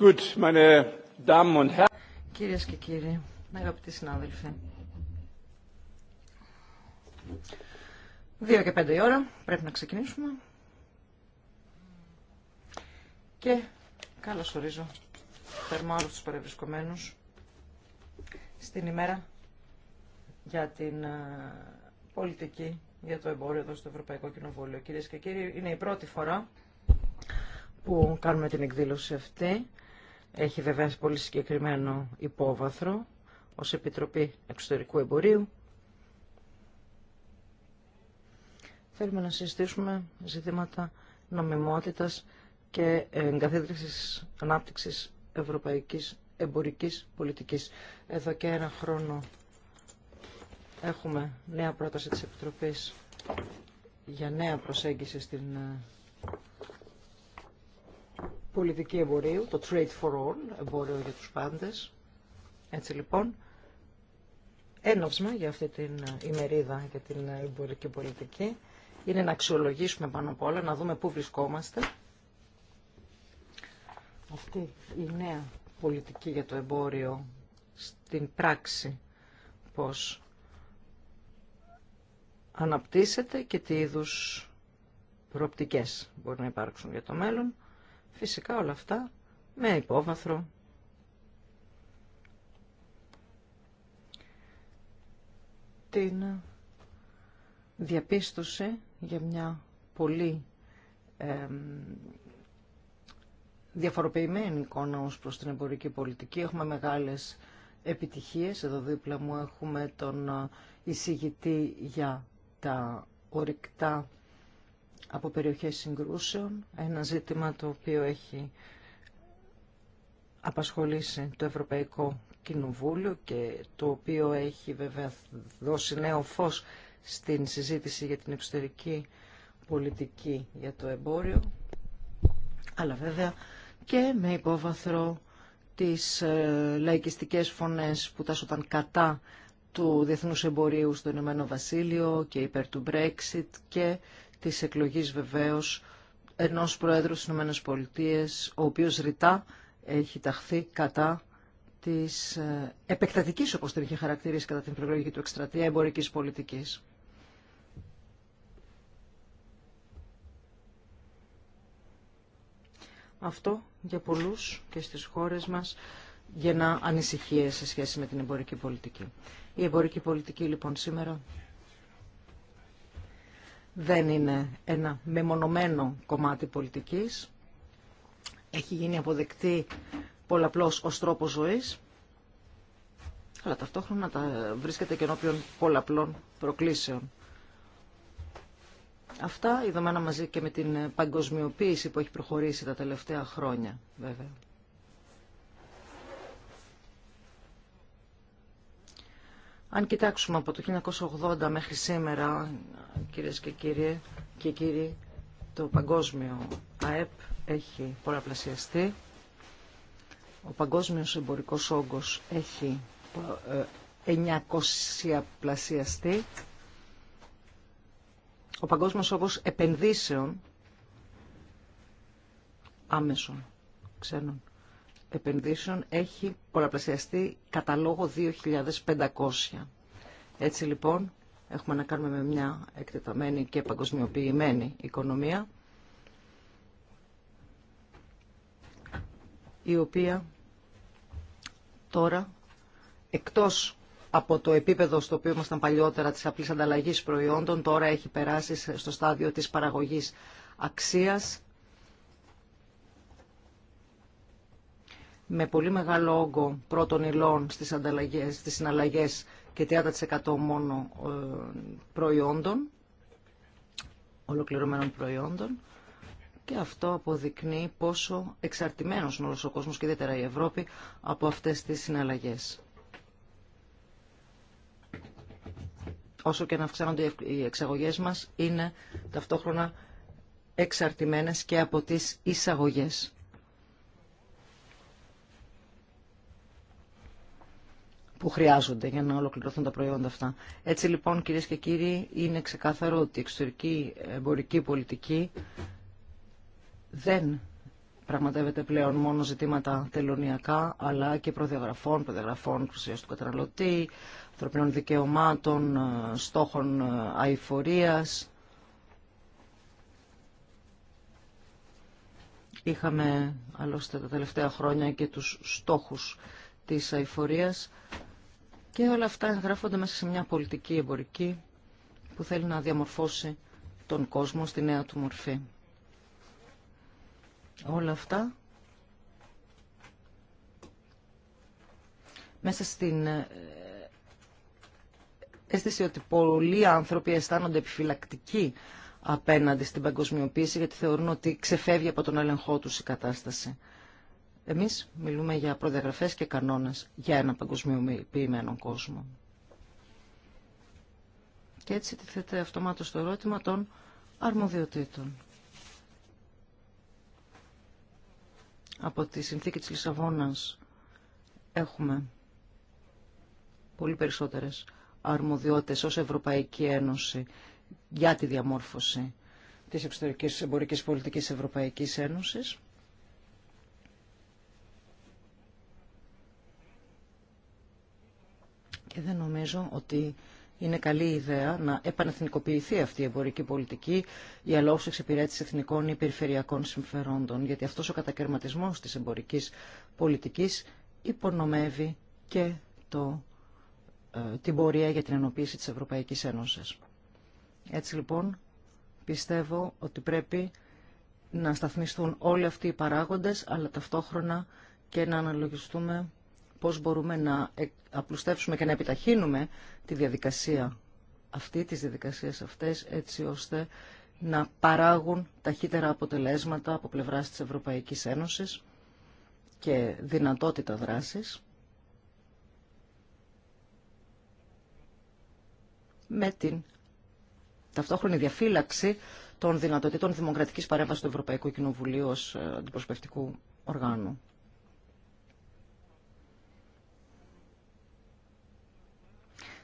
Κυρίε Κυρίες και κύριοι, αγαπητοί συνάδελφοι. Δύο και πέντε η ώρα, πρέπει να ξεκινήσουμε. Και καλώς ορίζω θερμά όλους τους παρευρισκομένους στην ημέρα για την ε, πολιτική, για το εμπόριο εδώ στο Ευρωπαϊκό Κοινοβούλιο. Κυρίες και κύριοι, είναι η πρώτη φορά που κάνουμε την εκδήλωση αυτή έχει βέβαια πολύ συγκεκριμένο υπόβαθρο ως Επιτροπή Εξωτερικού Εμπορίου. Θέλουμε να συζητήσουμε ζητήματα νομιμότητας και ε, εγκαθίδρυσης ανάπτυξης ευρωπαϊκής εμπορικής πολιτικής. Εδώ και ένα χρόνο έχουμε νέα πρόταση της Επιτροπής για νέα προσέγγιση στην ε, πολιτική εμπορίου, το trade for all, εμπόριο για τους πάντες. Έτσι λοιπόν, έναυσμα για αυτή την ε, ημερίδα για την ε, εμπορική πολιτική είναι να αξιολογήσουμε πάνω απ' όλα, να δούμε πού βρισκόμαστε. Αυτή η νέα πολιτική για το εμπόριο στην πράξη πώς αναπτύσσεται και τι είδους προοπτικές μπορεί να υπάρξουν για το μέλλον. Φυσικά όλα αυτά με υπόβαθρο. Την διαπίστωση για μια πολύ διαφοροποιημένη εικόνα ως προς την εμπορική πολιτική. Έχουμε μεγάλες επιτυχίες. Εδώ δίπλα μου έχουμε τον εισηγητή για τα ορυκτά από περιοχές συγκρούσεων, ένα ζήτημα το οποίο έχει απασχολήσει το Ευρωπαϊκό Κοινοβούλιο και το οποίο έχει βέβαια δώσει νέο φως στην συζήτηση για την εξωτερική πολιτική για το εμπόριο, αλλά βέβαια και με υπόβαθρο τις ε, λαϊκιστικές φωνές που τάσσονταν κατά του διεθνούς εμπορίου στο Ηνωμένο Βασίλειο και υπέρ του Brexit και της εκλογής βεβαίως ενός Προέδρου στις ΗΠΑ, ο οποίος ρητά έχει ταχθεί κατά της ε, επεκτατικής, όπως την είχε χαρακτηρίσει κατά την προεκλογική του εκστρατεία, εμπορικής πολιτικής. Αυτό για πολλούς και στις χώρες μας γεννά ανησυχίες σε σχέση με την εμπορική πολιτική. Η εμπορική πολιτική λοιπόν σήμερα δεν είναι ένα μεμονωμένο κομμάτι πολιτικής. Έχει γίνει αποδεκτή πολλαπλώς ως τρόπο ζωής, αλλά ταυτόχρονα τα βρίσκεται και ενώπιον πολλαπλών προκλήσεων. Αυτά ειδωμένα μαζί και με την παγκοσμιοποίηση που έχει προχωρήσει τα τελευταία χρόνια, βέβαια. Αν κοιτάξουμε από το 1980 μέχρι σήμερα, κυρίες και κύριοι, και κύριοι το παγκόσμιο ΑΕΠ έχει πολλαπλασιαστεί. Ο παγκόσμιος εμπορικός όγκος έχει 900 ε, πλασιαστεί. Ο παγκόσμιος όγκος επενδύσεων άμεσων ξένων επενδύσεων έχει πολλαπλασιαστεί κατά λόγο 2.500. Έτσι λοιπόν έχουμε να κάνουμε με μια εκτεταμένη και παγκοσμιοποιημένη οικονομία η οποία τώρα εκτός από το επίπεδο στο οποίο ήμασταν παλιότερα της απλής ανταλλαγής προϊόντων τώρα έχει περάσει στο στάδιο της παραγωγής αξίας με πολύ μεγάλο όγκο πρώτων υλών στις, ανταλλαγές, στις συναλλαγές και 30% μόνο ε, προϊόντων, ολοκληρωμένων προϊόντων. Και αυτό αποδεικνύει πόσο εξαρτημένος είναι ο κόσμος και ιδιαίτερα η Ευρώπη από αυτές τις συναλλαγές. Όσο και να αυξάνονται οι εξαγωγές μας, είναι ταυτόχρονα εξαρτημένες και από τις εισαγωγές. που χρειάζονται για να ολοκληρωθούν τα προϊόντα αυτά. Έτσι λοιπόν κυρίες και κύριοι είναι ξεκάθαρο ότι η εξωτερική εμπορική πολιτική δεν πραγματεύεται πλέον μόνο ζητήματα τελωνιακά αλλά και προδιαγραφών, προδιαγραφών κρουσία του καταναλωτή, ανθρωπινών δικαιωμάτων, στόχων αηφορίας. Είχαμε άλλωστε τα τελευταία χρόνια και τους στόχους της αηφορίας και όλα αυτά εγγράφονται μέσα σε μια πολιτική εμπορική που θέλει να διαμορφώσει τον κόσμο στη νέα του μορφή. Όλα αυτά μέσα στην ε, αίσθηση ότι πολλοί άνθρωποι αισθάνονται επιφυλακτικοί απέναντι στην παγκοσμιοποίηση γιατί θεωρούν ότι ξεφεύγει από τον έλεγχό τους η κατάσταση. Εμείς μιλούμε για προδιαγραφές και κανόνες για ένα παγκοσμιοποιημένο κόσμο. Και έτσι τίθεται αυτομάτως το ερώτημα των αρμοδιοτήτων. Από τη συνθήκη της Λισαβόνας έχουμε πολύ περισσότερες αρμοδιότητες ως Ευρωπαϊκή Ένωση για τη διαμόρφωση της εξωτερικής εμπορικής πολιτικής Ευρωπαϊκής Ένωσης. Και δεν νομίζω ότι είναι καλή ιδέα να επανεθνικοποιηθεί αυτή η εμπορική πολιτική για λόγους εξυπηρέτηση εθνικών ή περιφερειακών συμφερόντων, γιατί αυτός ο κατακαιρματισμός της εμπορικής πολιτικής υπονομεύει και το, ε, την πορεία για την ενοποίηση της Ευρωπαϊκής Ένωσης. Έτσι λοιπόν πιστεύω ότι πρέπει να σταθμιστούν όλοι αυτοί οι παράγοντες, αλλά ταυτόχρονα και να αναλογιστούμε πώς μπορούμε να ε, απλουστεύσουμε και να επιταχύνουμε τη διαδικασία αυτή, τις διαδικασίες αυτές, έτσι ώστε να παράγουν ταχύτερα αποτελέσματα από πλευράς της Ευρωπαϊκής Ένωσης και δυνατότητα δράσης με την ταυτόχρονη διαφύλαξη των δυνατοτήτων δημοκρατικής παρέμβασης του Ευρωπαϊκού Κοινοβουλίου ως ε, αντιπροσωπευτικού οργάνου.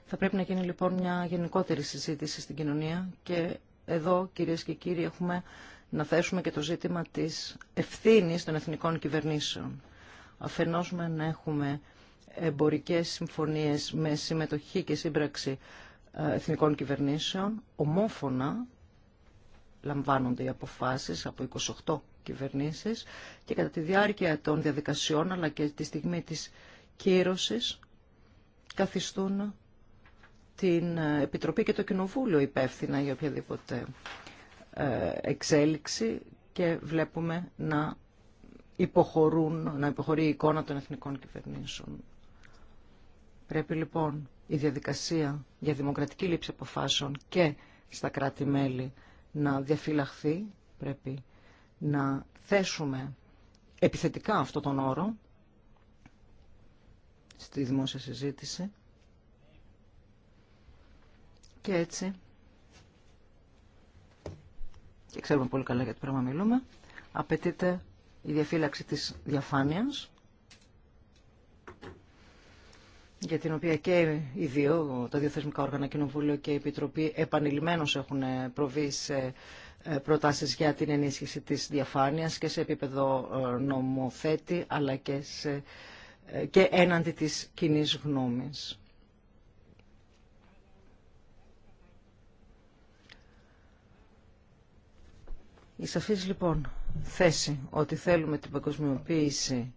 Θα πρέπει να γίνει λοιπόν μια γενικότερη συζήτηση στην κοινωνία και εδώ κυρίες και κύριοι έχουμε να θέσουμε και το ζήτημα της ευθύνης των εθνικών κυβερνήσεων. Αφενός με να έχουμε εμπορικές συμφωνίες με συμμετοχή και σύμπραξη ε, εθνικών κυβερνήσεων, ομόφωνα λαμβάνονται οι αποφάσεις από 28 κυβερνήσεις και κατά τη διάρκεια των διαδικασιών αλλά και τη στιγμή της κύρωσης καθιστούν την ε, Επιτροπή και το Κοινοβούλιο υπεύθυνα για οποιαδήποτε ε, εξέλιξη και βλέπουμε να υποχωρούν, να υποχωρεί η εικόνα των εθνικών κυβερνήσεων. Πρέπει λοιπόν η διαδικασία για δημοκρατική λήψη αποφάσεων και στα κράτη-μέλη να διαφυλαχθεί, πρέπει να θέσουμε επιθετικά αυτό τον όρο στη δημόσια συζήτηση και έτσι, και ξέρουμε πολύ καλά για το πράγμα μιλούμε, απαιτείται η διαφύλαξη της διαφάνειας, για την οποία και οι δύο, τα δύο θεσμικά όργανα, Κοινοβούλιο και η Επιτροπή, επανειλημμένως έχουν προβεί σε ε, προτάσεις για την ενίσχυση της διαφάνειας και σε επίπεδο ε, νομοθέτη, αλλά και, σε, ε, και έναντι της κοινή γνώμης. Η σαφής λοιπόν θέση ότι θέλουμε την παγκοσμιοποίηση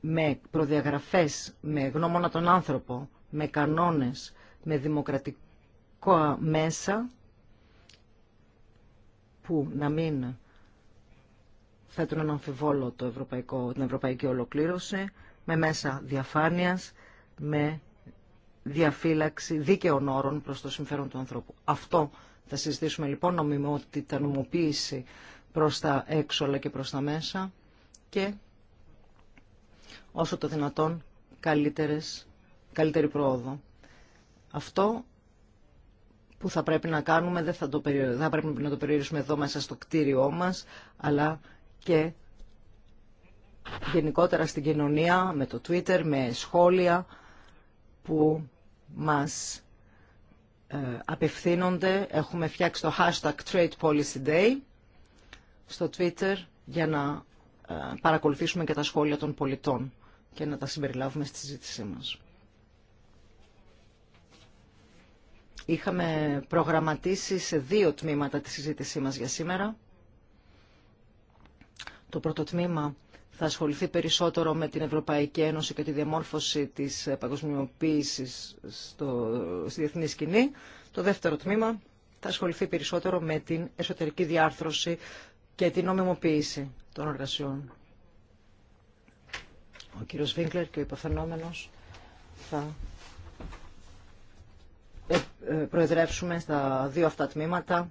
με προδιαγραφές, με γνώμονα τον άνθρωπο, με κανόνες, με δημοκρατικό μέσα που να μην θέτουν ένα αμφιβόλο το ευρωπαϊκό, την ευρωπαϊκή ολοκλήρωση, με μέσα διαφάνειας, με διαφύλαξη δίκαιων όρων προς το συμφέρον του ανθρώπου. Αυτό θα συζητήσουμε λοιπόν νομιμότητα, νομοποίηση προς τα έξω αλλά και προς τα μέσα και όσο το δυνατόν καλύτερες, καλύτερη πρόοδο. Αυτό που θα πρέπει να κάνουμε δεν θα, πρέπει να το περιορίσουμε εδώ μέσα στο κτίριό μας αλλά και γενικότερα στην κοινωνία με το Twitter, με σχόλια που μας ε, απευθύνονται. Έχουμε φτιάξει το hashtag Trade Policy Day στο Twitter για να ε, παρακολουθήσουμε και τα σχόλια των πολιτών και να τα συμπεριλάβουμε στη συζήτησή μας. Είχαμε προγραμματίσει σε δύο τμήματα τη συζήτησή μας για σήμερα. Το πρώτο τμήμα θα ασχοληθεί περισσότερο με την Ευρωπαϊκή Ένωση και τη διαμόρφωση της παγκοσμιοποίησης στο, στη διεθνή σκηνή. Το δεύτερο τμήμα θα ασχοληθεί περισσότερο με την εσωτερική διάρθρωση και την νομιμοποίηση των εργασιών. Ο κύριος Βίγκλερ και ο υποφαινόμενος θα ε, ε, προεδρεύσουμε στα δύο αυτά τμήματα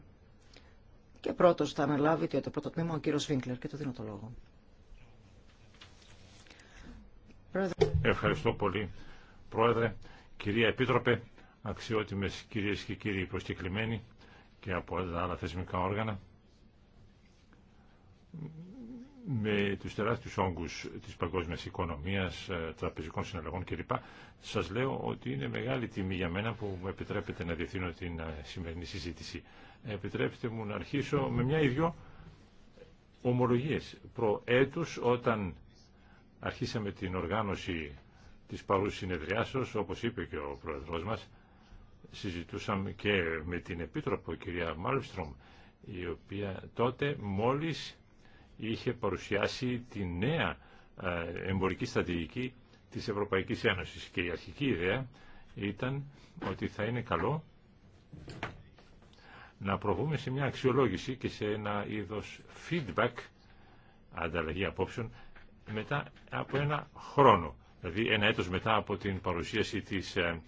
και πρώτος θα αναλάβει το πρώτο τμήμα ο κύριος Βίγκλερ και το δίνω το λόγο. Ευχαριστώ πολύ, Πρόεδρε, κυρία Επίτροπε, αξιότιμες κυρίες και κύριοι προσκεκλημένοι και από άλλα θεσμικά όργανα. Με τους τεράστιους όγκους της παγκόσμιας οικονομίας, ε, τραπεζικών συναλλαγών κλπ. Σας λέω ότι είναι μεγάλη τιμή για μένα που μου επιτρέπετε να διευθύνω την ε, σημερινή συζήτηση. Επιτρέψτε μου να αρχίσω με μια ή δυο ομολογίες. Προέτους όταν Αρχίσαμε την οργάνωση της παρούς συνεδριάσεως, όπως είπε και ο Πρόεδρος μας, συζητούσαμε και με την Επίτροπο κυρία Μάλμστρομ, η οποία τότε μόλις είχε παρουσιάσει τη νέα ε, εμπορική στρατηγική της Ευρωπαϊκής Ένωσης. Και η αρχική ιδέα ήταν ότι θα είναι καλό να προβούμε σε μια αξιολόγηση και σε ένα είδος feedback, ανταλλαγή απόψεων, μετά από ένα χρόνο, δηλαδή ένα έτος μετά από την παρουσίαση της ε,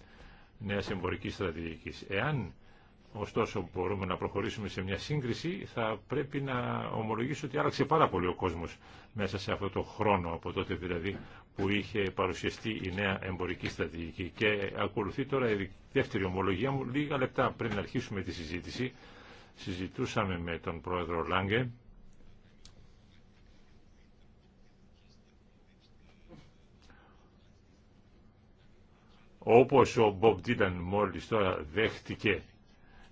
νέας εμπορικής στρατηγικής. Εάν ωστόσο μπορούμε να προχωρήσουμε σε μια σύγκριση, θα πρέπει να ομολογήσω ότι άλλαξε πάρα πολύ ο κόσμος μέσα σε αυτό το χρόνο, από τότε δηλαδή που είχε παρουσιαστεί η νέα εμπορική στρατηγική. Και ακολουθεί τώρα η δεύτερη ομολογία μου. Λίγα λεπτά πριν αρχίσουμε τη συζήτηση, συζητούσαμε με τον πρόεδρο Λάγκε, όπως ο Μπομπ Ντίλαν μόλις τώρα δέχτηκε,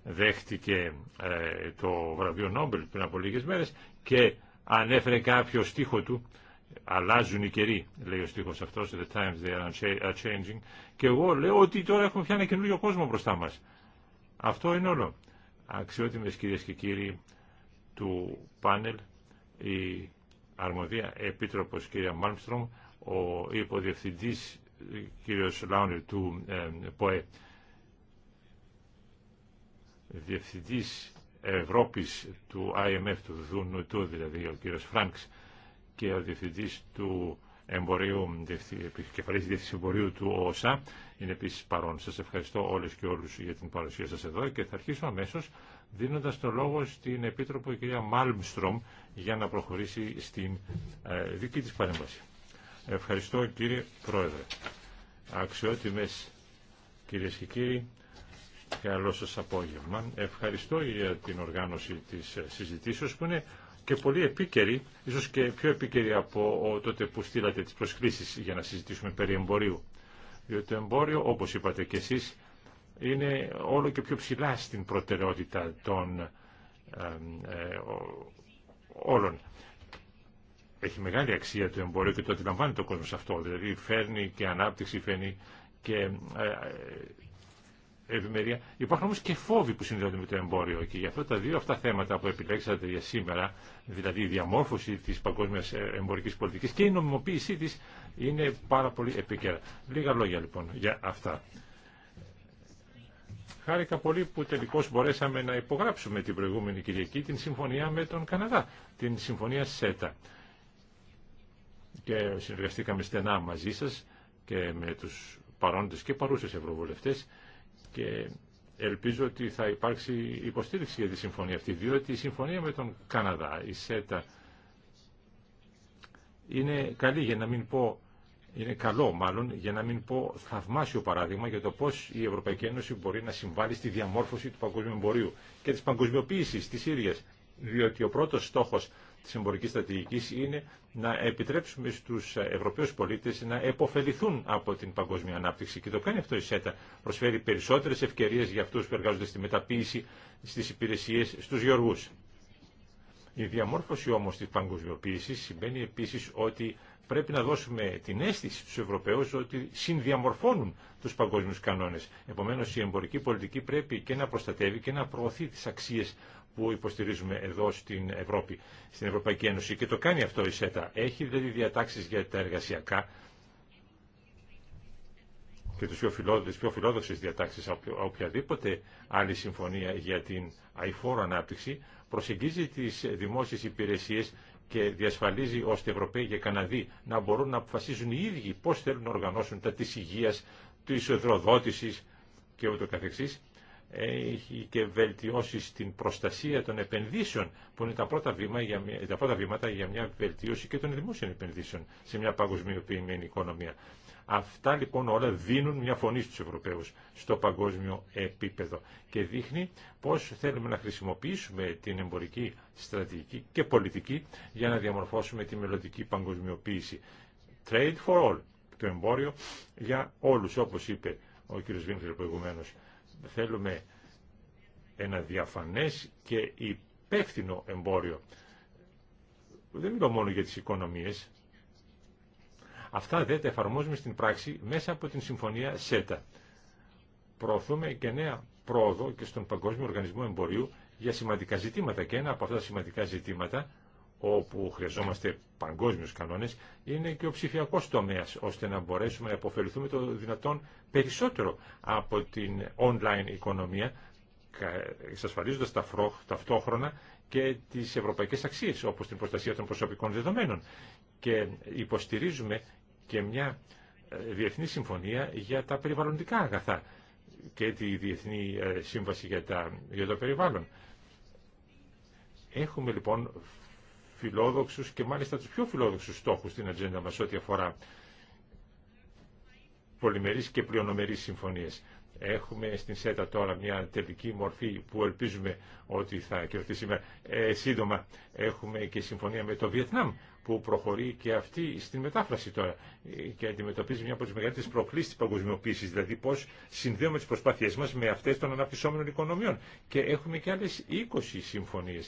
δέχτηκε ε, το βραβείο Νόμπελ πριν από λίγες μέρες και ανέφερε κάποιο στίχο του «Αλλάζουν οι καιροί», λέει ο στίχος αυτός «The times they are changing» και εγώ λέω ότι τώρα έχουμε πια ένα καινούριο κόσμο μπροστά μας. Αυτό είναι όλο. Αξιότιμες κυρίες και κύριοι του πάνελ, η αρμοδία επίτροπος κυρία Μάλμστρομ, ο υποδιευθυντής κύριος Λάουνερ του ΠΟΕ, διευθυντής Ευρώπης του IMF, του ΔΝΤ, δηλαδή ο κύριος Φρανκς και ο διευθυντής του εμπορίου, κεφαλής διευθυντής εμπορίου του ΟΣΑ είναι επίσης παρόν. Σας ευχαριστώ όλες και όλους για την παρουσία σας εδώ και θα αρχίσω αμέσως δίνοντας το λόγο στην Επίτροπο η κυρία Μάλμστρομ για να προχωρήσει στην ε, δική της παρέμβαση. Ευχαριστώ κύριε Πρόεδρε. Αξιότιμες κυρίες και κύριοι, καλό σας απόγευμα. Ευχαριστώ για την οργάνωση της συζητήσεως που είναι και πολύ επίκαιρη, ίσως και πιο επίκαιρη από τότε που στείλατε τις προσκλήσεις για να συζητήσουμε περί εμπορίου. Διότι το εμπόριο, όπως είπατε και εσείς, είναι όλο και πιο ψηλά στην προτεραιότητα των ε, όλων έχει μεγάλη αξία το εμπόριο και το αντιλαμβάνει το κόσμο αυτό. Δηλαδή φέρνει και ανάπτυξη, φέρνει και ε, ε, ευημερία. Υπάρχουν όμω και φόβοι που συνδέονται με το εμπόριο και γι' αυτό τα δύο αυτά θέματα που επιλέξατε για σήμερα, δηλαδή η διαμόρφωση τη παγκόσμια ε, εμπορική πολιτική και η νομιμοποίησή τη, είναι πάρα πολύ επίκαιρα. Λίγα λόγια λοιπόν για αυτά. Χάρηκα πολύ που τελικώ μπορέσαμε να υπογράψουμε την προηγούμενη Κυριακή την συμφωνία με τον Καναδά, την συμφωνία ΣΕΤΑ και συνεργαστήκαμε στενά μαζί σας και με τους παρόντες και παρούσες ευρωβουλευτές και ελπίζω ότι θα υπάρξει υποστήριξη για τη συμφωνία αυτή, διότι η συμφωνία με τον Καναδά, η ΣΕΤΑ, είναι καλή για να μην πω, είναι καλό μάλλον, για να μην πω θαυμάσιο παράδειγμα για το πώς η Ευρωπαϊκή Ένωση μπορεί να συμβάλλει στη διαμόρφωση του παγκοσμίου εμπορίου και της παγκοσμιοποίησης της ίδια, διότι ο πρώτος στόχος της εμπορικής στρατηγικής είναι να επιτρέψουμε στους Ευρωπαίους πολίτες να επωφεληθούν από την παγκόσμια ανάπτυξη. Και το κάνει αυτό η ΣΕΤΑ. Προσφέρει περισσότερες ευκαιρίες για αυτούς που εργάζονται στη μεταποίηση, στις υπηρεσίες, στους γεωργούς. Η διαμόρφωση όμως της παγκοσμιοποίησης σημαίνει επίσης ότι πρέπει να δώσουμε την αίσθηση στους Ευρωπαίους ότι συνδιαμορφώνουν τους παγκόσμιους κανόνες. Επομένως η εμπορική πολιτική πρέπει και να προστατεύει και να προωθεί τις αξίες που υποστηρίζουμε εδώ στην Ευρώπη, στην Ευρωπαϊκή Ένωση και το κάνει αυτό η ΣΕΤΑ. Έχει δηλαδή διατάξεις για τα εργασιακά και τους πιο, φιλόδοξε φιλόδοξες διατάξεις από οποιαδήποτε άλλη συμφωνία για την αηφόρο ανάπτυξη, προσεγγίζει τις δημόσιες υπηρεσίες και διασφαλίζει ώστε Ευρωπαίοι και Καναδοί να μπορούν να αποφασίζουν οι ίδιοι πώς θέλουν να οργανώσουν τα της υγείας, της οδροδότησης και ούτω καθεξής έχει και βελτιώσει στην προστασία των επενδύσεων, που είναι τα πρώτα, για τα πρώτα βήματα για μια βελτίωση και των δημόσιων επενδύσεων σε μια παγκοσμιοποιημένη οικονομία. Αυτά λοιπόν όλα δίνουν μια φωνή στους Ευρωπαίους στο παγκόσμιο επίπεδο και δείχνει πώς θέλουμε να χρησιμοποιήσουμε την εμπορική στρατηγική και πολιτική για να διαμορφώσουμε τη μελλοντική παγκοσμιοποίηση. Trade for all, το εμπόριο για όλους όπως είπε ο κ. Βίνκλερ προηγουμένως. Θέλουμε ένα διαφανές και υπεύθυνο εμπόριο. Δεν μιλώ μόνο για τις οικονομίες. Αυτά δεν τα εφαρμόζουμε στην πράξη μέσα από την Συμφωνία ΣΕΤΑ. Προωθούμε και νέα πρόοδο και στον Παγκόσμιο Οργανισμό Εμπορίου για σημαντικά ζητήματα. Και ένα από αυτά τα σημαντικά ζητήματα όπου χρειαζόμαστε παγκόσμιους κανόνες, είναι και ο ψηφιακός τομέας, ώστε να μπορέσουμε να υποφεληθούμε το δυνατόν περισσότερο από την online οικονομία, εξασφαλίζοντας ταυτόχρονα και τις ευρωπαϊκές αξίες, όπως την προστασία των προσωπικών δεδομένων. Και υποστηρίζουμε και μια ε, διεθνή συμφωνία για τα περιβαλλοντικά αγαθά και τη Διεθνή ε, Σύμβαση για, τα, για το Περιβάλλον. Έχουμε λοιπόν φιλόδοξους και μάλιστα τους πιο φιλόδοξους στόχους στην ατζέντα μας ό,τι αφορά πολυμερείς και πλειονομερείς συμφωνίες. Έχουμε στην ΣΕΤΑ τώρα μια τελική μορφή που ελπίζουμε ότι θα κερδίσουμε σήμερα. Ε, σύντομα έχουμε και συμφωνία με το Βιετνάμ που προχωρεί και αυτή στην μετάφραση τώρα και αντιμετωπίζει μια από τι μεγαλύτερες προκλήσεις τη παγκοσμιοποίηση. Δηλαδή πώς συνδέουμε τις προσπάθειές μας με αυτές των αναπτυσσόμενων οικονομιών. Και έχουμε και άλλε 20 συμφωνίε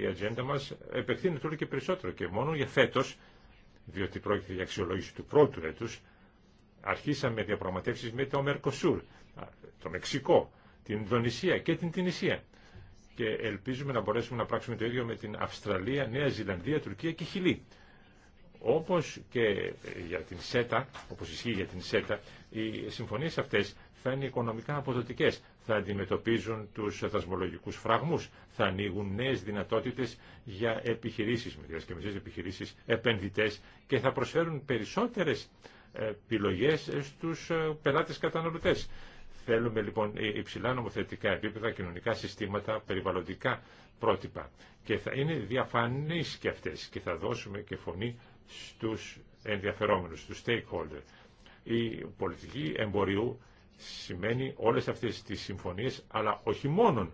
η ατζέντα μα επεκτείνεται όλο και περισσότερο και μόνο για φέτος, διότι πρόκειται για αξιολόγηση του πρώτου έτου, αρχίσαμε διαπραγματεύσει με το Μερκοσούρ, το Μεξικό, την Ινδονησία και την Τινησία. Και ελπίζουμε να μπορέσουμε να πράξουμε το ίδιο με την Αυστραλία, Νέα Ζηλανδία, Τουρκία και Χιλή. Όπω και για την ΣΕΤΑ, όπω ισχύει για την ΣΕΤΑ, οι συμφωνίε αυτέ θα είναι οικονομικά αποδοτικέ θα αντιμετωπίζουν τους θεσμολογικούς φραγμούς, θα ανοίγουν νέες δυνατότητες για επιχειρήσεις, με και επιχειρήσεις, επενδυτές και θα προσφέρουν περισσότερες ε, επιλογές στους ε, πελάτες καταναλωτές. Θέλουμε λοιπόν υψηλά νομοθετικά επίπεδα, κοινωνικά συστήματα, περιβαλλοντικά πρότυπα. Και θα είναι διαφανείς και αυτές και θα δώσουμε και φωνή στους ενδιαφερόμενους, στους stakeholders. Η πολιτική εμπορίου σημαίνει όλες αυτές τις συμφωνίες, αλλά όχι μόνον.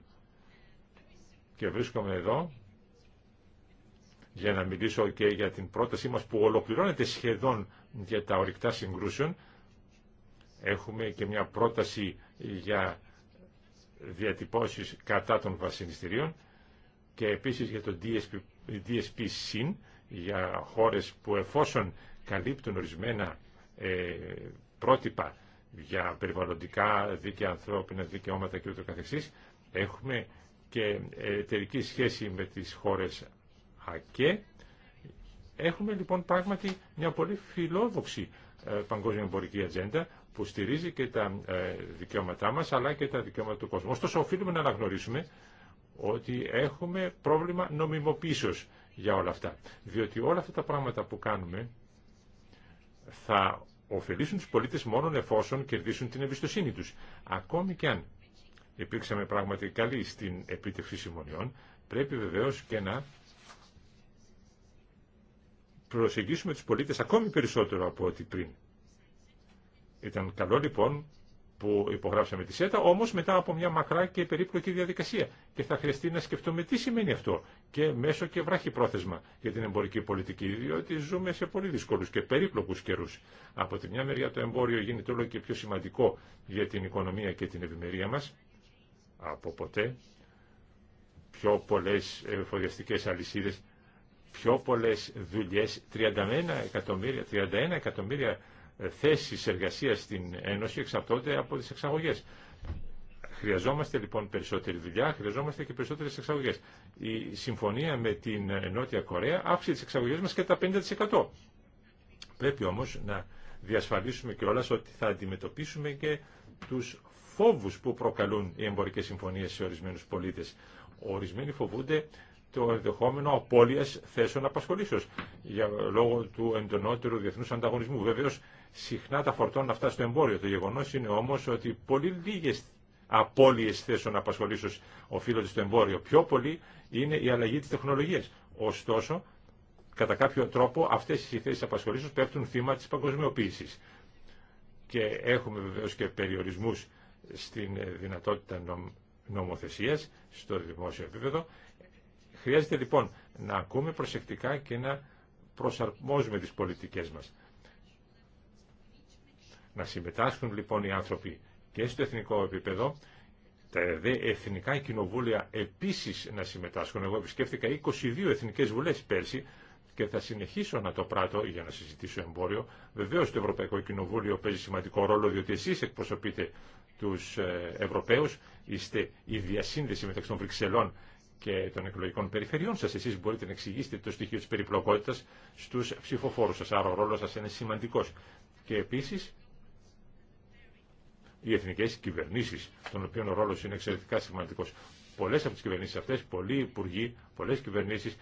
Και βρίσκομαι εδώ για να μιλήσω και για την πρότασή μας που ολοκληρώνεται σχεδόν για τα ορυκτά συγκρούσεων. Έχουμε και μια πρόταση για διατυπώσεις κατά των βασινιστήριων και επίσης για το DSP, DSP SIN για χώρες που εφόσον καλύπτουν ορισμένα ε, πρότυπα για περιβαλλοντικά δίκαια, ανθρώπινα δικαιώματα και ούτω Έχουμε και εταιρική σχέση με τις χώρες ΑΚΕ. Έχουμε λοιπόν πράγματι μια πολύ φιλόδοξη ε, παγκόσμια εμπορική ατζέντα που στηρίζει και τα ε, δικαιώματά μας αλλά και τα δικαιώματα του κόσμου. Ωστόσο οφείλουμε να αναγνωρίσουμε ότι έχουμε πρόβλημα νομιμοποίησεως για όλα αυτά. Διότι όλα αυτά τα πράγματα που κάνουμε θα ωφελήσουν τους πολίτες μόνο εφόσον κερδίσουν την εμπιστοσύνη τους. Ακόμη και αν υπήρξαμε πράγματι καλοί στην επίτευξη συμμονιών, πρέπει βεβαίως και να προσεγγίσουμε τους πολίτες ακόμη περισσότερο από ό,τι πριν. Ήταν καλό λοιπόν που υπογράψαμε τη ΣΕΤΑ, όμω μετά από μια μακρά και περίπλοκη διαδικασία. Και θα χρειαστεί να σκεφτούμε τι σημαίνει αυτό και μέσω και βράχη πρόθεσμα για την εμπορική πολιτική, διότι ζούμε σε πολύ δύσκολου και περίπλοκου καιρού. Από τη μια μεριά το εμπόριο γίνεται όλο και πιο σημαντικό για την οικονομία και την ευημερία μα από ποτέ. Πιο πολλέ εφοδιαστικέ αλυσίδε, πιο πολλέ δουλειέ, 31 εκατομμύρια, 31 εκατομμύρια ε, Θέσει εργασία στην Ένωση εξαρτώνται από τι εξαγωγέ. Χρειαζόμαστε λοιπόν περισσότερη δουλειά, χρειαζόμαστε και περισσότερε εξαγωγέ. Η συμφωνία με την ε, Νότια Κορέα αύξησε τις εξαγωγές μας κατά 50%. Πρέπει όμω να διασφαλίσουμε κιόλας ότι θα αντιμετωπίσουμε και του φόβου που προκαλούν οι εμπορικέ συμφωνίε σε ορισμένου πολίτε. Ορισμένοι φοβούνται το ενδεχόμενο απώλεια θέσεων απασχολήσεω για λόγω του εντονότερου διεθνού ανταγωνισμού. Βεβαίω συχνά τα φορτώνουν αυτά στο εμπόριο. Το γεγονός είναι όμως ότι πολύ λίγες απώλειες θέσεων απασχολήσεως οφείλονται στο εμπόριο. Πιο πολύ είναι η αλλαγή της τεχνολογίας. Ωστόσο, κατά κάποιο τρόπο αυτές οι θέσεις απασχολήσεως πέφτουν θύμα της παγκοσμιοποίησης. Και έχουμε βεβαίως και περιορισμούς στην δυνατότητα νομοθεσίας στο δημόσιο επίπεδο. Χρειάζεται λοιπόν να ακούμε προσεκτικά και να προσαρμόζουμε τις πολιτικές μας. Να συμμετάσχουν λοιπόν οι άνθρωποι και στο εθνικό επίπεδο, τα δε εθνικά κοινοβούλια επίσης να συμμετάσχουν. Εγώ επισκέφθηκα 22 εθνικές βουλές πέρσι και θα συνεχίσω να το πράττω για να συζητήσω εμπόριο. Βεβαίως το Ευρωπαϊκό Κοινοβούλιο παίζει σημαντικό ρόλο διότι εσείς εκπροσωπείτε τους ε, Ευρωπαίους, είστε η διασύνδεση μεταξύ των Βρυξελών και των εκλογικών περιφερειών σας. εσεί μπορείτε να εξηγήσετε το στοιχείο της περιπλοκότητας στους ψηφοφόρους σας. Άρα ο ρόλος σας είναι σημαντικός. Και επίσης οι εθνικέ κυβερνήσει, των οποίων ο ρόλο είναι εξαιρετικά σημαντικό. Πολλέ από τι κυβερνήσει αυτέ, πολλοί υπουργοί, πολλέ κυβερνήσει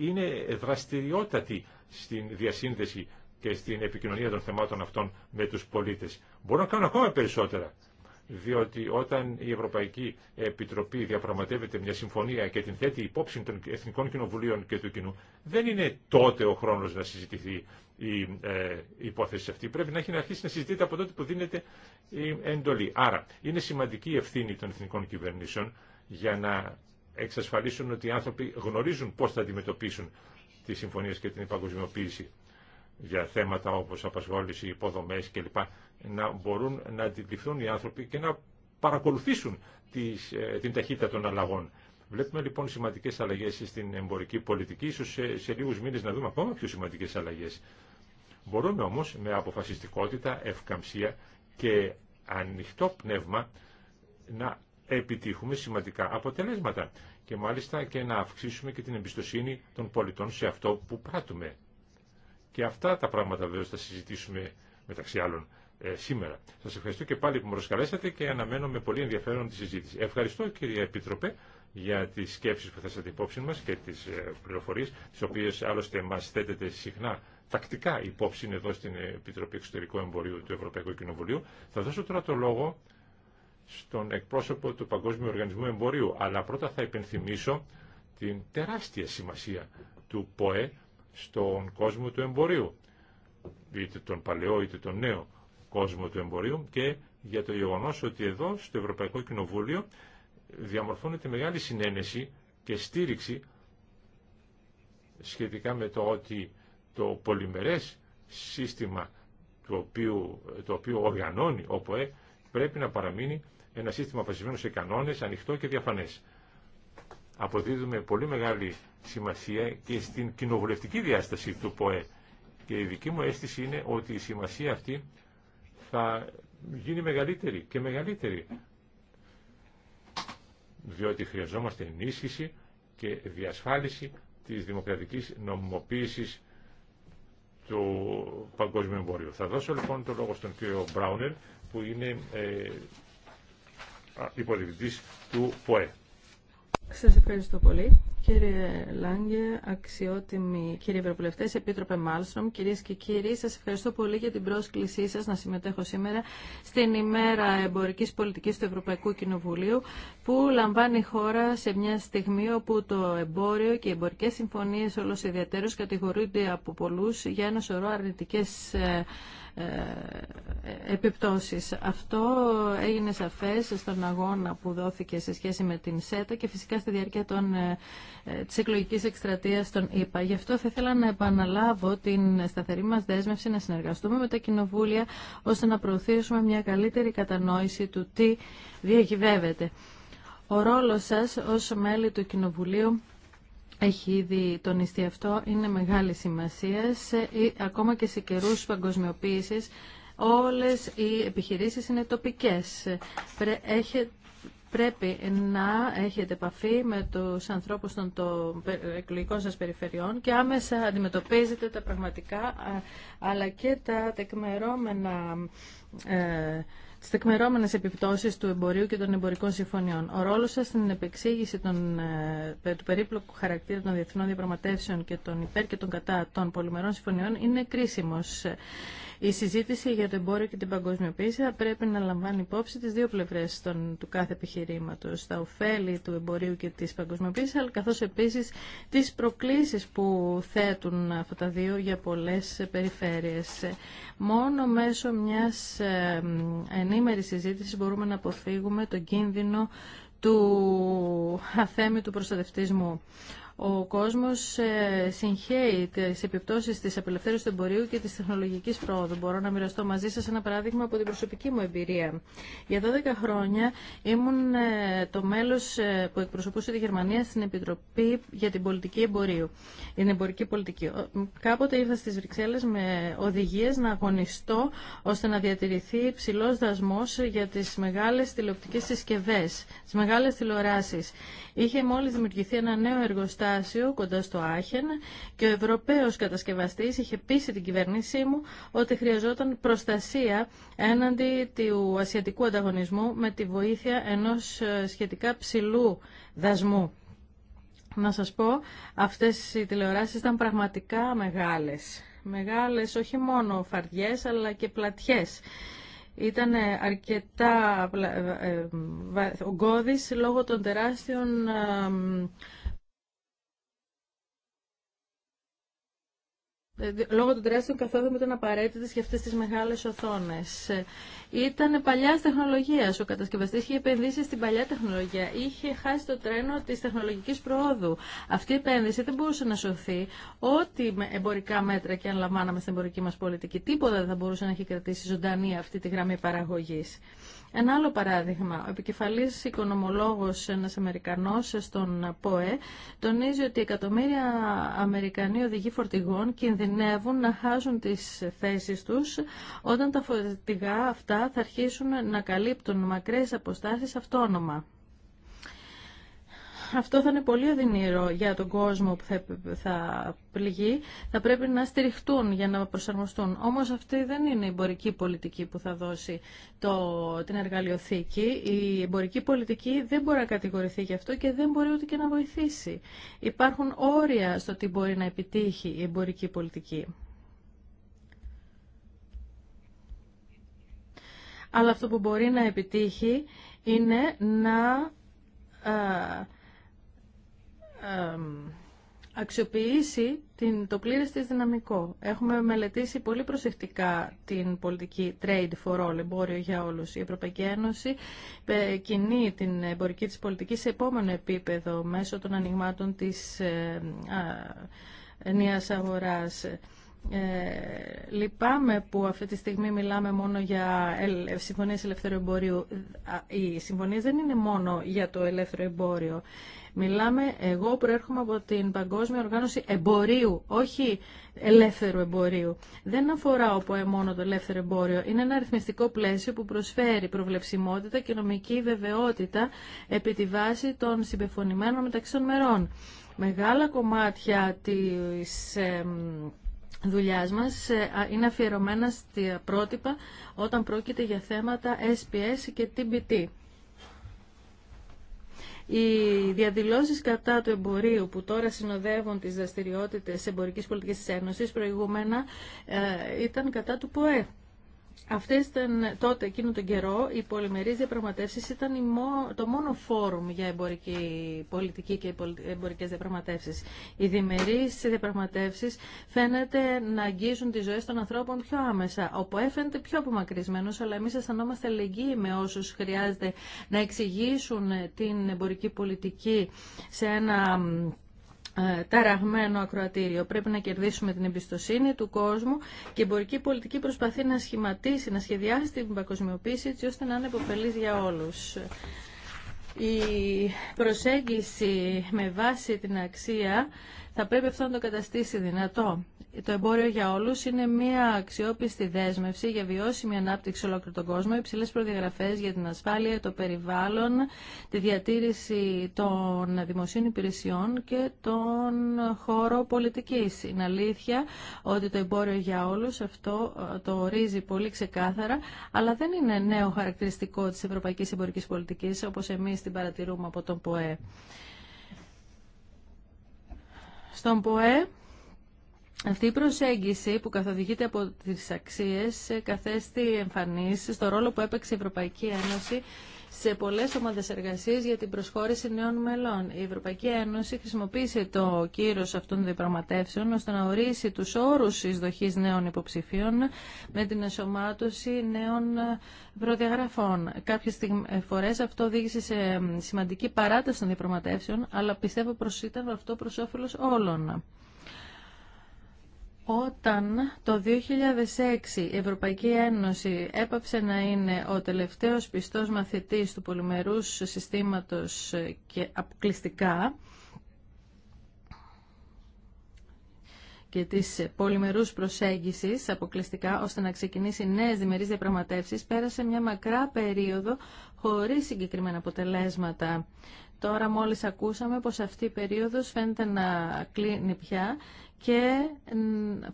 είναι δραστηριότατοι στην διασύνδεση και στην επικοινωνία των θεμάτων αυτών με του πολίτε. Μπορούν να κάνουν ακόμα περισσότερα διότι όταν η Ευρωπαϊκή Επιτροπή διαπραγματεύεται μια συμφωνία και την θέτει υπόψη των Εθνικών Κοινοβουλίων και του κοινού, δεν είναι τότε ο χρόνο να συζητηθεί ε, η υπόθεση αυτή. Πρέπει να έχει να αρχίσει να συζητείται από τότε που δίνεται η εντολή. Άρα, είναι σημαντική η ευθύνη των εθνικών κυβερνήσεων για να εξασφαλίσουν ότι οι άνθρωποι γνωρίζουν πώ θα αντιμετωπίσουν τι συμφωνίε και την παγκοσμιοποίηση για θέματα όπως απασχόληση, υποδομές κλπ να μπορούν να αντιληφθούν οι άνθρωποι και να παρακολουθήσουν τις, ε, την ταχύτητα των αλλαγών. Βλέπουμε λοιπόν σημαντικέ αλλαγέ στην εμπορική πολιτική, ίσως σε, σε λίγους μήνες να δούμε ακόμα πιο σημαντικέ αλλαγέ. Μπορούμε όμω με αποφασιστικότητα, ευκαμψία και ανοιχτό πνεύμα να επιτύχουμε σημαντικά αποτελέσματα και μάλιστα και να αυξήσουμε και την εμπιστοσύνη των πολιτών σε αυτό που πράττουμε. Και αυτά τα πράγματα βέβαια θα συζητήσουμε μεταξύ άλλων ε, σήμερα. Σα ευχαριστώ και πάλι που με προσκαλέσατε και αναμένω με πολύ ενδιαφέρον τη συζήτηση. Ευχαριστώ κύριε Επίτροπε για τι σκέψει που θέσατε υπόψη μα και τι ε, πληροφορίε, τι οποίε άλλωστε μα θέτεται συχνά τακτικά υπόψη εδώ στην Επιτροπή Εξωτερικού Εμπορίου του Ευρωπαϊκού Κοινοβουλίου. Θα δώσω τώρα το λόγο στον εκπρόσωπο του Παγκόσμιου Οργανισμού Εμπορίου, αλλά πρώτα θα υπενθυμίσω την τεράστια σημασία του ΠΟΕ στον κόσμο του εμπορίου, είτε τον παλαιό είτε τον νέο κόσμο του εμπορίου και για το γεγονός ότι εδώ στο Ευρωπαϊκό Κοινοβούλιο διαμορφώνεται μεγάλη συνένεση και στήριξη σχετικά με το ότι το πολυμερές σύστημα το οποίο, το οποίο οργανώνει ο ΠΟΕ πρέπει να παραμείνει ένα σύστημα βασισμένο σε κανόνες, ανοιχτό και διαφανές. Αποδίδουμε πολύ μεγάλη σημασία και στην κοινοβουλευτική διάσταση του ΠΟΕ και η δική μου αίσθηση είναι ότι η σημασία αυτή θα γίνει μεγαλύτερη και μεγαλύτερη. Διότι χρειαζόμαστε ενίσχυση και διασφάλιση της δημοκρατικής νομιμοποίησης του παγκόσμιου εμπορίου. Θα δώσω λοιπόν το λόγο στον κύριο Μπράουνερ που είναι ε, του ΠΟΕ. Σας ευχαριστώ πολύ. Κύριε Λάγκε, αξιότιμοι κύριοι Ευρωβουλευτέ, Επίτροπε Μάλστρομ, κυρίε και κύριοι, σα ευχαριστώ πολύ για την πρόσκλησή σα να συμμετέχω σήμερα στην ημέρα εμπορική πολιτική του Ευρωπαϊκού Κοινοβουλίου, που λαμβάνει η χώρα σε μια στιγμή όπου το εμπόριο και οι εμπορικέ συμφωνίε όλο ιδιαίτερω κατηγορούνται από πολλού για ένα σωρό αρνητικέ ε, ε, επιπτώσεις. Αυτό έγινε σαφές στον αγώνα που δόθηκε σε σχέση με την ΣΕΤΑ και φυσικά στη διάρκεια των, ε, ε, της εκλογικής εκστρατείας των ΗΠΑ. Γι' αυτό θα ήθελα να επαναλάβω την σταθερή μας δέσμευση να συνεργαστούμε με τα κοινοβούλια ώστε να προωθήσουμε μια καλύτερη κατανόηση του τι διακυβεύεται. Ο ρόλος σας ως μέλη του Κοινοβουλίου έχει ήδη τονιστεί αυτό, είναι μεγάλη σημασία, ακόμα και σε καιρούς παγκοσμιοποίησης, όλες οι επιχειρήσεις είναι τοπικές. Πρέπει να έχετε επαφή με τους ανθρώπους των εκλογικών σας περιφερειών και άμεσα αντιμετωπίζετε τα πραγματικά αλλά και τα τεκμερώμενα ε, τις τεκμερώμενες επιπτώσεις του εμπορίου και των εμπορικών συμφωνιών. Ο ρόλος σα στην επεξήγηση των, ε, του περίπλοκου χαρακτήρα των διεθνών διαπραγματεύσεων και των υπέρ και των κατά των πολυμερών συμφωνιών είναι κρίσιμος. Η συζήτηση για το εμπόριο και την παγκοσμιοποίηση θα πρέπει να λαμβάνει υπόψη τις δύο πλευρές του κάθε επιχειρήματο. τα ωφέλη του εμπορίου και της παγκοσμιοποίηση, αλλά καθώς επίσης τις προκλήσεις που θέτουν αυτά τα δύο για πολλές περιφέρειες. Μόνο μέσω μιας ε, ενήμερη συζήτηση μπορούμε να αποφύγουμε τον κίνδυνο του αθέμητου προστατευτισμού ο κόσμος ε, συγχαίει τις επιπτώσεις της απελευθέρωσης του εμπορίου και της τεχνολογικής πρόοδου. Μπορώ να μοιραστώ μαζί σας ένα παράδειγμα από την προσωπική μου εμπειρία. Για 12 χρόνια ήμουν ε, το μέλος ε, που εκπροσωπούσε τη Γερμανία στην Επιτροπή για την Πολιτική Εμπορίου, την Εμπορική Πολιτική. Κάποτε ήρθα στις Βρυξέλλες με οδηγίες να αγωνιστώ ώστε να διατηρηθεί ψηλό δασμό για τις μεγάλες τηλεοπτικές συσκευές, τις μεγάλες τηλεοράσεις. Είχε μόλις δημιουργηθεί ένα νέο εργοστάσιο κοντά στο Άχεν και ο Ευρωπαίος κατασκευαστής είχε πείσει την κυβέρνησή μου ότι χρειαζόταν προστασία έναντι του ασιατικού ανταγωνισμού με τη βοήθεια ενός ε, σχετικά ψηλού δασμού. Να σας πω, αυτές οι τηλεοράσεις ήταν πραγματικά μεγάλες. Μεγάλες όχι μόνο φαρδιές αλλά και πλατιές ήταν αρκετά ε, ε, ογκώδης λόγω των τεράστιων Ε, λόγω των τεράστιων καθόδων ήταν απαραίτητε για αυτέ τι μεγάλε οθόνε. Ε, ήταν παλιά τεχνολογία. Ο κατασκευαστή είχε επενδύσει στην παλιά τεχνολογία. Είχε χάσει το τρένο τη τεχνολογική προόδου. Αυτή η επένδυση δεν μπορούσε να σωθεί ό,τι εμπορικά μέτρα και αν λαμβάναμε στην εμπορική μα πολιτική. Τίποτα δεν θα μπορούσε να έχει κρατήσει ζωντανή αυτή τη γραμμή παραγωγή. Ένα άλλο παράδειγμα, ο επικεφαλής οικονομολόγος ένα Αμερικανό στον ΠΟΕ τονίζει ότι εκατομμύρια Αμερικανοί οδηγοί φορτηγών κινδυνεύουν να χάσουν τις θέσει τους όταν τα φορτηγά αυτά θα αρχίσουν να καλύπτουν μακρές αποστάσεις αυτόνομα αυτό θα είναι πολύ οδυνήρο για τον κόσμο που θα, θα πληγεί. Θα πρέπει να στηριχτούν για να προσαρμοστούν. Όμως αυτή δεν είναι η εμπορική πολιτική που θα δώσει το, την εργαλειοθήκη. Η εμπορική πολιτική δεν μπορεί να κατηγορηθεί γι' αυτό και δεν μπορεί ούτε και να βοηθήσει. Υπάρχουν όρια στο τι μπορεί να επιτύχει η εμπορική πολιτική. Αλλά αυτό που μπορεί να επιτύχει είναι να αξιοποιήσει την, το πλήρες της δυναμικό. Έχουμε μελετήσει πολύ προσεκτικά την πολιτική trade for all, εμπόριο για όλους. Η Ευρωπαϊκή Ένωση ε, κινεί την εμπορική της πολιτική σε επόμενο επίπεδο μέσω των ανοιγμάτων της ε, νέας αγοράς. Ε, λυπάμαι που αυτή τη στιγμή μιλάμε μόνο για συμφωνίες ελεύθερου εμπορίου. Οι συμφωνίες δεν είναι μόνο για το ελεύθερο εμπόριο. Μιλάμε, εγώ προέρχομαι από την Παγκόσμια Οργάνωση Εμπορίου, όχι ελεύθερου εμπορίου. Δεν αφορά όπου ε, μόνο το ελεύθερο εμπόριο. Είναι ένα αριθμιστικό πλαίσιο που προσφέρει προβλεψιμότητα και νομική βεβαιότητα επί τη βάση των συμπεφωνημένων μεταξύ των μερών. Μεγάλα κομμάτια της δουλειά μα ε, είναι αφιερωμένα στα πρότυπα όταν πρόκειται για θέματα SPS και TBT. Οι διαδηλώσεις κατά του εμπορίου που τώρα συνοδεύουν τις δραστηριότητες εμπορικής πολιτικής της Ένωσης προηγούμενα ε, ήταν κατά του ΠΟΕ. Αυτές ήταν τότε, εκείνο τον καιρό, οι πολυμερείς διαπραγματεύσεις ήταν το μόνο φόρουμ για εμπορική πολιτική και εμπορικές διαπραγματεύσεις. Οι διμερείς διαπραγματεύσεις φαίνεται να αγγίζουν τις ζωές των ανθρώπων πιο άμεσα, όπου έφαίνεται πιο απομακρυσμένο, αλλά εμείς αισθανόμαστε αλληλεγγύη με όσους χρειάζεται να εξηγήσουν την εμπορική πολιτική σε ένα ε, ταραγμένο ακροατήριο. Πρέπει να κερδίσουμε την εμπιστοσύνη του κόσμου και η εμπορική πολιτική προσπαθεί να σχηματίσει, να σχεδιάσει την παγκοσμιοποίηση έτσι ώστε να είναι υποφελή για όλους. Η προσέγγιση με βάση την αξία θα πρέπει αυτό να το καταστήσει δυνατό το εμπόριο για όλους είναι μια αξιόπιστη δέσμευση για βιώσιμη ανάπτυξη ολόκληρου τον κόσμο, υψηλές προδιαγραφές για την ασφάλεια, το περιβάλλον, τη διατήρηση των δημοσίων υπηρεσιών και τον χώρο πολιτική. Είναι αλήθεια ότι το εμπόριο για όλους αυτό ε, το ορίζει πολύ ξεκάθαρα, αλλά δεν είναι νέο χαρακτηριστικό τη Ευρωπαϊκή Εμπορική Πολιτική όπω εμεί την παρατηρούμε από τον ΠΟΕ. Στον ΠΟΕ αυτή η προσέγγιση που καθοδηγείται από τι αξίε ε, καθέστη εμφανή στο ρόλο που έπαιξε η Ευρωπαϊκή Ένωση σε πολλέ ομάδε εργασία για την προσχώρηση νέων μελών. Η Ευρωπαϊκή Ένωση χρησιμοποίησε το κύρο αυτών των διαπραγματεύσεων ώστε να ορίσει του όρου εισδοχή νέων υποψηφίων με την εσωμάτωση νέων ε, προδιαγραφών. Κάποιε ε, φορέ αυτό οδήγησε σε σημαντική παράταση των διαπραγματεύσεων, αλλά πιστεύω πω ήταν αυτό προ όφελο όλων. Όταν το 2006 η Ευρωπαϊκή Ένωση έπαψε να είναι ο τελευταίος πιστός μαθητής του πολυμερούς συστήματος και αποκλειστικά και της πολυμερούς προσέγγισης αποκλειστικά ώστε να ξεκινήσει νέες διμερείς διαπραγματεύσεις πέρασε μια μακρά περίοδο χωρίς συγκεκριμένα αποτελέσματα. Τώρα μόλις ακούσαμε πως αυτή η περίοδος φαίνεται να κλείνει πια και ε,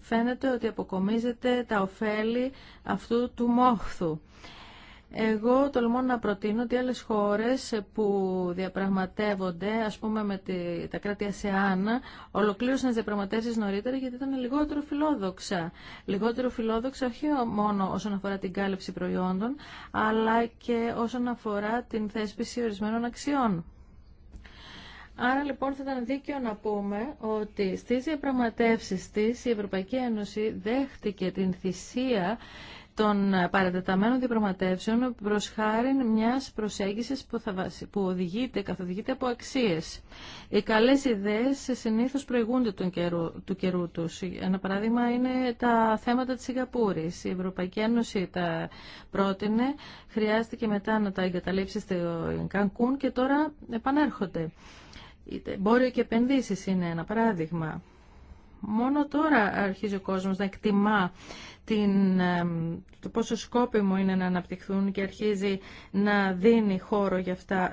φαίνεται ότι αποκομίζεται τα ωφέλη αυτού του μόχθου. Εγώ τολμώ να προτείνω ότι άλλες χώρες που διαπραγματεύονται, ας πούμε με τη, τα κράτη ΑΣΕΑΝ, ολοκλήρωσαν τις διαπραγματεύσεις νωρίτερα γιατί ήταν λιγότερο φιλόδοξα. Λιγότερο φιλόδοξα όχι μόνο όσον αφορά την κάλυψη προϊόντων, αλλά και όσον αφορά την θέσπιση ορισμένων αξιών. Άρα λοιπόν θα ήταν δίκαιο να πούμε ότι στις διαπραγματεύσεις της η Ευρωπαϊκή Ένωση δέχτηκε την θυσία των παρατεταμένων διαπραγματεύσεων προς χάρη μιας προσέγγισης που, θα που οδηγείται, καθοδηγείται από αξίες. Οι καλές ιδέες συνήθως προηγούνται τον καιρού, του καιρού τους. Ένα παράδειγμα είναι τα θέματα της Σιγκαπούρης. Η Ευρωπαϊκή Ένωση τα πρότεινε, χρειάστηκε μετά να τα εγκαταλείψει στο Κανκούν και τώρα επανέρχονται μπορεί και επενδύσεις είναι ένα παράδειγμα. Μόνο τώρα αρχίζει ο κόσμος να εκτιμά την, το πόσο σκόπιμο είναι να αναπτυχθούν και αρχίζει να δίνει χώρο για αυτά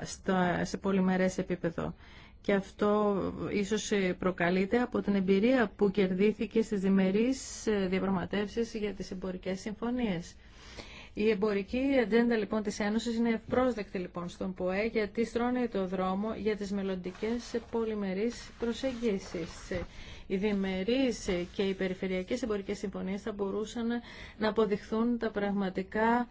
σε πολυμερές επίπεδο. Και αυτό ίσως προκαλείται από την εμπειρία που κερδίθηκε στις διμερείς ε, διαπραγματεύσεις για τις εμπορικές συμφωνίες. Η εμπορική ατζέντα λοιπόν της Ένωσης είναι ευπρόσδεκτη λοιπόν στον ΠΟΕ γιατί στρώνει το δρόμο για τις μελλοντικέ πολυμερείς προσεγγίσεις. Οι διμερείς και οι περιφερειακές εμπορικές συμφωνίες θα μπορούσαν να αποδειχθούν τα πραγματικά,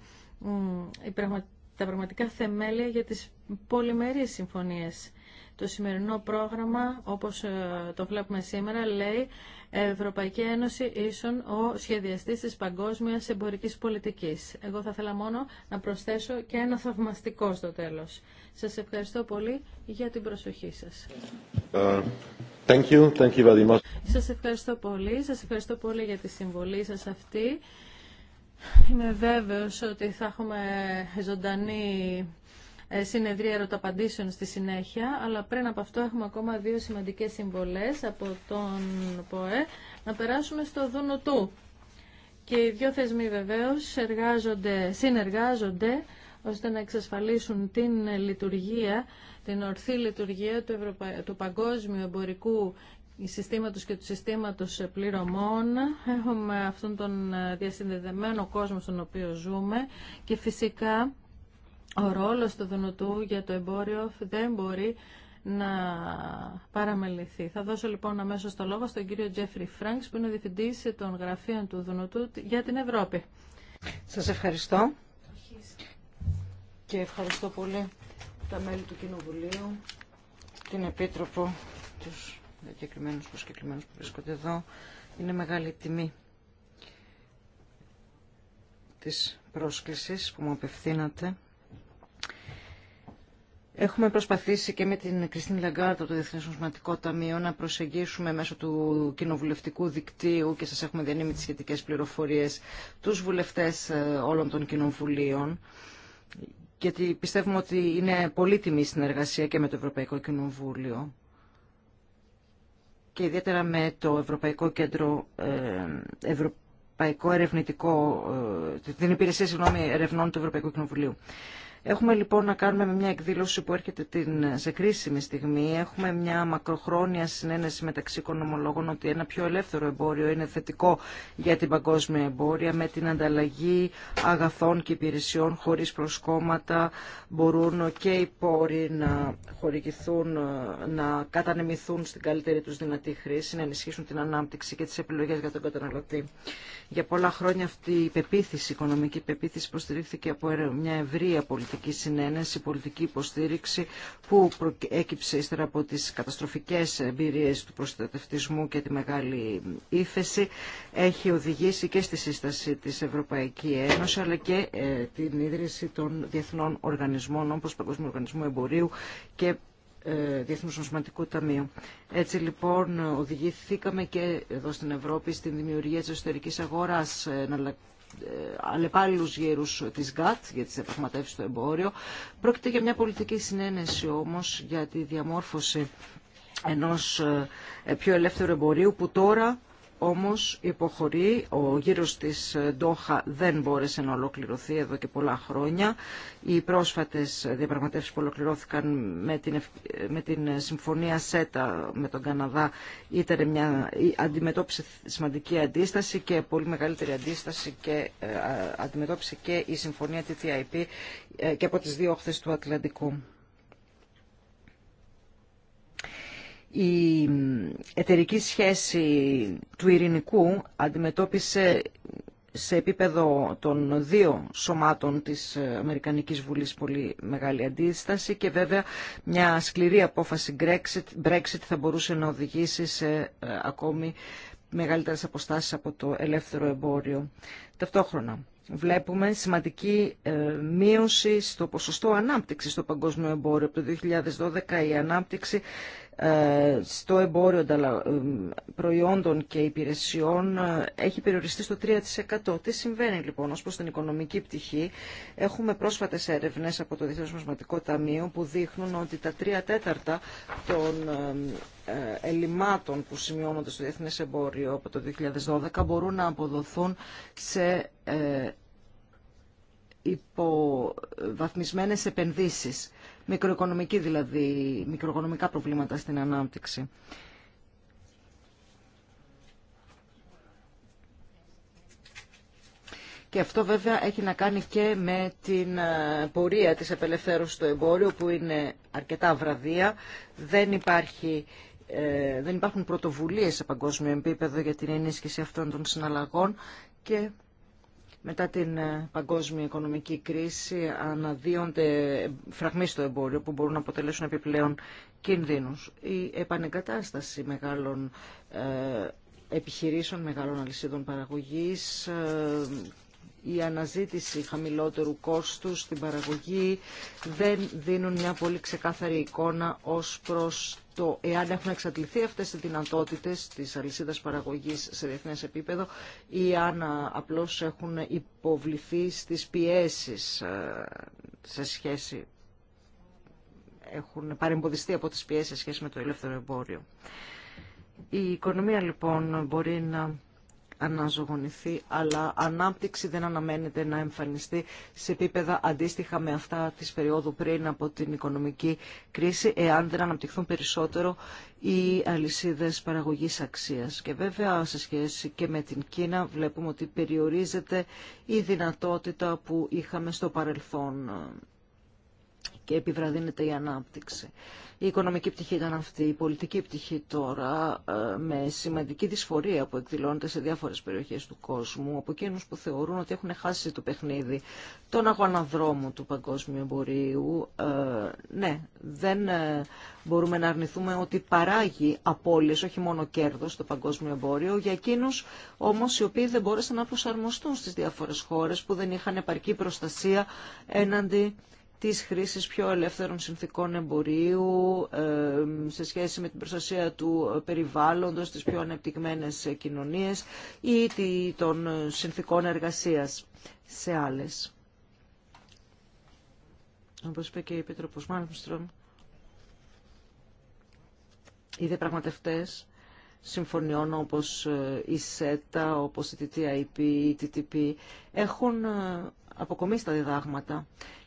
τα πραγματικά θεμέλια για τις πολυμερείς συμφωνίες. Το σημερινό πρόγραμμα, όπως ε, το βλέπουμε σήμερα, λέει Ευρωπαϊκή Ένωση ίσον ο σχεδιαστής της παγκόσμιας εμπορικής πολιτικής. Εγώ θα ήθελα μόνο να προσθέσω και ένα θαυμαστικό στο τέλος. Σας ευχαριστώ πολύ για την προσοχή σας. Uh, thank you. Thank you very Σας ευχαριστώ πολύ. Σας ευχαριστώ πολύ για τη συμβολή σας αυτή. Είμαι βέβαιος ότι θα έχουμε ζωντανή ε, συνεδρία ερωταπαντήσεων στη συνέχεια, αλλά πριν από αυτό έχουμε ακόμα δύο σημαντικές συμβολές από τον ΠΟΕ. Να περάσουμε στο δούνο Και οι δύο θεσμοί βεβαίως συνεργάζονται ώστε να εξασφαλίσουν την λειτουργία, την ορθή λειτουργία του, του παγκόσμιου εμπορικού συστήματος και του συστήματος πληρωμών. Έχουμε αυτόν τον ε, διασυνδεδεμένο κόσμο στον οποίο ζούμε και φυσικά ο ρόλος του Δουνουτού για το εμπόριο δεν μπορεί να παραμεληθεί. Θα δώσω λοιπόν αμέσως το λόγο στον κύριο Τζέφρι Φρανκς που είναι διευθυντής των γραφείων του Δουνουτού για την Ευρώπη. Σας ευχαριστώ και ευχαριστώ πολύ τα μέλη του Κοινοβουλίου, την Επίτροπο, τους διακεκριμένους προσκεκριμένους που βρίσκονται εδώ. Είναι μεγάλη τιμή της πρόσκλησης που μου απευθύνατε Έχουμε προσπαθήσει και με την Κριστίν Λαγκάρτ από το Διεθνέ Ταμείο να προσεγγίσουμε μέσω του κοινοβουλευτικού δικτύου και σα έχουμε διανύμει τι σχετικέ πληροφορίες τους βουλευτέ ε, όλων των κοινοβουλίων γιατί πιστεύουμε ότι είναι πολύτιμη η συνεργασία και με το Ευρωπαϊκό Κοινοβούλιο και ιδιαίτερα με το Ευρωπαϊκό Κέντρο ε, Ευρωπαϊκό Ερευνητικό, ε, την Υπηρεσία συγγνώμη, Ερευνών του Ευρωπαϊκού Κοινοβουλίου. Έχουμε λοιπόν να κάνουμε μια εκδήλωση που έρχεται την, σε κρίσιμη στιγμή. Έχουμε μια μακροχρόνια συνένεση μεταξύ οικονομολόγων ότι ένα πιο ελεύθερο εμπόριο είναι θετικό για την παγκόσμια εμπόρια. Με την ανταλλαγή αγαθών και υπηρεσιών χωρίς προσκόμματα μπορούν και οι πόροι να χορηγηθούν, να κατανεμηθούν στην καλύτερη τους δυνατή χρήση, να ενισχύσουν την ανάπτυξη και τις επιλογές για τον καταναλωτή. Για πολλά χρόνια αυτή η πεποίθηση, η οικονομική πεποίθηση υποστηρίχθηκε από μια ευρεία πολιτική πολιτική συνένεση, πολιτική υποστήριξη που έκυψε ύστερα από τι καταστροφικές εμπειρίες του προστατευτισμού και τη μεγάλη ύφεση έχει οδηγήσει και στη σύσταση της Ευρωπαϊκή Ένωση αλλά και ε, την ίδρυση των διεθνών οργανισμών όπως Παγκόσμιο Οργανισμό Εμπορίου και ε, Διεθνού Νοσηματικού Ταμείου. Έτσι λοιπόν οδηγηθήκαμε και εδώ στην Ευρώπη στην δημιουργία της εσωτερικής αγοράς ε, ε, αλλεπάλληλους γύρου της ΓΑΤ για τις διαπραγματεύσεις στο εμπόριο. Πρόκειται για μια πολιτική συνένεση όμως για τη διαμόρφωση ενός ε, πιο ελεύθερου εμπορίου που τώρα όμως υποχωρεί. Ο γύρος της Ντόχα δεν μπόρεσε να ολοκληρωθεί εδώ και πολλά χρόνια. Οι πρόσφατες διαπραγματεύσεις που ολοκληρώθηκαν με την, συμφωνία ΣΕΤΑ με τον Καναδά ήταν μια αντιμετώπιση σημαντική αντίσταση και πολύ μεγαλύτερη αντίσταση και ε, αντιμετώπισε και η συμφωνία TTIP ε, και από τις δύο όχθες του Ατλαντικού. η εταιρική σχέση του ειρηνικού αντιμετώπισε σε επίπεδο των δύο σωμάτων της Αμερικανικής Βουλής πολύ μεγάλη αντίσταση και βέβαια μια σκληρή απόφαση Brexit, Brexit θα μπορούσε να οδηγήσει σε ε, ακόμη μεγαλύτερες αποστάσεις από το ελεύθερο εμπόριο. Ταυτόχρονα βλέπουμε σημαντική ε, μείωση στο ποσοστό ανάπτυξης στο παγκόσμιο εμπόριο. Από το 2012 η ανάπτυξη ε, στο εμπόριο ε, προϊόντων και υπηρεσιών ε, έχει περιοριστεί στο 3%. Τι συμβαίνει λοιπόν ως προς την οικονομική πτυχή. Έχουμε πρόσφατες έρευνες από το Διεθνές Μασματικό Ταμείο που δείχνουν ότι τα 3 τέταρτα των ελλημάτων που σημειώνονται στο Διεθνές Εμπόριο από το 2012 μπορούν να αποδοθούν σε υποβαθμισμένες επενδύσεις μικροοικονομική δηλαδή, μικροοικονομικά προβλήματα στην ανάπτυξη. Και αυτό βέβαια έχει να κάνει και με την ε, πορεία της απελευθέρωσης του εμπόριου που είναι αρκετά βραδία. Δεν, υπάρχει, ε, δεν υπάρχουν πρωτοβουλίες σε παγκόσμιο επίπεδο για την ενίσχυση αυτών των συναλλαγών και μετά την ε, παγκόσμια οικονομική κρίση αναδύονται φραγμοί στο εμπόριο που μπορούν να αποτελέσουν επιπλέον κινδύνους. Η επανεγκατάσταση μεγάλων ε, επιχειρήσεων, μεγάλων αλυσίδων παραγωγής, ε, η αναζήτηση χαμηλότερου κόστου στην παραγωγή δεν δίνουν μια πολύ ξεκάθαρη εικόνα ως προς το εάν έχουν εξατληθεί αυτές οι δυνατότητες της αλυσίδας παραγωγής σε διεθνές επίπεδο ή αν απλώς έχουν υποβληθεί στις πιέσεις σε σχέση έχουν παρεμποδιστεί από τις πιέσεις σε σχέση με το ελεύθερο εμπόριο. Η οικονομία λοιπόν μπορεί να αναζωογονηθεί, αλλά ανάπτυξη δεν αναμένεται να εμφανιστεί σε επίπεδα αντίστοιχα με αυτά της περίοδου πριν από την οικονομική κρίση, εάν δεν αναπτυχθούν περισσότερο οι αλυσίδες παραγωγής αξίας. Και βέβαια σε σχέση και με την Κίνα βλέπουμε ότι περιορίζεται η δυνατότητα που είχαμε στο παρελθόν και επιβραδύνεται η ανάπτυξη. Η οικονομική πτυχή ήταν αυτή, η πολιτική πτυχή τώρα, ε, με σημαντική δυσφορία που εκδηλώνεται σε διάφορες περιοχές του κόσμου, από εκείνου που θεωρούν ότι έχουν χάσει το παιχνίδι, τον αγώνα δρόμου του παγκόσμιου εμπορίου. Ε, ναι, δεν ε, μπορούμε να αρνηθούμε ότι παράγει απώλειες, όχι μόνο κέρδος στο παγκόσμιο εμπόριο, για εκείνου όμως οι οποίοι δεν μπόρεσαν να προσαρμοστούν στις διάφορες χώρες που δεν είχαν επαρκή προστασία έναντι της χρήσης πιο ελεύθερων συνθήκων εμπορίου σε σχέση με την προστασία του περιβάλλοντος, τις πιο ανεπτυγμένες κοινωνίες ή των συνθήκων εργασίας σε άλλες. Όπως είπε και η Επίτροπος Μάλμστρομ, οι διαπραγματευτές συμφωνιών όπως ε, η ΣΕΤΑ, όπως η TTIP, η TTP έχουν ε, αποκομίσει τα διδάγματα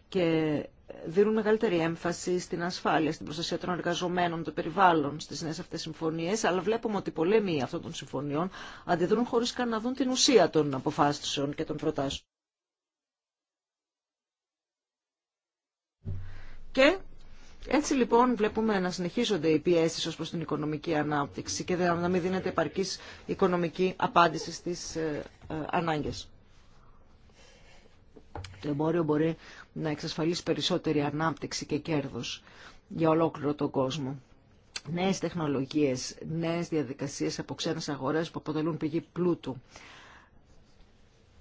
και δίνουν μεγαλύτερη έμφαση στην ασφάλεια, στην προστασία των εργαζομένων, των περιβάλλων, στι νέε αυτέ συμφωνίε. Αλλά βλέπουμε ότι πολέμοι αυτών των συμφωνιών αντιδρούν χωρί καν να δουν την ουσία των αποφάσεων και των προτάσεων. Και έτσι λοιπόν βλέπουμε να συνεχίζονται οι πιέσεις ως προς την οικονομική ανάπτυξη και να μην δίνεται επαρκής οικονομική απάντηση στις ε, ε, ανάγκες. Το εμπόριο μπορεί να εξασφαλίσει περισσότερη ανάπτυξη και κέρδος για ολόκληρο τον κόσμο. Νέες τεχνολογίες, νέες διαδικασίες από ξένες αγορές που αποτελούν πηγή πλούτου.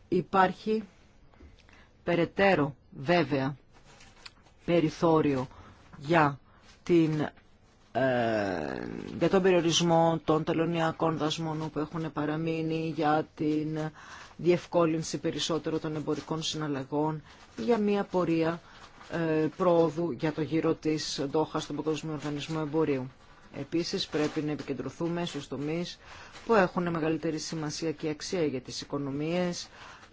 Υπάρχει περαιτέρω βέβαια περιθώριο για την ε, για τον περιορισμό των τελωνιακών δασμών που έχουν παραμείνει, για την διευκόλυνση περισσότερο των εμπορικών συναλλαγών για μια πορεία ε, πρόοδου για το γύρο της ντόχας στον Παγκόσμιο Οργανισμό Εμπορίου. Επίσης πρέπει να επικεντρωθούμε στους τομείς που έχουν μεγαλύτερη σημασία και αξία για τις οικονομίες,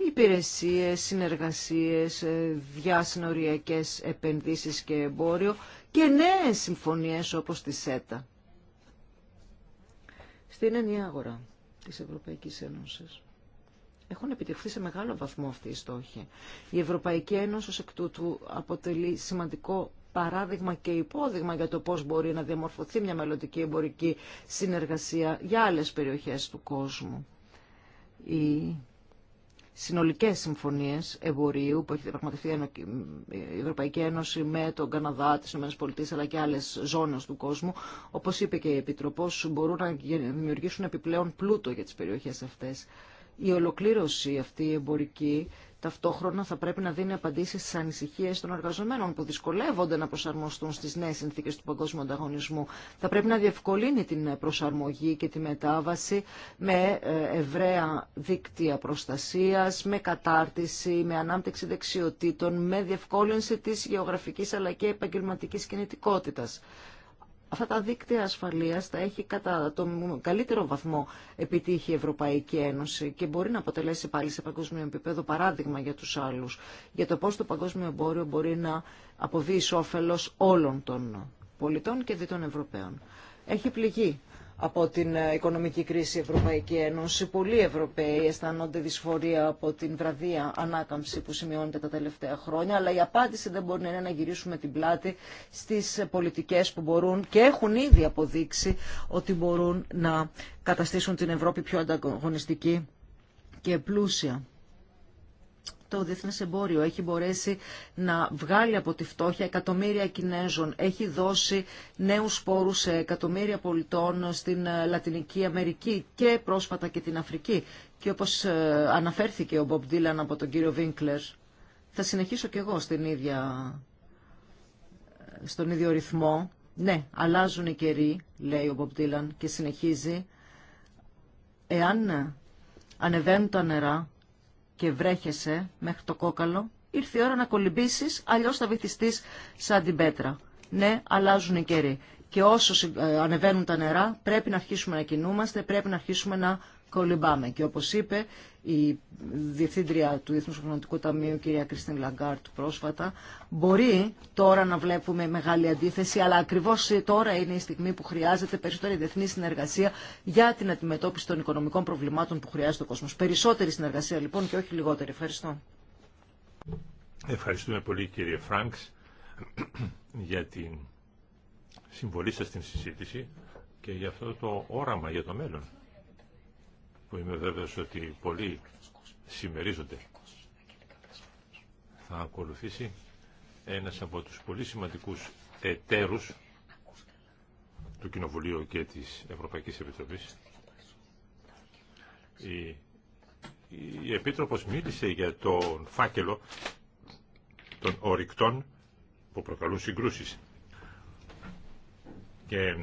υπηρεσίες, συνεργασίες, ε, διασυνοριακές επενδύσεις και εμπόριο και νέες συμφωνίες όπως τη ΣΕΤΑ. Στην ενιαία αγορά της Ευρωπαϊκής Ένωσης. Έχουν επιτευχθεί σε μεγάλο βαθμό αυτοί οι στόχοι. Η Ευρωπαϊκή Ένωση ως εκ τούτου αποτελεί σημαντικό παράδειγμα και υπόδειγμα για το πώς μπορεί να διαμορφωθεί μια μελλοντική εμπορική συνεργασία για άλλες περιοχές του κόσμου. Οι συνολικέ συμφωνίε εμπορίου που έχει διαπραγματευτεί η Ευρωπαϊκή Ένωση με τον Καναδά, τι ΗΠΑ αλλά και άλλε ζώνε του κόσμου, όπω είπε και η Επιτροπό, μπορούν να δημιουργήσουν επιπλέον πλούτο για τι περιοχέ αυτέ η ολοκλήρωση αυτή η εμπορική ταυτόχρονα θα πρέπει να δίνει απαντήσεις στις ανησυχίες των εργαζομένων που δυσκολεύονται να προσαρμοστούν στις νέες συνθήκες του παγκόσμιου ανταγωνισμού. Θα πρέπει να διευκολύνει την προσαρμογή και τη μετάβαση με ε, ευραία δίκτυα προστασίας, με κατάρτιση, με ανάπτυξη δεξιοτήτων, με διευκόλυνση της γεωγραφικής αλλά και επαγγελματικής κινητικότητας. Αυτά τα δίκτυα ασφαλείας τα έχει κατά τον καλύτερο βαθμό επιτύχει η Ευρωπαϊκή Ένωση και μπορεί να αποτελέσει πάλι σε παγκόσμιο επίπεδο παράδειγμα για τους άλλους, για το πώς το παγκόσμιο εμπόριο μπορεί να αποβεί ει όλων των πολιτών και δι των Ευρωπαίων. Έχει πληγεί από την ε, οικονομική κρίση Ευρωπαϊκή Ένωση. Πολλοί Ευρωπαίοι αισθάνονται δυσφορία από την βραδία ανάκαμψη που σημειώνεται τα τελευταία χρόνια, αλλά η απάντηση δεν μπορεί να είναι να γυρίσουμε την πλάτη στις πολιτικές που μπορούν και έχουν ήδη αποδείξει ότι μπορούν να καταστήσουν την Ευρώπη πιο ανταγωνιστική και πλούσια το διεθνέ εμπόριο, έχει μπορέσει να βγάλει από τη φτώχεια εκατομμύρια Κινέζων, έχει δώσει νέους πόρου σε εκατομμύρια πολιτών στην ε, Λατινική Αμερική και πρόσφατα και την Αφρική. Και όπως ε, αναφέρθηκε ο Μπομπ Ντίλαν από τον κύριο Βίνκλερ, θα συνεχίσω και εγώ στην ίδια, ε, στον ίδιο ρυθμό. Ναι, αλλάζουν οι καιροί, λέει ο Μπομπ και συνεχίζει. Εάν ανεβαίνουν τα νερά, και βρέχεσαι μέχρι το κόκαλο, ήρθε η ώρα να κολυμπήσεις, αλλιώς θα βυθιστείς σαν την πέτρα. Ναι, αλλάζουν οι καιροί. Και όσο ε, ανεβαίνουν τα νερά, πρέπει να αρχίσουμε να κινούμαστε, πρέπει να αρχίσουμε να κολυμπάμε. Και όπως είπε η Διευθύντρια του Διεθνούς Οικονομικού Ταμείου, κυρία Κριστίν Λαγκάρτ, πρόσφατα, μπορεί τώρα να βλέπουμε μεγάλη αντίθεση, αλλά ακριβώς τώρα είναι η στιγμή που χρειάζεται περισσότερη διεθνή συνεργασία για την αντιμετώπιση των οικονομικών προβλημάτων που χρειάζεται ο κόσμος. Περισσότερη συνεργασία λοιπόν και όχι λιγότερη. Ευχαριστώ. Ευχαριστούμε πολύ κύριε Φρανξ για την συμβολή σας στην συζήτηση και για αυτό το όραμα για το μέλλον που είμαι βέβαιος ότι πολλοί συμμερίζονται. Θα ακολουθήσει ένας από τους πολύ σημαντικούς εταίρους του Κοινοβουλίου και της Ευρωπαϊκής Επιτροπής. Η, η Επίτροπος μίλησε για τον φάκελο των ορυκτών που προκαλούν συγκρούσεις. Και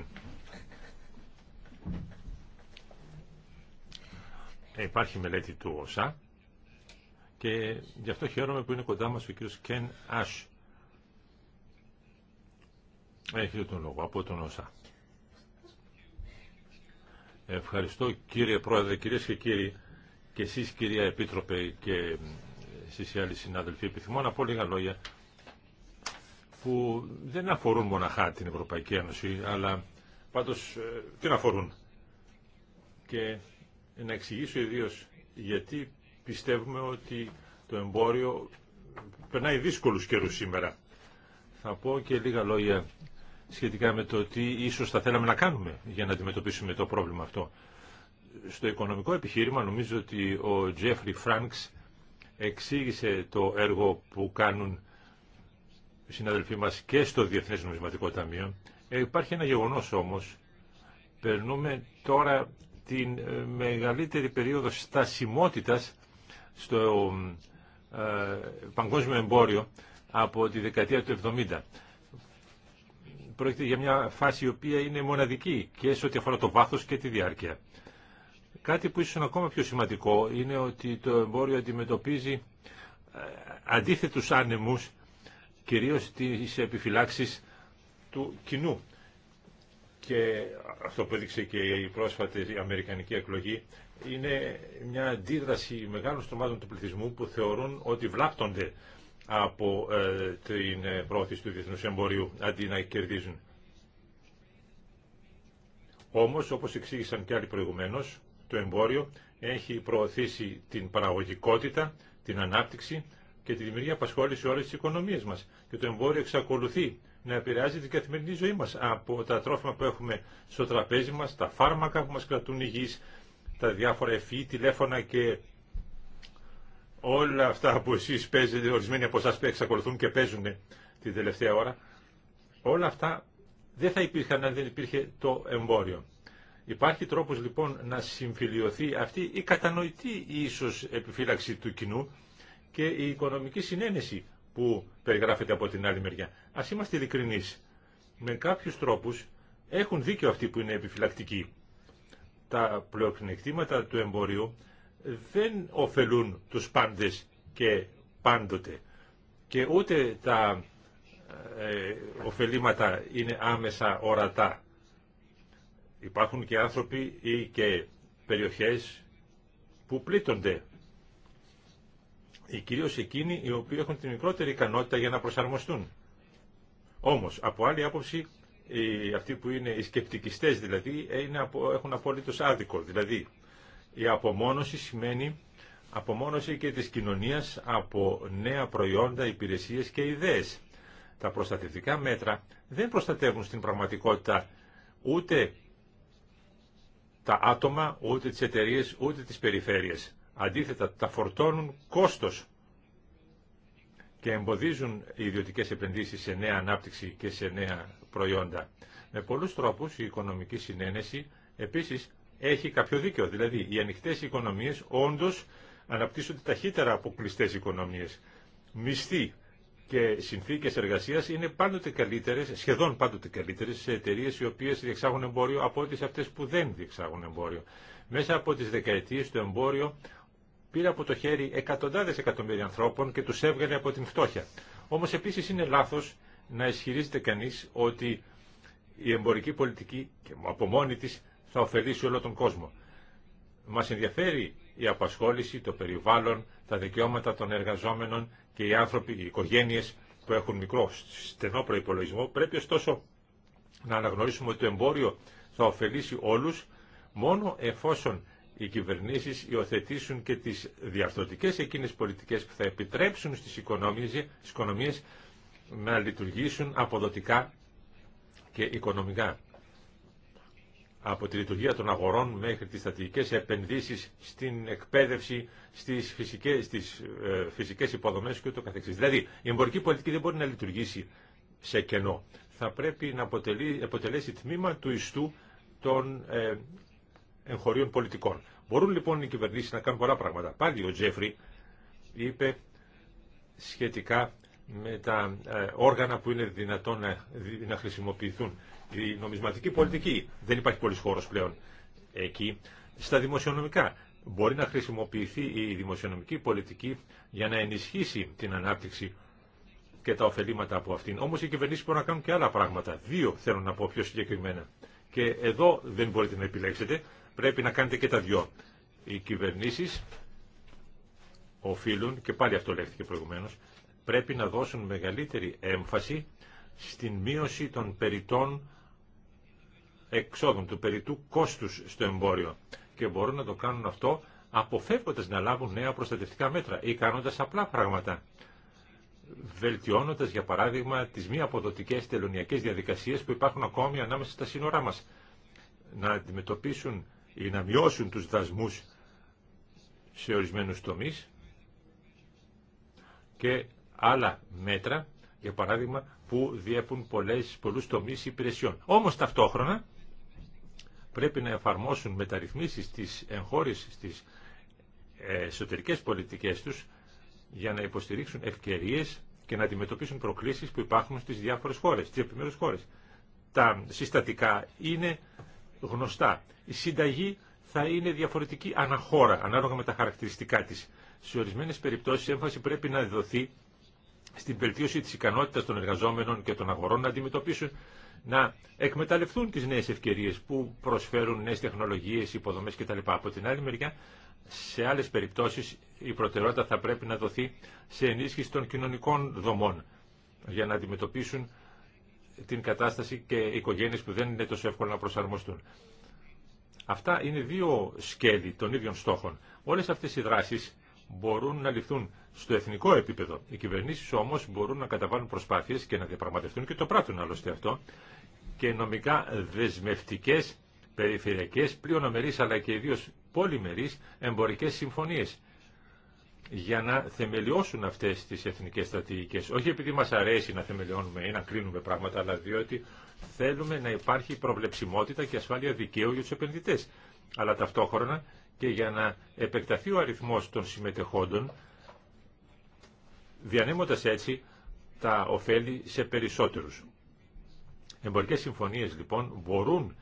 ε, υπάρχει μελέτη του ΩΣΑ και γι' αυτό χαίρομαι που είναι κοντά μας ο κύριος Κεν Άσ. Έχει τον λόγο από τον ΩΣΑ. Ευχαριστώ κύριε Πρόεδρε, κυρίες και κύριοι και εσείς κυρία Επίτροπε και ε, εσείς οι άλλοι συνάδελφοι επιθυμώ να πω λίγα λόγια που δεν αφορούν μοναχά την Ευρωπαϊκή Ένωση αλλά πάντως ε, την αφορούν και να εξηγήσω ιδίω γιατί πιστεύουμε ότι το εμπόριο περνάει δύσκολους καιρού σήμερα. Θα πω και λίγα λόγια σχετικά με το τι ίσως θα θέλαμε να κάνουμε για να αντιμετωπίσουμε το πρόβλημα αυτό. Στο οικονομικό επιχείρημα νομίζω ότι ο Τζέφρι Φράνξ εξήγησε το έργο που κάνουν οι συναδελφοί μας και στο Διεθνές Νομισματικό Ταμείο. Ε, υπάρχει ένα γεγονός όμως. Περνούμε τώρα την ε, μεγαλύτερη περίοδο στασιμότητας στο ε, παγκόσμιο εμπόριο από τη δεκαετία του 70. Πρόκειται για μια φάση η οποία είναι μοναδική και σε ό,τι αφορά το βάθος και τη διάρκεια. Κάτι που ίσως είναι ακόμα πιο σημαντικό είναι ότι το εμπόριο αντιμετωπίζει ε, αντίθετους άνεμους, κυρίως τις επιφυλάξεις του κοινού και αυτό που έδειξε και η πρόσφατη αμερικανική εκλογή είναι μια αντίδραση μεγάλων στρωμάτων του πληθυσμού που θεωρούν ότι βλάπτονται από ε, την πρόθεση του διεθνούς εμπορίου αντί να κερδίζουν. Όμως, όπως εξήγησαν και άλλοι προηγουμένως, το εμπόριο έχει προωθήσει την παραγωγικότητα, την ανάπτυξη και τη δημιουργία απασχόληση όλες τις οικονομίες μας. Και το εμπόριο εξακολουθεί να επηρεάζει την καθημερινή ζωή μας από τα τρόφιμα που έχουμε στο τραπέζι μας, τα φάρμακα που μας κρατούν υγιείς, τα διάφορα ευφυή, τηλέφωνα και όλα αυτά που εσείς παίζετε, ορισμένοι από εσάς που εξακολουθούν και παίζουν την τελευταία ώρα, όλα αυτά δεν θα υπήρχαν αν δεν υπήρχε το εμπόριο. Υπάρχει τρόπος λοιπόν να συμφιλειωθεί αυτή η κατανοητή ίσως επιφύλαξη του κοινού και η οικονομική συνένεση που περιγράφεται από την άλλη μεριά. Ας είμαστε ειλικρινεί. Με κάποιους τρόπους έχουν δίκιο αυτοί που είναι επιφυλακτικοί. Τα πλεονεκτήματα του εμπορίου δεν ωφελούν τους πάντες και πάντοτε. Και ούτε τα ε, ωφελήματα είναι άμεσα ορατά. Υπάρχουν και άνθρωποι ή και περιοχές που πλήττονται ε, κυρίω εκείνοι οι οποίοι έχουν την μικρότερη ικανότητα για να προσαρμοστούν. Όμως, από άλλη άποψη, αυτοί που είναι οι σκεπτικιστές δηλαδή ε, είναι, έχουν απόλυτος άδικο. Δηλαδή, η απομόνωση σημαίνει απομόνωση και της κοινωνίας από νέα προϊόντα, υπηρεσίες και ιδέες. Τα προστατευτικά μέτρα δεν προστατεύουν στην πραγματικότητα ούτε τα άτομα, ούτε τις εταιρείες, ούτε τις περιφέρειες. Αντίθετα, τα φορτώνουν κόστος και εμποδίζουν οι ιδιωτικές επενδύσεις σε νέα ανάπτυξη και σε νέα προϊόντα. Με πολλούς τρόπους η οικονομική συνένεση επίσης έχει κάποιο δίκαιο. Δηλαδή, οι ανοιχτές οικονομίες όντως αναπτύσσονται ταχύτερα από κλειστές οικονομίες. Μισθοί και συνθήκες εργασίας είναι πάντοτε καλύτερες, σχεδόν πάντοτε καλύτερες σε εταιρείες οι οποίες διεξάγουν εμπόριο από ό,τι σε αυτές που δεν διεξάγουν εμπόριο. Μέσα από τις δεκαετίες το εμπόριο πήρε από το χέρι εκατοντάδες εκατομμύρια ανθρώπων και τους έβγαλε από την φτώχεια. Όμως επίσης είναι λάθος να ισχυρίζεται κανείς ότι η εμπορική πολιτική και από μόνη της θα ωφελήσει όλο τον κόσμο. Μας ενδιαφέρει η απασχόληση, το περιβάλλον, τα δικαιώματα των εργαζόμενων και οι άνθρωποι, οι οικογένειες που έχουν μικρό στενό προϋπολογισμό. Πρέπει ωστόσο να αναγνωρίσουμε ότι το εμπόριο θα ωφελήσει όλους μόνο εφόσον οι κυβερνήσεις υιοθετήσουν και τις διαρθρωτικές εκείνες πολιτικές που θα επιτρέψουν στις οικονομίες να λειτουργήσουν αποδοτικά και οικονομικά. Από τη λειτουργία των αγορών μέχρι τις στατικές επενδύσεις στην εκπαίδευση, στις φυσικές, στις, ε, φυσικές υποδομές και ούτω καθεξής. Δηλαδή η εμπορική πολιτική δεν μπορεί να λειτουργήσει σε κενό. Θα πρέπει να αποτελεί, αποτελέσει τμήμα του ιστού των ε, εγχωρίων πολιτικών. Μπορούν λοιπόν οι κυβερνήσει να κάνουν πολλά πράγματα. Πάλι ο Τζέφρι είπε σχετικά με τα ε, όργανα που είναι δυνατόν να, να χρησιμοποιηθούν. Η νομισματική πολιτική δεν υπάρχει πολλή χώρος πλέον εκεί. Στα δημοσιονομικά μπορεί να χρησιμοποιηθεί η δημοσιονομική πολιτική για να ενισχύσει την ανάπτυξη και τα ωφελήματα από αυτήν. Όμω οι κυβερνήσει μπορούν να κάνουν και άλλα πράγματα. Δύο θέλω να πω πιο συγκεκριμένα. Και εδώ δεν μπορείτε να επιλέξετε πρέπει να κάνετε και τα δυο. Οι κυβερνήσεις οφείλουν, και πάλι αυτό λέχθηκε προηγουμένως, πρέπει να δώσουν μεγαλύτερη έμφαση στην μείωση των περιττών εξόδων, του περιττού κόστους στο εμπόριο. Και μπορούν να το κάνουν αυτό αποφεύγοντας να λάβουν νέα προστατευτικά μέτρα ή κάνοντας απλά πράγματα. Βελτιώνοντας, για παράδειγμα, τις μη αποδοτικές τελωνιακές διαδικασίες που υπάρχουν ακόμη ανάμεσα στα σύνορά μας. Να αντιμετωπίσουν ή να μειώσουν τους δασμούς σε ορισμένους τομείς και άλλα μέτρα, για παράδειγμα, που διέπουν πολλές, πολλούς τομείς υπηρεσιών. Όμως ταυτόχρονα πρέπει να εφαρμόσουν μεταρρυθμίσεις της εγχώρηση στις ε, εσωτερικές πολιτικές τους για να υποστηρίξουν ευκαιρίες και να αντιμετωπίσουν προκλήσεις που υπάρχουν στις διάφορες χώρες, στις επιμέρους χώρες. Τα συστατικά είναι γνωστά. Η συνταγή θα είναι διαφορετική αναχώρα, ανάλογα με τα χαρακτηριστικά της. Σε ορισμένες περιπτώσεις έμφαση πρέπει να δοθεί στην βελτίωση της ικανότητας των εργαζόμενων και των αγορών να αντιμετωπίσουν, να εκμεταλλευτούν τις νέες ευκαιρίες που προσφέρουν νέες τεχνολογίες, υποδομές κτλ. Από την άλλη μεριά, σε άλλες περιπτώσεις η προτεραιότητα θα πρέπει να δοθεί σε ενίσχυση των κοινωνικών δομών για να αντιμετωπίσουν την κατάσταση και οικογένειες που δεν είναι τόσο εύκολο να προσαρμοστούν. Αυτά είναι δύο σκέλη των ίδιων στόχων. Όλες αυτές οι δράσεις μπορούν να ληφθούν στο εθνικό επίπεδο. Οι κυβερνήσει όμω μπορούν να καταβάλουν προσπάθειε και να διαπραγματευτούν και το πράττουν άλλωστε αυτό και νομικά δεσμευτικέ, περιφερειακέ, πλειονομερεί αλλά και ιδίω πολυμερεί εμπορικέ συμφωνίε για να θεμελιώσουν αυτές τις εθνικές στρατηγικές. Όχι επειδή μας αρέσει να θεμελιώνουμε ή να κρίνουμε πράγματα, αλλά διότι θέλουμε να υπάρχει προβλεψιμότητα και ασφάλεια δικαίου για τους επενδυτές. Αλλά ταυτόχρονα και για να επεκταθεί ο αριθμός των συμμετεχόντων, διανέμοντας έτσι τα ωφέλη σε περισσότερους. Εμπορικές συμφωνίες λοιπόν μπορούν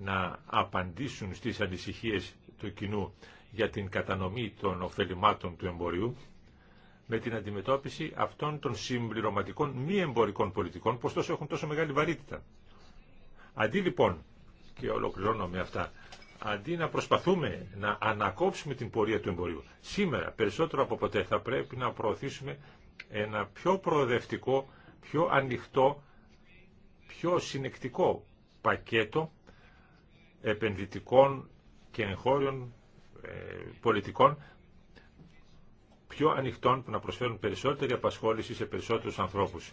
να απαντήσουν στις ανησυχίες του κοινού για την κατανομή των ωφελημάτων του εμπορίου με την αντιμετώπιση αυτών των συμπληρωματικών μη εμπορικών πολιτικών που ωστόσο έχουν τόσο μεγάλη βαρύτητα. Αντί λοιπόν, και ολοκληρώνω με αυτά, αντί να προσπαθούμε να ανακόψουμε την πορεία του εμπορίου, σήμερα περισσότερο από ποτέ θα πρέπει να προωθήσουμε ένα πιο προοδευτικό, πιο ανοιχτό, πιο συνεκτικό πακέτο επενδυτικών και εγχώριων ε, πολιτικών πιο ανοιχτών που να προσφέρουν περισσότερη απασχόληση σε περισσότερους ανθρώπους.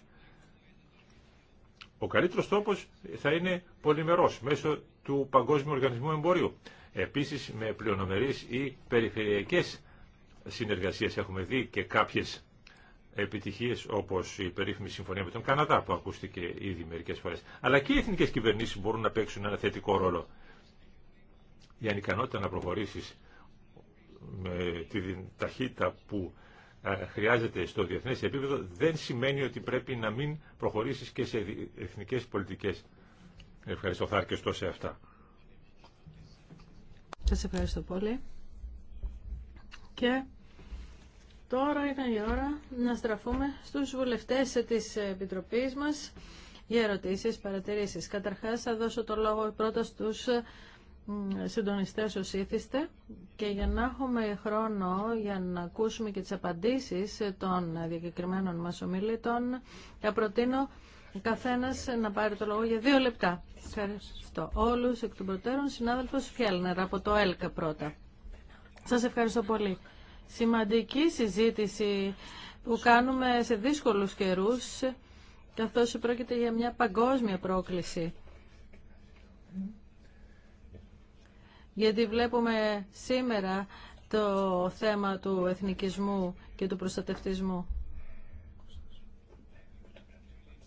Ο καλύτερος τρόπος θα είναι πολυμερός μέσω του Παγκόσμιου Οργανισμού Εμπορίου. Επίσης με πλειονομερείς ή περιφερειακές συνεργασίες έχουμε δει και κάποιες επιτυχίες όπως η περίφημη συμφωνία με τον Καναδά που ακούστηκε ήδη μερικές φορές. Αλλά και οι εθνικές κυβερνήσεις μπορούν να παίξουν ένα θετικό ρόλο. Η ανικανότητα να προχωρήσεις με την ταχύτητα που ε, χρειάζεται στο διεθνές επίπεδο δεν σημαίνει ότι πρέπει να μην προχωρήσεις και σε εθνικές πολιτικές. Ευχαριστώ, θα αρκεστώ σε αυτά. Σας ευχαριστώ πολύ. Και τώρα ήταν η ώρα να στραφούμε στους βουλευτές της Επιτροπής μας για ερωτήσεις, παρατηρήσεις. Καταρχάς θα δώσω το λόγο πρώτα στους συντονιστές ως ήθιστε και για να έχουμε χρόνο για να ακούσουμε και τις απαντήσεις των διακεκριμένων μας ομιλητών θα προτείνω καθένας να πάρει το λόγο για δύο λεπτά. Ευχαριστώ όλους εκ των προτέρων. Συνάδελφος Φιέλνερ από το ΕΛΚΑ πρώτα. Σας ευχαριστώ πολύ. Σημαντική συζήτηση που κάνουμε σε δύσκολους καιρούς καθώς πρόκειται για μια παγκόσμια πρόκληση γιατί βλέπουμε σήμερα το θέμα του εθνικισμού και του προστατευτισμού.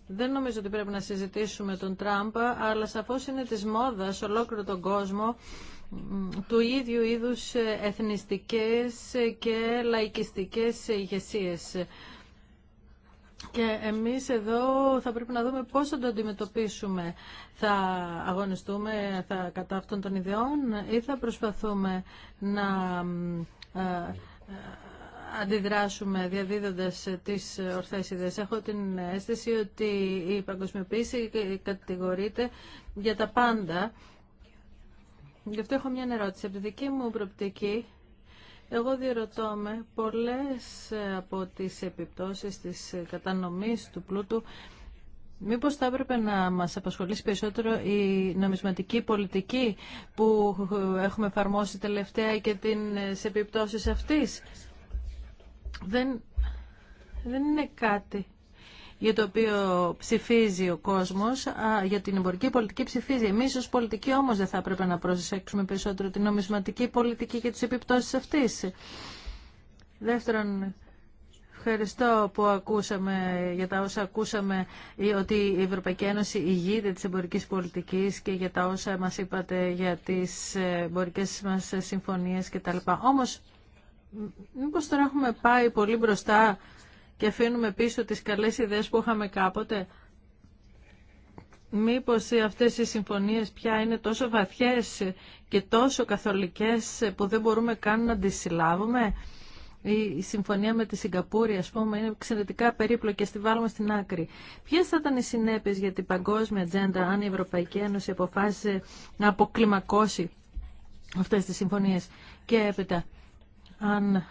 Δεν νομίζω ότι πρέπει να συζητήσουμε τον Τραμπ, αλλά σαφώς είναι της μόδας ολόκληρο τον κόσμο του ίδιου είδους εθνιστικές και λαϊκιστικές ηγεσίες. Και εμείς εδώ θα πρέπει να δούμε πώς θα το αντιμετωπίσουμε. Θα αγωνιστούμε θα, κατά αυτών των ιδεών ή θα προσπαθούμε να ε, ε, αντιδράσουμε διαδίδοντας τις ορθές ιδέες. Έχω την αίσθηση ότι η παγκοσμιοποίηση κατηγορείται για τα πάντα. Γι' αυτό έχω μια ερώτηση. Από τη δική μου προπτική εγώ διερωτώ με πολλές ε, από τις επιπτώσεις της ε, κατανομής του πλούτου Μήπως θα έπρεπε να μας απασχολήσει περισσότερο η νομισματική πολιτική που ε, έχουμε εφαρμόσει τελευταία και την επιπτώσεις αυτής. Δεν, δεν είναι κάτι για το οποίο ψηφίζει ο κόσμος, για την εμπορική πολιτική ψηφίζει. Εμείς ως πολιτικοί όμως δεν θα έπρεπε να προσέξουμε περισσότερο την νομισματική πολιτική και τις επιπτώσεις αυτής. Δεύτερον, ευχαριστώ που ακούσαμε για τα όσα ακούσαμε ότι η Ευρωπαϊκή Ένωση ηγείται της εμπορικής πολιτικής και για τα όσα μας είπατε για τις ε, εμπορικές μας συμφωνίες κτλ. Όμως, μήπως τώρα έχουμε πάει πολύ μπροστά και αφήνουμε πίσω τις καλές ιδέες που είχαμε κάποτε. Μήπως αυτές οι συμφωνίες πια είναι τόσο βαθιές και τόσο καθολικές που δεν μπορούμε καν να τις συλλάβουμε. Η συμφωνία με τη Σιγκαπούρη, ας πούμε, είναι εξαιρετικά περίπλοκη και στη βάλουμε στην άκρη. Ποιε θα ήταν οι συνέπειε για την παγκόσμια ατζέντα αν η Ευρωπαϊκή Ένωση αποφάσισε να αποκλιμακώσει αυτές τις συμφωνίες και έπειτα αν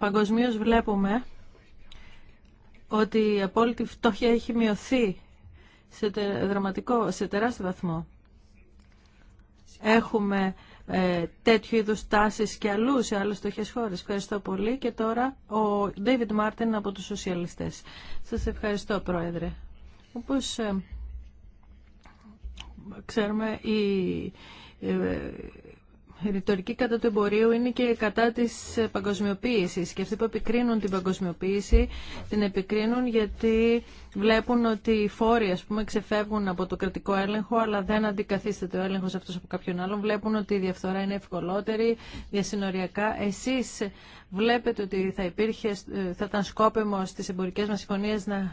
Παγκοσμίως βλέπουμε ότι η απόλυτη φτώχεια έχει μειωθεί σε, δραματικό, σε τεράστιο βαθμό. Έχουμε ε, τέτοιου είδου τάσει και αλλού σε άλλε φτωχέ χώρε. Ευχαριστώ πολύ. Και τώρα ο David Μάρτιν από του Σοσιαλιστέ. Σα ευχαριστώ, Πρόεδρε. Όπω ε, ξέρουμε, η, ε, η ρητορική κατά του εμπορίου είναι και κατά τη παγκοσμιοποίηση και αυτοί που επικρίνουν την παγκοσμιοποίηση την επικρίνουν γιατί βλέπουν ότι οι φόροι ας πούμε ξεφεύγουν από το κρατικό έλεγχο αλλά δεν αντικαθίσταται ο έλεγχο αυτός από κάποιον άλλον βλέπουν ότι η διαφθορά είναι ευκολότερη διασυνοριακά Εσεί βλέπετε ότι θα, υπήρχε, θα ήταν σκόπεμο στις εμπορικέ μα συμφωνίε να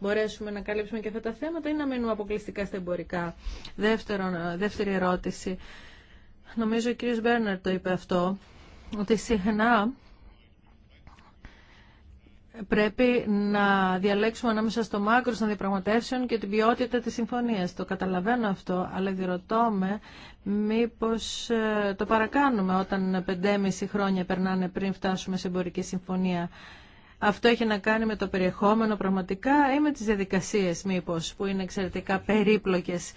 μπορέσουμε να καλύψουμε και αυτά τα θέματα ή να μείνουμε αποκλειστικά στα εμπορικά Δεύτερο, δεύτερη ερώτηση νομίζω ο κ. Μπέρνερ το είπε αυτό, ότι συχνά πρέπει να διαλέξουμε ανάμεσα στο μάκρο των διαπραγματεύσεων και την ποιότητα της συμφωνίας. Το καταλαβαίνω αυτό, αλλά διρωτώ με μήπως ε, το παρακάνουμε όταν 5,5 χρόνια περνάνε πριν φτάσουμε σε εμπορική συμφωνία. Αυτό έχει να κάνει με το περιεχόμενο πραγματικά ή με τις διαδικασίες μήπως που είναι εξαιρετικά περίπλοκες.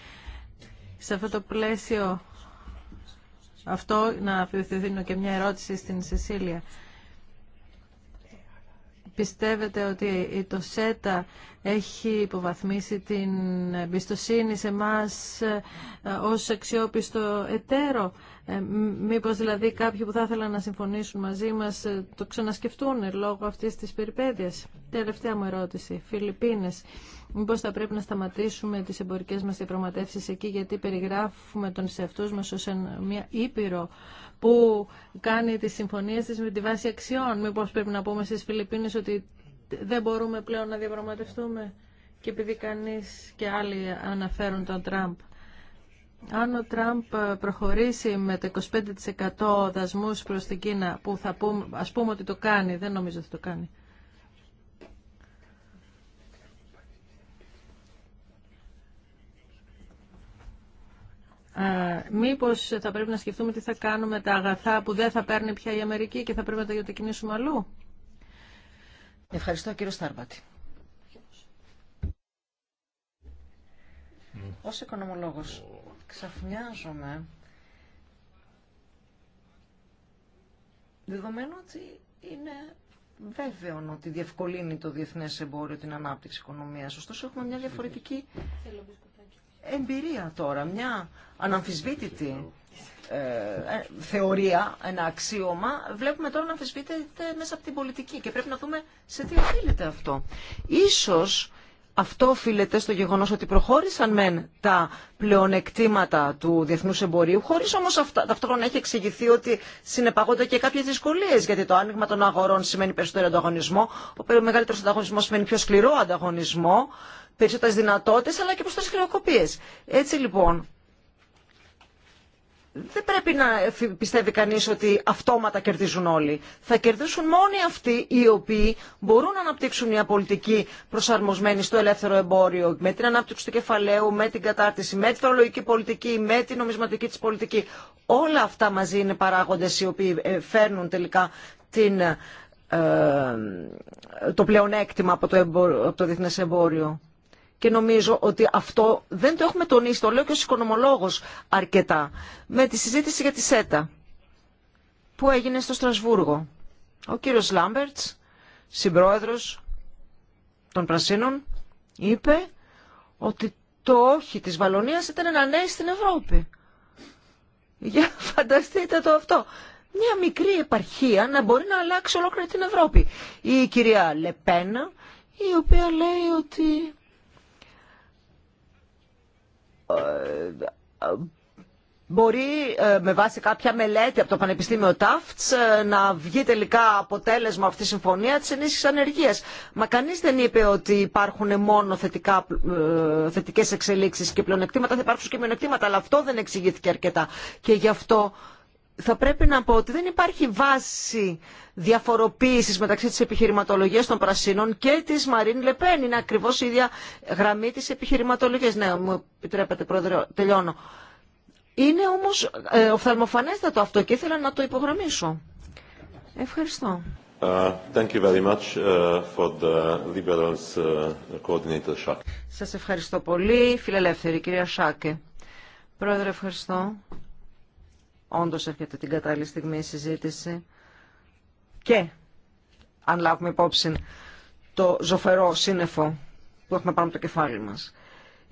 Σε αυτό το πλαίσιο αυτό να δίνω και μια ερώτηση στην Σεσίλια. Πιστεύετε ότι το ΣΕΤΑ έχει υποβαθμίσει την εμπιστοσύνη σε μας ε, ως αξιόπιστο εταίρο. Ε, μήπως δηλαδή κάποιοι που θα ήθελαν να συμφωνήσουν μαζί μας ε, το ξανασκεφτούν λόγω αυτής της περιπέτειας. Τελευταία μου ερώτηση. Φιλιππίνες. Μήπως θα πρέπει να σταματήσουμε τις εμπορικές μας διαπραγματεύσεις εκεί γιατί περιγράφουμε τον εαυτούς μας ως μια ήπειρο που κάνει τις συμφωνίες της με τη βάση αξιών. Μήπως πρέπει να πούμε στις Φιλιππίνες ότι δεν μπορούμε πλέον να διαπραγματευτούμε και επειδή κανεί και άλλοι αναφέρουν τον Τραμπ. Αν ο Τραμπ προχωρήσει με το 25% δασμούς προς την Κίνα, που θα πούμε, ας πούμε ότι το κάνει, δεν νομίζω ότι το κάνει. Ε, μήπως θα πρέπει να σκεφτούμε τι θα κάνουμε τα αγαθά που δεν θα παίρνει πια η Αμερική και θα πρέπει να τα γεωτεκινήσουμε αλλού. Ευχαριστώ κύριο Στάρμπατη. Mm. Ως οικονομολόγος ξαφνιάζομαι δεδομένου ότι είναι βέβαιο ότι διευκολύνει το διεθνές εμπόριο την ανάπτυξη οικονομίας. Ωστόσο έχουμε μια διαφορετική εμπειρία τώρα, μια αναμφισβήτητη ε, ε, θεωρία, ένα αξίωμα, βλέπουμε τώρα να αμφισβήτηται μέσα από την πολιτική και πρέπει να δούμε σε τι οφείλεται αυτό. Ίσως αυτό οφείλεται στο γεγονός ότι προχώρησαν μεν τα πλεονεκτήματα του διεθνούς εμπορίου, χωρίς όμως αυτά, ταυτόχρονα έχει εξηγηθεί ότι συνεπαγόνται και κάποιες δυσκολίες, γιατί το άνοιγμα των αγορών σημαίνει περισσότερο ανταγωνισμό, ο μεγαλύτερος ανταγωνισμός σημαίνει πιο σκληρό ανταγωνισμό, περισσότερες δυνατότητες αλλά και περισσότερες χρεοκοπίες. Έτσι λοιπόν, δεν πρέπει να πιστεύει κανείς ότι αυτόματα κερδίζουν όλοι. Θα κερδίσουν μόνοι αυτοί οι οποίοι μπορούν να αναπτύξουν μια πολιτική προσαρμοσμένη στο ελεύθερο εμπόριο, με την ανάπτυξη του κεφαλαίου, με την κατάρτιση, με τη φορολογική πολιτική, με την νομισματική της πολιτική. Όλα αυτά μαζί είναι παράγοντες οι οποίοι ε, φέρνουν τελικά την, ε, το πλεονέκτημα από το, εμπο, από το διεθνές εμπόριο και νομίζω ότι αυτό δεν το έχουμε τονίσει, το λέω και ως οικονομολόγος αρκετά, με τη συζήτηση για τη ΣΕΤΑ που έγινε στο Στρασβούργο. Ο κύριος Λάμπερτς, συμπρόεδρος των Πρασίνων, είπε ότι το όχι της Βαλονίας ήταν ένα νέο ναι στην Ευρώπη. Για φανταστείτε το αυτό. Μια μικρή επαρχία να μπορεί να αλλάξει ολόκληρη την Ευρώπη. Η κυρία Λεπένα, η οποία λέει ότι ε, ε, μπορεί ε, με βάση κάποια μελέτη από το Πανεπιστήμιο Τάφτς να βγει τελικά αποτέλεσμα αυτή η συμφωνία της ενίσχυσης ανεργίας. Μα κανείς δεν είπε ότι υπάρχουν μόνο θετικά, θετικές εξελίξεις και πλεονεκτήματα, θα υπάρξουν και μειονεκτήματα, αλλά αυτό δεν εξηγήθηκε αρκετά. Και γι' αυτό θα πρέπει να πω ότι δεν υπάρχει βάση διαφοροποίησης μεταξύ της επιχειρηματολογίας των Πρασίνων και της Μαρίν Λεπέν. Είναι ακριβώς η ίδια γραμμή της επιχειρηματολογίας. Ναι, μου επιτρέπετε πρόεδρε, τελειώνω. Είναι όμως ε, οφθαλμοφανέστατο αυτό και ήθελα να το υπογραμμίσω. Ευχαριστώ. Ε, thank you very much ε, for the liberals, ε, coordinator Σας ευχαριστώ πολύ, φιλελεύθερη κυρία Σάκε. Πρόεδρε, ευχαριστώ όντως έρχεται την κατάλληλη στιγμή η συζήτηση και αν λάβουμε υπόψη το ζωφερό σύννεφο που έχουμε πάνω από το κεφάλι μας.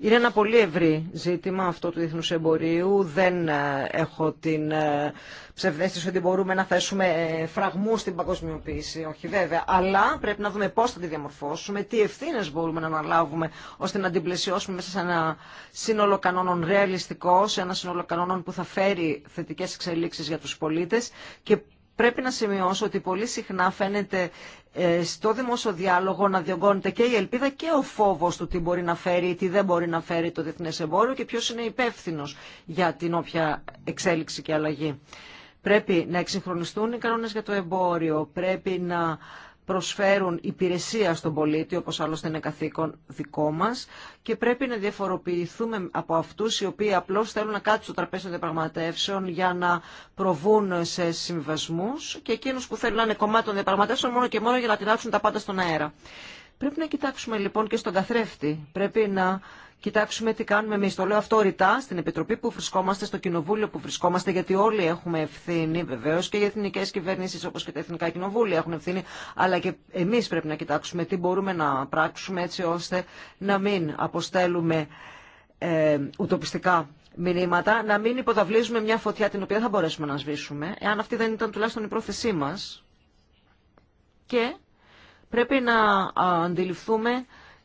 Είναι ένα πολύ ευρύ ζήτημα αυτό του Διεθνού εμπορίου. Δεν ε, έχω την ε, ψευδέστηση ότι μπορούμε να θέσουμε ε, φραγμού στην παγκοσμιοποίηση. Όχι βέβαια. Αλλά πρέπει να δούμε πώς θα τη διαμορφώσουμε, τι ευθύνε μπορούμε να αναλάβουμε ώστε να την πλαισιώσουμε μέσα σε ένα σύνολο κανόνων ρεαλιστικό, σε ένα σύνολο κανόνων που θα φέρει θετικέ εξελίξει για του πολίτε. και Πρέπει να σημειώσω ότι πολύ συχνά φαίνεται ε, στο δημόσιο διάλογο να διωγγώνεται και η ελπίδα και ο φόβος του τι μπορεί να φέρει ή τι δεν μπορεί να φέρει το διεθνέ εμπόριο και ποιο είναι υπεύθυνο για την όποια εξέλιξη και αλλαγή. Πρέπει να εξυγχρονιστούν οι κανόνε για το εμπόριο, πρέπει να προσφέρουν υπηρεσία στον πολίτη, όπως άλλωστε είναι καθήκον δικό μας, και πρέπει να διαφοροποιηθούμε από αυτούς οι οποίοι απλώς θέλουν να κάτσουν στο τραπέζι των διαπραγματεύσεων για να προβούν σε συμβασμούς και εκείνους που θέλουν να είναι κομμάτι των διαπραγματεύσεων μόνο και μόνο για να τεινάξουν τα πάντα στον αέρα. Πρέπει να κοιτάξουμε λοιπόν και στον καθρέφτη. Πρέπει να κοιτάξουμε τι κάνουμε εμεί. Το λέω αυτό ρητά στην Επιτροπή που βρισκόμαστε, στο Κοινοβούλιο που βρισκόμαστε, γιατί όλοι έχουμε ευθύνη βεβαίω και οι εθνικέ κυβερνήσει όπω και τα εθνικά κοινοβούλια έχουν ευθύνη, αλλά και εμεί πρέπει να κοιτάξουμε τι μπορούμε να πράξουμε έτσι ώστε να μην αποστέλουμε ε, ουτοπιστικά μηνύματα, να μην υποδαβλίζουμε μια φωτιά την οποία θα μπορέσουμε να σβήσουμε, εάν αυτή δεν ήταν τουλάχιστον η πρόθεσή μας. Και πρέπει να αντιληφθούμε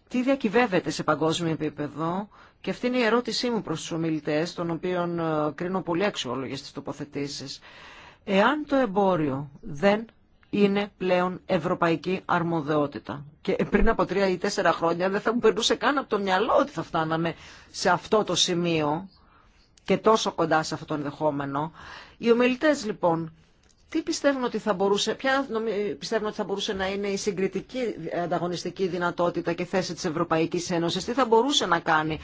τι διακυβεύεται σε παγκόσμιο επίπεδο και αυτή είναι η ερώτησή μου προς τους ομιλητές, των οποίων ε, κρίνω πολύ αξιόλογες τις τοποθετήσεις. Εάν το εμπόριο δεν είναι πλέον ευρωπαϊκή αρμοδιότητα. Και πριν από τρία ή τέσσερα χρόνια δεν θα μου περνούσε καν από το μυαλό ότι θα φτάναμε σε αυτό το σημείο και τόσο κοντά σε αυτό το ενδεχόμενο. Οι ομιλητές λοιπόν τι πιστεύουν ότι θα μπορούσε, ποια πιστεύουν ότι θα μπορούσε να είναι η συγκριτική ε, ανταγωνιστική δυνατότητα και θέση της Ευρωπαϊκής Ένωσης, τι θα μπορούσε να κάνει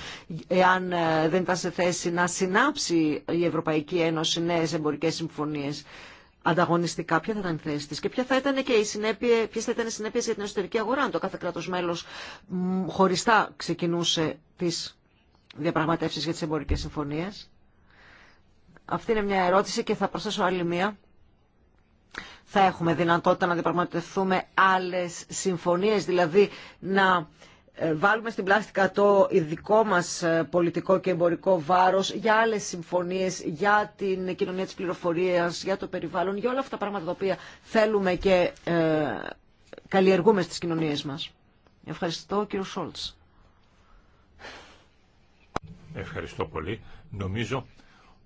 εάν ε, δεν ήταν σε θέση να συνάψει η Ευρωπαϊκή Ένωση νέες εμπορικές συμφωνίες ανταγωνιστικά, ποια θα ήταν η θέση τη και ποια θα ήταν και οι συνέπειε, ποιε θα ήταν οι συνέπειε για την εσωτερική αγορά, αν το κάθε κράτο μέλο χωριστά ξεκινούσε τι διαπραγματεύσει για τι εμπορικέ συμφωνίε. Αυτή είναι μια ερώτηση και θα προσθέσω άλλη μία θα έχουμε δυνατότητα να διαπραγματευτούμε άλλες συμφωνίες, δηλαδή να ε, βάλουμε στην πλάστικα το ειδικό μας ε, πολιτικό και εμπορικό βάρος για άλλες συμφωνίες, για την κοινωνία της πληροφορίας, για το περιβάλλον, για όλα αυτά τα πράγματα τα οποία θέλουμε και ε, καλλιεργούμε στις κοινωνίες μας. Ευχαριστώ κύριο Σόλτς. Ευχαριστώ πολύ. Νομίζω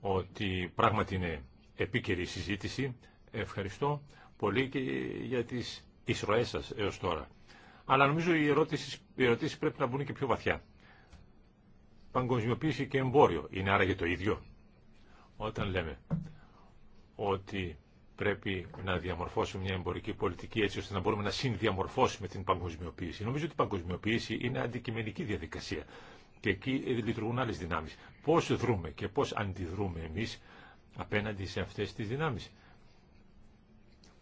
ότι πράγματι είναι επίκαιρη συζήτηση Ευχαριστώ πολύ και για τις εισρωές σας έως τώρα. Αλλά νομίζω οι ερωτήσεις, οι ερωτήσεις πρέπει να μπουν και πιο βαθιά. Παγκοσμιοποίηση και εμπόριο είναι άραγε το ίδιο. Όταν λέμε ότι πρέπει να διαμορφώσουμε μια εμπορική πολιτική έτσι ώστε να μπορούμε να συνδιαμορφώσουμε την παγκοσμιοποίηση. Νομίζω ότι η παγκοσμιοποίηση είναι αντικειμενική διαδικασία και εκεί λειτουργούν άλλες δυνάμεις. Πώς δρούμε και πώς αντιδρούμε εμείς απέναντι σε αυτές τις δυνάμεις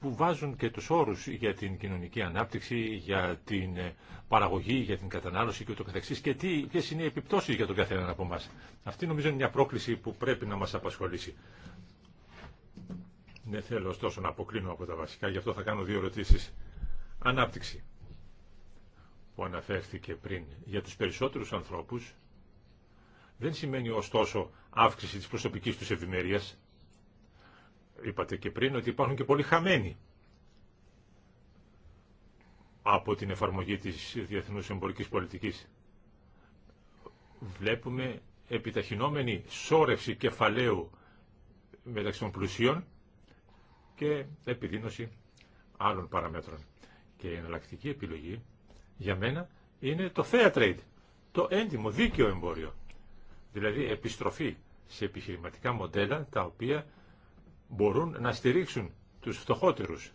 που βάζουν και τους όρους για την κοινωνική ανάπτυξη, για την ε, παραγωγή, για την κατανάλωση και ούτω καθεξής και τι, ποιες είναι οι επιπτώσεις για τον καθέναν από εμά. Αυτή νομίζω είναι μια πρόκληση που πρέπει να μας απασχολήσει. Δεν θέλω ωστόσο να αποκλίνω από τα βασικά, γι' αυτό θα κάνω δύο ερωτήσεις. Ανάπτυξη που αναφέρθηκε πριν για τους περισσότερους ανθρώπους δεν σημαίνει ωστόσο αύξηση της προσωπικής τους ευημερίας είπατε και πριν, ότι υπάρχουν και πολλοί χαμένοι από την εφαρμογή της διεθνούς εμπορικής πολιτικής. Βλέπουμε επιταχυνόμενη σόρευση κεφαλαίου μεταξύ των πλουσίων και επιδίνωση άλλων παραμέτρων. Και η εναλλακτική επιλογή για μένα είναι το fair trade, το έντιμο δίκαιο εμπόριο. Δηλαδή επιστροφή σε επιχειρηματικά μοντέλα τα οποία μπορούν να στηρίξουν τους φτωχότερους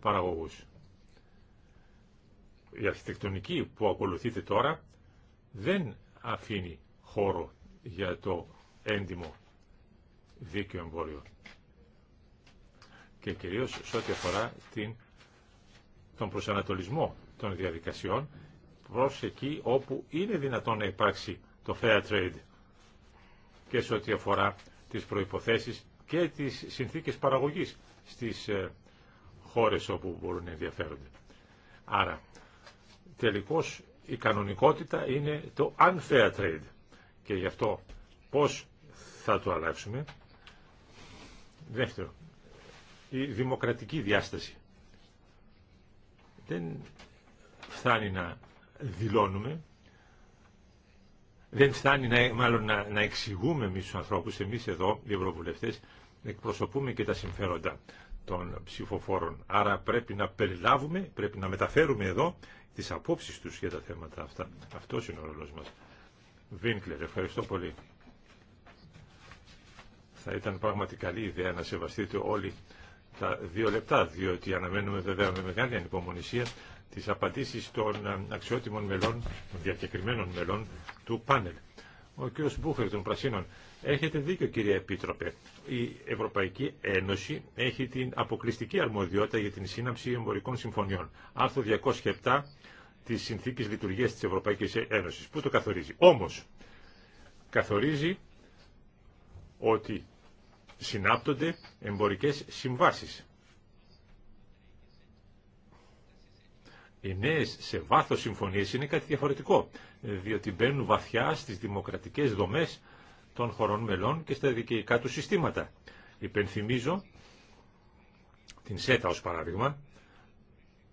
παραγωγούς. Η αρχιτεκτονική που ακολουθείται τώρα δεν αφήνει χώρο για το έντιμο δίκαιο εμπόριο και κυρίως σε ό,τι αφορά την, τον προσανατολισμό των διαδικασιών προς εκεί όπου είναι δυνατόν να υπάρξει το fair trade και σε ό,τι αφορά τις προϋποθέσεις και τις συνθήκες παραγωγής στις ε, χώρες όπου μπορούν να ενδιαφέρονται. Άρα, τελικώς η κανονικότητα είναι το unfair trade και γι' αυτό πώς θα το αλλάξουμε. Δεύτερο, η δημοκρατική διάσταση. Δεν φτάνει να δηλώνουμε δεν φτάνει να, μάλλον να, να εξηγούμε εμεί του ανθρώπου, εμεί εδώ οι ευρωβουλευτέ εκπροσωπούμε και τα συμφέροντα των ψηφοφόρων. Άρα πρέπει να περιλάβουμε, πρέπει να μεταφέρουμε εδώ τι απόψει του για τα θέματα αυτά. Αυτό είναι ο ρόλο μα. Βίνκλερ, ευχαριστώ πολύ. Θα ήταν πράγματι καλή ιδέα να σεβαστείτε όλοι τα δύο λεπτά, διότι αναμένουμε βέβαια με μεγάλη ανυπομονησία τις απαντήσεις των ε, αξιότιμων μελών, των διακεκριμένων μελών του πάνελ. Ο κ. Μπούχερ των Πρασίνων. Έχετε δίκιο κύριε Επίτροπε. Η Ευρωπαϊκή Ένωση έχει την αποκλειστική αρμοδιότητα για την σύναψη εμπορικών συμφωνιών. Άρθρο 207 της Συνθήκης Λειτουργίας της Ευρωπαϊκής Ένωσης. Πού το καθορίζει. Όμως, καθορίζει ότι συνάπτονται εμπορικές συμβάσεις. Οι νέε σε βάθος συμφωνίε είναι κάτι διαφορετικό, διότι μπαίνουν βαθιά στις δημοκρατικές δομές των χωρών μελών και στα δικαιικά του συστήματα. Υπενθυμίζω την ΣΕΤΑ ως παράδειγμα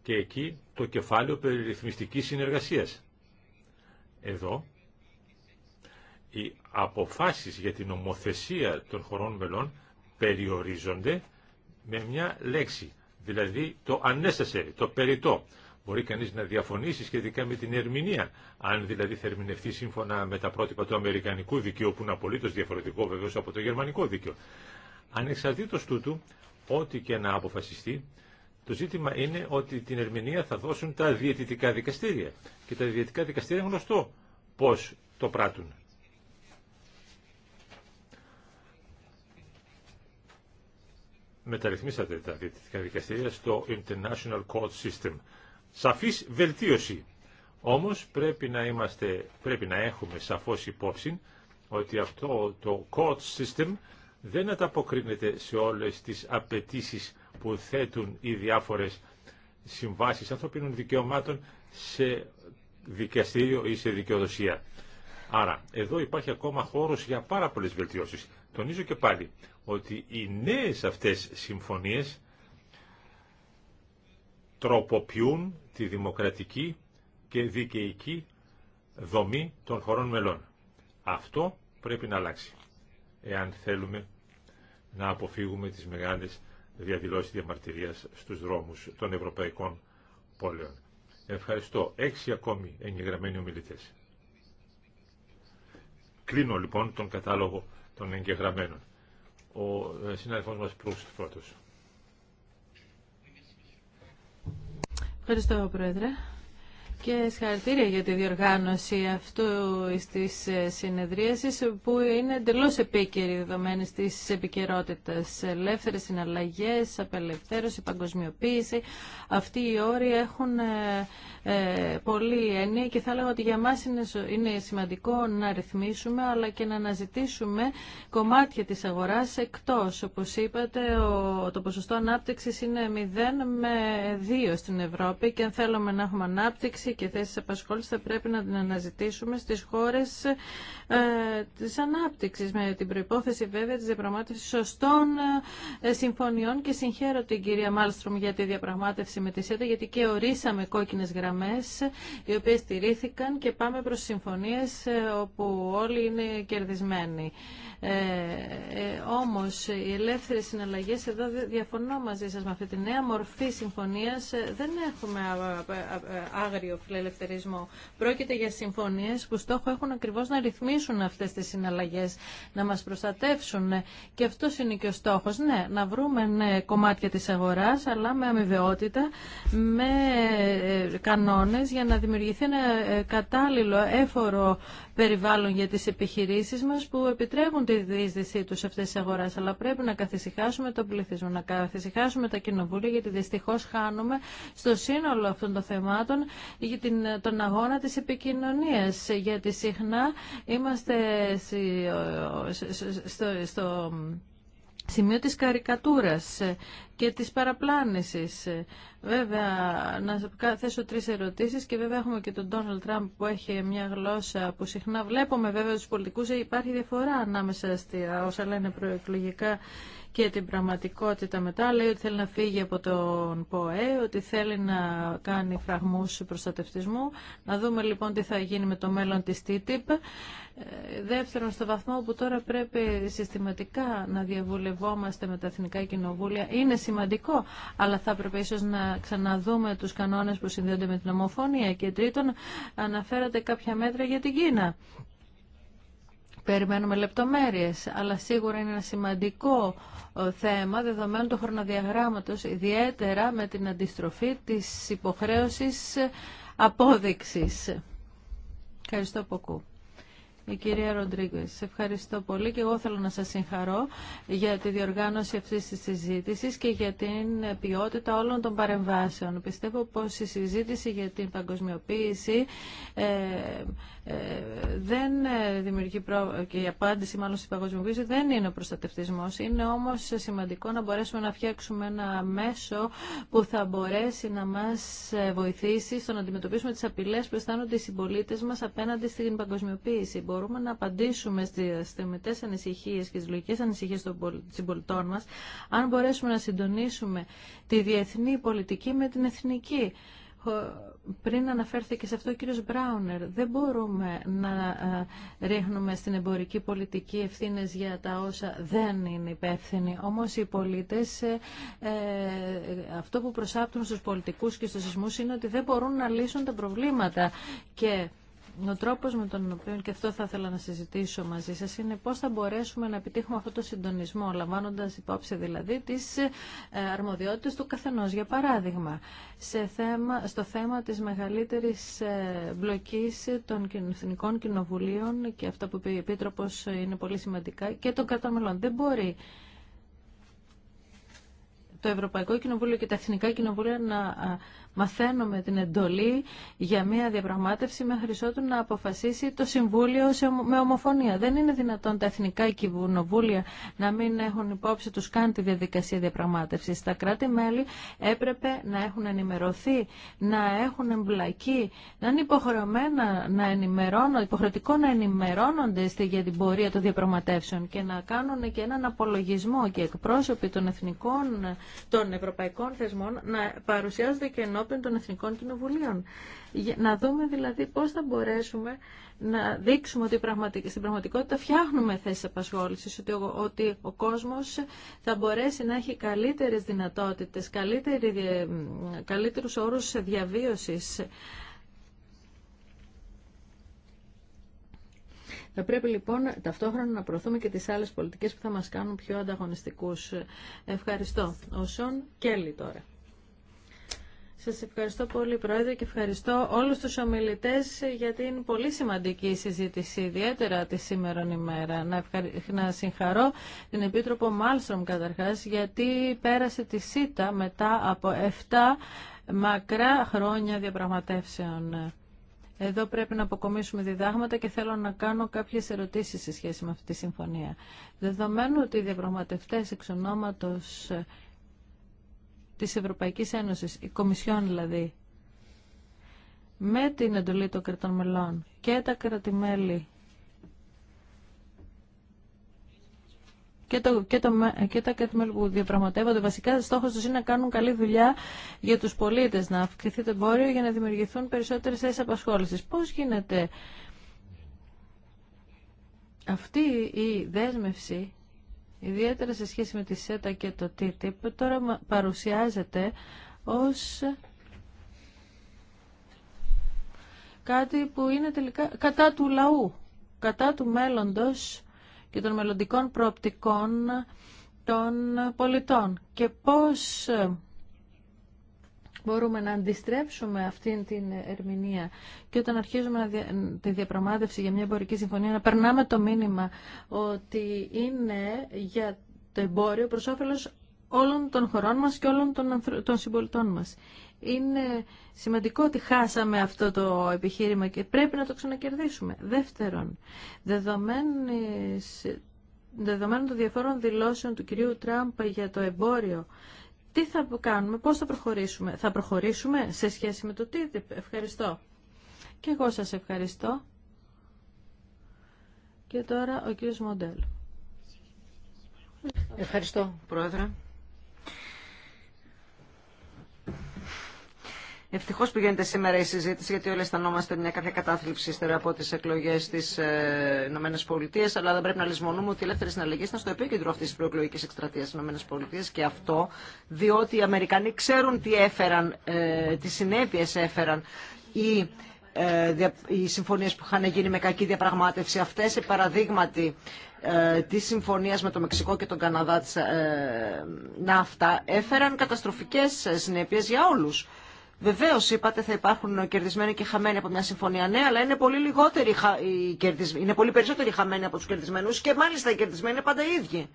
και εκεί το κεφάλαιο περιρυθμιστική συνεργασίας. Εδώ οι αποφάσεις για την ομοθεσία των χωρών μελών περιορίζονται με μια λέξη, δηλαδή το «ανέστασε», το περιτό. Μπορεί κανεί να διαφωνήσει σχετικά με την ερμηνεία, αν δηλαδή θα ερμηνευτεί σύμφωνα με τα πρότυπα του Αμερικανικού δικαίου, που είναι απολύτω διαφορετικό βεβαίω από το Γερμανικό δίκαιο. Ανεξαρτήτω τούτου, ό,τι και να αποφασιστεί, το ζήτημα είναι ότι την ερμηνεία θα δώσουν τα διαιτητικά δικαστήρια. Και τα διαιτητικά δικαστήρια είναι γνωστό πώ το πράττουν. Μεταρρυθμίσατε τα διαιτητικά δικαστήρια στο International Court System σαφής βελτίωση. Όμως πρέπει να, είμαστε, πρέπει να έχουμε σαφώς υπόψη ότι αυτό το court system δεν ανταποκρίνεται σε όλες τις απαιτήσεις που θέτουν οι διάφορες συμβάσεις ανθρωπίνων δικαιωμάτων σε δικαστήριο ή σε δικαιοδοσία. Άρα, εδώ υπάρχει ακόμα χώρος για πάρα πολλές βελτιώσεις. Τονίζω και πάλι ότι οι νέες αυτές συμφωνίες τροποποιούν τη δημοκρατική και δικαιική δομή των χωρών μελών. Αυτό πρέπει να αλλάξει, εάν θέλουμε να αποφύγουμε τις μεγάλες διαδηλώσεις διαμαρτυρίας στους δρόμους των ευρωπαϊκών πόλεων. Ευχαριστώ. Έξι ακόμη εγγεγραμμένοι ομιλητές. Κλείνω λοιπόν τον κατάλογο των εγγεγραμμένων. Ο ε, συνάδελφός μας Προύστ πρώτος. Ευχαριστώ, Πρόεδρε. Και συγχαρητήρια για τη διοργάνωση αυτού τη ε, συνεδρίαση που είναι εντελώ επίκαιρη δεδομένη τη επικαιρότητα. Ελεύθερε συναλλαγέ, απελευθέρωση, παγκοσμιοποίηση. Αυτοί οι όροι έχουν ε, ε, πολύ έννοια και θα έλεγα ότι για μας είναι σημαντικό να ρυθμίσουμε αλλά και να αναζητήσουμε κομμάτια της αγοράς εκτός. Όπως είπατε, το ποσοστό ανάπτυξης είναι 0 με 2 στην Ευρώπη και αν θέλουμε να έχουμε ανάπτυξη και θέσεις απασχόλησης θα πρέπει να την αναζητήσουμε στις χώρες ε, της ανάπτυξης με την προϋπόθεση βέβαια της διαπραγμάτευσης σωστών ε, συμφωνιών και συγχαίρω την κυρία Μάλστρομ για τη διαπραγμάτευση με τη ΣΕΤΑ γιατί και ορίσαμε κόκκινες γραμμές οι οποίες στηρίθηκαν και πάμε προς συμφωνίες ε, όπου όλοι είναι κερδισμένοι. Ε, ε, όμως οι ελεύθερες συναλλαγές, εδώ διαφωνώ μαζί σας με αυτή τη νέα μορφή συμφωνίας, ε, δεν έχουμε άγριο φιλελευθερισμό. Πρόκειται για συμφωνίες που στόχο έχουν ακριβώς να ρυθμίσουν αυτές τις συναλλαγές, να μας προστατεύσουν και αυτό είναι και ο στόχος. Ναι, να βρούμε ναι, κομμάτια της αγοράς, αλλά με αμοιβαιότητα, με κανόνες για να δημιουργηθεί ένα ε, κατάλληλο έφορο περιβάλλον για τις επιχειρήσεις μας που επιτρέπουν τη διείσδυσή τους σε αυτές τις αγοράς. Αλλά πρέπει να καθησυχάσουμε τον πληθυσμό, να καθησυχάσουμε τα κοινοβούλια γιατί δυστυχώς χάνουμε στο σύνολο αυτών των θεμάτων για την, τον αγώνα της επικοινωνίας. Γιατί συχνά είμαστε στο, στο σημείο της καρικατούρας ε, και της παραπλάνησης. Ε, βέβαια, να θέσω τρεις ερωτήσεις και βέβαια έχουμε και τον Τόναλτ Τραμπ που έχει μια γλώσσα που συχνά βλέπουμε βέβαια τους πολιτικούς ε, υπάρχει διαφορά ανάμεσα στη όσα λένε προεκλογικά και την πραγματικότητα μετά. Λέει ότι θέλει να φύγει από τον ΠΟΕ, ότι θέλει να κάνει φραγμού προστατευτισμού. Να δούμε λοιπόν τι θα γίνει με το μέλλον τη TTIP. Ε, δεύτερον, στο βαθμό που τώρα πρέπει συστηματικά να διαβουλευόμαστε με τα εθνικά κοινοβούλια, είναι σημαντικό, αλλά θα έπρεπε ίσω να ξαναδούμε του κανόνε που συνδέονται με την ομοφωνία. Και τρίτον, αναφέρατε κάποια μέτρα για την Κίνα περιμένουμε λεπτομέρειες, αλλά σίγουρα είναι ένα σημαντικό ε, θέμα δεδομένου του χρονοδιαγράμματος, ιδιαίτερα με την αντιστροφή της υποχρέωσης ε, απόδειξης. Ευχαριστώ Ποκού. Η κυρία Ροντρίγκε, ευχαριστώ πολύ και εγώ θέλω να σας συγχαρώ για τη διοργάνωση αυτής της συζήτησης και για την ποιότητα όλων των παρεμβάσεων. Πιστεύω πως η συζήτηση για την παγκοσμιοποίηση ε, ε, δεν ε, δημιουργεί και η απάντηση μάλλον στην παγκοσμιοποίηση δεν είναι ο προστατευτισμός. Είναι όμως σημαντικό να μπορέσουμε να φτιάξουμε ένα μέσο που θα μπορέσει να μας ε, βοηθήσει στο να αντιμετωπίσουμε τις απειλές που αισθάνονται οι συμπολίτε μας απέναντι στην παγκοσμιοποίηση. Μπορούμε να απαντήσουμε στις θεμετές ανησυχίες και τις λογικές ανησυχίες των συμπολιτών μας αν μπορέσουμε να συντονίσουμε τη διεθνή πολιτική με την εθνική πριν αναφέρθηκε σε αυτό ο κύριος Μπράουνερ, δεν μπορούμε να ε, ρίχνουμε στην εμπορική πολιτική ευθύνες για τα όσα δεν είναι υπεύθυνοι. Όμως οι πολίτες, ε, ε, αυτό που προσάπτουν στους πολιτικούς και στους σεισμούς είναι ότι δεν μπορούν να λύσουν τα προβλήματα. Και ο τρόπος με τον οποίο και αυτό θα ήθελα να συζητήσω μαζί σας είναι πώς θα μπορέσουμε να επιτύχουμε αυτό το συντονισμό λαμβάνοντας υπόψη δηλαδή τις ε, αρμοδιότητες του καθενός. Για παράδειγμα, στο θέμα της μεγαλύτερης ε, μπλοκής των εθνικών κοινοβουλίων και αυτά που είπε η Επίτροπος ε, είναι πολύ σημαντικά και των κρατών Δεν μπορεί το Ευρωπαϊκό Κοινοβούλιο και τα Εθνικά Κοινοβούλια να μαθαίνουμε την εντολή για μια διαπραγμάτευση μέχρι ότου να αποφασίσει το Συμβούλιο με ομοφωνία. Δεν είναι δυνατόν τα εθνικά κοινοβούλια να μην έχουν υπόψη τους καν τη διαδικασία διαπραγμάτευσης. Τα κράτη-μέλη έπρεπε να έχουν ενημερωθεί, να έχουν εμπλακεί, να είναι υποχρεωμένα να ενημερώνονται, υποχρεωτικό να ενημερώνονται για την πορεία των διαπραγματεύσεων και να κάνουν και έναν απολογισμό και εκπρόσωποι των εθνικών, των ευρωπαϊκών θεσμών να παρουσιάζονται και ενώπιον των Εθνικών Κοινοβουλίων. Να δούμε δηλαδή πώς θα μπορέσουμε να δείξουμε ότι στην πραγματικότητα φτιάχνουμε θέσεις απασχόλησης, ότι ο, ότι ο κόσμος θα μπορέσει να έχει καλύτερες δυνατότητες, καλύτερη, καλύτερους όρους διαβίωσης. Θα πρέπει λοιπόν ταυτόχρονα να προωθούμε και τις άλλες πολιτικές που θα μας κάνουν πιο ανταγωνιστικούς. Ευχαριστώ. Ο Σον Κέλλη τώρα. Σας ευχαριστώ πολύ Πρόεδρε και ευχαριστώ όλους τους ομιλητές για την πολύ σημαντική συζήτηση ιδιαίτερα τη σήμερον ημέρα. Να, να συγχαρώ την Επίτροπο Μάλστρομ καταρχάς γιατί πέρασε τη ΣΥΤΑ μετά από 7 μακρά χρόνια διαπραγματεύσεων. Εδώ πρέπει να αποκομίσουμε διδάγματα και θέλω να κάνω κάποιες ερωτήσεις σε σχέση με αυτή τη συμφωνία. Δεδομένου ότι οι διαπραγματευτές εξ ονόματος της Ευρωπαϊκής Ένωσης, η Κομισιόν δηλαδή, με την εντολή των κρατών μελών και τα κρατημέλη και, το, και, το, και τα κρατημέλη που διαπραγματεύονται, βασικά στόχος τους είναι να κάνουν καλή δουλειά για τους πολίτες, να αυξηθεί το εμπόριο για να δημιουργηθούν περισσότερες θέσεις απασχόλησης. Πώς γίνεται αυτή η δέσμευση ιδιαίτερα σε σχέση με τη ΣΕΤΑ και το TTIP, τώρα παρουσιάζεται ως κάτι που είναι τελικά κατά του λαού, κατά του μέλλοντος και των μελλοντικών προοπτικών των πολιτών. Και πώς ε, μπορούμε να αντιστρέψουμε αυτήν την ερμηνεία και όταν αρχίζουμε να τη διαπραγμάτευση για μια εμπορική συμφωνία να περνάμε το μήνυμα ότι είναι για το εμπόριο προς όφελος όλων των χωρών μας και όλων των, συμπολιτών μας. Είναι σημαντικό ότι χάσαμε αυτό το επιχείρημα και πρέπει να το ξανακερδίσουμε. Δεύτερον, δεδομένων των διαφόρων δηλώσεων του κυρίου Τραμπ για το εμπόριο τι θα κάνουμε, πώς θα προχωρήσουμε. Θα προχωρήσουμε σε σχέση με το TTIP. Ευχαριστώ. Και εγώ σας ευχαριστώ. Και τώρα ο κύριος Μοντέλ. Ευχαριστώ, Πρόεδρε. Ευτυχώ πηγαίνετε γίνεται σήμερα η συζήτηση, γιατί όλοι αισθανόμαστε μια κάποια κατάθλιψη ύστερα από τι εκλογέ στι ΗΠΑ. Αλλά δεν πρέπει να λησμονούμε ότι οι ελεύθερη συναλλαγή ήταν στο επίκεντρο αυτή τη προεκλογική εκστρατεία στι ΗΠΑ. Και αυτό διότι οι Αμερικανοί ξέρουν τι έφεραν, ε, τι συνέπειε έφεραν οι, ε, οι συμφωνίες που είχαν γίνει με κακή διαπραγμάτευση. Αυτές οι παραδείγματι ε, τη συμφωνία με το Μεξικό και τον Καναδά τη ναύτα έφεραν καταστροφικέ συνέπειε για όλου. Βεβαίω, είπατε, θα υπάρχουν κερδισμένοι και χαμένοι από μια συμφωνία. Ναι, αλλά είναι πολύ, λιγότεροι, είναι πολύ περισσότεροι χαμένοι από του κερδισμένου και μάλιστα οι κερδισμένοι είναι πάντα οι ίδιοι.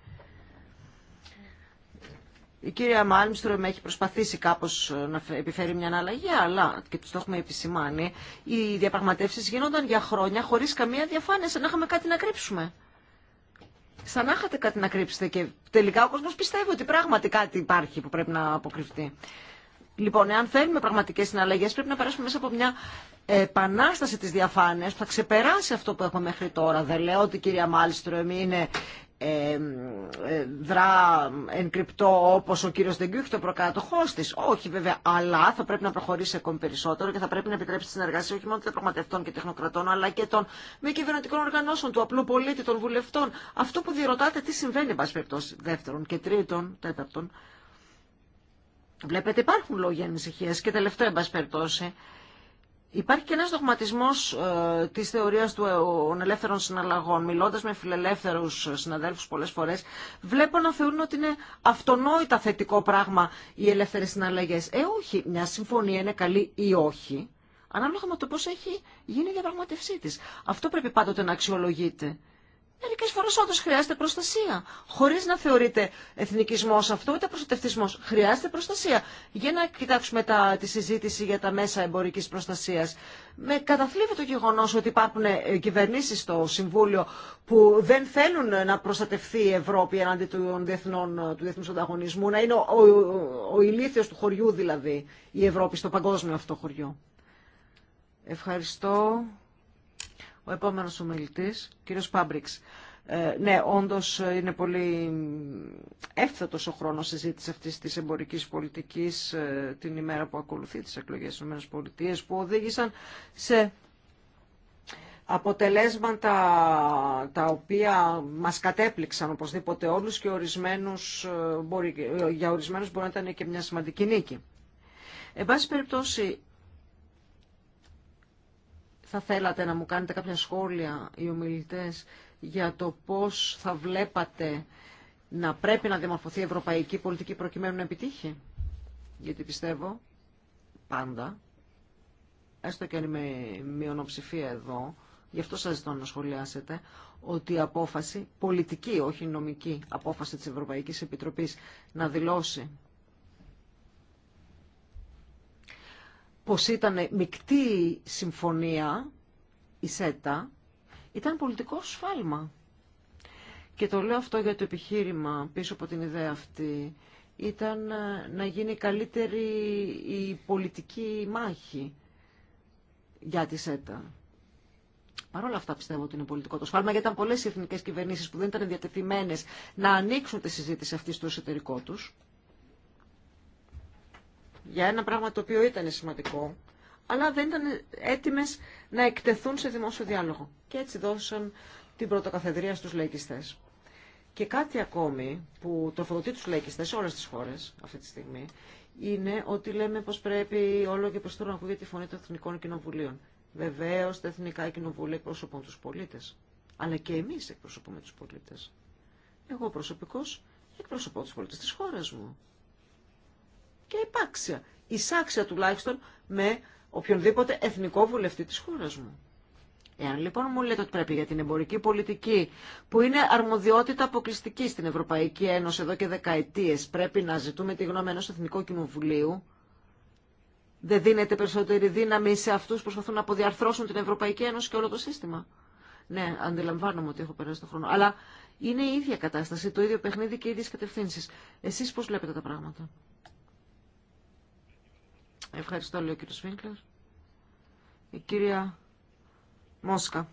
Η κυρία Μάλμστρομ έχει προσπαθήσει κάπω ε, να επιφέρει μια αναλλαγή, αλλά και του το έχουμε επισημάνει, οι διαπραγματεύσει γίνονταν για χρόνια χωρί καμία διαφάνεια, σαν να είχαμε κάτι να κρύψουμε. Σαν να είχατε κάτι να κρύψετε και τελικά ο κόσμο πιστεύει ότι πράγματι κάτι υπάρχει που πρέπει να αποκρυφτεί. Λοιπόν, εάν θέλουμε πραγματικέ συναλλαγέ, πρέπει να περάσουμε μέσα από μια επανάσταση τη διαφάνεια που θα ξεπεράσει αυτό που έχουμε μέχρι τώρα. Δεν λέω ότι η κυρία Μάλστρομ είναι ε, ε, δρά εν κρυπτό όπως ο κύριος Δεγκούχ το προκάτοχό τη. Όχι βέβαια, αλλά θα πρέπει να προχωρήσει ακόμη περισσότερο και θα πρέπει να επιτρέψει τη συνεργασία όχι μόνο των πραγματευτών και τεχνοκρατών αλλά και των μη κυβερνητικών οργανώσεων, του απλού πολίτη, των βουλευτών. Αυτό που διερωτάτε τι συμβαίνει, εν πάση δεύτερον και τρίτον, τέταρτον. Βλέπετε υπάρχουν λόγια ανησυχία και τελευταίο, εν Υπάρχει και ένας δογματισμός ε, της θεωρίας του, ε, των ελεύθερων συναλλαγών. Μιλώντας με φιλελεύθερους ε, συναδέλφους πολλές φορές, βλέπω να θεωρούν ότι είναι αυτονόητα θετικό πράγμα οι ελεύθερες συναλλαγές. Ε, όχι. Μια συμφωνία είναι καλή ή όχι. Ανάλογα με το πώς έχει γίνει η διαπραγματευσή της. Αυτό πρέπει πάντοτε να αξιολογείται. Μερικέ φορέ όντω χρειάζεται προστασία, Χωρί να θεωρείται εθνικισμό αυτό, ούτε προστατευτισμό. Χρειάζεται προστασία. Για να κοιτάξουμε τα, τη συζήτηση για τα μέσα εμπορική προστασία. Με καταθλίβει το γεγονό ότι υπάρχουν ε, κυβερνήσει στο Συμβούλιο που δεν θέλουν να προστατευτεί η Ευρώπη εναντί του, διεθνών, του διεθνούς ανταγωνισμού, να είναι ο, ο, ο, του χωριού δηλαδή η Ευρώπη στο παγκόσμιο αυτό χωριό. Ευχαριστώ. Ο επόμενος ομιλητής, κύριος Πάμπριξ. Ε, ναι, όντως ε, είναι πολύ εύθετος ο χρόνος συζήτηση αυτής της εμπορικής πολιτικής ε, την ημέρα που ακολουθεί τις εκλογές της ΗΠΑ που οδήγησαν σε αποτελέσματα τα οποία μας κατέπληξαν οπωσδήποτε όλους και ορισμένους, ε, μπορεί, για ορισμένους μπορεί να ήταν και μια σημαντική νίκη. Εν πάση περιπτώσει, θα θέλατε να μου κάνετε κάποια σχόλια οι ομιλητές για το πώς θα βλέπατε να πρέπει να διαμορφωθεί η ευρωπαϊκή πολιτική προκειμένου να επιτύχει. Γιατί πιστεύω πάντα, έστω και αν είμαι μειονοψηφία εδώ, γι' αυτό σας ζητώ να σχολιάσετε, ότι η απόφαση πολιτική, όχι νομική, απόφαση της Ευρωπαϊκής Επιτροπής να δηλώσει πως ήταν μεικτή συμφωνία, η ΣΕΤΑ, ήταν πολιτικό σφάλμα. Και το λέω αυτό για το επιχείρημα πίσω από την ιδέα αυτή. Ήταν ε, να γίνει καλύτερη η πολιτική μάχη για τη ΣΕΤΑ. Παρ' όλα αυτά πιστεύω ότι είναι πολιτικό το σφάλμα, γιατί ήταν πολλές εθνικές κυβερνήσεις που δεν ήταν διατεθειμένες να ανοίξουν τη συζήτηση αυτή στο εσωτερικό τους για ένα πράγμα το οποίο ήταν σημαντικό, αλλά δεν ήταν έτοιμε να εκτεθούν σε δημόσιο διάλογο. Και έτσι δώσαν την πρωτοκαθεδρία στους λαϊκιστές. Και κάτι ακόμη που τροφοδοτεί του λαϊκιστές σε όλε τι χώρε αυτή τη στιγμή, είναι ότι λέμε πω πρέπει όλο και προς τώρα να ακούγεται τη φωνή των εθνικών κοινοβουλίων. Βεβαίω τα εθνικά κοινοβούλια εκπροσωπούν του πολίτε. αλλά και εμεί εκπροσωπούμε του πολίτε. Εγώ προσωπικώ εκπροσωπώ του πολίτε τη χώρα μου και υπάξια. εισάξια τουλάχιστον με οποιονδήποτε εθνικό βουλευτή της χώρας μου. Εάν λοιπόν μου λέτε ότι πρέπει για την εμπορική πολιτική, που είναι αρμοδιότητα αποκλειστική στην Ευρωπαϊκή Ένωση εδώ και δεκαετίε, πρέπει να ζητούμε τη γνώμη ενός Εθνικού Κοινοβουλίου, δεν δίνεται περισσότερη δύναμη σε αυτούς που προσπαθούν να αποδιαρθρώσουν την Ευρωπαϊκή Ένωση και όλο το σύστημα. Ναι, αντιλαμβάνομαι ότι έχω περάσει τον χρόνο. Αλλά είναι η ίδια κατάσταση, το ίδιο παιχνίδι και οι ίδιε κατευθύνσει. Εσεί βλέπετε τα πράγματα. Ευχαριστώ, λέει ο κύριος Φίγκλερ. Η κυρία Μόσκα.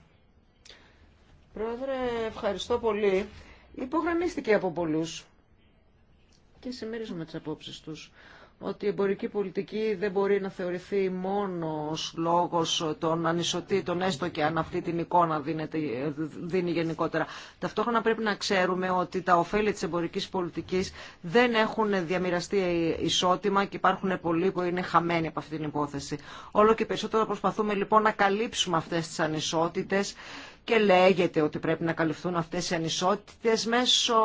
Πρόεδρε, ευχαριστώ πολύ. Υπογραμμίστηκε από πολλούς και συμμερίζομαι τις απόψεις τους ότι η εμπορική πολιτική δεν μπορεί να θεωρηθεί μόνος λόγος των ανισοτήτων, έστω και αν αυτή την εικόνα δίνεται, δίνει γενικότερα. Ταυτόχρονα πρέπει να ξέρουμε ότι τα ωφέλη της εμπορικής πολιτικής δεν έχουν διαμοιραστεί ισότιμα και υπάρχουν πολλοί που είναι χαμένοι από αυτή την υπόθεση. Όλο και περισσότερο προσπαθούμε λοιπόν να καλύψουμε αυτές τις ανισότητες και λέγεται ότι πρέπει να καλυφθούν αυτές οι ανισότητες μέσω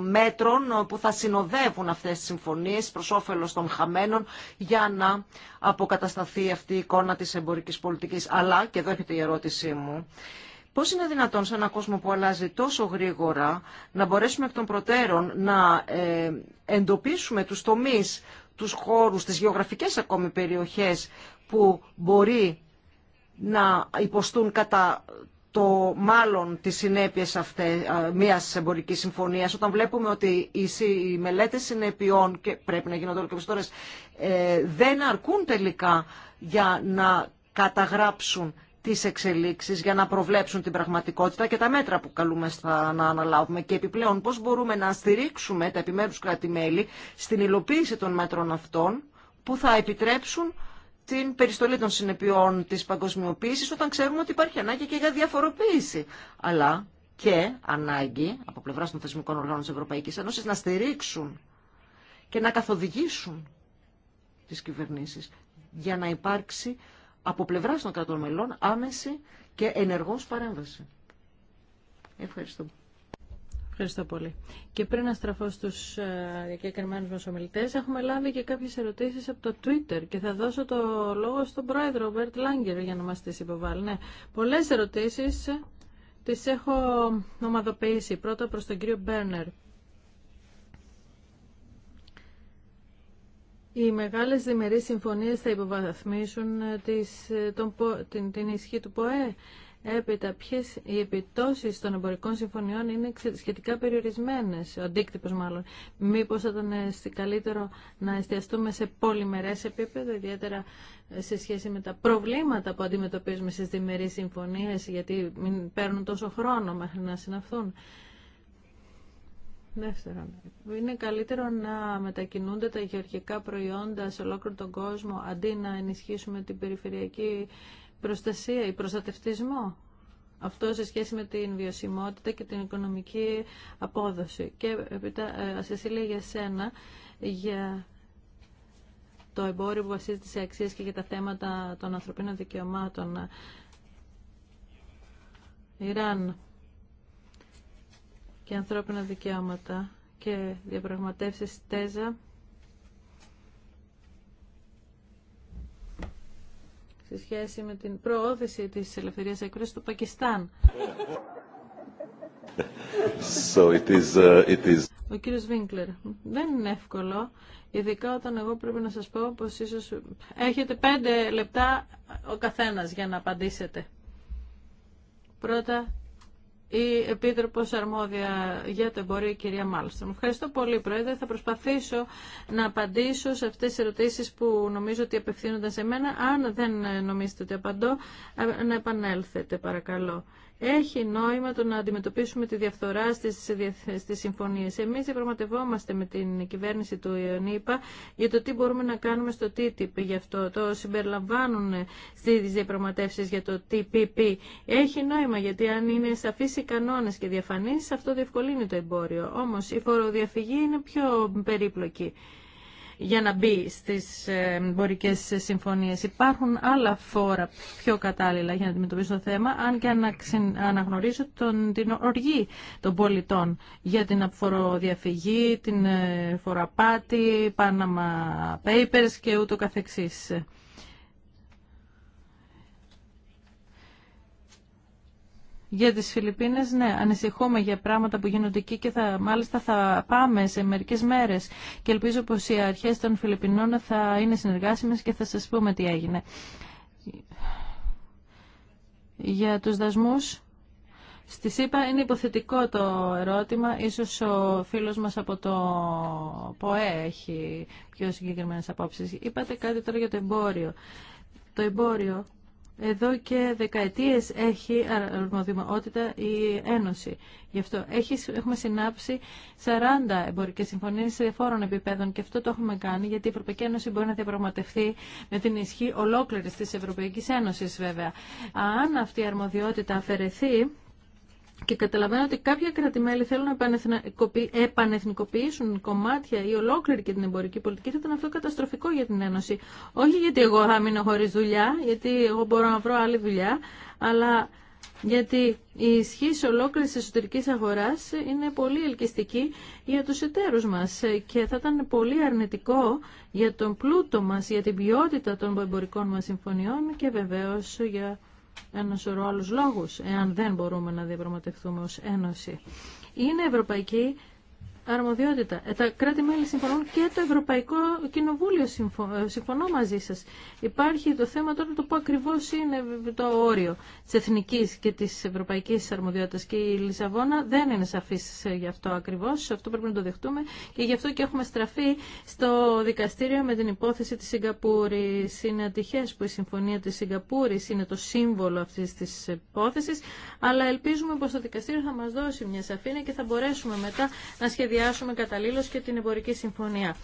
μέτρων που θα συνοδεύουν αυτές τις συμφωνίες προς όφελος των χαμένων για να αποκατασταθεί αυτή η εικόνα της εμπορικής πολιτικής. Αλλά, και εδώ έχετε η ερώτησή μου, Πώς είναι δυνατόν σε έναν κόσμο που αλλάζει τόσο γρήγορα να μπορέσουμε εκ των προτέρων να ε, εντοπίσουμε τους τομείς, τους χώρους, τις γεωγραφικές ακόμη περιοχές που μπορεί να υποστούν κατά το μάλλον τις συνέπειε μια μιας εμπορικής συμφωνίας όταν βλέπουμε ότι οι μελέτε συνεπειών και πρέπει να γίνονται όλο και τώρα ε, δεν αρκούν τελικά για να καταγράψουν τις εξελίξεις για να προβλέψουν την πραγματικότητα και τα μέτρα που καλούμε να αναλάβουμε και επιπλέον πώς μπορούμε να στηρίξουμε τα επιμέρους κράτη-μέλη στην υλοποίηση των μέτρων αυτών που θα επιτρέψουν την περιστολή των συνεπειών της παγκοσμιοποίησης όταν ξέρουμε ότι υπάρχει ανάγκη και για διαφοροποίηση. Αλλά και ανάγκη από πλευράς των θεσμικών οργάνων της Ευρωπαϊκής Ένωσης να στηρίξουν και να καθοδηγήσουν τις κυβερνήσεις για να υπάρξει από πλευράς των κρατών μελών άμεση και ενεργός παρέμβαση. Ευχαριστώ. Ευχαριστώ πολύ. Και πριν να στραφώ στους ε, διακεκριμένου μα ομιλητές, έχουμε λάβει και κάποιες ερωτήσεις από το Twitter και θα δώσω το λόγο στον πρόεδρο Μπέρτ Λάγκερ για να μας τι υποβάλει. Ναι, πολλές ερωτήσεις ε, τις έχω ομαδοποιήσει. Πρώτα προς τον κύριο Μπέρνερ. Οι μεγάλες διμερείς συμφωνίες θα υποβαθμίσουν ε, τις, τον, την, την ισχύ του ΠΟΕ Έπειτα, ποιε οι επιπτώσει των εμπορικών συμφωνιών είναι σχετικά περιορισμένε ο αντίκτυπο μάλλον. Μήπω θα ήταν ε, καλύτερο να εστιαστούμε σε πολυμερέ επίπεδο, ιδιαίτερα ε, σε σχέση με τα προβλήματα που αντιμετωπίζουμε στι διμερείς συμφωνίε γιατί μην παίρνουν τόσο χρόνο μέχρι να συναυθούν. Δεύτερον, είναι καλύτερο να μετακινούνται τα γεωργικά προϊόντα σε ολόκληρο τον κόσμο αντί να ενισχύσουμε την περιφερειακή προστασία ή προστατευτισμό. Αυτό σε σχέση με την βιωσιμότητα και την οικονομική απόδοση. Και ε, Σεσίλια για σένα, για το εμπόριο που βασίζεται σε αξίες και για τα θέματα των ανθρωπίνων δικαιωμάτων. Ιράν και ανθρώπινα δικαιώματα και διαπραγματεύσεις ΤΕΖΑ σε σχέση με την προώθηση της ελευθερίας έκφρασης του Πακιστάν. So it is, uh, it is. Ο κύριος Βίνκλερ, δεν είναι εύκολο, ειδικά όταν εγώ πρέπει να σας πω πως ίσως έχετε πέντε λεπτά ο καθένας για να απαντήσετε. Πρώτα η Επίτροπος Αρμόδια για το Εμπορίο, η κυρία Μάλστρομ. Ευχαριστώ πολύ, Πρόεδρε. Θα προσπαθήσω να απαντήσω σε αυτές τις ερωτήσεις που νομίζω ότι απευθύνονται σε μένα. Αν δεν νομίζετε ότι απαντώ, να επανέλθετε, παρακαλώ έχει νόημα το να αντιμετωπίσουμε τη διαφθορά στις, στις συμφωνίες. Εμείς διαπραγματευόμαστε με την κυβέρνηση του ΙΟΝΙΠΑ για το τι μπορούμε να κάνουμε στο TTIP. Γι' αυτό το συμπεριλαμβάνουν στις διαπραγματεύσεις για το TPP. Έχει νόημα γιατί αν είναι σαφείς οι κανόνες και διαφανείς αυτό διευκολύνει το εμπόριο. Όμως η φοροδιαφυγή είναι πιο περίπλοκη για να μπει στις ε, εμπορικέ συμφωνίες. Υπάρχουν άλλα φόρα πιο κατάλληλα για να αντιμετωπίσουν το θέμα, αν και αναγνωρίζω τον, την οργή των πολιτών για την φοροδιαφυγή, την ε, φοροαπάτη, Panama Papers και ούτω καθεξής. Για τις Φιλιππίνες, ναι, ανησυχούμε για πράγματα που γίνονται εκεί και θα, μάλιστα θα πάμε σε μερικές μέρες και ελπίζω πως οι αρχές των Φιλιππινών θα είναι συνεργάσιμες και θα σας πούμε τι έγινε. Για τους δασμούς, Στη ΣΥΠΑ είναι υποθετικό το ερώτημα. Ίσως ο φίλος μας από το ΠΟΕ έχει πιο συγκεκριμένες απόψεις. Είπατε κάτι τώρα για το εμπόριο. Το εμπόριο εδώ και δεκαετίες έχει αρμοδιότητα η Ένωση. Γι' αυτό έχει, έχουμε συνάψει 40 εμπορικές συμφωνίες σε διαφόρων επιπέδων και αυτό το έχουμε κάνει γιατί η Ευρωπαϊκή Ένωση μπορεί να διαπραγματευτεί με την ισχύ ολόκληρης της Ευρωπαϊκής Ένωσης βέβαια. Αν αυτή η αρμοδιότητα αφαιρεθεί, και καταλαβαίνω ότι κάποια κρατημέλη θέλουν να επανεθνικοποιήσουν κομμάτια ή ολόκληρη και την εμπορική πολιτική. Θα ήταν αυτό καταστροφικό για την Ένωση. Όχι γιατί εγώ θα μείνω χωρί δουλειά, γιατί εγώ μπορώ να βρω άλλη δουλειά, αλλά γιατί η ισχύ ολόκληρη εσωτερική αγορά είναι πολύ ελκυστική για του εταίρου μα και θα ήταν πολύ αρνητικό για τον πλούτο μα, για την ποιότητα των εμπορικών μα συμφωνιών και βεβαίω για ένα σωρό άλλους λόγους, εάν δεν μπορούμε να διαπραγματευτούμε ως Ένωση. Είναι ευρωπαϊκή αρμοδιότητα. Ε, τα κράτη-μέλη συμφωνούν και το Ευρωπαϊκό Κοινοβούλιο ε, συμφωνώ μαζί σας. Υπάρχει το θέμα τώρα το που ακριβώς είναι το όριο της εθνικής και της ευρωπαϊκής αρμοδιότητας και η Λισαβόνα δεν είναι σαφής γι' αυτό ακριβώς, αυτό πρέπει να το δεχτούμε και γι' αυτό και έχουμε στραφεί στο δικαστήριο με την υπόθεση της Σιγκαπούρης. Είναι ατυχές που η συμφωνία της Σιγκαπούρης είναι το σύμβολο αυτής της υπόθεσης, αλλά ελπίζουμε πως το δικαστήριο θα μας δώσει μια σαφήνεια και θα μπορέσουμε μετά να σχεδιάσουμε σχεδιάσουμε καταλήλως και την εμπορική συμφωνία.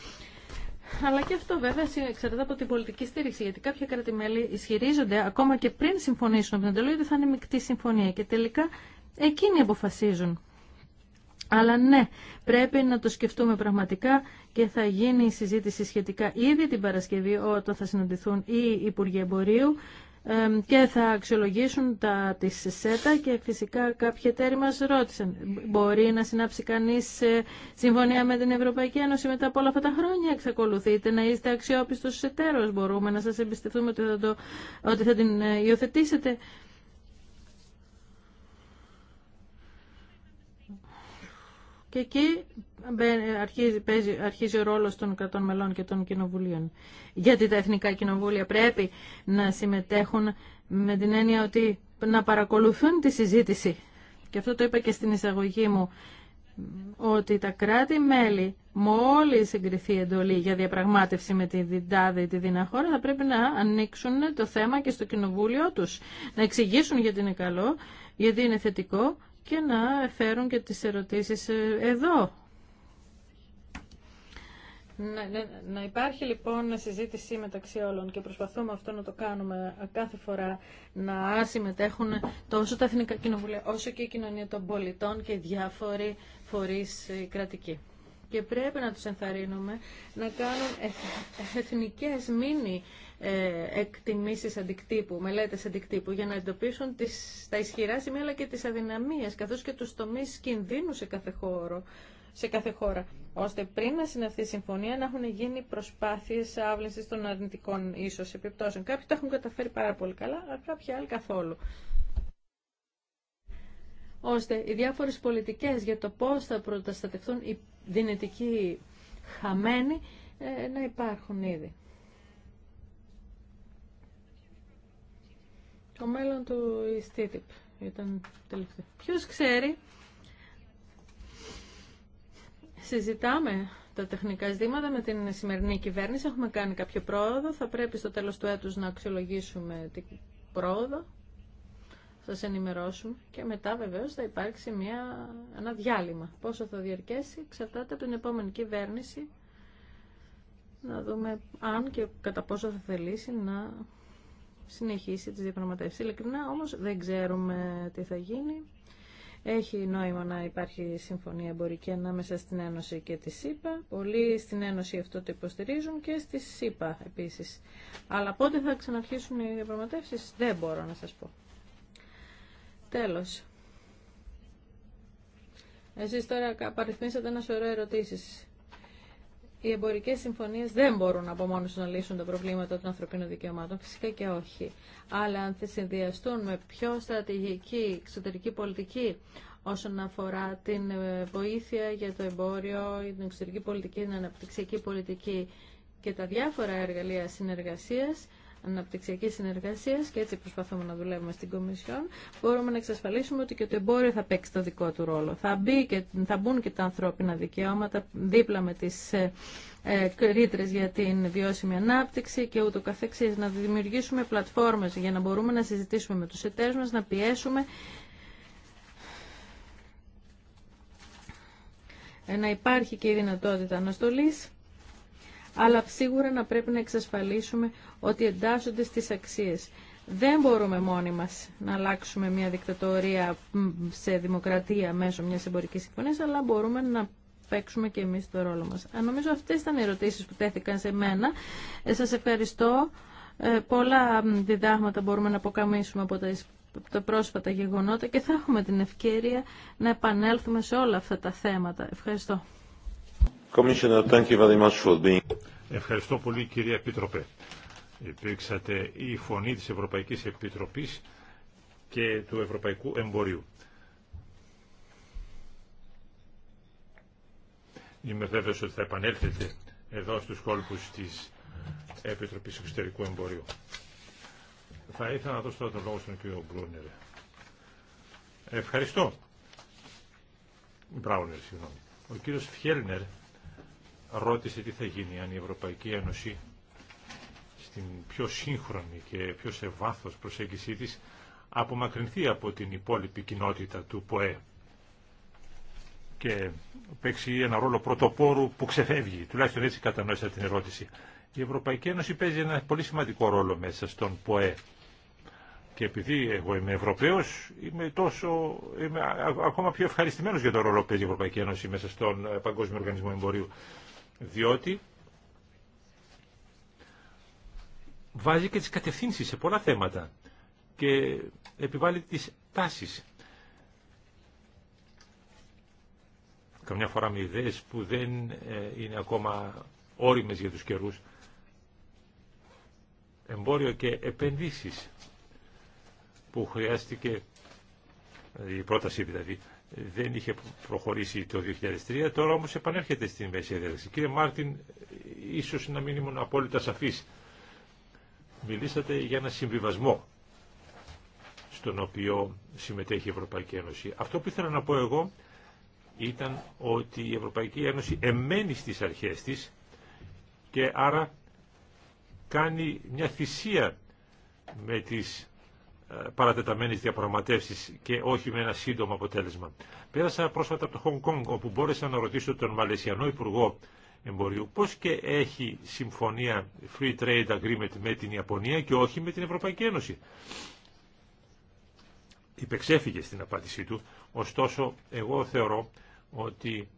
Αλλά και αυτό βέβαια εξαρτάται από την πολιτική στήριξη, γιατί κάποια κράτη-μέλη ισχυρίζονται ακόμα και πριν συμφωνήσουν με την εντολή ότι θα είναι μεικτή συμφωνία και τελικά εκείνοι αποφασίζουν. Αλλά ναι, πρέπει να το σκεφτούμε πραγματικά και θα γίνει η συζήτηση σχετικά ήδη την Παρασκευή όταν θα συναντηθούν οι Υπουργοί Εμπορίου και θα αξιολογήσουν τα της ΣΕΤΑ και φυσικά κάποιοι εταίροι μας ρώτησαν μπορεί να συνάψει κανείς ε, συμφωνία με την Ευρωπαϊκή Ένωση μετά από όλα αυτά τα χρόνια εξακολουθείτε να είστε αξιόπιστος εταίρος μπορούμε να σας εμπιστευτούμε ότι θα, το, ότι θα την ε, υιοθετήσετε και εκεί αρχίζει, παίζει, αρχίζει ο ρόλος των κρατών μελών και των κοινοβουλίων. Γιατί τα εθνικά κοινοβούλια πρέπει να συμμετέχουν με την έννοια ότι να παρακολουθούν τη συζήτηση. Και αυτό το είπα και στην εισαγωγή μου, ότι τα κράτη-μέλη μόλις εγκριθεί εντολή για διαπραγμάτευση με τη Διντάδη τη Δυναχώρα θα πρέπει να ανοίξουν το θέμα και στο κοινοβούλιο τους, να εξηγήσουν γιατί είναι καλό, γιατί είναι θετικό και να φέρουν και τις ερωτήσεις ε, εδώ ναι, ναι, να, υπάρχει λοιπόν συζήτηση μεταξύ όλων και προσπαθούμε αυτό να το κάνουμε ε, κάθε φορά να συμμετέχουν τόσο τα Εθνικά Κοινοβουλία όσο και η κοινωνία των πολιτών και οι διάφοροι φορείς ε, κρατικοί. Και πρέπει να τους ενθαρρύνουμε να κάνουν εθνικές μήνυ ε, εκτιμήσεις αντικτύπου, μελέτες αντικτύπου, για να εντοπίσουν τις, τα ισχυρά σημεία αλλά και τις αδυναμίες, καθώς και τους τομείς κινδύνου σε κάθε χώρο σε κάθε χώρα, ώστε πριν να συναυθεί η συμφωνία να έχουν γίνει προσπάθειες άβληση των αρνητικών ίσως επιπτώσεων. Κάποιοι τα έχουν καταφέρει πάρα πολύ καλά, αλλά κάποιοι άλλοι καθόλου ώστε οι διάφορες πολιτικές για το πώ θα προστατευτούν οι δυνητικοί χαμένοι ε, να υπάρχουν ήδη. Το μέλλον του ΙΣΤΙΤΙΠ ήταν τελευταίο. Ποιος ξέρει συζητάμε τα τεχνικά ζητήματα με την σημερινή κυβέρνηση. Έχουμε κάνει κάποιο πρόοδο. Θα πρέπει στο τέλος του έτους να αξιολογήσουμε την πρόοδο. Θα σας ενημερώσουμε και μετά βεβαίως θα υπάρξει μια, ένα διάλειμμα. Πόσο θα διαρκέσει εξαρτάται από την επόμενη κυβέρνηση να δούμε αν και κατά πόσο θα θελήσει να συνεχίσει τις διαπραγματεύσεις. Ειλικρινά όμως δεν ξέρουμε τι θα γίνει. Έχει νόημα να υπάρχει συμφωνία εμπορική ανάμεσα στην Ένωση και τη ΣΥΠΑ. Πολλοί στην Ένωση αυτό το υποστηρίζουν και στη ΣΥΠΑ επίσης. Αλλά πότε θα ξαναρχίσουν οι διαπραγματεύσει, δεν μπορώ να σας πω. Τέλος. Εσεί τώρα παριθμίσατε ένα σωρό ερωτήσεις οι εμπορικέ συμφωνίε δεν μπορούν από μόνο να λύσουν τα προβλήματα των ανθρωπίνων δικαιωμάτων, φυσικά και όχι. Αλλά αν θα συνδυαστούν με πιο στρατηγική εξωτερική πολιτική όσον αφορά την ε, βοήθεια για το εμπόριο, την εξωτερική πολιτική, την αναπτυξιακή πολιτική και τα διάφορα εργαλεία συνεργασίας, Αναπτυξιακή συνεργασία. και έτσι προσπαθούμε να δουλεύουμε στην Κομισιόν, μπορούμε να εξασφαλίσουμε ότι και το εμπόριο θα παίξει το δικό του ρόλο. Θα, μπει και, θα μπουν και τα ανθρώπινα δικαιώματα δίπλα με ε, ε ρήτρε για την βιώσιμη ανάπτυξη και ούτω καθεξής. Να δημιουργήσουμε πλατφόρμες για να μπορούμε να συζητήσουμε με τους εταίρους μας, να πιέσουμε ε, να υπάρχει και η δυνατότητα αναστολής αλλά σίγουρα να πρέπει να εξασφαλίσουμε ότι εντάσσονται στις αξίες. Δεν μπορούμε μόνοι μας να αλλάξουμε μια δικτατορία σε δημοκρατία μέσω μιας εμπορικής συμφωνίας, αλλά μπορούμε να παίξουμε και εμείς το ρόλο μας. Νομίζω αυτές ήταν οι ερωτήσεις που τέθηκαν σε μένα. Ε, σας ευχαριστώ. Ε, πολλά διδάγματα μπορούμε να αποκαμίσουμε από τα τα πρόσφατα γεγονότα και θα έχουμε την ευκαιρία να επανέλθουμε σε όλα αυτά τα θέματα. Ευχαριστώ. Ευχαριστώ πολύ κύριε Επίτροπε. Υπήρξατε η φωνή της Ευρωπαϊκής Επιτροπής και του Ευρωπαϊκού Εμπορίου. Είμαι βέβαιος ότι θα επανέλθετε εδώ στους κόλπους της Επιτροπής Εξωτερικού Εμπορίου. Θα ήθελα να δώσω τώρα τον λόγο στον κύριο Μπρούνερ. Ευχαριστώ. Μπράουνερ, συγγνώμη. Ο κύριος Φιέλνερ ρώτησε τι θα γίνει αν η Ευρωπαϊκή Ένωση στην πιο σύγχρονη και πιο σε βάθος προσέγγισή της απομακρυνθεί από την υπόλοιπη κοινότητα του ΠΟΕ και παίξει ένα ρόλο πρωτοπόρου που ξεφεύγει. Τουλάχιστον έτσι κατανόησα την ερώτηση. Η Ευρωπαϊκή Ένωση παίζει ένα πολύ σημαντικό ρόλο μέσα στον ΠΟΕ. Και επειδή εγώ είμαι Ευρωπαίος, είμαι, τόσο, είμαι ακόμα πιο ευχαριστημένος για τον ρόλο που παίζει η Ευρωπαϊκή Ένωση μέσα στον ε, Παγκόσμιο Οργανισμό Εμπορίου διότι βάζει και τις κατευθύνσεις σε πολλά θέματα και επιβάλλει τις τάσεις. Καμιά φορά με ιδέες που δεν ε, είναι ακόμα όριμες για τους καιρούς. Εμπόριο και επενδύσεις που χρειάστηκε, η πρόταση δηλαδή, δεν είχε προχωρήσει το 2003, τώρα όμως επανέρχεται στην μέση έδραση. Κύριε Μάρτιν, ίσως να μην ήμουν απόλυτα σαφής. Μιλήσατε για ένα συμβιβασμό στον οποίο συμμετέχει η Ευρωπαϊκή Ένωση. Αυτό που ήθελα να πω εγώ ήταν ότι η Ευρωπαϊκή Ένωση εμένει στις αρχές της και άρα κάνει μια θυσία με τις παρατεταμένης διαπραγματεύσει και όχι με ένα σύντομο αποτέλεσμα. Πέρασα πρόσφατα από το Χονγκ Κονγκ όπου μπόρεσα να ρωτήσω τον Μαλαισιανό Υπουργό Εμπορίου πώς και έχει συμφωνία Free Trade Agreement με την Ιαπωνία και όχι με την Ευρωπαϊκή Ένωση. Υπεξέφυγε στην απάντησή του, ωστόσο εγώ θεωρώ ότι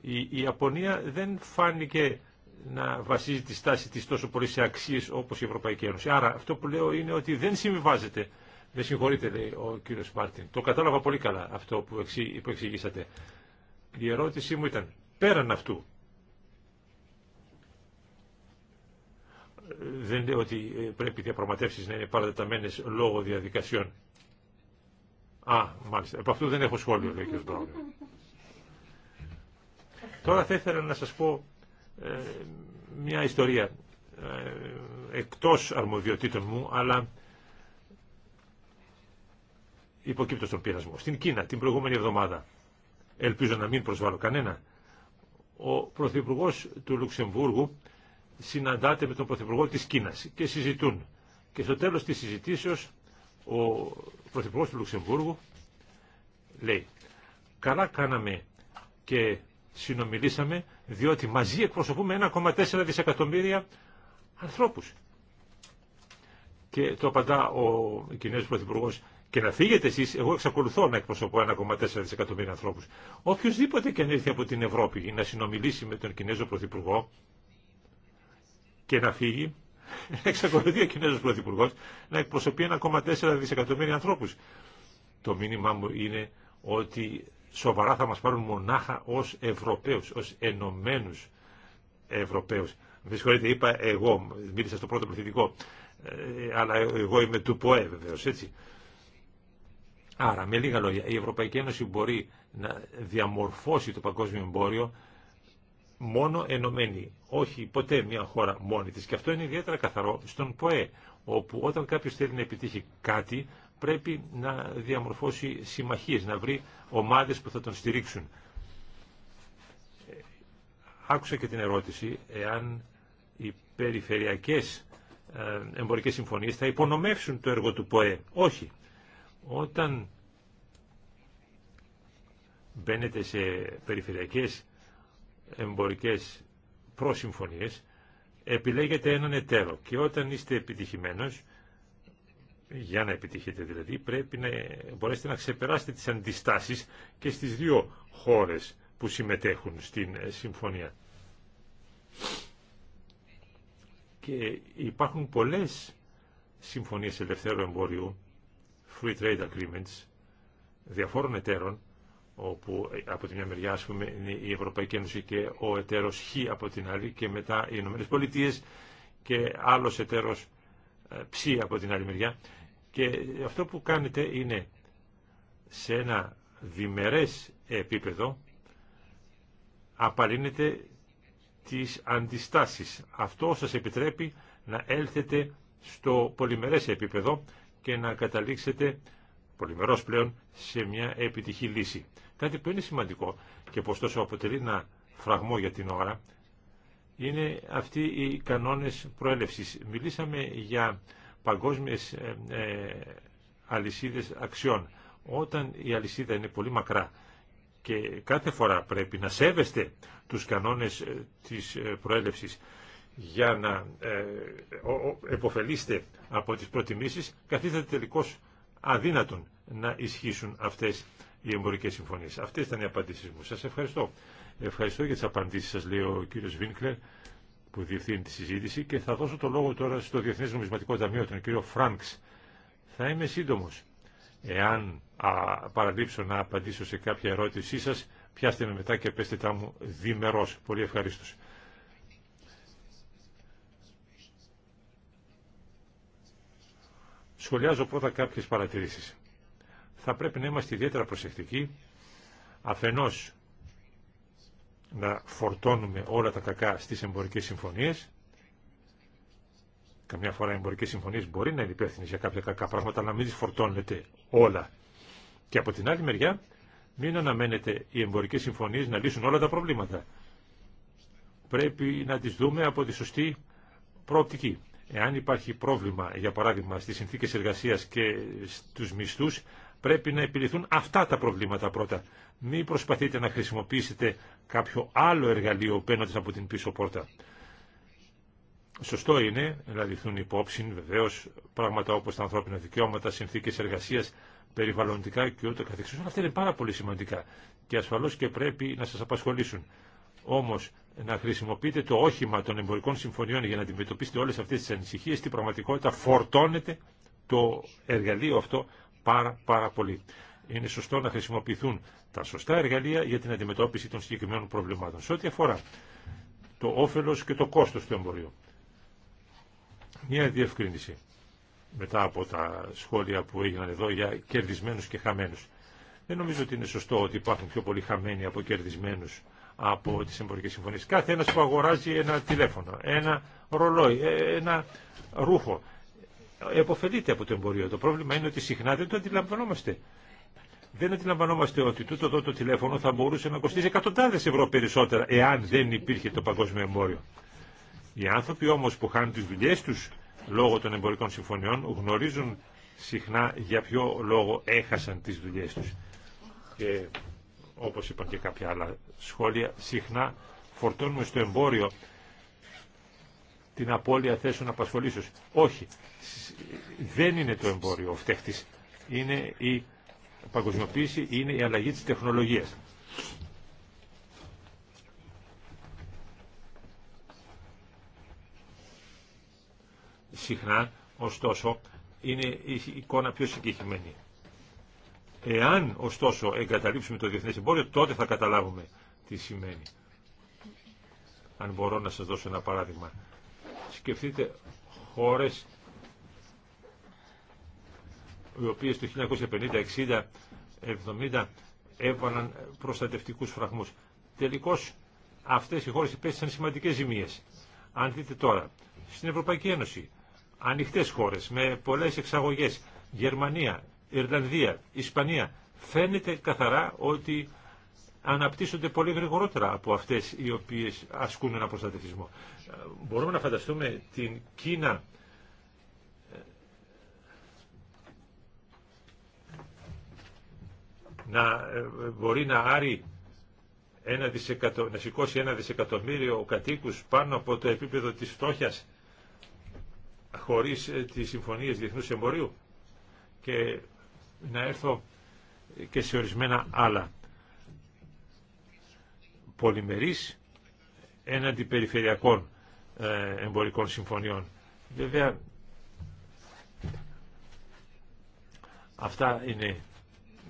η Ιαπωνία δεν φάνηκε να βασίζει τη στάση της τόσο πολύ σε αξίες όπως η Ευρωπαϊκή Ένωση. Άρα αυτό που λέω είναι ότι δεν συμβιβάζεται. δεν συγχωρείτε λέει ο κύριος Μάρτιν. Το κατάλαβα πολύ καλά αυτό που, εξή, εξηγήσατε. Η ερώτησή μου ήταν πέραν αυτού. Δεν λέω ότι ε, πρέπει οι διαπραγματεύσεις να είναι παρατεταμένες λόγω διαδικασιών. Α, μάλιστα. Από αυτού δεν έχω σχόλιο, λέει ο κ. Τώρα θα ήθελα να σας πω ε, μια ιστορία ε, εκτός αρμοδιοτήτων μου, αλλά υποκύπτω στον πειρασμό. Στην Κίνα την προηγούμενη εβδομάδα, ελπίζω να μην προσβάλλω κανένα, ο Πρωθυπουργό του Λουξεμβούργου συναντάται με τον Πρωθυπουργό της Κίνας και συζητούν. Και στο τέλος της συζητήσεως ο Πρωθυπουργό του Λουξεμβούργου λέει «Καλά κάναμε και συνομιλήσαμε διότι μαζί εκπροσωπούμε 1,4 δισεκατομμύρια ανθρώπους. Και το απαντά ο Κινέζος Πρωθυπουργός και να φύγετε εσεί, εγώ εξακολουθώ να εκπροσωπώ 1,4 δισεκατομμύρια ανθρώπου. Οποιοδήποτε και αν ήρθε από την Ευρώπη να συνομιλήσει με τον Κινέζο Πρωθυπουργό και να φύγει, εξακολουθεί ο Κινέζο Πρωθυπουργό να εκπροσωπεί 1,4 δισεκατομμύρια ανθρώπου. Το μήνυμά μου είναι ότι σοβαρά θα μας πάρουν μονάχα ως Ευρωπαίους, ως ενωμένους Ευρωπαίους. Με συγχωρείτε, είπα εγώ, μίλησα στο πρώτο πληθυντικό, ε, αλλά εγώ είμαι του ΠΟΕ βεβαίω, έτσι. Άρα, με λίγα λόγια, η Ευρωπαϊκή Ένωση μπορεί να διαμορφώσει το παγκόσμιο εμπόριο μόνο ενωμένη, όχι ποτέ μια χώρα μόνη της. Και αυτό είναι ιδιαίτερα καθαρό στον ΠΟΕ, όπου όταν κάποιος θέλει να επιτύχει κάτι, πρέπει να διαμορφώσει συμμαχίες, να βρει ομάδες που θα τον στηρίξουν. Άκουσα και την ερώτηση εάν οι περιφερειακές ε, εμπορικές συμφωνίες θα υπονομεύσουν το έργο του ΠΟΕ. Όχι. Όταν μπαίνετε σε περιφερειακές εμπορικές προσυμφωνίες, επιλέγετε έναν εταίρο και όταν είστε επιτυχημένος για να επιτύχετε δηλαδή πρέπει να μπορέσετε να ξεπεράσετε τις αντιστάσεις και στις δύο χώρες που συμμετέχουν στην ε, συμφωνία. Και υπάρχουν πολλές συμφωνίες ελευθέρου εμπόριου, free trade agreements, διαφόρων εταίρων, όπου ε, από τη μια μεριά ας πούμε, η Ευρωπαϊκή Ένωση και ο εταίρος Χ από την άλλη και μετά οι Ηνωμένες Πολιτείες και άλλος εταίρος ε, Ψ από την άλλη μεριά και αυτό που κάνετε είναι σε ένα διμερές επίπεδο απαλύνετε τις αντιστάσεις. Αυτό σας επιτρέπει να έλθετε στο πολυμερές επίπεδο και να καταλήξετε πολυμερός πλέον σε μια επιτυχή λύση. Κάτι που είναι σημαντικό και πως τόσο αποτελεί ένα φραγμό για την ώρα είναι αυτοί οι κανόνες προέλευσης. Μιλήσαμε για παγκόσμιες ε, ε, αλυσίδες αξιών. Όταν η αλυσίδα είναι πολύ μακρά και κάθε φορά πρέπει να σέβεστε τους κανόνες ε, της προέλευσης για να εποφελείστε από τις προτιμήσεις, καθίσατε τελικώς αδύνατον να ισχύσουν αυτές οι εμπορικές συμφωνίες. Αυτές ήταν οι απαντήσεις μου. Σας ευχαριστώ. Ευχαριστώ για τις απαντήσεις σας, λέει ο κύριος Βίνκλερ που διευθύνει τη συζήτηση και θα δώσω το λόγο τώρα στο Διεθνέ Νομισματικό Ταμείο, τον κύριο Φρανκς. Θα είμαι σύντομο. Εάν παραλείψω να απαντήσω σε κάποια ερώτησή σας, πιάστε με μετά και πέστε τα μου διμερός. Πολύ ευχαρίστω. Σχολιάζω πρώτα κάποιες παρατηρήσεις. Θα πρέπει να είμαστε ιδιαίτερα προσεκτικοί αφενός να φορτώνουμε όλα τα κακά στις εμπορικές συμφωνίες. Καμιά φορά οι εμπορικές συμφωνίες μπορεί να είναι υπεύθυνε για κάποια κακά πράγματα, αλλά μην τις φορτώνετε όλα. Και από την άλλη μεριά, μην αναμένετε οι εμπορικές συμφωνίες να λύσουν όλα τα προβλήματα. Πρέπει να τις δούμε από τη σωστή προοπτική. Εάν υπάρχει πρόβλημα, για παράδειγμα, στις συνθήκες εργασίας και στους μισθούς, πρέπει να επιληθούν αυτά τα προβλήματα πρώτα. Μη προσπαθείτε να χρησιμοποιήσετε κάποιο άλλο εργαλείο παίρνοντα από την πίσω πόρτα. Σωστό είναι να ληφθούν υπόψη βεβαίω πράγματα όπω τα ανθρώπινα δικαιώματα, συνθήκε εργασία, περιβαλλοντικά και ούτω καθεξή. αλλά αυτά είναι πάρα πολύ σημαντικά και ασφαλώ και πρέπει να σα απασχολήσουν. Όμω να χρησιμοποιείτε το όχημα των εμπορικών συμφωνιών για να αντιμετωπίσετε όλε αυτέ τι ανησυχίε, στην πραγματικότητα φορτώνεται το εργαλείο αυτό πάρα, πάρα πολύ. Είναι σωστό να χρησιμοποιηθούν τα σωστά εργαλεία για την αντιμετώπιση των συγκεκριμένων προβλημάτων. Σε ό,τι αφορά το όφελος και το κόστος του εμπορίου. Μια διευκρίνηση μετά από τα σχόλια που έγιναν εδώ για κερδισμένους και χαμένους. Δεν νομίζω ότι είναι σωστό ότι υπάρχουν πιο πολλοί χαμένοι από κερδισμένους από τις εμπορικές συμφωνίες. Κάθε ένας που αγοράζει ένα τηλέφωνο, ένα ρολόι, ε, ένα ρούχο, εποφελείται από το εμπορίο. Το πρόβλημα είναι ότι συχνά δεν το αντιλαμβανόμαστε. Δεν αντιλαμβανόμαστε ότι τούτο εδώ το τηλέφωνο θα μπορούσε να κοστίζει εκατοντάδε ευρώ περισσότερα εάν δεν υπήρχε το παγκόσμιο εμπόριο. Οι άνθρωποι όμω που χάνουν τι δουλειέ του λόγω των εμπορικών συμφωνιών γνωρίζουν συχνά για ποιο λόγο έχασαν τι δουλειέ του. Και όπω είπαν και κάποια άλλα σχόλια, συχνά φορτώνουμε στο εμπόριο την απώλεια θέσεων απασχολήσεως. Όχι, δεν είναι το εμπόριο ο φταίχτης. Είναι η παγκοσμιοποίηση, είναι η αλλαγή της τεχνολογίας. Συχνά, ωστόσο, είναι η εικόνα πιο συγκεκριμένη. Εάν, ωστόσο, εγκαταλείψουμε το διεθνές εμπόριο, τότε θα καταλάβουμε τι σημαίνει. Αν μπορώ να σας δώσω ένα παράδειγμα σκεφτείτε χώρες οι οποίες το 1950, 60, 70 έβαλαν προστατευτικούς φραγμούς. Τελικώς αυτές οι χώρες υπέστησαν σημαντικές ζημίες. Αν δείτε τώρα, στην Ευρωπαϊκή Ένωση, ανοιχτές χώρες με πολλές εξαγωγές, Γερμανία, Ιρλανδία, Ισπανία, φαίνεται καθαρά ότι αναπτύσσονται πολύ γρηγορότερα από αυτές οι οποίες ασκούν ένα προστατευτισμό. Μπορούμε να φανταστούμε την Κίνα να ε, μπορεί να άρει ένα δισεκατο... να σηκώσει ένα δισεκατομμύριο κατοίκους πάνω από το επίπεδο της φτώχειας χωρίς ε, τις συμφωνίες διεθνούς εμπορίου και να έρθω και σε ορισμένα άλλα πολυμερής έναντι περιφερειακών ε, εμπορικών συμφωνιών. Βέβαια, αυτά είναι,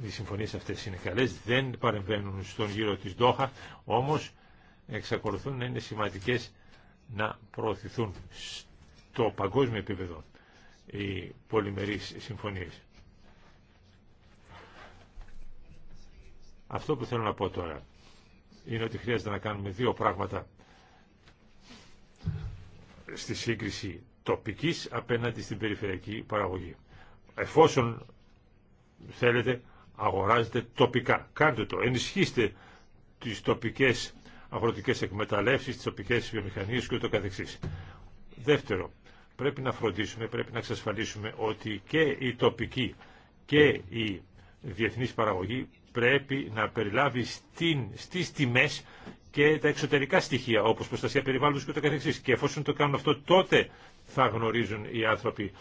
οι συμφωνίες αυτές είναι καλές, δεν παρεμβαίνουν στον γύρο της Ντόχα, όμως εξακολουθούν να είναι σημαντικές να προωθηθούν στο παγκόσμιο επίπεδο οι πολυμερείς συμφωνίες. Αυτό που θέλω να πω τώρα είναι ότι χρειάζεται να κάνουμε δύο πράγματα στη σύγκριση τοπικής απέναντι στην περιφερειακή παραγωγή. Εφόσον θέλετε αγοράζετε τοπικά. Κάντε το. Ενισχύστε τις τοπικές αγροτικές εκμεταλλεύσεις, τις τοπικές βιομηχανίες και το καθεξής. Δεύτερο, πρέπει να φροντίσουμε, πρέπει να εξασφαλίσουμε ότι και η τοπική και η διεθνής παραγωγή πρέπει να περιλάβει στην, στις τιμές και τα εξωτερικά στοιχεία όπως προστασία περιβάλλοντος και το καθεξής. Και εφόσον το κάνουν αυτό τότε θα γνωρίζουν οι άνθρωποι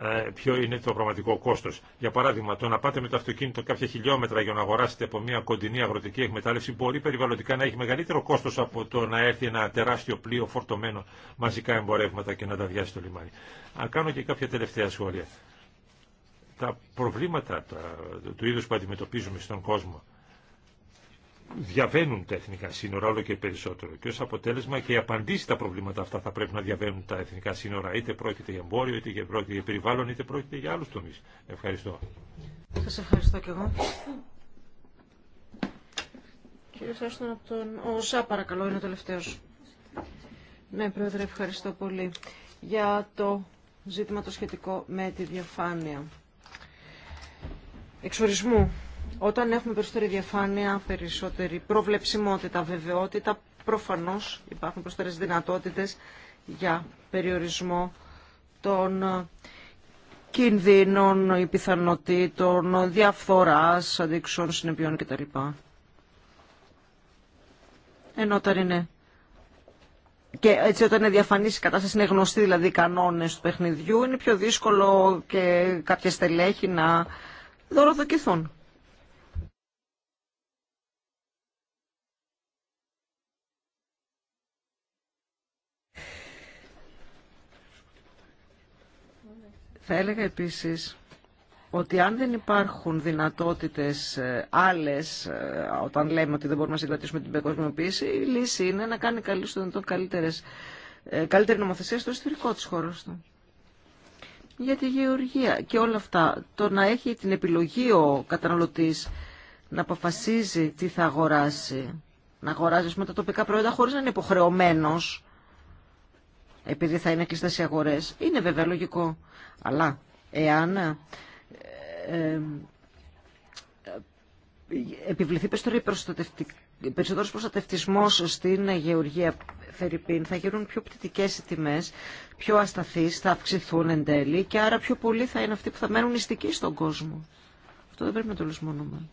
ε, ποιο είναι το πραγματικό κόστο. Για παράδειγμα, το να πάτε με το αυτοκίνητο κάποια χιλιόμετρα για να αγοράσετε από μια κοντινή αγροτική εκμετάλλευση μπορεί περιβαλλοντικά να έχει μεγαλύτερο κόστο από το να έρθει ένα τεράστιο πλοίο φορτωμένο μαζικά εμπορεύματα και να τα βιάσει το λιμάνι. Α, κάνω και κάποια τελευταία σχόλια τα προβλήματα τα, του είδους που αντιμετωπίζουμε στον κόσμο διαβαίνουν τα εθνικά σύνορα όλο και περισσότερο και ως αποτέλεσμα και οι απαντήσεις στα προβλήματα αυτά θα πρέπει να διαβαίνουν τα εθνικά σύνορα είτε πρόκειται για εμπόριο, είτε πρόκειται για περιβάλλον, είτε πρόκειται για άλλους τομείς. Ευχαριστώ. Σας ευχαριστώ και εγώ. Κύριε από τον παρακαλώ, είναι ο τελευταίος. Ναι, Πρόεδρε, ευχαριστώ πολύ για το ζήτημα το σχετικό με τη διαφάνεια εξορισμού. Όταν έχουμε περισσότερη διαφάνεια, περισσότερη προβλεψιμότητα, βεβαιότητα, προφανώς υπάρχουν περισσότερες δυνατότητες για περιορισμό των ε, κινδύνων, ή πιθανότητων, διαφθοράς, αντίξεων, συνεπειών κτλ. Ενώ όταν είναι... Και έτσι όταν είναι διαφανής η κατάσταση, είναι γνωστή δηλαδή οι κανόνες του παιχνιδιού, είναι πιο δύσκολο και κάποια στελέχη να δωροδοκηθούν. Θα έλεγα επίσης ότι αν δεν υπάρχουν δυνατότητες ε, άλλες, ε, όταν λέμε ότι δεν μπορούμε να συγκρατήσουμε την παγκοσμιοποίηση, η λύση είναι να κάνει καλύτερες, ε, καλύτερη νομοθεσία στο εσωτερικό της χώρας του για τη γεωργία και όλα αυτά. Το να έχει την επιλογή ο καταναλωτής να αποφασίζει τι θα αγοράσει, να αγοράζει με τα τοπικά προϊόντα χωρίς να είναι υποχρεωμένος, επειδή θα είναι κλειστές οι αγορές, είναι βέβαια λογικό. Αλλά εάν ε, ε, επιβληθεί περισσότερο προστατευτισμό στην γεωργία Φερρυπίν, θα γίνουν πιο πτυτικέ οι τιμές, πιο ασταθείς, θα αυξηθούν εν τέλει και άρα πιο πολλοί θα είναι αυτοί που θα μένουν ιστικοί στον κόσμο. Αυτό δεν πρέπει να το λησμονούμε.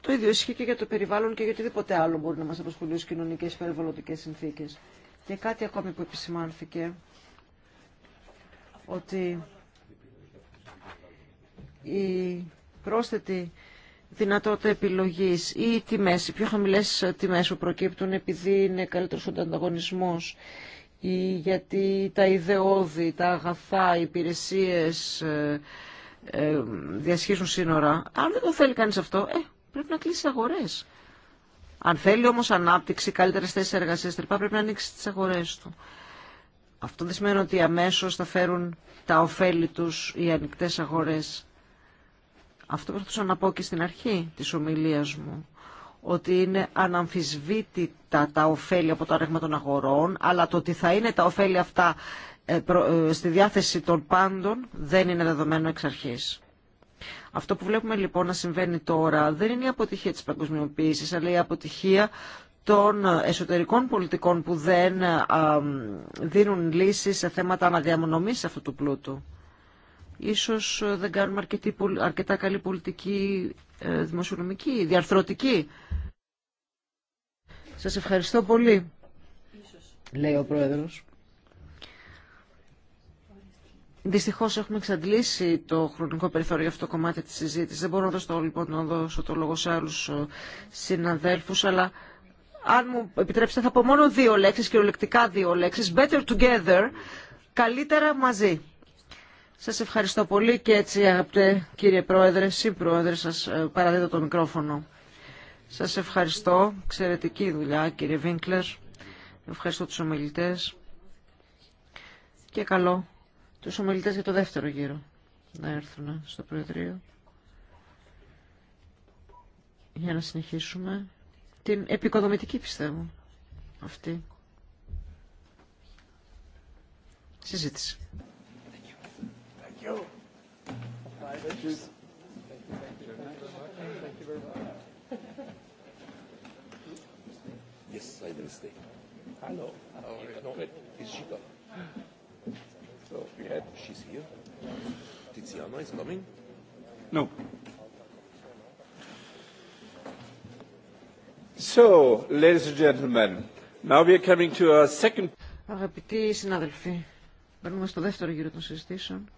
Το ίδιο ισχύει και για το περιβάλλον και για οτιδήποτε άλλο μπορεί να μας απασχολεί κοινωνικέ κοινωνικές περιβαλλοντικές συνθήκες. Και κάτι ακόμη που επισημάνθηκε, ότι η πρόσθετη δυνατότητα επιλογής ή οι τιμές, οι πιο χαμηλές τιμές που προκύπτουν επειδή είναι καλύτερος ο ανταγωνισμός ή γιατί τα ιδεώδη, τα αγαθά, οι υπηρεσίες ε, ε διασχίζουν σύνορα. Αν δεν το θέλει κανείς αυτό, ε, πρέπει να κλείσει αγορές. Αν θέλει όμως ανάπτυξη, καλύτερες θέσεις εργασίας, πρέπει να ανοίξει τις αγορές του. Αυτό δεν σημαίνει ότι αμέσως θα φέρουν τα ωφέλη τους οι ανοιχτές αγορές. Αυτό προσπαθούσα να πω και στην αρχή της ομιλίας μου ότι είναι αναμφισβήτητα τα ωφέλη από το ρεύμα των αγορών, αλλά το ότι θα είναι τα ωφέλη αυτά ε, ε, στη διάθεση των πάντων δεν είναι δεδομένο εξ αρχής. Αυτό που βλέπουμε λοιπόν να συμβαίνει τώρα δεν είναι η αποτυχία της παγκοσμιοποίησης, αλλά η αποτυχία των εσωτερικών πολιτικών που δεν ε, δίνουν λύσεις σε θέματα αναδιαμονωμής αυτού του πλούτου. Ίσως ε, δεν κάνουμε αρκετά καλή πολιτική ε, δημοσιονομική, διαρθρωτική. Σας ευχαριστώ πολύ, Ίσως. λέει ο Πρόεδρος. Δυστυχώ έχουμε εξαντλήσει το χρονικό περιθώριο αυτό το κομμάτι τη συζήτηση. Δεν μπορώ να δώσω, λοιπόν, να δώσω το λόγο σε άλλου ε, συναδέλφου, αλλά αν μου επιτρέψετε θα πω μόνο δύο λέξεις, κυριολεκτικά δύο λέξει. Better together, καλύτερα μαζί. Σας ευχαριστώ πολύ και έτσι αγαπητέ κύριε Πρόεδρε, εσύ Πρόεδρε σας ε, παραδίδω το μικρόφωνο. Σας ευχαριστώ, εξαιρετική δουλειά κύριε Βίνκλερ, ευχαριστώ τους ομιλητές και καλό τους ομιλητές για το δεύτερο γύρο να έρθουν ε, στο Προεδρείο για να συνεχίσουμε την επικοδομητική πιστεύω αυτή συζήτηση. Thank you. Thank you very I Hello. No, So we had, she's here. Tiziana is coming? No. So, ladies and gentlemen, now we are coming to our second... Αγαπητοί συνάδελφοι, παίρνουμε στο δεύτερο γύρο των συζητήσεων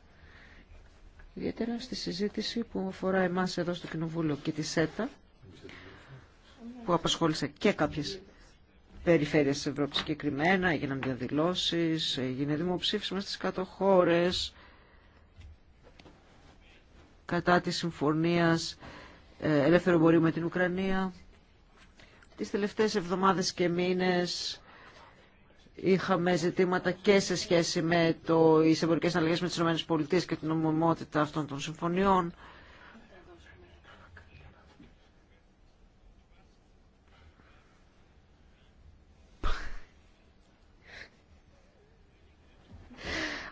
ιδιαίτερα στη συζήτηση που αφορά εμάς εδώ στο Κοινοβούλιο και τη ΣΕΤΑ, που απασχόλησε και κάποιες περιφέρειες της Ευρώπης συγκεκριμένα, έγιναν διαδηλώσεις, έγινε δημοψήφισμα στις κάτω χώρες, κατά της συμφωνίας ε, ελεύθερο μπορεί με την Ουκρανία. Τις τελευταίες εβδομάδες και μήνες είχαμε ζητήματα και σε σχέση με το, οι εμπορικές αλλαγέ με τι ΗΠΑ και την νομιμότητα αυτών των συμφωνιών.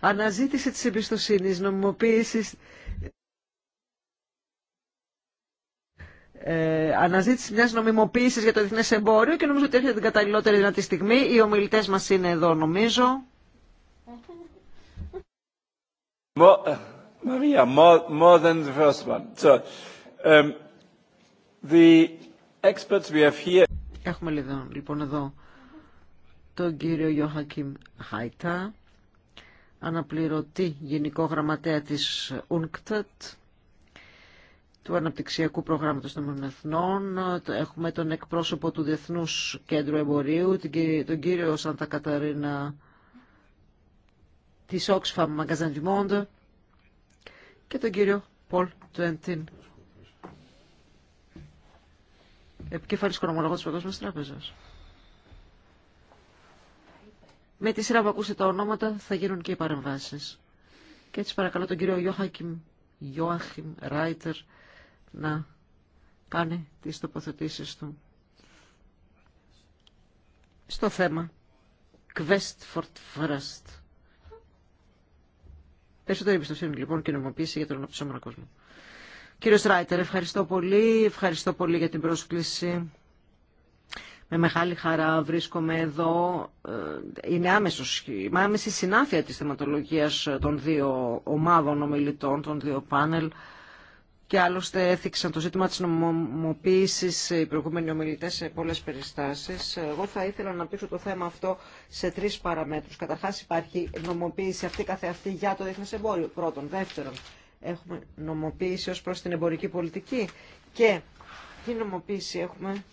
Αναζήτηση της εμπιστοσύνης, νομιμοποίησης ε, αναζήτηση μια νομιμοποίηση για το διεθνέ εμπόριο και νομίζω ότι έρχεται την καταλληλότερη δυνατή στιγμή. Οι ομιλητέ μας είναι εδώ νομίζω. Ε, more, more than the first one. So, um, the experts we have here... Έχουμε λοιπόν, λοιπόν εδώ τον κύριο Ιωάκιμ Χάιτα, αναπληρωτή Γενικό Γραμματέα της UNCTAD, του Αναπτυξιακού Προγράμματος των Εθνών. Έχουμε τον εκπρόσωπο του Διεθνούς Κέντρου Εμπορίου, τον κύριο Σαντα Καταρίνα της Oxfam Magazine du Monde και τον κύριο Πολ Τουέντιν, επικεφαλής οικονομολόγο της Παγκόσμιας Τράπεζας. Με τη σειρά που ακούσετε τα ονόματα θα γίνουν και οι παρεμβάσει. Και έτσι παρακαλώ τον κύριο Ιωάχιμ Ράιτερ να κάνει τις τοποθετήσεις του στο θέμα Quest Forest. Περισσότερη εμπιστοσύνη λοιπόν και νομοποίηση για τον αναπτυσσόμενο κόσμο. Κύριο Ράιτερ, ευχαριστώ πολύ. Ευχαριστώ πολύ για την πρόσκληση. Με μεγάλη χαρά βρίσκομαι εδώ. Ε, είναι άμεσος, άμεση συνάφεια της θεματολογίας των δύο ομάδων ομιλητών, των δύο πάνελ και άλλωστε έθιξαν το ζήτημα της νομιμοποίησης οι προηγούμενοι ομιλητές σε πολλές περιστάσεις. Εγώ θα ήθελα να πείσω το θέμα αυτό σε τρεις παραμέτρους. Καταρχάς υπάρχει νομοποίηση αυτή καθεαυτή για το διεθνές εμπόριο, πρώτον. Δεύτερον, έχουμε νομοποίηση ως προς την εμπορική πολιτική και τι νομοποίηση έχουμε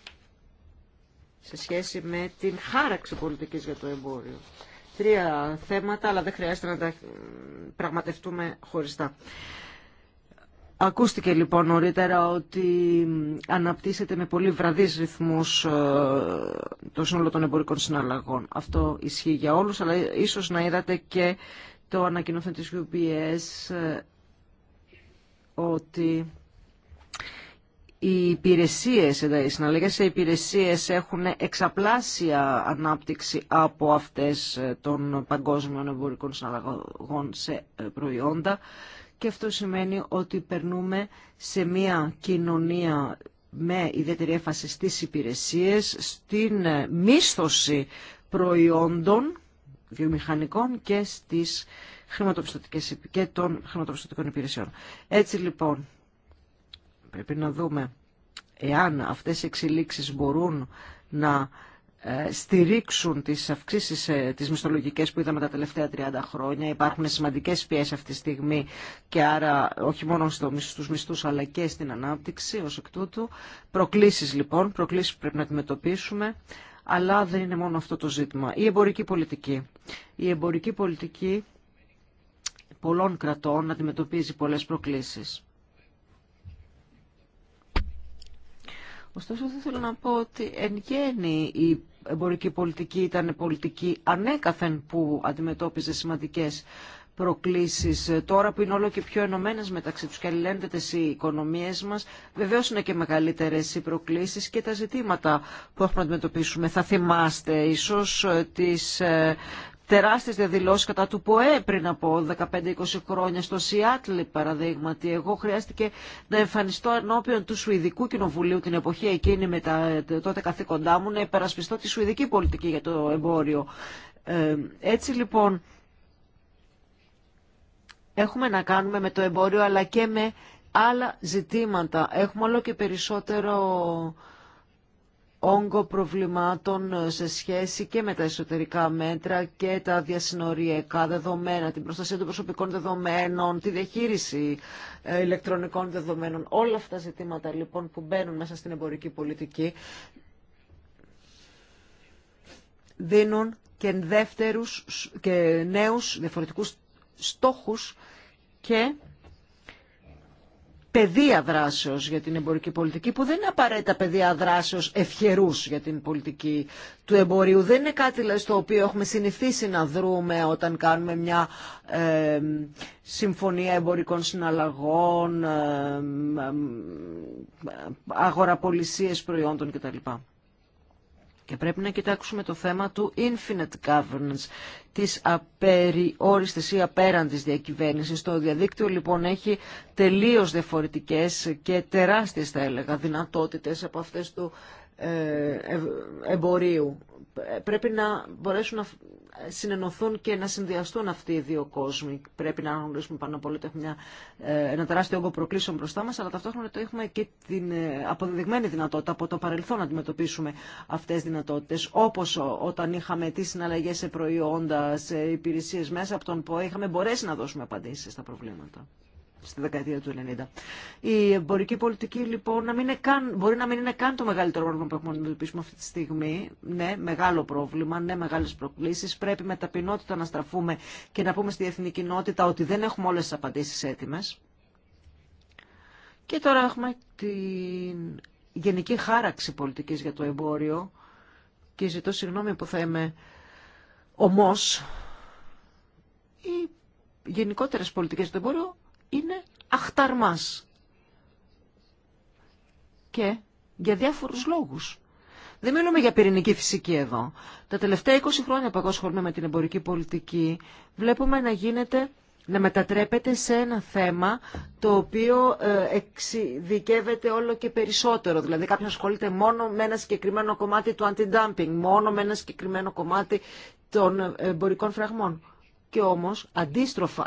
σε σχέση με την χάραξη πολιτικής για το εμπόριο. Τρία θέματα, αλλά δεν χρειάζεται να τα πραγματευτούμε χωριστά. Ακούστηκε λοιπόν νωρίτερα ότι αναπτύσσεται με πολύ βραδείς ρυθμούς ε, το σύνολο των εμπορικών συναλλαγών. Αυτό ισχύει για όλους, αλλά ίσως να είδατε και το ανακοινώθεν της UBS ε, ότι οι υπηρεσίες, ε, οι συναλλαγές σε υπηρεσίες έχουν εξαπλάσια ανάπτυξη από αυτές των παγκόσμιων εμπορικών συναλλαγών σε προϊόντα και αυτό σημαίνει ότι περνούμε σε μια κοινωνία με ιδιαίτερη έφαση στις υπηρεσίες, στην ε, μίσθωση προϊόντων βιομηχανικών και, στις χρηματοπιστωτικές, και των χρηματοπιστωτικών υπηρεσιών. Έτσι λοιπόν πρέπει να δούμε εάν αυτές οι εξελίξεις μπορούν να ε, στηρίξουν τις αυξήσεις ε, τις μισθολογικές που είδαμε τα τελευταία 30 χρόνια. Υπάρχουν σημαντικές πιέσεις αυτή τη στιγμή και άρα όχι μόνο στους μισθούς αλλά και στην ανάπτυξη ως εκ τούτου. Προκλήσεις λοιπόν, προκλήσεις που πρέπει να αντιμετωπίσουμε. Αλλά δεν είναι μόνο αυτό το ζήτημα. Η εμπορική πολιτική. Η εμπορική πολιτική πολλών κρατών αντιμετωπίζει πολλές προκλήσεις. Ωστόσο, θα ήθελα να πω ότι εν γέννη η εμπορική πολιτική ήταν πολιτική ανέκαθεν που αντιμετώπιζε σημαντικές προκλήσεις τώρα που είναι όλο και πιο ενωμένε μεταξύ τους και αλληλένδετε οι οικονομίες μας. βεβαίω είναι και μεγαλύτερες οι προκλήσεις και τα ζητήματα που έχουμε να αντιμετωπίσουμε. Θα θυμάστε ίσως ε, τις ε, τεράστιες διαδηλώσεις κατά του ΠΟΕ πριν από 15-20 χρόνια στο Σιάτλ παραδείγματι. Εγώ χρειάστηκε να εμφανιστώ ενώπιον του Σουηδικού Κοινοβουλίου την εποχή εκείνη με τα τότε καθήκοντά μου να υπερασπιστώ τη Σουηδική πολιτική για το εμπόριο. Ε, έτσι λοιπόν έχουμε να κάνουμε με το εμπόριο αλλά και με άλλα ζητήματα. Έχουμε όλο και περισσότερο όγκο προβλημάτων ε, σε σχέση και με τα εσωτερικά μέτρα και τα διασυνοριακά δεδομένα, την προστασία των προσωπικών δεδομένων, τη διαχείριση ε, ηλεκτρονικών δεδομένων. Όλα αυτά τα ζητήματα λοιπόν που μπαίνουν μέσα στην εμπορική πολιτική δίνουν και, δεύτερους, και νέους διαφορετικούς στόχους και πεδία δράσεως για την εμπορική πολιτική που δεν είναι απαραίτητα πεδία δράσεως ευχερούς για την πολιτική του εμπορίου. Δεν είναι κάτι δηλαδή, στο οποίο έχουμε συνηθίσει να δρούμε όταν κάνουμε μια συμφωνία εμπορικών συναλλαγών, ε, ε, αγοραπολισίες προϊόντων κτλ. Και πρέπει να κοιτάξουμε το θέμα του infinite governance, της απεριόριστης ή απέραντης διακυβέρνησης. Το διαδίκτυο λοιπόν έχει τελείως διαφορετικές και τεράστιες θα έλεγα δυνατότητες από αυτές του ε, εμπορίου πρέπει να μπορέσουν να συνενωθούν και να συνδυαστούν αυτοί οι δύο κόσμοι. Πρέπει να αναγνωρίσουμε πάνω από όλα ότι έχουμε ε, ένα τεράστιο όγκο προκλήσεων μπροστά μα, αλλά ταυτόχρονα το έχουμε και την ε, αποδεδειγμένη δυνατότητα από το παρελθόν να αντιμετωπίσουμε αυτέ τι δυνατότητε. Όπω όταν είχαμε τι συναλλαγέ σε προϊόντα, σε υπηρεσίε μέσα από τον ΠΟΕ, είχαμε μπορέσει να δώσουμε απαντήσει στα προβλήματα στη δεκαετία του 90. Η εμπορική πολιτική λοιπόν να μην καν, μπορεί να μην είναι καν το μεγαλύτερο πρόβλημα που έχουμε να αντιμετωπίσουμε αυτή τη στιγμή. Ναι, μεγάλο πρόβλημα, ναι, μεγάλε προκλήσει. Πρέπει με ταπεινότητα να στραφούμε και να πούμε στη εθνική κοινότητα ότι δεν έχουμε όλε τι απαντήσει έτοιμε. Και τώρα έχουμε την γενική χάραξη πολιτική για το εμπόριο και ζητώ συγγνώμη που θα είμαι ομός. Οι γενικότερες πολιτικές του εμπόριου είναι αχταρμάς. Και για διάφορους λόγους. Δεν μιλούμε για πυρηνική φυσική εδώ. Τα τελευταία 20 χρόνια που ασχολούμαι με την εμπορική πολιτική βλέπουμε να γίνεται να μετατρέπεται σε ένα θέμα το οποίο ε, εξειδικεύεται όλο και περισσότερο. Δηλαδή κάποιος ασχολείται μόνο με ένα συγκεκριμένο κομμάτι του anti-dumping, μόνο με ένα συγκεκριμένο κομμάτι των εμπορικών φραγμών. Και όμως αντίστροφα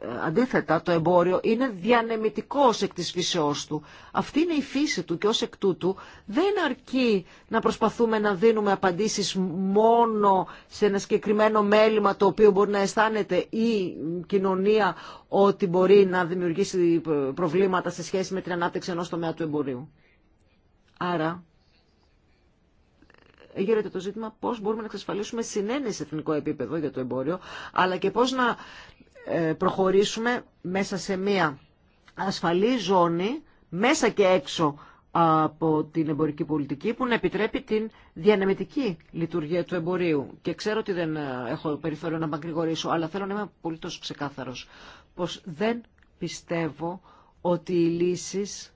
ε, αντίθετα το εμπόριο είναι διανεμητικό εκ της φύσεώς του. Αυτή είναι η φύση του και ως εκ τούτου δεν αρκεί να προσπαθούμε να δίνουμε απαντήσεις μόνο σε ένα συγκεκριμένο μέλημα το οποίο μπορεί να αισθάνεται η κοινωνία ότι μπορεί να δημιουργήσει προβλήματα σε σχέση με την ανάπτυξη ενός τομέα του εμπορίου. Άρα γύρεται το ζήτημα πώς μπορούμε να εξασφαλίσουμε συνένεση εθνικό επίπεδο για το εμπόριο, αλλά και πώς να ε, προχωρήσουμε μέσα σε μια ασφαλή ζώνη, μέσα και έξω από την εμπορική πολιτική που να επιτρέπει την διανεμητική λειτουργία του εμπορίου. Και ξέρω ότι δεν ε, έχω περιθώριο να μακρηγορήσω, αλλά θέλω να είμαι πολύ τόσο ξεκάθαρος πως δεν πιστεύω ότι οι λύσεις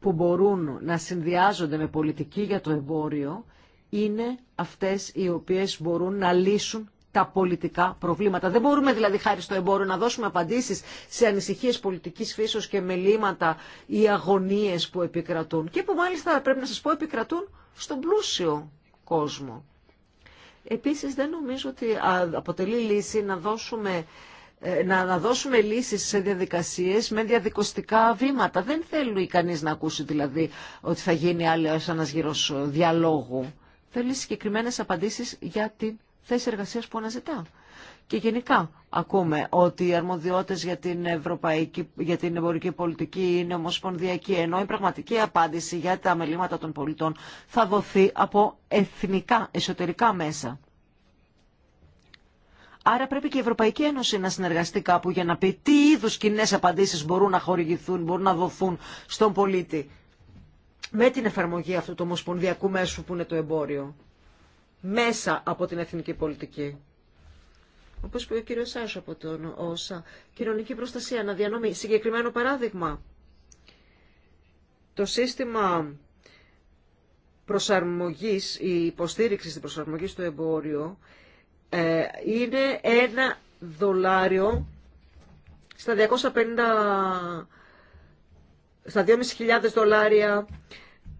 που μπορούν να συνδυάζονται με πολιτική για το εμπόριο είναι αυτές οι οποίες μπορούν να λύσουν τα πολιτικά προβλήματα. Δεν μπορούμε δηλαδή χάρη στο εμπόριο να δώσουμε απαντήσεις σε ανησυχίες πολιτικής φύσεως και μελήματα ή αγωνίες που επικρατούν και που μάλιστα πρέπει να σας πω επικρατούν στον πλούσιο κόσμο. Επίσης δεν νομίζω ότι αποτελεί λύση να δώσουμε ε, να, δώσουμε λύσεις σε διαδικασίες με διαδικοστικά βήματα. Δεν θέλει κανείς να ακούσει δηλαδή ότι θα γίνει άλλο ένας γύρος ε, διαλόγου. Θέλει συγκεκριμένες απαντήσεις για την θέση εργασίας που αναζητά. Και γενικά ακούμε ότι οι αρμοδιότητες για την, ευρωπαϊκή, για την εμπορική πολιτική είναι ομοσπονδιακή, ενώ η πραγματική απάντηση για τα μελήματα των πολιτών θα δοθεί από εθνικά, εσωτερικά μέσα. Άρα πρέπει και η Ευρωπαϊκή Ένωση να συνεργαστεί κάπου για να πει τι είδους κοινέ απαντήσεις μπορούν να χορηγηθούν, μπορούν να δοθούν στον πολίτη με την εφαρμογή αυτού του ομοσπονδιακού μέσου που είναι το εμπόριο μέσα από την εθνική πολιτική. Όπως είπε ο κύριος Σάσο από τον ΩΣΑ, κοινωνική προστασία, αναδιανομή. Συγκεκριμένο παράδειγμα, το σύστημα προσαρμογής, η υποστήριξη στην προσαρμογή στο εμπόριο, ε, είναι ένα δολάριο στα 250 στα 2.500 δολάρια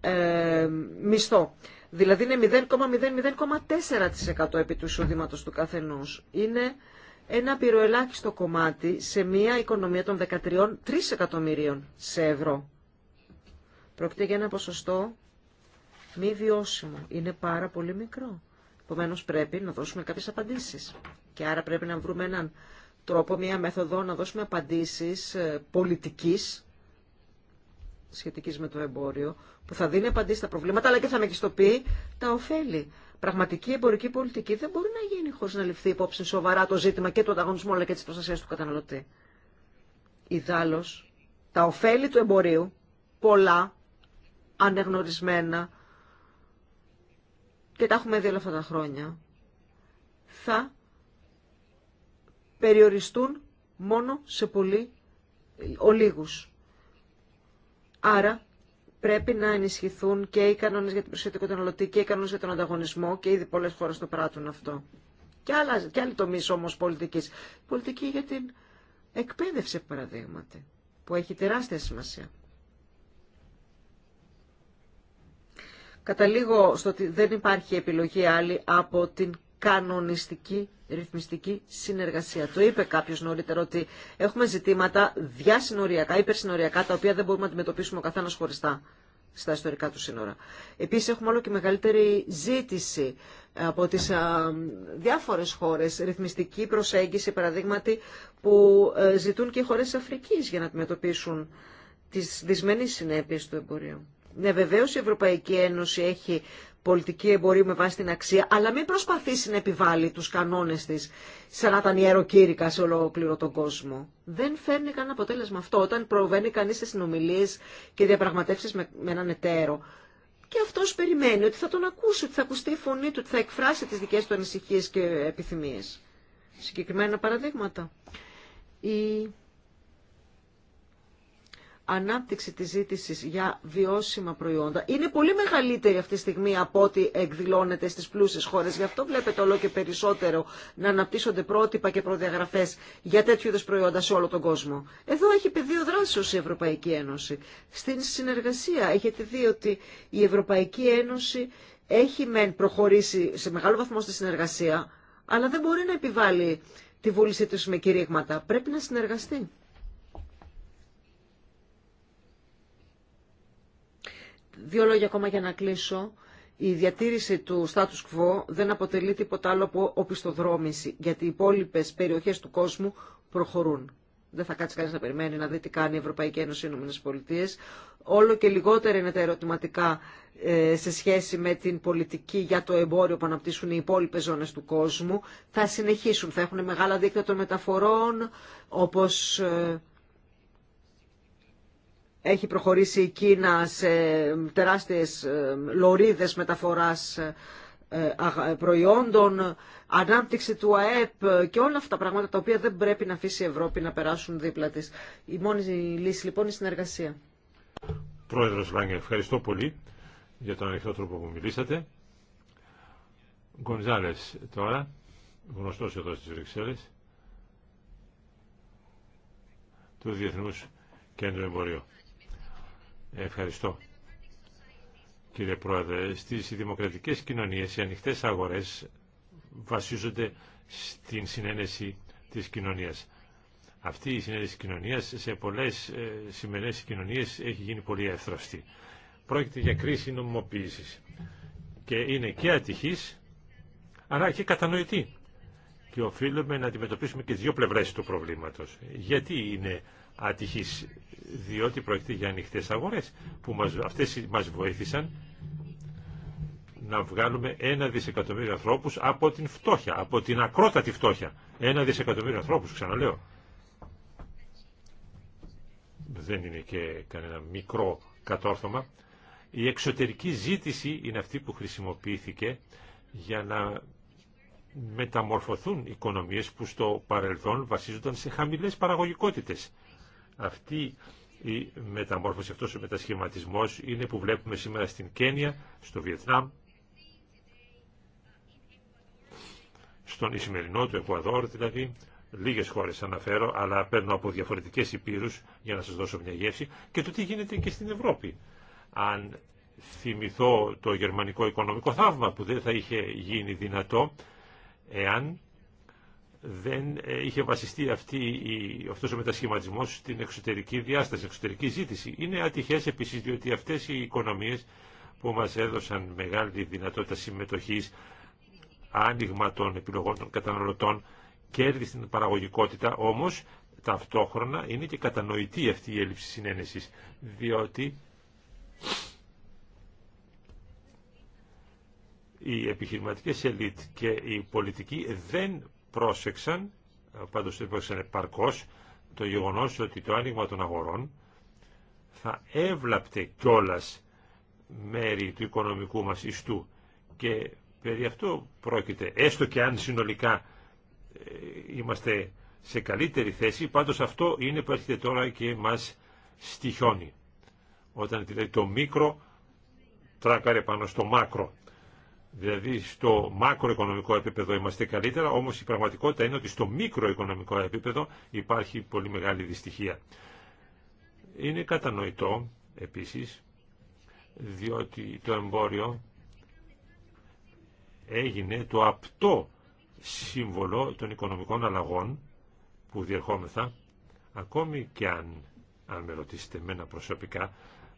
ε, μισθό. Δηλαδή είναι 0,004% επί του εισοδήματο του καθενός. Είναι ένα πυροελάχιστο κομμάτι σε μια οικονομία των 13 εκατομμυρίων σε ευρώ. Πρόκειται για ένα ποσοστό μη βιώσιμο. Είναι πάρα πολύ μικρό. Επομένω πρέπει να δώσουμε κάποιες απαντήσεις. Και άρα πρέπει να βρούμε έναν τρόπο, μια μέθοδο να δώσουμε απαντήσεις ε, πολιτικής σχετικής με το εμπόριο, που θα δίνει απαντήσεις στα προβλήματα, αλλά και θα μεγιστοποιεί τα ωφέλη. Πραγματική εμπορική πολιτική δεν μπορεί να γίνει χωρίς να ληφθεί υπόψη σοβαρά το ζήτημα και του ανταγωνισμού, αλλά και της προστασίας του καταναλωτή. Ιδάλλως, τα ωφέλη του εμπορίου, πολλά, ανεγνωρισμένα, και τα έχουμε δει όλα αυτά τα χρόνια, θα περιοριστούν μόνο σε πολύ ε, ολίγους. Άρα πρέπει να ενισχυθούν και οι κανόνες για την προσοχή του καταναλωτή και οι κανόνες για τον ανταγωνισμό και ήδη πολλέ χώρε το πράττουν αυτό. Και, άλλα, και άλλοι τομεί όμως πολιτικής. Πολιτική για την εκπαίδευση παραδείγματι που έχει τεράστια σημασία. Καταλήγω στο ότι δεν υπάρχει επιλογή άλλη από την κανονιστική ρυθμιστική συνεργασία. Το είπε κάποιο νωρίτερα ότι έχουμε ζητήματα διασυνοριακά, υπερσυνοριακά, τα οποία δεν μπορούμε να αντιμετωπίσουμε ο καθένα χωριστά στα ιστορικά του σύνορα. Επίση, έχουμε όλο και μεγαλύτερη ζήτηση από τι διάφορε χώρε, ρυθμιστική προσέγγιση, παραδείγματι, που ε, ζητούν και οι χώρε Αφρική για να αντιμετωπίσουν τι δυσμενεί συνέπειε του εμπορίου. Ναι, βεβαίω η Ευρωπαϊκή Ένωση έχει πολιτική εμπορίου με βάση την αξία, αλλά μην προσπαθήσει να επιβάλλει τους κανόνες της σαν να ήταν ιεροκήρυκα σε ολόκληρο τον κόσμο. Δεν φέρνει κανένα αποτέλεσμα αυτό όταν προβαίνει κανείς σε συνομιλίες και διαπραγματεύσεις με, με έναν εταίρο. Και αυτός περιμένει ότι θα τον ακούσει, ότι θα ακουστεί η φωνή του, ότι θα εκφράσει τις δικές του ανησυχίες και επιθυμίες. Συγκεκριμένα παραδείγματα. Η ανάπτυξη της ζήτησης για βιώσιμα προϊόντα είναι πολύ μεγαλύτερη αυτή τη στιγμή από ό,τι εκδηλώνεται στις πλούσιες χώρες. Γι' αυτό βλέπετε όλο και περισσότερο να αναπτύσσονται πρότυπα και προδιαγραφές για τέτοιου είδους προϊόντα σε όλο τον κόσμο. Εδώ έχει πεδίο ως η Ευρωπαϊκή Ένωση. Στην συνεργασία έχετε δει ότι η Ευρωπαϊκή Ένωση έχει μεν προχωρήσει σε μεγάλο βαθμό στη συνεργασία, αλλά δεν μπορεί να επιβάλλει τη βούλησή τους με κηρύγματα. Πρέπει να συνεργαστεί. Δύο λόγια ακόμα για να κλείσω. Η διατήρηση του status quo δεν αποτελεί τίποτα άλλο από οπισθοδρόμηση, γιατί οι υπόλοιπε περιοχές του κόσμου προχωρούν. Δεν θα κάτσει κανείς να περιμένει να δει τι κάνει η Ευρωπαϊκή Ένωση, οι ΗΠΑ. Όλο και λιγότερα είναι τα ερωτηματικά ε, σε σχέση με την πολιτική για το εμπόριο που αναπτύσσουν οι υπόλοιπε ζώνες του κόσμου. Θα συνεχίσουν, θα έχουν μεγάλα δίκτυα των μεταφορών, όπως ε, έχει προχωρήσει η Κίνα σε τεράστιες ε, λωρίδες μεταφοράς ε, ε, προϊόντων, ανάπτυξη του ΑΕΠ και όλα αυτά τα πράγματα τα οποία δεν πρέπει να αφήσει η Ευρώπη να περάσουν δίπλα της. Η μόνη λύση λοιπόν είναι η συνεργασία. Πρόεδρος Λάγκε, ευχαριστώ πολύ για τον ανοιχτό τρόπο που μιλήσατε. Γκονζάλες τώρα, γνωστός εδώ στις Βρυξέλλες, του Διεθνούς Κέντρου Εμπορίου. Ευχαριστώ. Κύριε Πρόεδρε, στις δημοκρατικές κοινωνίες οι ανοιχτές αγορές βασίζονται στην συνένεση της κοινωνίας. Αυτή η συνένεση της κοινωνίας σε πολλές ε, σημερινές κοινωνίες έχει γίνει πολύ εύθραυστη. Πρόκειται για κρίση νομιμοποίησης και είναι και ατυχής αλλά και κατανοητή. Και οφείλουμε να αντιμετωπίσουμε και δύο πλευρές του προβλήματος. Γιατί είναι ατυχής διότι πρόκειται για ανοιχτές αγορές που μας, αυτές μας βοήθησαν να βγάλουμε ένα δισεκατομμύριο ανθρώπους από την φτώχεια, από την ακρότατη φτώχεια. Ένα δισεκατομμύριο ανθρώπους, ξαναλέω. Δεν είναι και κανένα μικρό κατόρθωμα. Η εξωτερική ζήτηση είναι αυτή που χρησιμοποιήθηκε για να μεταμορφωθούν οικονομίες που στο παρελθόν βασίζονταν σε χαμηλές παραγωγικότητες. Αυτή η μεταμόρφωση, αυτός ο μετασχηματισμός είναι που βλέπουμε σήμερα στην Κένια, στο Βιετνάμ, στον Ισημερινό του Εκουαδόρ δηλαδή, λίγες χώρες αναφέρω, αλλά παίρνω από διαφορετικές υπήρους για να σας δώσω μια γεύση, και το τι γίνεται και στην Ευρώπη. Αν θυμηθώ το γερμανικό οικονομικό θαύμα που δεν θα είχε γίνει δυνατό εάν δεν ε, είχε βασιστεί αυτή η, αυτός ο μετασχηματισμός στην εξωτερική διάσταση, εξωτερική ζήτηση. Είναι ατυχές επίσης διότι αυτές οι οικονομίες που μας έδωσαν μεγάλη δυνατότητα συμμετοχής, άνοιγμα των επιλογών των καταναλωτών, κέρδη στην παραγωγικότητα, όμως ταυτόχρονα είναι και κατανοητή αυτή η έλλειψη συνένεσης, διότι οι επιχειρηματικές ελίτ και οι πολιτικοί δεν πρόσεξαν, πάντως το πρόσεξαν επαρκώς, το γεγονός ότι το άνοιγμα των αγορών θα έβλαπτε κιόλας μέρη του οικονομικού μας ιστού και περί αυτό πρόκειται. Έστω και αν συνολικά ε, είμαστε σε καλύτερη θέση, πάντως αυτό είναι που έρχεται τώρα και μας στοιχιώνει. Όταν δηλαδή το μικρό τράκαρε πάνω στο μάκρο. Δηλαδή στο μακροοικονομικό επίπεδο είμαστε καλύτερα, όμως η πραγματικότητα είναι ότι στο μικροοικονομικό επίπεδο υπάρχει πολύ μεγάλη δυστυχία. Είναι κατανοητό επίσης, διότι το εμπόριο έγινε το απτό σύμβολο των οικονομικών αλλαγών που διερχόμεθα, ακόμη και αν, αν με ρωτήσετε εμένα προσωπικά,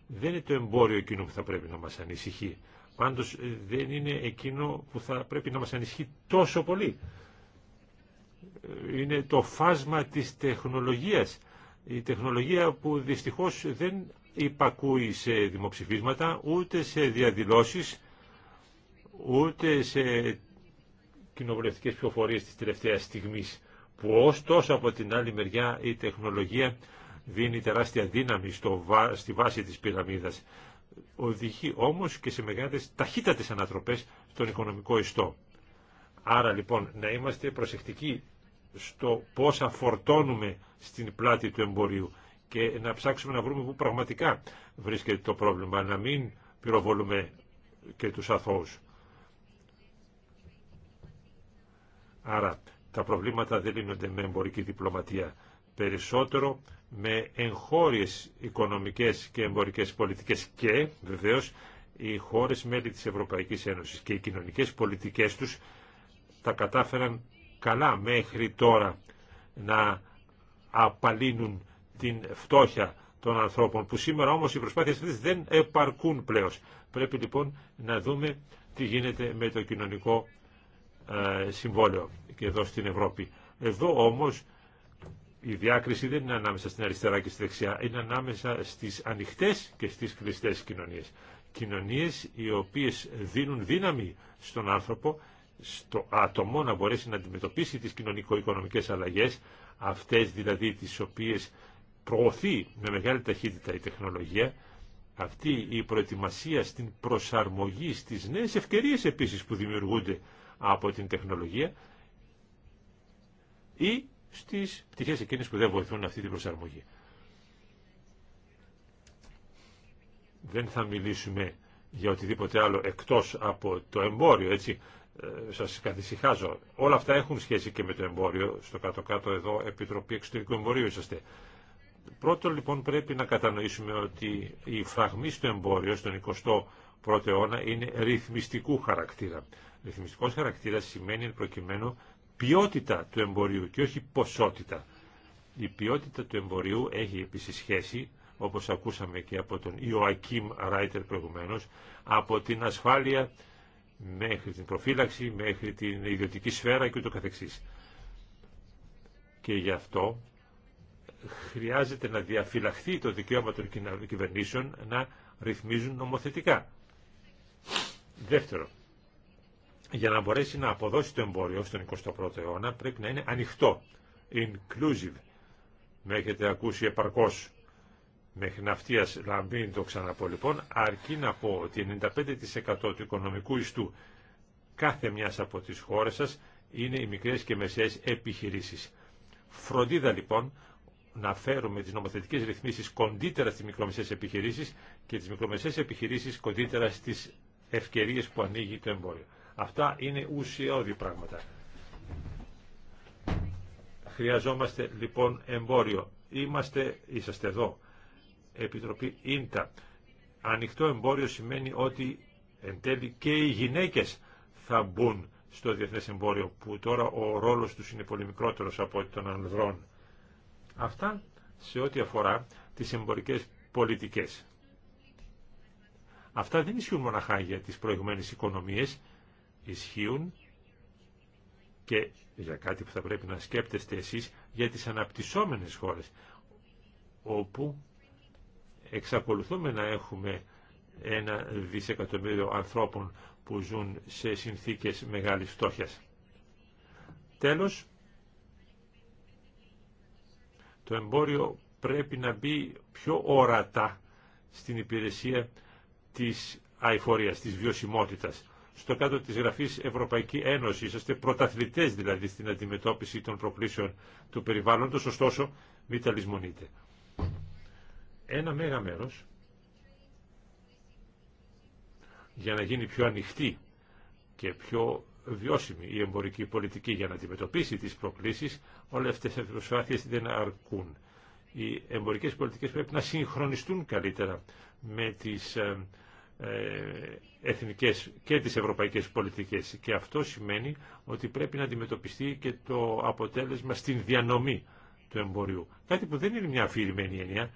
δεν είναι το εμπόριο εκείνο που θα πρέπει να μας ανησυχεί, Πάντως ε, δεν είναι εκείνο που θα πρέπει να μας ανισχύει τόσο πολύ. Ε, είναι το φάσμα της τεχνολογίας. Η τεχνολογία που δυστυχώς δεν υπακούει σε δημοψηφίσματα, ούτε σε διαδηλώσεις, ούτε σε κοινοβουλευτικές πληροφορίες της τελευταίας στιγμής, που ωστόσο από την άλλη μεριά η τεχνολογία δίνει τεράστια δύναμη στο, στη βάση της πυραμίδας οδηγεί όμως και σε μεγάλες ταχύτατες ανατροπές στον οικονομικό ιστό. Άρα λοιπόν να είμαστε προσεκτικοί στο πόσα φορτώνουμε στην πλάτη του εμπορίου και να ψάξουμε να βρούμε που πραγματικά βρίσκεται το πρόβλημα, να μην πυροβολούμε και τους αθώους. Άρα τα προβλήματα δεν λύνονται με εμπορική διπλωματία περισσότερο με εγχώριες οικονομικές και εμπορικές πολιτικές και βεβαίως οι χώρες μέλη της Ευρωπαϊκής Ένωσης και οι κοινωνικές πολιτικές τους τα κατάφεραν καλά μέχρι τώρα να απαλύνουν την φτώχεια των ανθρώπων που σήμερα όμως οι προσπάθειες αυτές δεν επαρκούν πλέον. Πρέπει λοιπόν να δούμε τι γίνεται με το κοινωνικό ε, συμβόλαιο και εδώ στην Ευρώπη. Εδώ όμως η διάκριση δεν είναι ανάμεσα στην αριστερά και στη δεξιά, είναι ανάμεσα στις ανοιχτές και στις κλειστές κοινωνίες. Κοινωνίες οι οποίες δίνουν δύναμη στον άνθρωπο, στο άτομο να μπορέσει να αντιμετωπίσει τις κοινωνικο-οικονομικές αλλαγές, αυτές δηλαδή τις οποίες προωθεί με μεγάλη ταχύτητα η τεχνολογία, αυτή η προετοιμασία στην προσαρμογή στις νέες ευκαιρίες επίσης που δημιουργούνται από την τεχνολογία στις πτυχέ εκείνες που δεν βοηθούν αυτή την προσαρμογή. Δεν θα μιλήσουμε για οτιδήποτε άλλο εκτός από το εμπόριο, έτσι. Ε, σας καθησυχάζω. Όλα αυτά έχουν σχέση και με το εμπόριο. Στο κάτω-κάτω εδώ Επιτροπή Εξωτερικού Εμπορίου είσαστε. Πρώτον, λοιπόν πρέπει να κατανοήσουμε ότι η φραγμή στο εμπόριο στον 21ο αιώνα είναι ρυθμιστικού χαρακτήρα. Ρυθμιστικός χαρακτήρας σημαίνει προκειμένου ποιότητα του εμπορίου και όχι ποσότητα. Η ποιότητα του εμπορίου έχει επίσης σχέση, όπως ακούσαμε και από τον Ιωακίμ Ράιτερ προηγουμένως, από την ασφάλεια μέχρι την προφύλαξη, μέχρι την ιδιωτική σφαίρα και ούτω καθεξής. Και γι' αυτό χρειάζεται να διαφυλαχθεί το δικαίωμα των κυβερνήσεων να ρυθμίζουν νομοθετικά. Δεύτερο, για να μπορέσει να αποδώσει το εμπόριο στον 21ο αιώνα πρέπει να είναι ανοιχτό, inclusive. Με έχετε ακούσει επαρκώ μέχρι ναυτίας λαμπίν το ξαναπώ λοιπόν, αρκεί να πω ότι 95% του οικονομικού ιστού κάθε μια από τι χώρε σα είναι οι μικρέ και μεσαίε επιχειρήσει. Φροντίδα λοιπόν να φέρουμε τι νομοθετικέ ρυθμίσει κοντύτερα στι μικρομεσαίες επιχειρήσει και τι μικρομεσαίες επιχειρήσει κοντύτερα στι ευκαιρίε που ανοίγει το εμπόριο. Αυτά είναι ουσιώδη πράγματα. Χρειαζόμαστε λοιπόν εμπόριο. Είμαστε, είσαστε εδώ, Επιτροπή Ίντα. Ανοιχτό εμπόριο σημαίνει ότι εν τέλει και οι γυναίκες θα μπουν στο διεθνές εμπόριο που τώρα ο ρόλος τους είναι πολύ μικρότερος από ό,τι των ανδρών. Αυτά σε ό,τι αφορά τις εμπορικές πολιτικές. Αυτά δεν ισχύουν μοναχά για τις προηγουμένες οικονομίες, ισχύουν και για κάτι που θα πρέπει να σκέπτεστε εσείς για τις αναπτυσσόμενες χώρες όπου εξακολουθούμε να έχουμε ένα δισεκατομμύριο ανθρώπων που ζουν σε συνθήκες μεγάλης φτώχειας. Τέλος, το εμπόριο πρέπει να μπει πιο ορατά στην υπηρεσία της αηφορίας, της βιωσιμότητας στο κάτω της γραφής Ευρωπαϊκή Ένωση. Είσαστε πρωταθλητές δηλαδή στην αντιμετώπιση των προκλήσεων του περιβάλλοντος, ωστόσο μην τα λησμονείτε. Ένα μέγα μέρος για να γίνει πιο ανοιχτή και πιο βιώσιμη η εμπορική πολιτική για να αντιμετωπίσει τις προκλήσεις, όλες αυτές οι προσπάθειες δεν αρκούν. Οι εμπορικές πολιτικές πρέπει να συγχρονιστούν καλύτερα με τις ε, ε, εθνικές και τις ευρωπαϊκές πολιτικές. Και αυτό σημαίνει ότι πρέπει να αντιμετωπιστεί και το αποτέλεσμα στην διανομή του εμπορίου. Κάτι που δεν είναι μια αφηρημένη έννοια.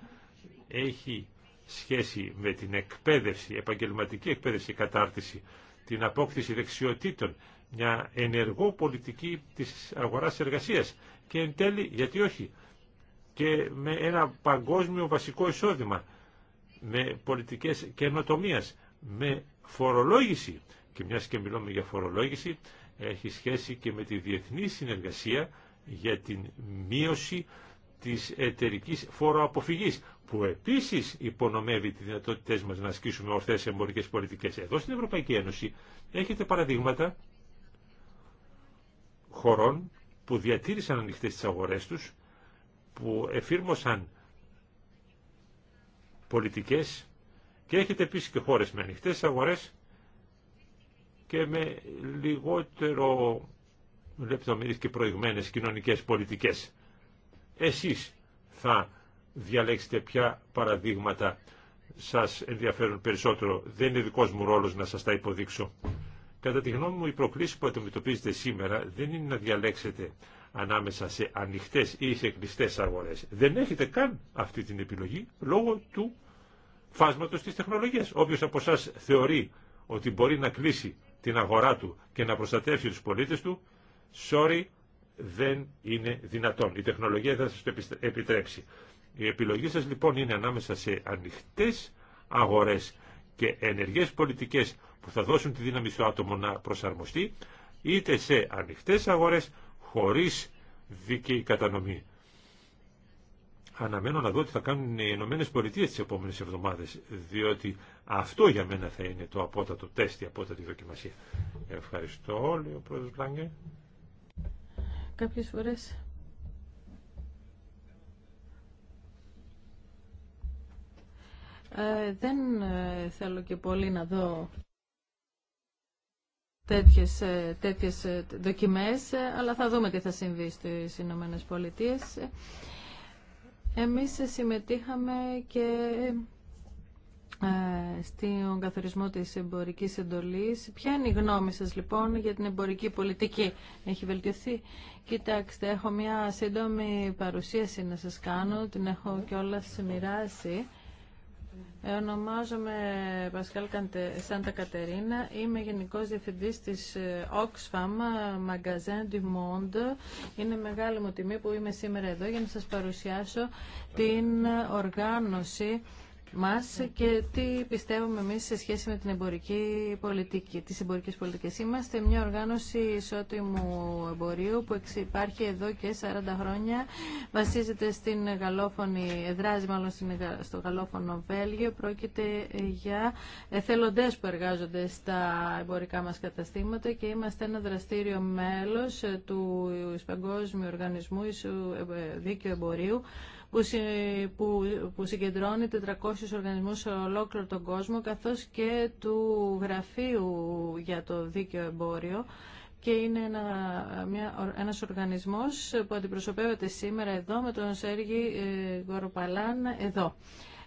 Έχει σχέση με την εκπαίδευση, επαγγελματική εκπαίδευση και κατάρτιση, την απόκτηση δεξιοτήτων, μια ενεργό πολιτική της αγοράς εργασίας και εν τέλει, γιατί όχι, και με ένα παγκόσμιο βασικό εισόδημα με πολιτικές καινοτομίας, με φορολόγηση. Και μιας και μιλούμε για φορολόγηση, έχει σχέση και με τη διεθνή συνεργασία για την μείωση της εταιρική φοροαποφυγής, που επίσης υπονομεύει τις δυνατότητές μας να ασκήσουμε ορθές εμπορικές πολιτικές. Εδώ στην Ευρωπαϊκή Ένωση έχετε παραδείγματα χωρών που διατήρησαν ανοιχτές τις αγορές τους, που εφήρμοσαν πολιτικές και έχετε επίσης και χώρες με ανοιχτές αγορές και με λιγότερο λεπτομερείς και προηγμένες κοινωνικές πολιτικές. Εσείς θα διαλέξετε ποια παραδείγματα σας ενδιαφέρουν περισσότερο. Δεν είναι δικός μου ρόλος να σας τα υποδείξω. Κατά τη γνώμη μου, η προκλήση που αντιμετωπίζετε σήμερα δεν είναι να διαλέξετε ανάμεσα σε ανοιχτές ή σε κλειστές αγορές. Δεν έχετε καν αυτή την επιλογή λόγω του φάσματος της τεχνολογίας. Όποιος από εσά θεωρεί ότι μπορεί να κλείσει την αγορά του και να προστατεύσει τους πολίτες του, sorry, δεν είναι δυνατόν. Η τεχνολογία δεν σας το επιτρέψει. Η επιλογή σας λοιπόν είναι ανάμεσα σε ανοιχτές αγορές και ενεργές πολιτικές που θα δώσουν τη δύναμη στο άτομο να προσαρμοστεί, είτε σε ανοιχτές αγορές χωρίς δίκαιη κατανομή αναμένω να δω τι θα κάνουν οι Ηνωμένε Πολιτείε τι επόμενε εβδομάδε, διότι αυτό για μένα θα είναι το απότατο τεστ, η απότατη δοκιμασία. Ευχαριστώ, λέει ο πρόεδρο Μπλάγκε. Κάποιε φορέ. ε, δεν ε, θέλω και πολύ να δω τέτοιες, ε, τέτοιες ε, δοκιμές, αλλά θα δούμε τι θα συμβεί στις Ηνωμένε Πολιτείες. Εμείς συμμετείχαμε και ε, στον καθορισμό της εμπορικής εντολής. Ποια είναι η γνώμη σας λοιπόν για την εμπορική πολιτική. Έχει βελτιωθεί. Κοιτάξτε, έχω μια σύντομη παρουσίαση να σας κάνω. Την έχω κιόλας μοιράσει. Ονομάζομαι Πασκάλ Σάντα Κατερίνα. Είμαι Γενικό Διευθυντή τη ε, Oxfam ε, Magazin du Monde. Είναι μεγάλη μου τιμή που είμαι σήμερα εδώ για να σα παρουσιάσω την ε, οργάνωση μας και τι πιστεύουμε εμείς σε σχέση με την εμπορική πολιτική, τις εμπορικές πολιτικές. Είμαστε μια οργάνωση ισότιμου εμπορίου που υπάρχει εδώ και 40 χρόνια. Βασίζεται στην γαλλόφωνη, δράζει μάλλον στο γαλλόφωνο Βέλγιο. Πρόκειται για εθελοντές που εργάζονται στα εμπορικά μας καταστήματα και είμαστε ένα δραστήριο μέλος του Παγκόσμιου Οργανισμού ε, Δίκαιου Εμπορίου που συγκεντρώνει 400 οργανισμούς σε ολόκληρο τον κόσμο καθώς και του Γραφείου για το Δίκαιο Εμπόριο και είναι ένα, μια, ένας οργανισμός που αντιπροσωπεύεται σήμερα εδώ με τον Σέργη ε, Γοροπαλάν εδώ.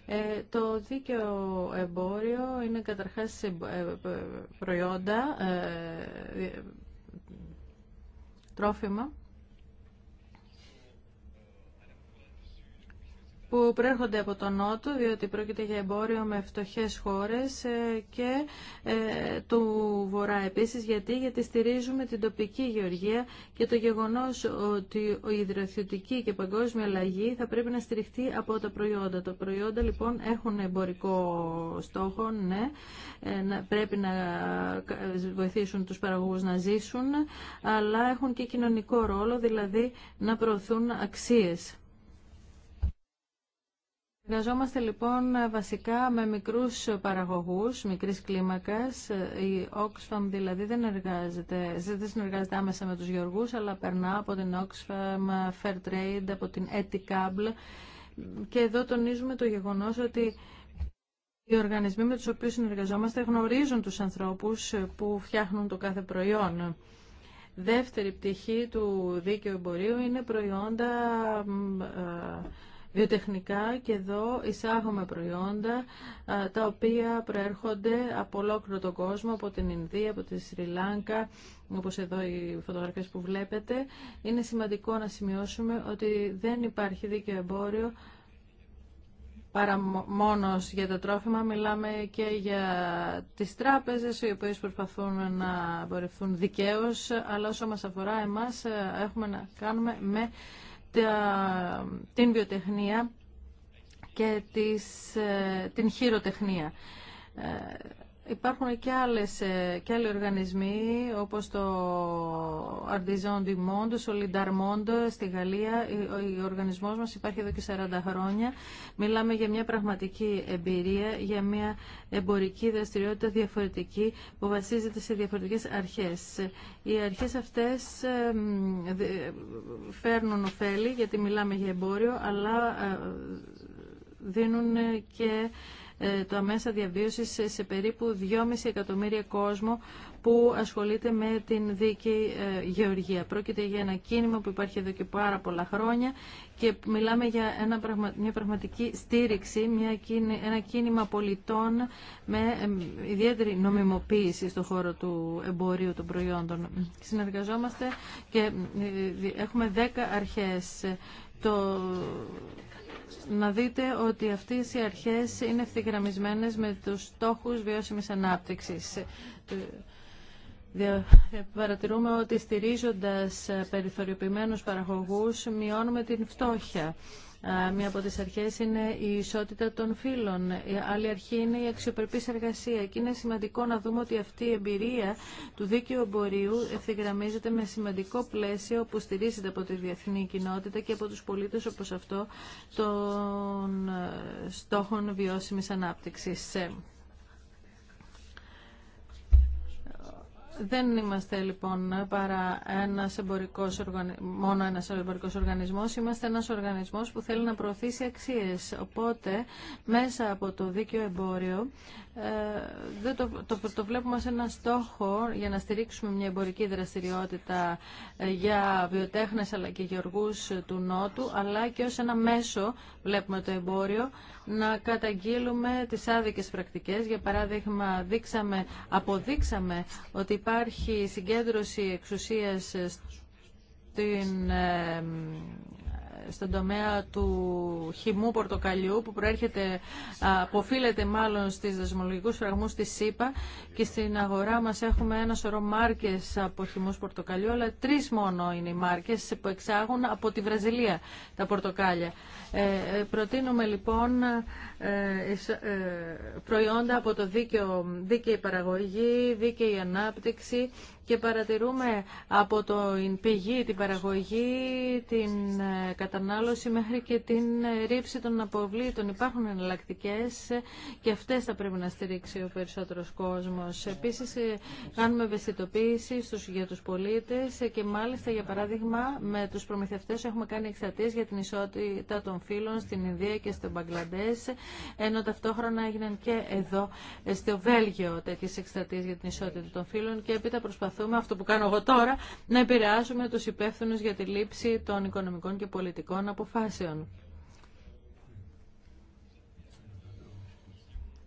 Ε, το δίκαιο εμπόριο είναι καταρχάς ε, προϊόντα, ε, τρόφιμα, που προέρχονται από τον Νότο, διότι πρόκειται για εμπόριο με φτωχές χώρες ε, και ε, του Βορρά επίσης. Γιατί, γιατί στηρίζουμε την τοπική γεωργία και το γεγονός ότι η υδροθιωτική και παγκόσμια αλλαγή θα πρέπει να στηριχτεί από τα προϊόντα. Τα προϊόντα λοιπόν έχουν εμπορικό στόχο, ναι, ε, πρέπει να βοηθήσουν τους παραγωγούς να ζήσουν, αλλά έχουν και κοινωνικό ρόλο, δηλαδή να προωθούν αξίες. Εργαζόμαστε λοιπόν βασικά με μικρούς παραγωγούς, μικρής κλίμακας. Η Oxfam δηλαδή δεν εργάζεται, δεν συνεργάζεται άμεσα με τους γεωργούς, αλλά περνά από την Oxfam, Trade, από την Etikable. Και εδώ τονίζουμε το γεγονός ότι οι οργανισμοί με τους οποίους συνεργαζόμαστε γνωρίζουν τους ανθρώπους που φτιάχνουν το κάθε προϊόν. Δεύτερη πτυχή του δίκαιου εμπορίου είναι προϊόντα ε, βιοτεχνικά και εδώ εισάγουμε προϊόντα τα οποία προέρχονται από ολόκληρο τον κόσμο, από την Ινδία, από τη Σρι Λάγκα, όπως εδώ οι φωτογραφίες που βλέπετε. Είναι σημαντικό να σημειώσουμε ότι δεν υπάρχει δίκαιο εμπόριο παρά μόνος για τα τρόφιμα, μιλάμε και για τις τράπεζες οι οποίες προσπαθούν να μπορευτούν δικαίως, αλλά όσο μας αφορά εμάς έχουμε να κάνουμε με την βιοτεχνία και ε, την χειροτεχνία. Ε, Υπάρχουν και, άλλες, ε, και άλλοι οργανισμοί όπως το Artisan du Monde, Solidar Monde στη Γαλλία. Ο οργανισμός μας υπάρχει εδώ και 40 χρόνια. Μιλάμε για μια πραγματική εμπειρία, για μια εμπορική δραστηριότητα διαφορετική που βασίζεται σε διαφορετικές αρχές. Οι αρχές αυτές φέρνουν ωφέλη γιατί μιλάμε για εμπόριο αλλά ε, δίνουν και ε, το μέσα διαβίωσης σε περίπου 2,5 εκατομμύρια κόσμο που ασχολείται με την δίκαιη ε, γεωργία. Πρόκειται για ένα κίνημα που υπάρχει εδώ και πάρα πολλά χρόνια και μιλάμε για ένα μια πραγματική στήριξη, μια, ένα κίνημα πολιτών με ιδιαίτερη νομιμοποίηση στον χώρο του εμπορίου των προϊόντων. Συνεργαζόμαστε και ε, έχουμε 10 αρχές να δείτε ότι αυτές οι αρχές είναι ευθυγραμμισμένες με τους στόχους βιώσιμης ανάπτυξης. Ε, ε, παρατηρούμε ότι στηρίζοντας περιθωριοποιημένους παραγωγούς μειώνουμε την φτώχεια. Μία από τις αρχές είναι η ισότητα των φύλων. Η άλλη αρχή είναι η αξιοπρεπής εργασία. Και είναι σημαντικό να δούμε ότι αυτή η εμπειρία του δίκαιου εμπορίου ευθυγραμμίζεται με σημαντικό πλαίσιο που στηρίζεται από τη διεθνή κοινότητα και από τους πολίτες όπως αυτό των ε, στόχων βιώσιμης ανάπτυξης. Ε, Δεν είμαστε λοιπόν παρά ένας εμπορικός μόνο ένας εμπορικός οργανισμός, είμαστε ένας οργανισμός που θέλει να προωθήσει αξίες. Οπότε μέσα από το δίκαιο εμπόριο ε, δεν το, το, το βλέπουμε σε ένα στόχο για να στηρίξουμε μια εμπορική δραστηριότητα ε, για βιοτέχνες αλλά και γεωργού του Νότου, αλλά και ως ένα μέσο, βλέπουμε το εμπόριο, να καταγγείλουμε τις άδικες πρακτικές. Για παράδειγμα, δείξαμε, αποδείξαμε ότι υπάρχει συγκέντρωση εξουσίας στην ε, στον τομέα του χυμού πορτοκαλιού που προέρχεται, αποφύλεται μάλλον στις δασμολογικούς φραγμούς της ΣΥΠΑ και στην αγορά μας έχουμε ένα σωρό μάρκες από χυμούς πορτοκαλιού αλλά τρεις μόνο είναι οι μάρκες που εξάγουν από τη Βραζιλία τα πορτοκάλια. Ε, ε προτείνουμε λοιπόν ε, ε, προϊόντα από το δίκαιο, δίκαιη παραγωγή, δίκαιη ανάπτυξη και παρατηρούμε από την πηγή, την παραγωγή, την ε, κατανάλωση μέχρι και την ε, ρήψη των αποβλήτων. Υπάρχουν εναλλακτικέ και αυτέ θα πρέπει να στηρίξει ο περισσότερο κόσμο. Επίση, ε, κάνουμε ευαισθητοποίηση στους, για του πολίτε και μάλιστα για παράδειγμα με του προμηθευτέ έχουμε κάνει εκστατείε για την ισότητα των φύλων στην Ινδία και στο Μπαγκλαντέ, ενώ ταυτόχρονα έγιναν και εδώ στο Βέλγιο τέτοιε εκστατείε για την ισότητα των φύλων και έπειτα προσπαθούμε προσπαθούμε, αυτό που κάνω εγώ τώρα, να επηρεάσουμε τους υπεύθυνους για τη λήψη των οικονομικών και πολιτικών αποφάσεων.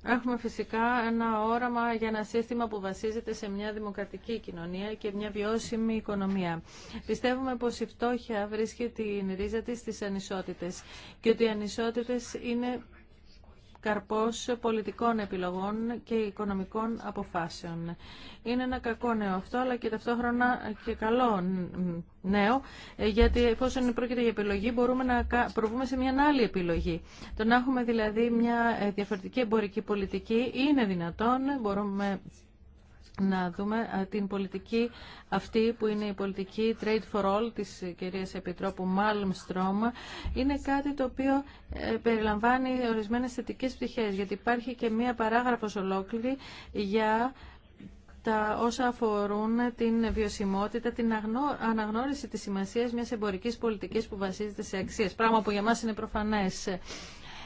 Έχουμε φυσικά ένα όραμα για ένα σύστημα που βασίζεται σε μια δημοκρατική κοινωνία και μια βιώσιμη οικονομία. Πιστεύουμε πως η φτώχεια βρίσκει την ρίζα της στις ανισότητες και ότι οι ανισότητες είναι καρπός πολιτικών επιλογών και οικονομικών αποφάσεων. Είναι ένα κακό νέο αυτό, αλλά και ταυτόχρονα και καλό νέο, γιατί εφόσον πρόκειται για επιλογή μπορούμε να προβούμε σε μια άλλη επιλογή. Το να έχουμε δηλαδή μια διαφορετική εμπορική πολιτική είναι δυνατόν, μπορούμε να δούμε ε, την πολιτική αυτή που είναι η πολιτική Trade for All της ε, κυρίας Επιτρόπου Μάλμστρομ είναι κάτι το οποίο ε, περιλαμβάνει ορισμένες θετικέ πτυχές γιατί υπάρχει και μία παράγραφος ολόκληρη για τα όσα αφορούν την βιωσιμότητα, την αναγνώριση της σημασίας μιας εμπορικής πολιτικής που βασίζεται σε αξίες, πράγμα που για μας είναι προφανές.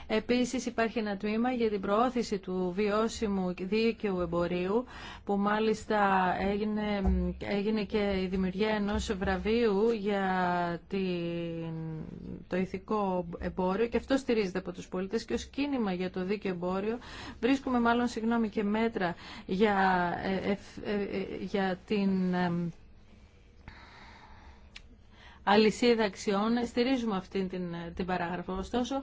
Επίσης υπάρχει ένα τμήμα για την προώθηση του βιώσιμου δίκαιου εμπορίου που μάλιστα έγινε, έγινε και η δημιουργία ενός βραβείου για την, το ηθικό εμπόριο και αυτό στηρίζεται από τους πολίτες και ως κίνημα για το δίκαιο εμπόριο βρίσκουμε μάλλον συγγνώμη και μέτρα για, ε, ε, ε, για την αλυσίδα αξιών. Στηρίζουμε αυτή την, την παράγραφο. Ωστόσο,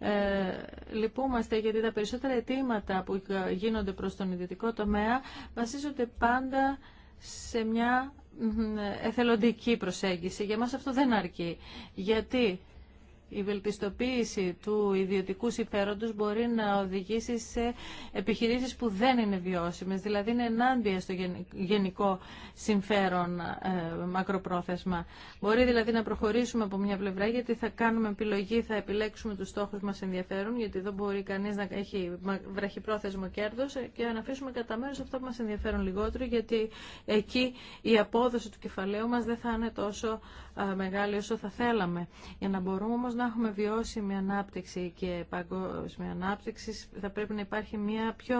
ε, λυπούμαστε γιατί τα περισσότερα αιτήματα που γίνονται προς τον ιδιωτικό τομέα βασίζονται πάντα σε μια εθελοντική προσέγγιση. Για μας αυτό δεν αρκεί. Γιατί η βελτιστοποίηση του ιδιωτικού συμφέροντος μπορεί να οδηγήσει σε επιχειρήσεις που δεν είναι βιώσιμες, δηλαδή είναι ενάντια στο γενικό συμφέρον ε, μακροπρόθεσμα. Μπορεί δηλαδή να προχωρήσουμε από μια πλευρά γιατί θα κάνουμε επιλογή, θα επιλέξουμε τους στόχους μας ενδιαφέρουν, γιατί εδώ μπορεί κανείς να έχει βραχυπρόθεσμο κέρδος ε, και να αφήσουμε κατά μέρο αυτό που μας ενδιαφέρουν λιγότερο, γιατί εκεί η απόδοση του κεφαλαίου μας δεν θα είναι τόσο μεγάλη όσο θα θέλαμε. Για να μπορούμε όμως να έχουμε βιώσιμη ανάπτυξη και παγκόσμια ανάπτυξη θα πρέπει να υπάρχει μια πιο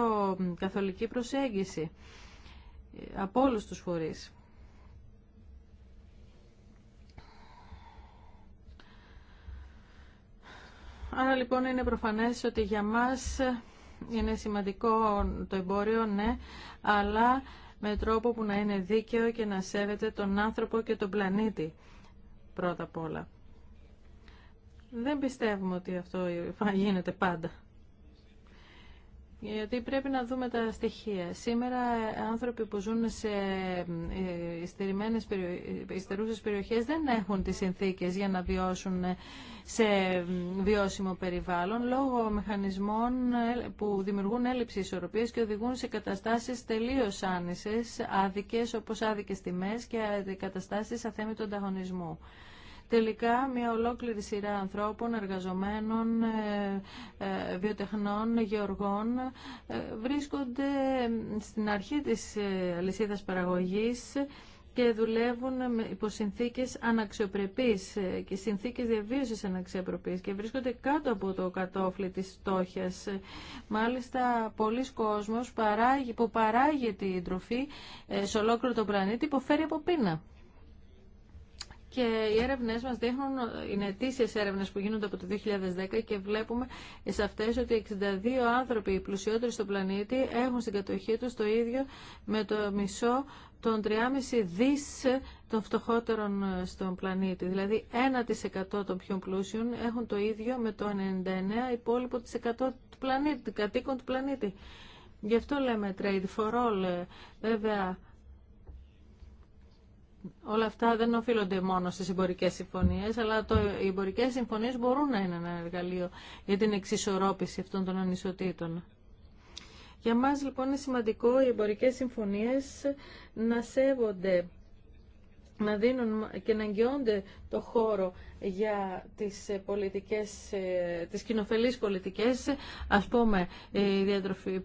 καθολική προσέγγιση ε, από όλους τους φορείς. Άρα λοιπόν είναι προφανές ότι για μας είναι σημαντικό το εμπόριο, ναι, αλλά με τρόπο που να είναι δίκαιο και να σέβεται τον άνθρωπο και τον πλανήτη πρώτα απ' όλα. Δεν πιστεύουμε ότι αυτό γίνεται πάντα. Γιατί πρέπει να δούμε τα στοιχεία. Σήμερα άνθρωποι που ζουν σε ε, ειστερούσες περιοχές δεν έχουν τις συνθήκες για να βιώσουν σε βιώσιμο περιβάλλον λόγω μηχανισμών που δημιουργούν έλλειψη ισορροπίας και οδηγούν σε καταστάσεις τελείως άνησες, άδικες όπως άδικες τιμές και καταστάσεις αθέμητου ανταγωνισμού. Τελικά, μια ολόκληρη σειρά ανθρώπων, εργαζομένων, ε, ε, βιοτεχνών, γεωργών, ε, βρίσκονται στην αρχή της αλυσίδας παραγωγής και δουλεύουν υπό συνθήκε αναξιοπρεπή και συνθήκε διαβίωση αναξιοπρεπή και βρίσκονται κάτω από το κατόφλι τη φτώχεια. Μάλιστα, πολλοί κόσμοι που παράγει την τροφή σε ολόκληρο τον πλανήτη υποφέρει από πείνα και οι έρευνε μα δείχνουν, είναι ετήσιε έρευνε που γίνονται από το 2010 και βλέπουμε σε αυτέ ότι 62 άνθρωποι οι πλουσιότεροι στον πλανήτη έχουν στην κατοχή του το ίδιο με το μισό των 3,5 δις των φτωχότερων στον πλανήτη. Δηλαδή 1% των πιο πλούσιων έχουν το ίδιο με το 99% υπόλοιπο της 100 του πλανήτη, κατοίκων του πλανήτη. Γι' αυτό λέμε trade for all. Ε, βέβαια, όλα αυτά δεν οφείλονται μόνο στις εμπορικές συμφωνίες, αλλά το, οι εμπορικές συμφωνίες μπορούν να είναι ένα εργαλείο για την εξισορρόπηση αυτών των ανισοτήτων. Για μας λοιπόν είναι σημαντικό οι εμπορικές συμφωνίες να σέβονται να δίνουν και να εγγυώνται το χώρο για τις ε, πολιτικές, ε, τις κοινοφελείς πολιτικές, ας πούμε η,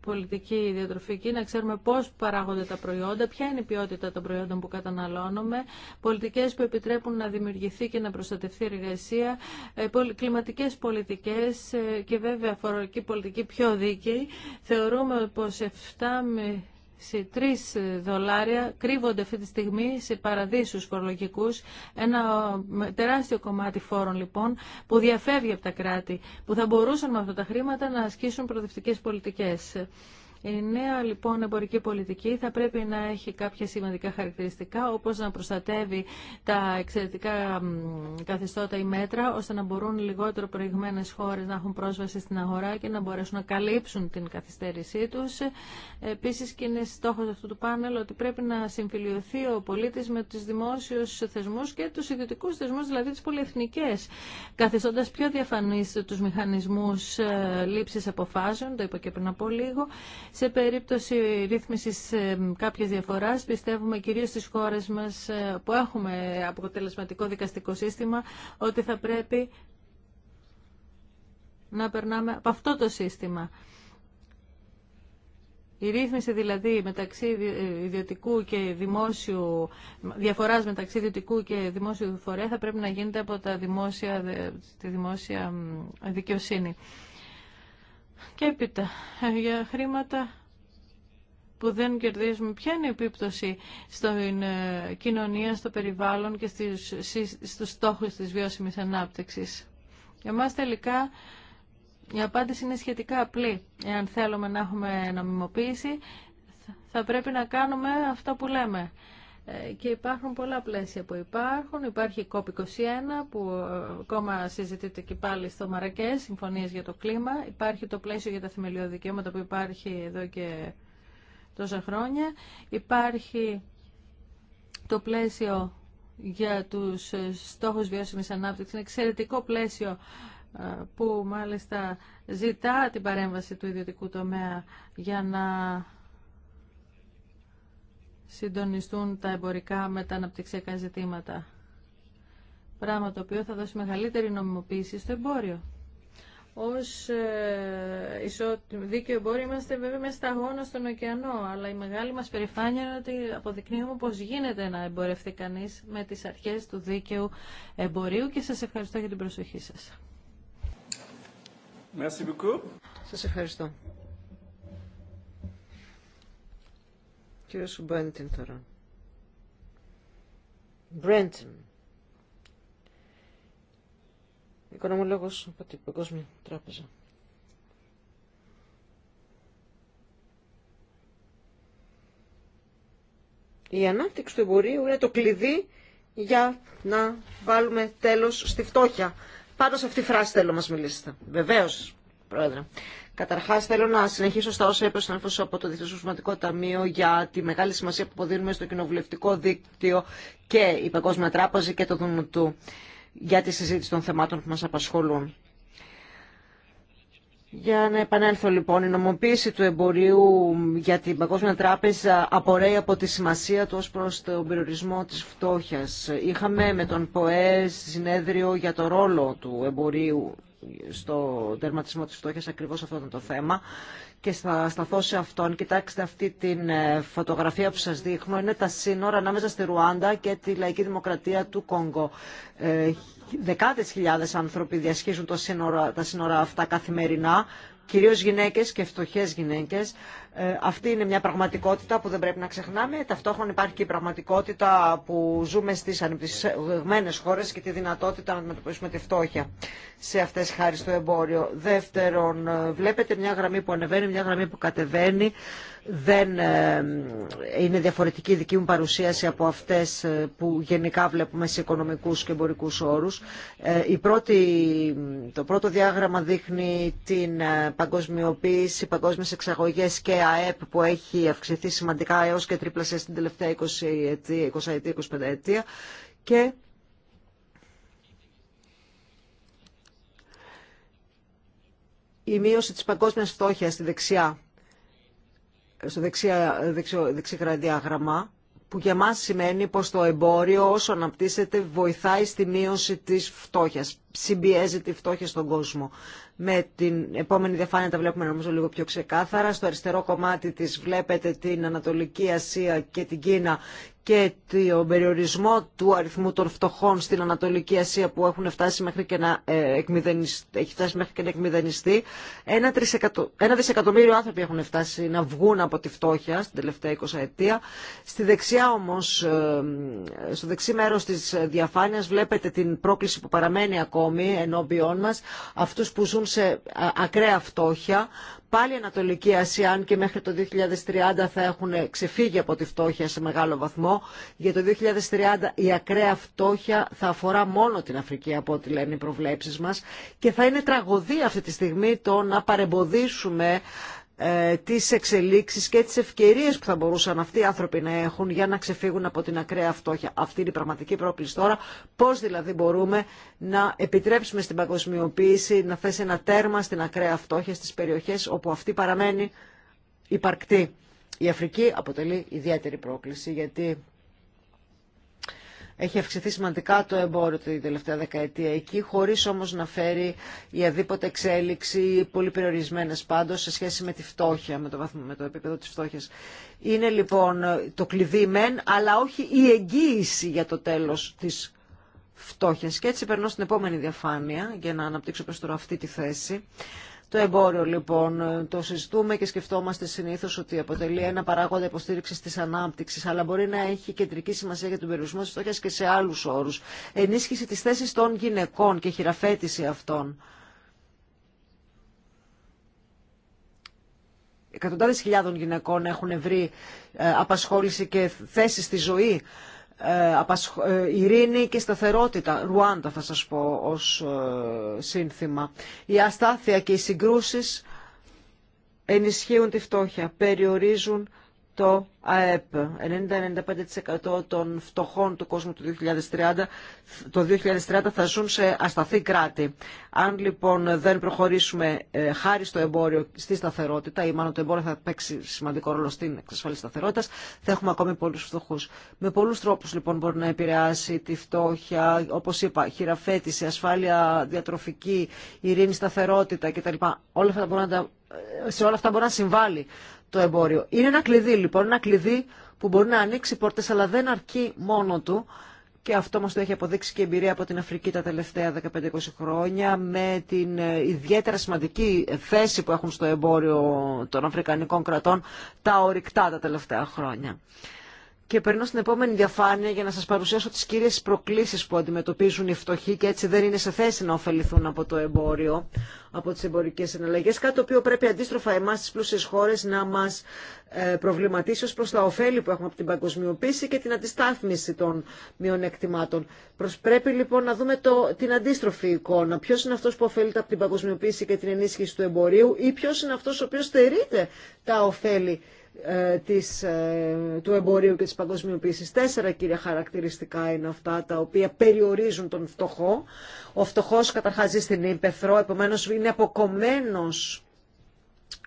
πολιτική διατροφική, να ξέρουμε πώς παράγονται τα προϊόντα, ποια είναι η ποιότητα των προϊόντων που καταναλώνουμε, πολιτικές που επιτρέπουν να δημιουργηθεί και να προστατευτεί εργασία, ε, κλιματικές πολιτικές και βέβαια φορολογική πολιτική πιο δίκαιη. Θεωρούμε πως 7 σε 3 ε, δολάρια κρύβονται αυτή τη στιγμή σε παραδείσους φορολογικούς. Ένα τεράστιο κομμάτι φόρων λοιπόν που διαφεύγει από τα κράτη, που θα μπορούσαν με αυτά τα χρήματα να ασκήσουν προοδευτικές πολιτικές. Η νέα λοιπόν εμπορική πολιτική θα πρέπει να έχει κάποια σημαντικά χαρακτηριστικά όπως να προστατεύει τα εξαιρετικά καθεστώτα ή μέτρα ώστε να μπορούν λιγότερο προηγμένες χώρες να έχουν πρόσβαση στην αγορά και να μπορέσουν να καλύψουν την καθυστέρησή τους. Επίσης και είναι στόχος αυτού του πάνελ ότι πρέπει να συμφιλειωθεί ο πολίτης με τους δημόσιους θεσμούς και τους ιδιωτικούς θεσμούς, δηλαδή τις πολυεθνικές, καθιστώντας πιο διαφανείς τους μηχανισμούς ε, λήψης αποφάσεων, το είπα και πριν από λίγο, σε περίπτωση ρύθμισης ε, κάποιες διαφοράς, πιστεύουμε κυρίως στις χώρες μας ε, που έχουμε αποτελεσματικό δικαστικό σύστημα, ότι θα πρέπει να περνάμε από αυτό το σύστημα. Η ρύθμιση δηλαδή μεταξύ ιδιωτικού και δημόσιου, διαφοράς μεταξύ ιδιωτικού και δημόσιου φορέα θα πρέπει να γίνεται από τη δημόσια δικαιοσύνη. Και έπειτα, ε, για χρήματα που δεν κερδίζουμε, ποια είναι η επίπτωση στην ε, κοινωνία, στο περιβάλλον και στους στόχους της βιώσιμης ανάπτυξης. Για μας τελικά η απάντηση είναι σχετικά απλή. Εάν θέλουμε να έχουμε νομιμοποίηση, θα πρέπει να κάνουμε αυτό που λέμε. Ε, και υπάρχουν πολλά πλαίσια που υπάρχουν. Υπάρχει COP21 που ε, ακόμα συζητείται και πάλι στο Μαρακέ, συμφωνίες για το κλίμα. Υπάρχει το πλαίσιο για τα θεμελιώδη δικαιώματα που υπάρχει εδώ και τόσα χρόνια. Υπάρχει το πλαίσιο για τους ε, στόχους βιώσιμης ανάπτυξης. Είναι εξαιρετικό πλαίσιο που μάλιστα ζητά την παρέμβαση του ιδιωτικού τομέα για να συντονιστούν τα εμπορικά με τα αναπτυξιακά ζητήματα. Πράγμα το οποίο θα δώσει μεγαλύτερη νομιμοποίηση στο εμπόριο. Ως ε, δίκαιο εμπόριο είμαστε βέβαια μέσα στα αγώνα στον ωκεανό, αλλά η μεγάλη μας περηφάνεια είναι ότι αποδεικνύουμε πως γίνεται να εμπορευτεί κανείς με τις αρχές του δίκαιου εμπορίου και σας ευχαριστώ για την προσοχή σας. Σας ευχαριστώ. κύριος Μπρέντιν τώρα. Μπρέντιν. Οικονομολόγος από την Παγκόσμια Τράπεζα. Η ανάπτυξη του εμπορίου είναι το κλειδί για να βάλουμε τέλος στη φτώχεια. Πάντως αυτή η φράση θέλω να μας μιλήσετε. Βεβαίως, Πρόεδρε. Καταρχά, θέλω να συνεχίσω στα όσα είπε ο έρθω από το Ουσματικό Ταμείο για τη μεγάλη σημασία που αποδίδουμε στο κοινοβουλευτικό δίκτυο και η Παγκόσμια Τράπεζα και το ΔΝΤ για τη συζήτηση των θεμάτων που μα απασχολούν. Για να επανέλθω λοιπόν, η νομοποίηση του εμπορίου για την Παγκόσμια Τράπεζα απορρέει από τη σημασία του ως προς τον περιορισμό της φτώχειας. Είχαμε με τον ΠΟΕ συνέδριο για το ρόλο του εμπορίου στο τερματισμό της φτώχειας ακριβώς αυτό ήταν το θέμα και θα σταθώ σε αυτόν. Κοιτάξτε αυτή τη ε, φωτογραφία που σας δείχνω. Είναι τα σύνορα ανάμεσα στη Ρουάντα και τη Λαϊκή Δημοκρατία του Κόγκο. Ε, δεκάδες χιλιάδες άνθρωποι διασχίζουν τα σύνορα αυτά καθημερινά κυρίως γυναίκες και φτωχές γυναίκες. Ε, αυτή είναι μια πραγματικότητα που δεν πρέπει να ξεχνάμε. Ταυτόχρονα υπάρχει και η πραγματικότητα που ζούμε στις ανεπτυσσεγμένες χώρες και τη δυνατότητα να αντιμετωπίσουμε τη φτώχεια σε αυτές χάρη στο εμπόριο. Δεύτερον, ε, βλέπετε μια γραμμή που ανεβαίνει, μια γραμμή που κατεβαίνει δεν ε, είναι διαφορετική η δική μου παρουσίαση από αυτές ε, που γενικά βλέπουμε σε οικονομικούς και εμπορικούς όρους. Ε, η πρώτη, το πρώτο διάγραμμα δείχνει την παγκοσμιοποίηση, παγκόσμιες εξαγωγές και ΑΕΠ που έχει αυξηθεί σημαντικά έως και τρίπλασια στην τελευταία 20 ετία, 20 ετία, 25 ετία και η μείωση της παγκόσμιας φτώχειας στη δεξιά στο δεξιά, δεξιο, δεξί διάγραμμα, που για μας σημαίνει πως το εμπόριο όσο αναπτύσσεται βοηθάει στη μείωση της φτώχειας, συμπιέζει τη φτώχεια στον κόσμο με την επόμενη διαφάνεια τα βλέπουμε νομίζω λίγο πιο ξεκάθαρα. Στο αριστερό κομμάτι της βλέπετε την Ανατολική Ασία και την Κίνα και τον περιορισμό του αριθμού των φτωχών στην Ανατολική Ασία που έχουν φτάσει μέχρι και να ε, έχει φτάσει μέχρι και να εκμηδενιστεί. Ένα, τρισεκατο... δισεκατομμύριο άνθρωποι έχουν φτάσει να βγουν από τη φτώχεια στην τελευταία 20 ετία. Στη δεξιά όμως, ε, στο δεξί μέρος της διαφάνειας βλέπετε την πρόκληση που παραμένει ακόμη ενώπιόν μας, αυτούς που ζουν σε ακραία φτώχεια. Πάλι η Ανατολική Ασία, αν και μέχρι το 2030 θα έχουν ξεφύγει από τη φτώχεια σε μεγάλο βαθμό. Για το 2030 η ακραία φτώχεια θα αφορά μόνο την Αφρική, από ό,τι λένε οι προβλέψεις μας. Και θα είναι τραγωδία αυτή τη στιγμή το να παρεμποδίσουμε ε, τις εξελίξεις και τις ευκαιρίες που θα μπορούσαν αυτοί οι άνθρωποι να έχουν για να ξεφύγουν από την ακραία φτώχεια. Αυτή είναι η πραγματική πρόκληση τώρα. Πώς δηλαδή μπορούμε να επιτρέψουμε στην παγκοσμιοποίηση να θέσει ένα τέρμα στην ακραία φτώχεια στις περιοχές όπου αυτή παραμένει υπαρκτή. Η Αφρική αποτελεί ιδιαίτερη πρόκληση γιατί έχει αυξηθεί σημαντικά το εμπόριο την τελευταία δεκαετία εκεί, χωρίς όμως να φέρει η αδίποτε εξέλιξη, πολύ περιορισμένε πάντως, σε σχέση με τη φτώχεια, με το, με το επίπεδο της φτώχειας. Είναι λοιπόν το κλειδί μεν, αλλά όχι η εγγύηση για το τέλος της φτώχειας. Και έτσι περνώ στην επόμενη διαφάνεια, για να αναπτύξω τώρα αυτή τη θέση. Το εμπόριο λοιπόν το συζητούμε και σκεφτόμαστε συνήθως ότι αποτελεί ένα παράγοντα υποστήριξης της ανάπτυξης, αλλά μπορεί να έχει κεντρική σημασία για τον περιορισμό της φτώχειας και σε άλλους όρους. Ενίσχυση της θέσης των γυναικών και χειραφέτηση αυτών. Εκατοντάδες χιλιάδων γυναικών έχουν βρει ε, απασχόληση και θέση στη ζωή ε, ε, ειρήνη και σταθερότητα. Ρουάντα θα σας πω ως ε, σύνθημα. Η αστάθεια και οι συγκρούσεις ενισχύουν τη φτώχεια, περιορίζουν το ΑΕΠ. 90-95% των φτωχών του κόσμου του 2030, το 2030 θα ζουν σε ασταθή κράτη. Αν λοιπόν δεν προχωρήσουμε ε, χάρη στο εμπόριο στη σταθερότητα, ή μάλλον το εμπόριο θα παίξει σημαντικό ρόλο στην εξασφάλιση σταθερότητα, θα έχουμε ακόμη πολλού φτωχού. Με πολλού τρόπου λοιπόν μπορεί να επηρεάσει τη φτώχεια, όπω είπα, χειραφέτηση, ασφάλεια διατροφική, ειρήνη, σταθερότητα κτλ. Όλα αυτά μπορούν να ε, σε όλα αυτά μπορεί να συμβάλλει το εμπόριο. Είναι ένα κλειδί λοιπόν, ένα κλειδί που μπορεί να ανοίξει πόρτες αλλά δεν αρκεί μόνο του και αυτό μας το έχει αποδείξει και η εμπειρία από την Αφρική τα τελευταία 15-20 χρόνια με την ε, ιδιαίτερα σημαντική θέση που έχουν στο εμπόριο των Αφρικανικών κρατών τα ορυκτά τα τελευταία χρόνια. Και περνώ στην επόμενη διαφάνεια για να σας παρουσιάσω τις κύριες προκλήσεις που αντιμετωπίζουν οι φτωχοί και έτσι δεν είναι σε θέση να ωφεληθούν από το εμπόριο, από τις εμπορικές συναλλαγές, κάτι το οποίο πρέπει αντίστροφα εμάς στις πλούσιες χώρες να μας ε, προβληματίσει ως προς τα ωφέλη που έχουμε από την παγκοσμιοποίηση και την αντιστάθμιση των μειονεκτημάτων. Προς, πρέπει λοιπόν να δούμε το, την αντίστροφη εικόνα. Ποιος είναι αυτός που ωφελείται από την παγκοσμιοποίηση και την ενίσχυση του εμπορίου ή ποιο είναι αυτό ο οποίο στερείται τα ωφέλη ε, της, ε, του εμπορίου και της παγκοσμιοποίησης. Τέσσερα κύρια χαρακτηριστικά είναι αυτά τα οποία περιορίζουν τον φτωχό. Ο φτωχός καταρχάς ζει στην Ήπεθρο, επομένως είναι αποκομμένος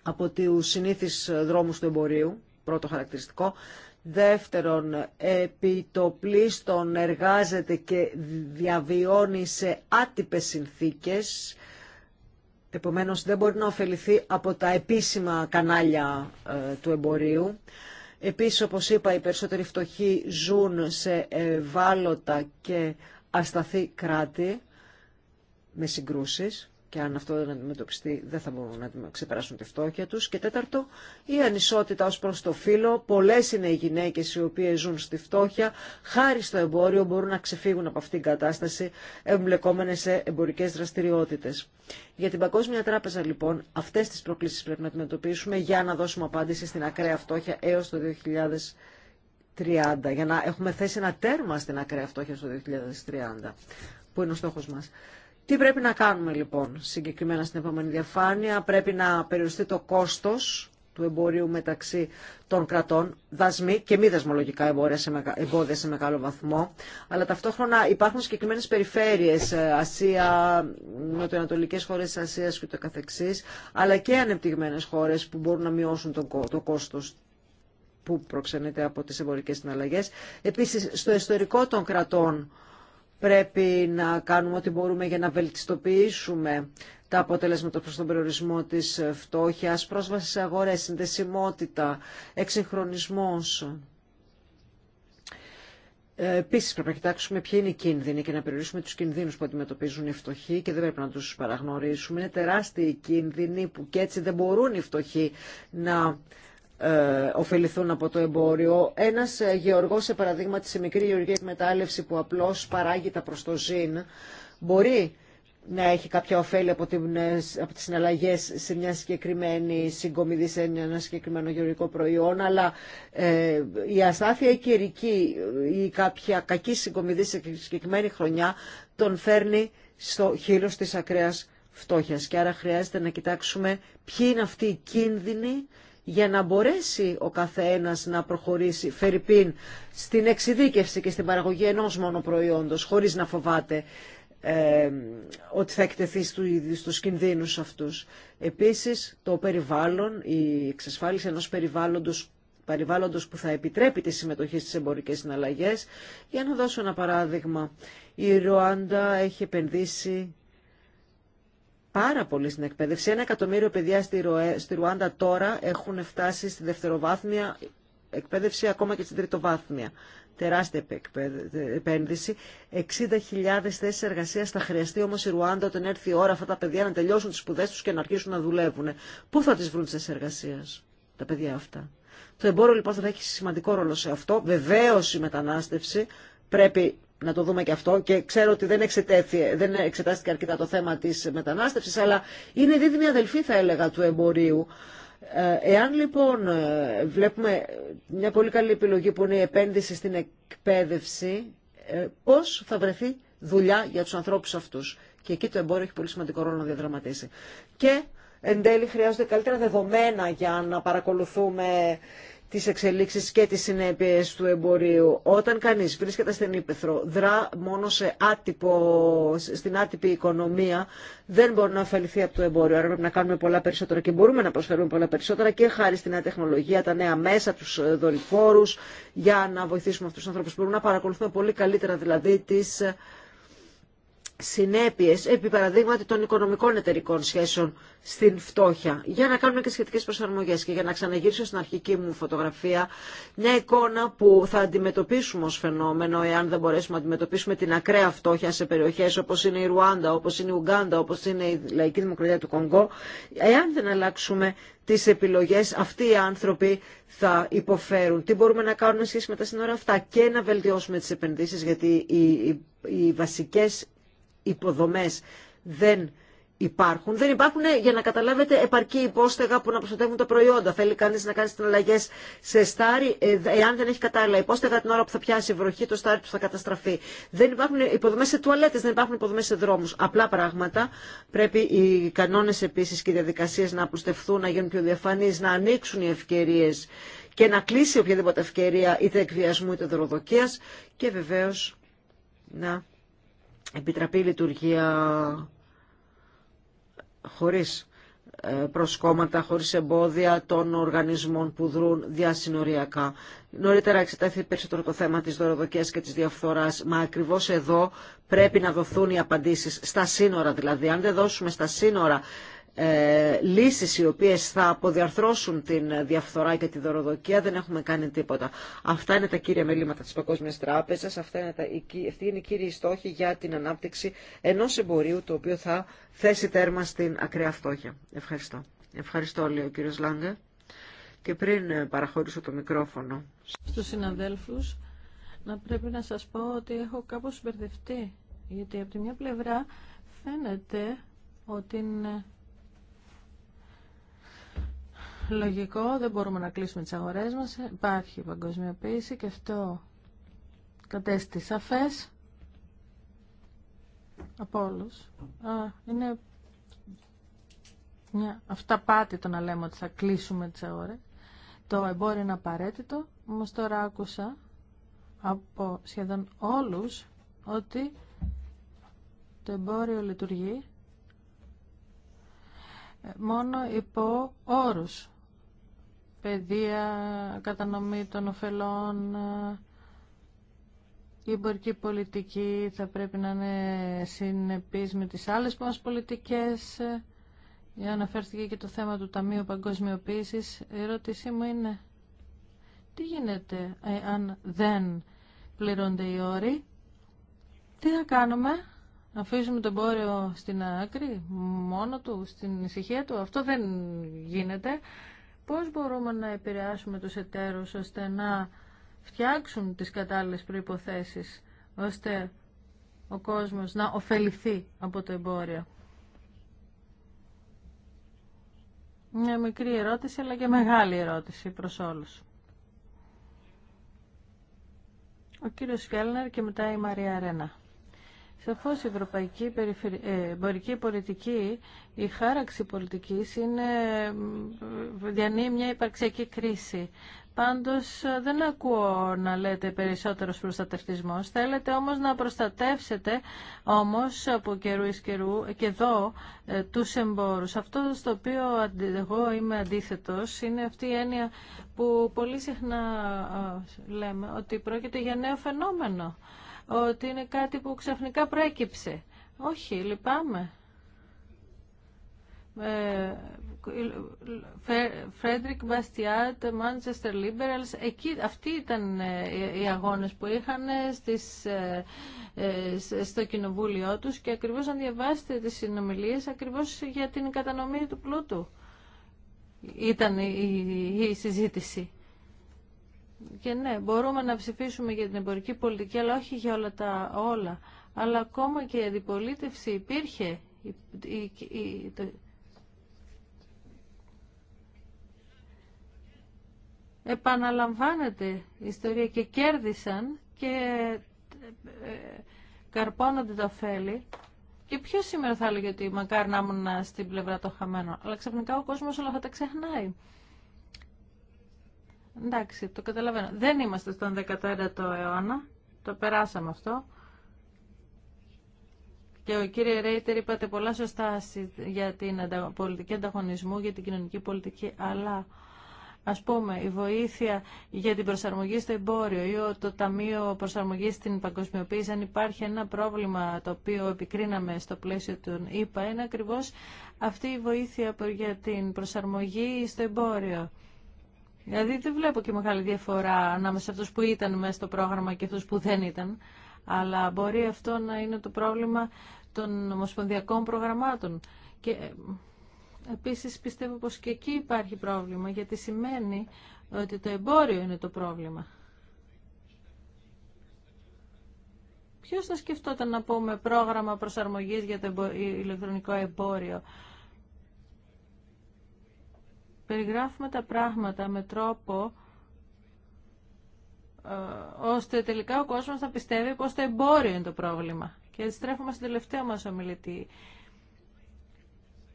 από του συνήθεις δρόμους του εμπορίου, πρώτο χαρακτηριστικό. Δεύτερον, επί το πλήστον εργάζεται και διαβιώνει σε άτυπες συνθήκες Επομένως δεν μπορεί να ωφεληθεί από τα επίσημα κανάλια ε, του εμπορίου. Επίσης, όπως είπα, οι περισσότεροι φτωχοί ζουν σε ευάλωτα και ασταθή κράτη με συγκρούσεις και αν αυτό δεν αντιμετωπιστεί δεν θα μπορούν να ξεπεράσουν τη φτώχεια τους. Και τέταρτο, η ανισότητα ως προς το φύλλο. Πολλές είναι οι γυναίκες οι οποίες ζουν στη φτώχεια, χάρη στο εμπόριο μπορούν να ξεφύγουν από αυτήν την κατάσταση εμπλεκόμενες σε εμπορικές δραστηριότητες. Για την Παγκόσμια Τράπεζα λοιπόν αυτές τις προκλήσεις πρέπει να αντιμετωπίσουμε για να δώσουμε απάντηση στην ακραία φτώχεια έως το 2030, για να έχουμε θέσει ένα τέρμα στην ακραία φτώχεια στο 2030, που είναι ο στόχος μας. Τι πρέπει να κάνουμε λοιπόν συγκεκριμένα στην επόμενη διαφάνεια. Πρέπει να περιοριστεί το κόστος του εμπορίου μεταξύ των κρατών, δασμοί και μη δασμολογικά εμπόδια σε μεγάλο βαθμό. Αλλά ταυτόχρονα υπάρχουν συγκεκριμένες περιφέρειες ε, Ασία, νοτιοανατολικές χώρες της Ασίας και το καθεξής, αλλά και ανεπτυγμένες χώρες που μπορούν να μειώσουν το κόστος που προξενείται από τις εμπορικές συναλλαγές. Επίσης στο ιστορικό των κρατών Πρέπει να κάνουμε ό,τι μπορούμε για να βελτιστοποιήσουμε τα αποτελέσματα προς τον περιορισμό της φτώχειας, πρόσβαση σε αγορές, συνδεσιμότητα, εξυγχρονισμός. Ε, Επίση, πρέπει να κοιτάξουμε ποιοι είναι οι κίνδυνοι και να περιορίσουμε του κινδύνου που αντιμετωπίζουν οι φτωχοί και δεν πρέπει να του παραγνωρίσουμε. Είναι τεράστιοι οι κίνδυνοι που και έτσι δεν μπορούν οι φτωχοί να ε, ωφεληθούν από το εμπόριο. Ένας ε, γεωργό, σε παραδείγμα, τη μικρή γεωργική εκμετάλλευση που απλώ παράγει τα το ζήν μπορεί να έχει κάποια ωφέλη από, την, ε, από τις συναλλαγές σε μια συγκεκριμένη συγκομιδή, σε ένα συγκεκριμένο γεωργικό προϊόν, αλλά ε, η αστάθεια καιρική ή ε, κάποια κακή συγκομιδή σε συγκεκριμένη χρονιά τον φέρνει στο χείλος της ακραίας φτώχειας. Και άρα χρειάζεται να κοιτάξουμε ποιοι είναι αυτοί οι κίνδυνοι για να μπορέσει ο καθένας να προχωρήσει φερρυπίν στην εξειδίκευση και στην παραγωγή ενός μόνο προϊόντος χωρίς να φοβάται ότι θα εκτεθεί στους κινδύνους αυτούς. Επίσης το περιβάλλον, η εξασφάλιση ενός περιβάλλοντος περιβάλλοντος που θα επιτρέπει τη συμμετοχή στις εμπορικές συναλλαγές. Για να δώσω ένα παράδειγμα, η Ρουάντα έχει επενδύσει πάρα πολύ στην εκπαίδευση. Ένα εκατομμύριο παιδιά στη Ρουάντα τώρα έχουν φτάσει στη δευτεροβάθμια εκπαίδευση, ακόμα και στην τριτοβάθμια. Τεράστια επένδυση. 60.000 θέσει εργασία θα χρειαστεί όμω η Ρουάντα όταν έρθει η ώρα αυτά τα παιδιά να τελειώσουν τι σπουδέ του και να αρχίσουν να δουλεύουν. Πού θα τι βρουν τι θέσει εργασία τα παιδιά αυτά. Το εμπόριο λοιπόν θα έχει σημαντικό ρόλο σε αυτό. Βεβαίω η μετανάστευση πρέπει να το δούμε και αυτό και ξέρω ότι δεν, δεν εξετάστηκε αρκετά το θέμα της μετανάστευσης αλλά είναι δίδυμη αδελφή θα έλεγα του εμπορίου. Ε, εάν λοιπόν ε, βλέπουμε μια πολύ καλή επιλογή που είναι η επένδυση στην εκπαίδευση ε, πώς θα βρεθεί δουλειά για τους ανθρώπους αυτούς. Και εκεί το εμπόριο έχει πολύ σημαντικό ρόλο να διαδραματίσει. Και εν τέλει χρειάζονται καλύτερα δεδομένα για να παρακολουθούμε τις εξελίξεις και τις συνέπειες του εμπορίου. Όταν κανείς βρίσκεται στην Ήπεθρο, δρά μόνο σε άτυπο, στην άτυπη οικονομία, δεν μπορεί να ωφεληθεί από το εμπόριο. Άρα πρέπει να κάνουμε πολλά περισσότερα και μπορούμε να προσφέρουμε πολλά περισσότερα και χάρη στην νέα τεχνολογία, τα νέα μέσα, τους δορυφόρου, για να βοηθήσουμε αυτούς τους ανθρώπους που μπορούν να παρακολουθούν πολύ καλύτερα δηλαδή τις συνέπειες επί παραδείγματι των οικονομικών εταιρικών σχέσεων στην φτώχεια για να κάνουμε και σχετικές προσαρμογές και για να ξαναγυρίσω στην αρχική μου φωτογραφία μια εικόνα που θα αντιμετωπίσουμε ως φαινόμενο εάν δεν μπορέσουμε να αντιμετωπίσουμε την ακραία φτώχεια σε περιοχές όπως είναι η Ρουάντα, όπως είναι η Ουγγάντα, όπως είναι η Λαϊκή Δημοκρατία του Κονγκό εάν δεν αλλάξουμε τις επιλογές αυτοί οι άνθρωποι θα υποφέρουν. Τι μπορούμε να κάνουμε σχέση με τα σύνορα αυτά και να βελτιώσουμε τι επενδύσει γιατί οι, οι, οι υποδομές δεν υπάρχουν. Δεν υπάρχουν ε, για να καταλάβετε επαρκή υπόστεγα που να προστατεύουν τα προϊόντα. Θέλει κανείς να κάνει συναλλαγές σε στάρι, ε, εάν δεν έχει κατάλληλα υπόστεγα την ώρα που θα πιάσει η βροχή, το στάρι που θα καταστραφεί. Δεν υπάρχουν υποδομές σε τουαλέτες, δεν υπάρχουν υποδομές σε δρόμους. Απλά πράγματα. Πρέπει οι κανόνες επίση και οι διαδικασίε να απλουστευτούν, να γίνουν πιο διαφανείς, να ανοίξουν οι ευκαιρίε και να κλείσει οποιαδήποτε ευκαιρία είτε εκβιασμού είτε δωροδοκίας και βεβαίως να επιτραπεί λειτουργία χωρίς ε, προσκόμματα, χωρίς εμπόδια των οργανισμών που δρούν διασυνοριακά. Νωρίτερα εξετάθηκε περισσότερο το θέμα της δωροδοκίας και της διαφθοράς, μα ακριβώς εδώ πρέπει να δοθούν οι απαντήσεις, στα σύνορα δηλαδή. Αν δεν δώσουμε στα σύνορα ε, λύσεις οι οποίες θα αποδιαρθρώσουν την διαφθορά και τη δωροδοκία δεν έχουμε κάνει τίποτα. Αυτά είναι τα κύρια μελήματα της Παγκόσμιας Τράπεζας, αυτά είναι η αυτοί είναι κύριοι για την ανάπτυξη ενός εμπορίου το οποίο θα θέσει τέρμα στην ακραία φτώχεια. Ευχαριστώ. Ευχαριστώ λέει ο κύριος Λάγκε. Και πριν παραχωρήσω το μικρόφωνο. Στους συναδέλφους να πρέπει να σας πω ότι έχω κάπως μπερδευτεί. Γιατί από τη μια πλευρά φαίνεται ότι είναι λογικό, δεν μπορούμε να κλείσουμε τις αγορές μας, υπάρχει παγκοσμιοποίηση και αυτό κατέστη σαφές από όλους. Α, είναι μια αυταπάτη το να λέμε ότι θα κλείσουμε τις αγορές. Το εμπόριο είναι απαραίτητο, όμως τώρα άκουσα από σχεδόν όλους ότι το εμπόριο λειτουργεί μόνο υπό όρους παιδεία, κατανομή των ωφελών, η εμπορική πολιτική θα πρέπει να είναι συνεπής με τις άλλες μας πολιτικές. Ε, αναφέρθηκε και το θέμα του Ταμείου Παγκοσμιοποίησης. Η ερώτησή μου είναι τι γίνεται ε, αν δεν πληρώνται οι όροι. Τι θα κάνουμε, αφήσουμε τον πόριο στην άκρη, μόνο του, στην ησυχία του. Αυτό δεν γίνεται. Πώς μπορούμε να επηρεάσουμε τους εταίρους ώστε να φτιάξουν τις κατάλληλες προϋποθέσεις ώστε ο κόσμος να ωφεληθεί από το εμπόριο. Μια μικρή ερώτηση αλλά και μεγάλη ερώτηση προς όλους. Ο κύριος Φιέλνερ και μετά η Μαρία Ρένα. Σαφώ η ευρωπαϊκή ε, εμπορική πολιτική, η χάραξη πολιτικής είναι, διανύει μια υπαρξιακή κρίση. Πάντω δεν ακούω να λέτε περισσότερο προστατευτισμός. Θέλετε όμως να προστατεύσετε όμως από καιρού ει καιρού και εδώ ε, τους εμπόρους. Αυτό στο οποίο εγώ είμαι αντίθετος είναι αυτή η έννοια που πολύ συχνά λέμε ότι πρόκειται για νέο φαινόμενο ότι είναι κάτι που ξαφνικά προέκυψε. Όχι, λυπάμαι. Ε, Φρέντρικ Μπαστιάτ, Manchester Liberals, εκεί, αυτοί ήταν ε, οι αγώνες που είχαν ε, στις, στο κοινοβούλιο τους και ακριβώς αν διαβάσετε τις συνομιλίες, ακριβώς για την κατανομή του πλούτου ήταν η, η συζήτηση. Και ναι, μπορούμε να ψηφίσουμε για την εμπορική πολιτική, αλλά όχι για όλα τα όλα. Αλλά ακόμα και η αντιπολίτευση υπήρχε. Η, Επαναλαμβάνεται η ιστορία και κέρδισαν και ε, καρπώνονται τα ωφέλη. Και ποιο σήμερα θα έλεγε ότι μακάρι να ήμουν στην πλευρά των χαμένων. Αλλά ξαφνικά ο κόσμος όλα θα τα ξεχνάει. Εντάξει, το καταλαβαίνω. Δεν είμαστε στον 14ο αιώνα. Το περάσαμε αυτό. Και ο κύριε Ρέιτερ είπατε πολλά σωστά για την πολιτική ανταγωνισμού, για την κοινωνική πολιτική, αλλά ας πούμε η βοήθεια για την προσαρμογή στο εμπόριο ή το Ταμείο Προσαρμογής στην Παγκοσμιοποίηση, αν υπάρχει ένα πρόβλημα το οποίο επικρίναμε στο πλαίσιο του ΗΠΑ, είναι ακριβώς αυτή η βοήθεια για την προσαρμογή στο εμπόριο. Δηλαδή δεν βλέπω και μεγάλη διαφορά ανάμεσα σε αυτούς που ήταν μέσα στο πρόγραμμα και αυτούς που δεν ήταν. Αλλά μπορεί αυτό να είναι το πρόβλημα των ομοσπονδιακών προγραμμάτων. Και ε, επίσης πιστεύω πως και εκεί υπάρχει πρόβλημα, γιατί σημαίνει ότι το εμπόριο είναι το πρόβλημα. Ποιος θα σκεφτόταν να πούμε πρόγραμμα προσαρμογής για το ηλεκτρονικό εμπόριο περιγράφουμε τα πράγματα με τρόπο ε, ώστε τελικά ο κόσμος να πιστεύει πως το εμπόριο είναι το πρόβλημα. Και στρέφουμε στην τελευταία μας ομιλητή.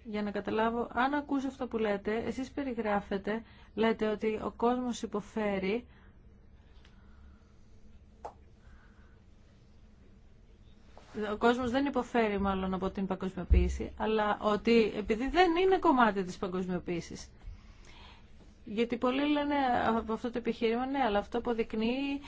Για να καταλάβω, αν ακούσω αυτό που λέτε, εσείς περιγράφετε, λέτε ότι ο κόσμος υποφέρει ο κόσμος δεν υποφέρει μάλλον από την παγκοσμιοποίηση, αλλά ότι επειδή δεν είναι κομμάτι της παγκοσμιοποίησης. Γιατί πολλοί λένε από αυτό το επιχείρημα, ναι, αλλά αυτό αποδεικνύει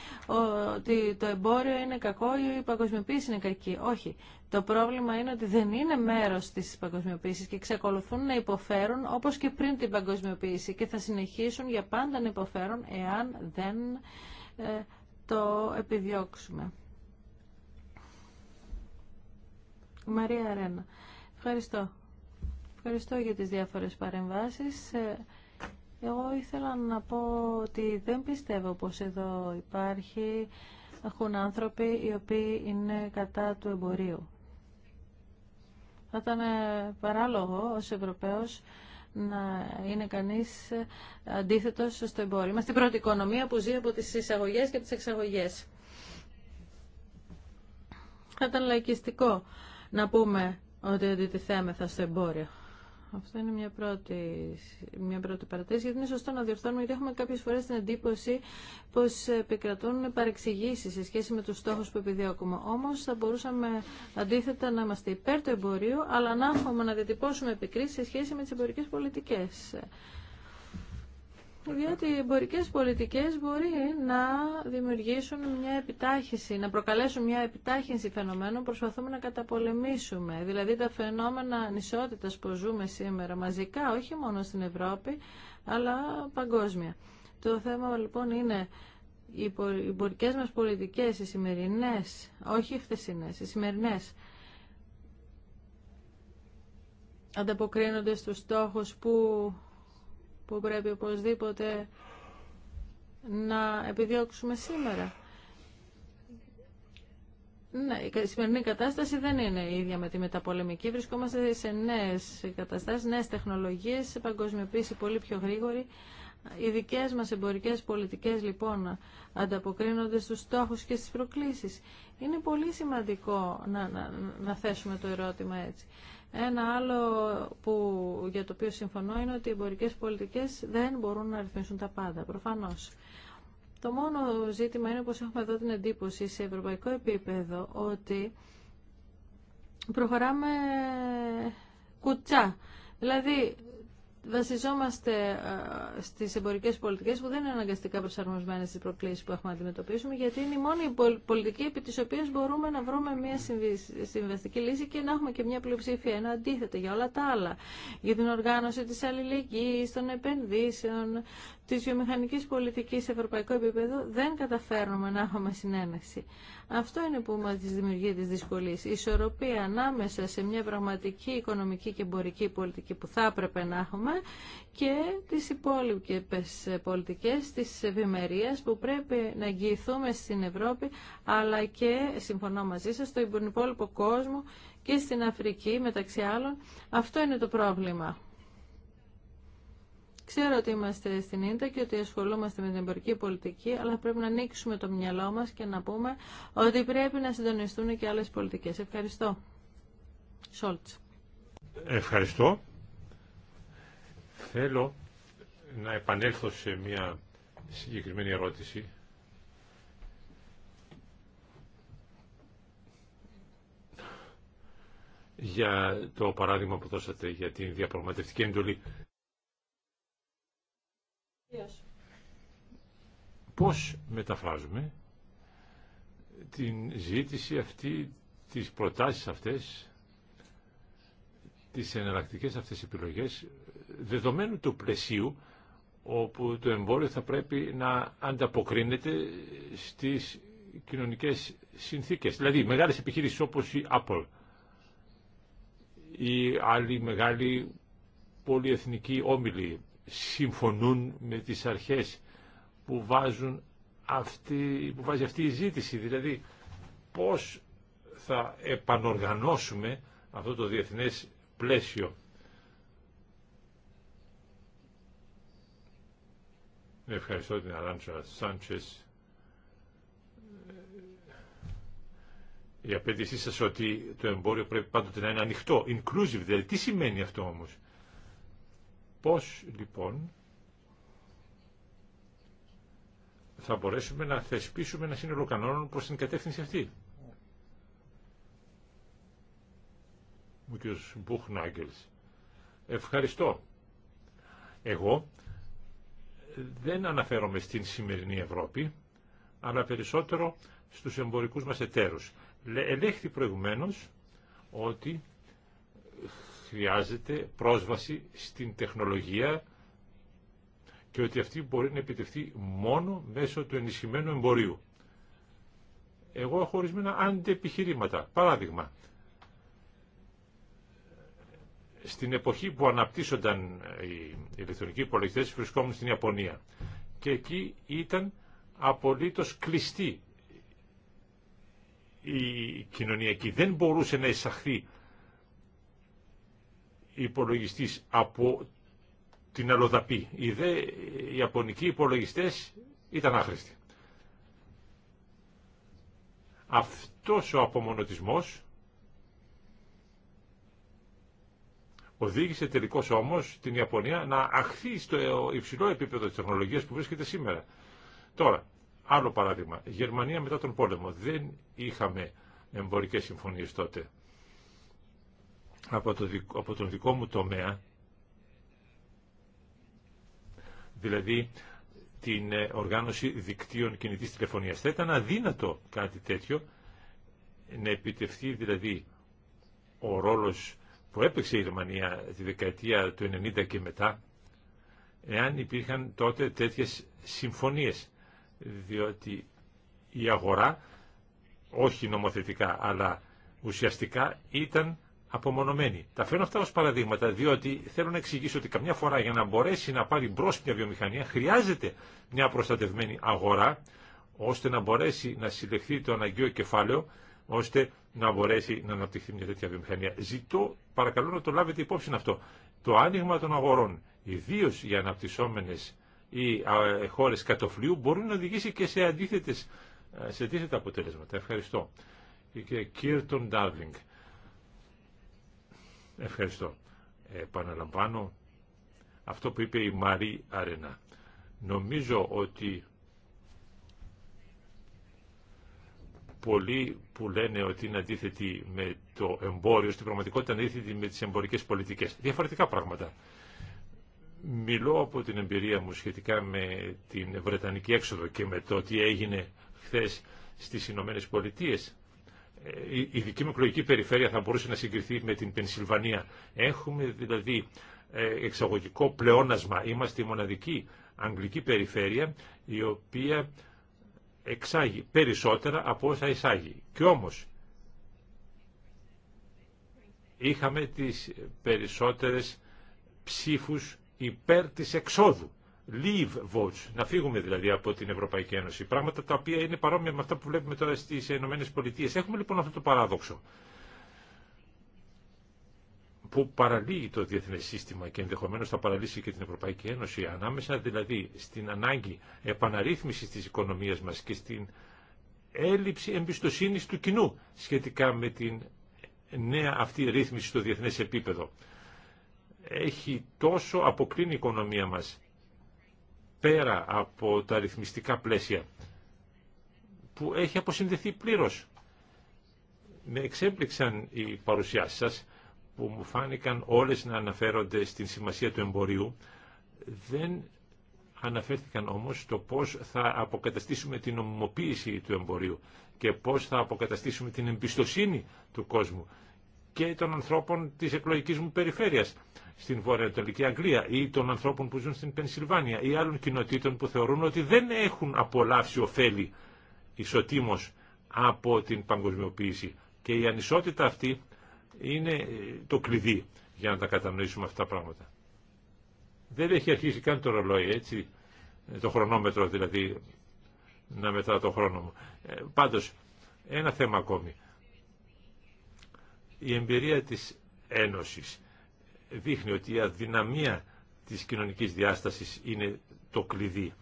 ότι το εμπόριο είναι κακό ή η παγκοσμιοποίηση είναι κακή. Όχι. Το πρόβλημα είναι ότι δεν είναι μέρος τη παγκοσμιοποίηση και εξακολουθούν να υποφέρουν όπως και πριν την παγκοσμιοποίηση και θα συνεχίσουν για πάντα να υποφέρουν εάν δεν ε, το επιδιώξουμε. Μαρία Αρένα. Ευχαριστώ. Ευχαριστώ για τις διάφορες παρεμβάσεις. Ε, εγώ ήθελα να πω ότι δεν πιστεύω πως εδώ υπάρχει έχουν άνθρωποι οι οποίοι είναι κατά του εμπορίου. Θα ήταν παράλογο ως Ευρωπαίος να είναι κανείς αντίθετος στο εμπόριο. Είμαστε η πρώτη οικονομία που ζει από τις εισαγωγές και τις εξαγωγές. Θα ήταν λαϊκιστικό να πούμε ότι αντιτιθέμεθα στο εμπόριο. Αυτό είναι μια πρώτη, μια πρώτη παρατήρηση, γιατί είναι σωστό να διορθώνουμε, γιατί έχουμε κάποιες φορές την εντύπωση πως επικρατούν παρεξηγήσει σε σχέση με τους στόχους που επιδιώκουμε. Όμως θα μπορούσαμε αντίθετα να είμαστε υπέρ του εμπορίου, αλλά να έχουμε να διατυπώσουμε επικρίσεις σε σχέση με τις εμπορικές πολιτικέ διότι οι εμπορικέ πολιτικέ μπορεί να δημιουργήσουν μια επιτάχυνση, να προκαλέσουν μια επιτάχυνση φαινομένων που προσπαθούμε να καταπολεμήσουμε. Δηλαδή τα φαινόμενα ανισότητα που ζούμε σήμερα μαζικά, όχι μόνο στην Ευρώπη, αλλά παγκόσμια. Το θέμα λοιπόν είναι οι εμπορικέ μα πολιτικέ οι σημερινέ, όχι οι χθεσινές, οι σημερινέ, ανταποκρίνονται στους στόχους που που πρέπει οπωσδήποτε να επιδιώξουμε σήμερα. Ναι, η σημερινή κατάσταση δεν είναι η ίδια με τη μεταπολεμική. Βρισκόμαστε σε νέες καταστάσεις, νέες τεχνολογίες, σε παγκοσμιοποίηση πολύ πιο γρήγορη. Οι δικέ μα εμπορικές πολιτικές λοιπόν ανταποκρίνονται στους στόχου και στις προκλήσεις. Είναι πολύ σημαντικό να, να, να θέσουμε το ερώτημα έτσι. Ένα άλλο που, για το οποίο συμφωνώ είναι ότι οι εμπορικές πολιτικές δεν μπορούν να ρυθμίσουν τα πάντα, προφανώς. Το μόνο ζήτημα είναι πως έχουμε εδώ την εντύπωση σε ευρωπαϊκό επίπεδο ότι προχωράμε κουτσά. Δηλαδή βασιζόμαστε ε, στις εμπορικές πολιτικές που δεν είναι αναγκαστικά προσαρμοσμένες στις προκλήσεις που έχουμε να αντιμετωπίσουμε γιατί είναι η μόνη πολιτική επί τη οποία μπορούμε να βρούμε μια συμβαστική λύση και να έχουμε και μια πλειοψηφία ενώ αντίθετα για όλα τα άλλα για την οργάνωση της αλληλεγγύης, των επενδύσεων, της βιομηχανικής πολιτικής σε ευρωπαϊκό επίπεδο δεν καταφέρνουμε να έχουμε συνένεση. Αυτό είναι που μας δημιουργεί τις δυσκολίες. Η ισορροπία ανάμεσα σε μια πραγματική οικονομική και εμπορική πολιτική που θα έπρεπε να έχουμε και τις υπόλοιπες πολιτικές της ευημερία που πρέπει να εγγυηθούμε στην Ευρώπη αλλά και, συμφωνώ μαζί σας, στον υπόλοιπο κόσμο και στην Αφρική μεταξύ άλλων. Αυτό είναι το πρόβλημα. Ξέρω ότι είμαστε στην Ίντα και ότι ασχολούμαστε με την εμπορική πολιτική, αλλά πρέπει να ανοίξουμε το μυαλό μας και να πούμε ότι πρέπει να συντονιστούν και άλλε πολιτικές. Ευχαριστώ. Σόλτ. Ευχαριστώ. Θέλω να επανέλθω σε μια συγκεκριμένη ερώτηση. για το παράδειγμα που δώσατε για την διαπραγματευτική εντολή. Πώς μεταφράζουμε την ζήτηση αυτή, τις προτάσεις αυτές, τις εναλλακτικές αυτές επιλογές, δεδομένου του πλαισίου όπου το εμπόριο θα πρέπει να ανταποκρίνεται στις κοινωνικές συνθήκες. Δηλαδή, μεγάλες επιχείρησεις όπως η Apple ή άλλοι μεγάλοι πολυεθνικοί όμιλοι συμφωνούν με τις αρχές που, βάζουν αυτή, που βάζει αυτή η ζήτηση. Δηλαδή πώς θα επανοργανώσουμε αυτό το διεθνές πλαίσιο. Ευχαριστώ την Αράντσα Σάντσες. Η απέτησή σας ότι το εμπόριο πρέπει πάντοτε να είναι ανοιχτό, inclusive, δηλαδή τι σημαίνει αυτό όμως. Πώς λοιπόν θα μπορέσουμε να θεσπίσουμε ένα σύνολο κανόνων προς την κατεύθυνση αυτή. Ο κ. Ευχαριστώ. Εγώ δεν αναφέρομαι στην σημερινή Ευρώπη, αλλά περισσότερο στους εμπορικούς μας εταίρους. Ελέγχθη προηγουμένως ότι χρειάζεται πρόσβαση στην τεχνολογία και ότι αυτή μπορεί να επιτευχθεί μόνο μέσω του ενισχυμένου εμπορίου. Εγώ έχω ορισμένα αντεπιχειρήματα. Παράδειγμα, στην εποχή που αναπτύσσονταν οι ηλεκτρονικοί υπολογιστέ βρισκόμουν στην Ιαπωνία και εκεί ήταν απολύτως κλειστή η κοινωνία εκεί. Δεν μπορούσε να εισαχθεί υπολογιστής από την αλλοδαπή. Οι δε ιαπωνικοί υπολογιστές ήταν άχρηστοι. Αυτός ο απομονωτισμός οδήγησε τελικώς όμως την Ιαπωνία να αχθεί στο υψηλό επίπεδο της τεχνολογίας που βρίσκεται σήμερα. Τώρα, άλλο παράδειγμα. Γερμανία μετά τον πόλεμο. Δεν είχαμε εμπορικές συμφωνίες τότε από, το, τον δικό μου τομέα, δηλαδή την ε, οργάνωση δικτύων κινητής τηλεφωνίας. Θα ήταν αδύνατο κάτι τέτοιο να επιτευχθεί δηλαδή ο ρόλος που έπαιξε η Γερμανία τη δεκαετία του 90 και μετά, εάν υπήρχαν τότε τέτοιες συμφωνίες, διότι η αγορά, όχι νομοθετικά, αλλά ουσιαστικά ήταν απομονωμένη. Τα φέρνω αυτά ως παραδείγματα, διότι θέλω να εξηγήσω ότι καμιά φορά για να μπορέσει να πάρει μπρος μια βιομηχανία, χρειάζεται μια προστατευμένη αγορά, ώστε να μπορέσει να συλλεχθεί το αναγκαίο κεφάλαιο, ώστε να μπορέσει να αναπτυχθεί μια τέτοια βιομηχανία. Ζητώ, παρακαλώ να το λάβετε υπόψη αυτό. Το άνοιγμα των αγορών, ιδίω για αναπτυσσόμενε ή χώρε κατοφλίου, μπορεί να οδηγήσει και σε σε αντίθετα αποτελέσματα. Ευχαριστώ. Και Ευχαριστώ. Επαναλαμβάνω αυτό που είπε η Μαρή Αρενά. Νομίζω ότι πολλοί που λένε ότι είναι αντίθετοι με το εμπόριο, στην πραγματικότητα είναι αντίθετοι με τις εμπορικές πολιτικές. Διαφορετικά πράγματα. Μιλώ από την εμπειρία μου σχετικά με την Βρετανική έξοδο και με το τι έγινε χθες στις Ηνωμένε Πολιτείες ε, η δική μου εκλογική περιφέρεια θα μπορούσε να συγκριθεί με την Πενσιλβανία. Έχουμε δηλαδή ε, εξαγωγικό πλεόνασμα. Είμαστε η μοναδική αγγλική περιφέρεια η οποία εξάγει περισσότερα από όσα εισάγει. Και όμως είχαμε τις περισσότερες ψήφους υπέρ της εξόδου leave votes, να φύγουμε δηλαδή από την Ευρωπαϊκή Ένωση. Πράγματα τα οποία είναι παρόμοια με αυτά που βλέπουμε τώρα στις ΗΠΑ. Έχουμε λοιπόν αυτό το παράδοξο που παραλύει το διεθνές σύστημα και ενδεχομένως θα παραλύσει και την Ευρωπαϊκή Ένωση ανάμεσα δηλαδή στην ανάγκη επαναρρύθμισης της οικονομίας μας και στην έλλειψη εμπιστοσύνης του κοινού σχετικά με την νέα αυτή ρύθμιση στο διεθνές επίπεδο. Έχει τόσο αποκλίνει η οικονομία μας πέρα από τα ρυθμιστικά πλαίσια που έχει αποσυνδεθεί πλήρως. Με εξέπληξαν οι παρουσιάσεις σας που μου φάνηκαν όλες να αναφέρονται στην σημασία του εμπορίου. Δεν αναφέρθηκαν όμως το πώς θα αποκαταστήσουμε την νομιμοποίηση του εμπορίου και πώς θα αποκαταστήσουμε την εμπιστοσύνη του κόσμου και των ανθρώπων της εκλογικής μου περιφέρειας στην βορειοανατολική Αγγλία ή των ανθρώπων που ζουν στην Πενσιλβάνια ή άλλων κοινοτήτων που θεωρούν ότι δεν έχουν απολαύσει ωφέλη ισοτήμως από την παγκοσμιοποίηση. Και η ανισότητα αυτή είναι ε, το κλειδί για να τα κατανοήσουμε αυτά τα πράγματα. Δεν έχει αρχίσει καν το ρολόι, έτσι, το χρονόμετρο δηλαδή, να μετά το χρόνο μου. Ε, πάντως, ένα θέμα ακόμη. Η εμπειρία της Ένωσης δείχνει ότι η αδυναμία της κοινωνικής διάστασης είναι το κλειδί.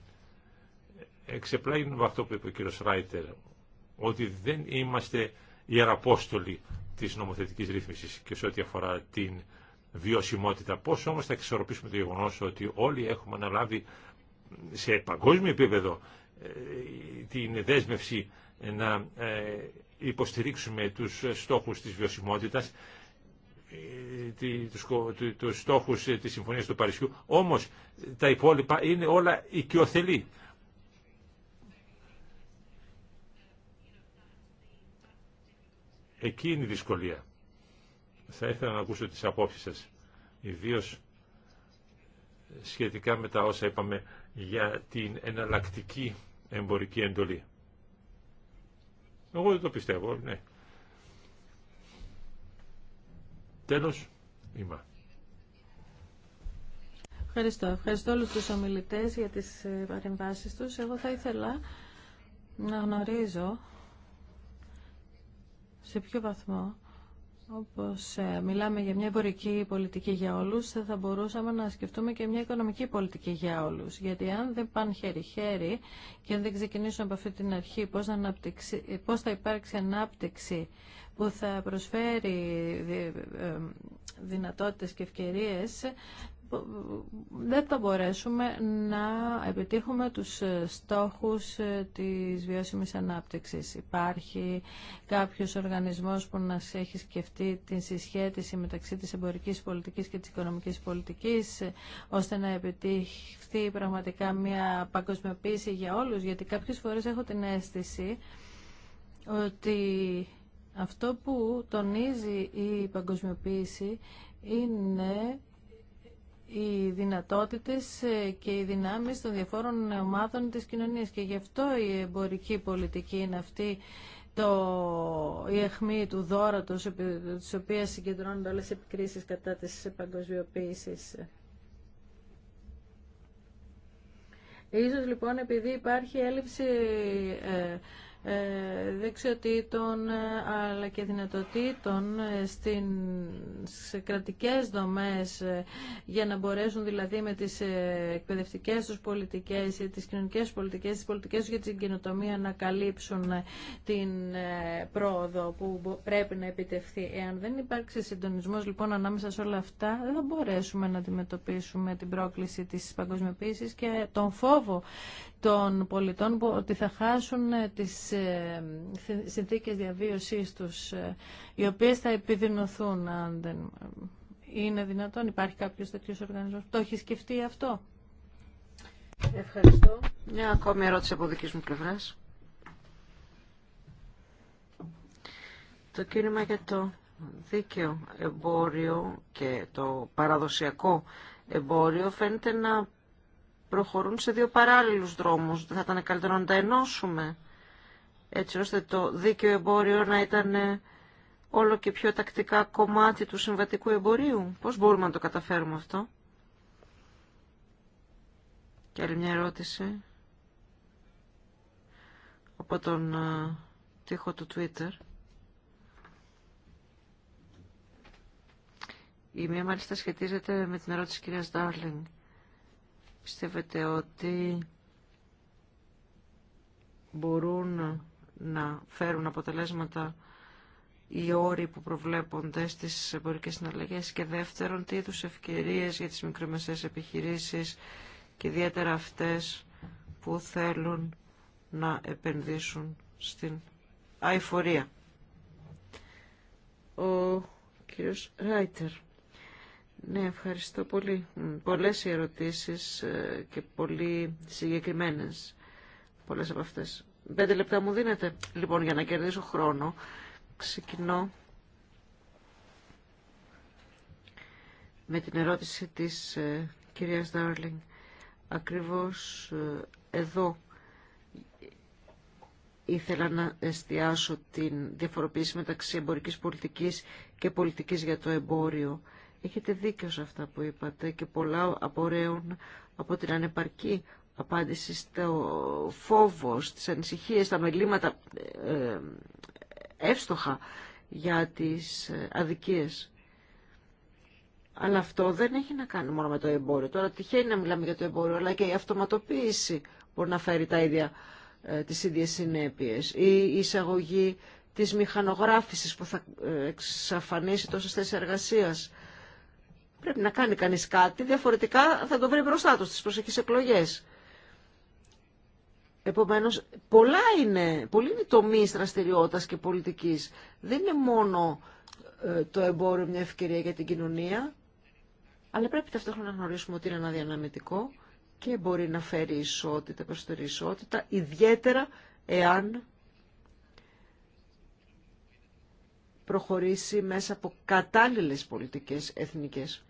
Εξεπλάγει με αυτό που είπε ο κύριος Ράιτερ, ότι δεν είμαστε ιεραπόστολοι της νομοθετικής ρύθμισης και σε ό,τι αφορά την βιωσιμότητα. Πώς όμως θα εξορροπήσουμε το γεγονός ότι όλοι έχουμε αναλάβει σε παγκόσμιο επίπεδο ε, την δέσμευση να ε, υποστηρίξουμε τους στόχους της βιωσιμότητας τους στόχους ε, της Συμφωνίας του Παρισιού, όμως τα υπόλοιπα είναι όλα οικειοθελή. Εκεί είναι η δυσκολία. Θα ήθελα να ακούσω τις απόψεις σας, ιδίως σχετικά με τα όσα είπαμε για την εναλλακτική εμπορική εντολή. Εγώ δεν το πιστεύω, ναι. Τέλος, είμαι. Ευχαριστώ. Ευχαριστώ όλους τους ομιλητές για τις ε, παρεμβάσεις τους. Εγώ θα ήθελα να γνωρίζω σε ποιο βαθμό όπως ε, μιλάμε για μια εμπορική πολιτική για όλους, θα μπορούσαμε να σκεφτούμε και μια οικονομική πολιτική για όλους. Γιατί αν δεν πάνε χέρι-χέρι και αν δεν ξεκινήσουμε από αυτή την αρχή πώς, πώς θα υπάρξει ανάπτυξη που θα προσφέρει ε, ε, δυνατότητες και ευκαιρίες, δεν θα μπορέσουμε να επιτύχουμε τους στόχους ε, της βιώσιμης ανάπτυξης. Υπάρχει κάποιος οργανισμός που να έχει σκεφτεί την συσχέτιση μεταξύ της εμπορικής πολιτικής και της οικονομικής πολιτικής ε, ώστε να επιτυχθεί πραγματικά μια παγκοσμιοποίηση για όλους γιατί κάποιες φορές έχω την αίσθηση ότι αυτό που τονίζει η παγκοσμιοποίηση είναι οι δυνατότητες ε, και οι δυνάμεις των διαφόρων ομάδων της κοινωνίας και γι' αυτό η εμπορική πολιτική είναι αυτή το, η αιχμή του δώρατος της οποίας συγκεντρώνονται όλες οι επικρίσεις κατά της παγκοσμιοποίησης. Ίσως λοιπόν επειδή υπάρχει έλλειψη ε, ε, δεξιοτήτων ε, αλλά και δυνατοτήτων ε, στην, σε κρατικές δομές για να μπορέσουν δηλαδή με τις εκπαιδευτικές τους πολιτικές ή τις κοινωνικές πολιτικές, τις πολιτικές για την κοινοτομία να καλύψουν την πρόοδο που πρέπει να επιτευχθεί. Εάν δεν υπάρξει συντονισμός λοιπόν ανάμεσα σε όλα αυτά δεν θα μπορέσουμε να αντιμετωπίσουμε την πρόκληση της παγκοσμιοποίησης και τον φόβο των πολιτών που, ότι θα χάσουν ε, τις ε, συνθήκες διαβίωσής τους, ε, οι οποίες θα επιδεινωθούν αν δεν... Είναι δυνατόν, υπάρχει κάποιος τέτοιος οργανισμός. Το έχει σκεφτεί αυτό. Ευχαριστώ. Μια ακόμη ερώτηση από δικής μου πλευράς. Το κίνημα για το δίκαιο εμπόριο και το παραδοσιακό εμπόριο φαίνεται να προχωρούν σε δύο παράλληλους δρόμους. Δεν θα ήταν καλύτερο να τα ενώσουμε, έτσι ώστε το δίκαιο εμπόριο να ήταν όλο και πιο τακτικά κομμάτι του συμβατικού εμπορίου. Πώς μπορούμε να το καταφέρουμε αυτό. Και άλλη μια ερώτηση από τον τοίχο του Twitter. Η μία μάλιστα σχετίζεται με την ερώτηση της κυρίας Ντάρλινγκ. Πιστεύετε ότι μπορούν να φέρουν αποτελέσματα οι όροι που προβλέπονται στις εμπορικές συναλλαγές και δεύτερον τι είδους ευκαιρίες για τις μικρομεσαίες επιχειρήσεις και ιδιαίτερα αυτές που θέλουν να επενδύσουν στην αηφορία. Ο κύριος Ράιτερ. Ναι, ευχαριστώ πολύ. Πολλές οι ερωτήσεις ε, και πολύ συγκεκριμένες. Πολλές από αυτές. Πέντε λεπτά μου δίνετε. Λοιπόν, για να κερδίσω χρόνο, ξεκινώ με την ερώτηση της ε, κυρίας Ντάρλινγκ. Ακριβώς ε, εδώ ήθελα να εστιάσω την διαφοροποίηση μεταξύ εμπορικής πολιτικής και πολιτικής για το εμπόριο. Έχετε δίκιο σε αυτά που είπατε και πολλά απορρέουν από την ανεπαρκή απάντηση στο φόβο, στις ανησυχίες, στα μελήματα ε, εύστοχα για τις ε, αδικίες. Αλλά αυτό δεν έχει να κάνει μόνο με το εμπόριο. Τώρα τυχαίνει να μιλάμε για το εμπόριο, αλλά και η αυτοματοποίηση μπορεί να φέρει τα ίδια, ε, τις ίδιες συνέπειες. Η εισαγωγή της μηχανογράφησης που θα εξαφανίσει τόσες θέσεις εργασίας Πρέπει να κάνει κανείς κάτι, διαφορετικά θα το βρει μπροστά του στις προσεχείς εκλογές. Επομένως, πολλά είναι, πολλοί είναι τομείς δραστηριότητα και πολιτικής. Δεν είναι μόνο ε, το εμπόριο μια ευκαιρία για την κοινωνία, αλλά πρέπει ταυτόχρονα να γνωρίσουμε ότι είναι ένα διαναμετικό και μπορεί να φέρει ισότητα, περισσότερη ισότητα, ιδιαίτερα εάν προχωρήσει μέσα από κατάλληλες πολιτικές εθνικές.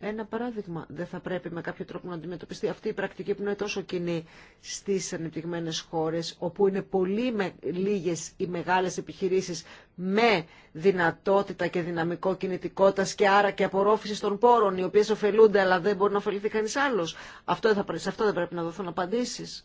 ένα παράδειγμα. Δεν θα πρέπει με κάποιο τρόπο να αντιμετωπιστεί αυτή η πρακτική που είναι τόσο κοινή στις ανεπτυγμένε χώρες, όπου είναι πολύ με, λίγες οι μεγάλες επιχειρήσεις με δυνατότητα και δυναμικό κινητικότητα και άρα και απορρόφηση των πόρων, οι οποίες ωφελούνται αλλά δεν μπορεί να ωφεληθεί κανεί άλλος. σε αυτό δεν πρέπει να δοθούν απαντήσει.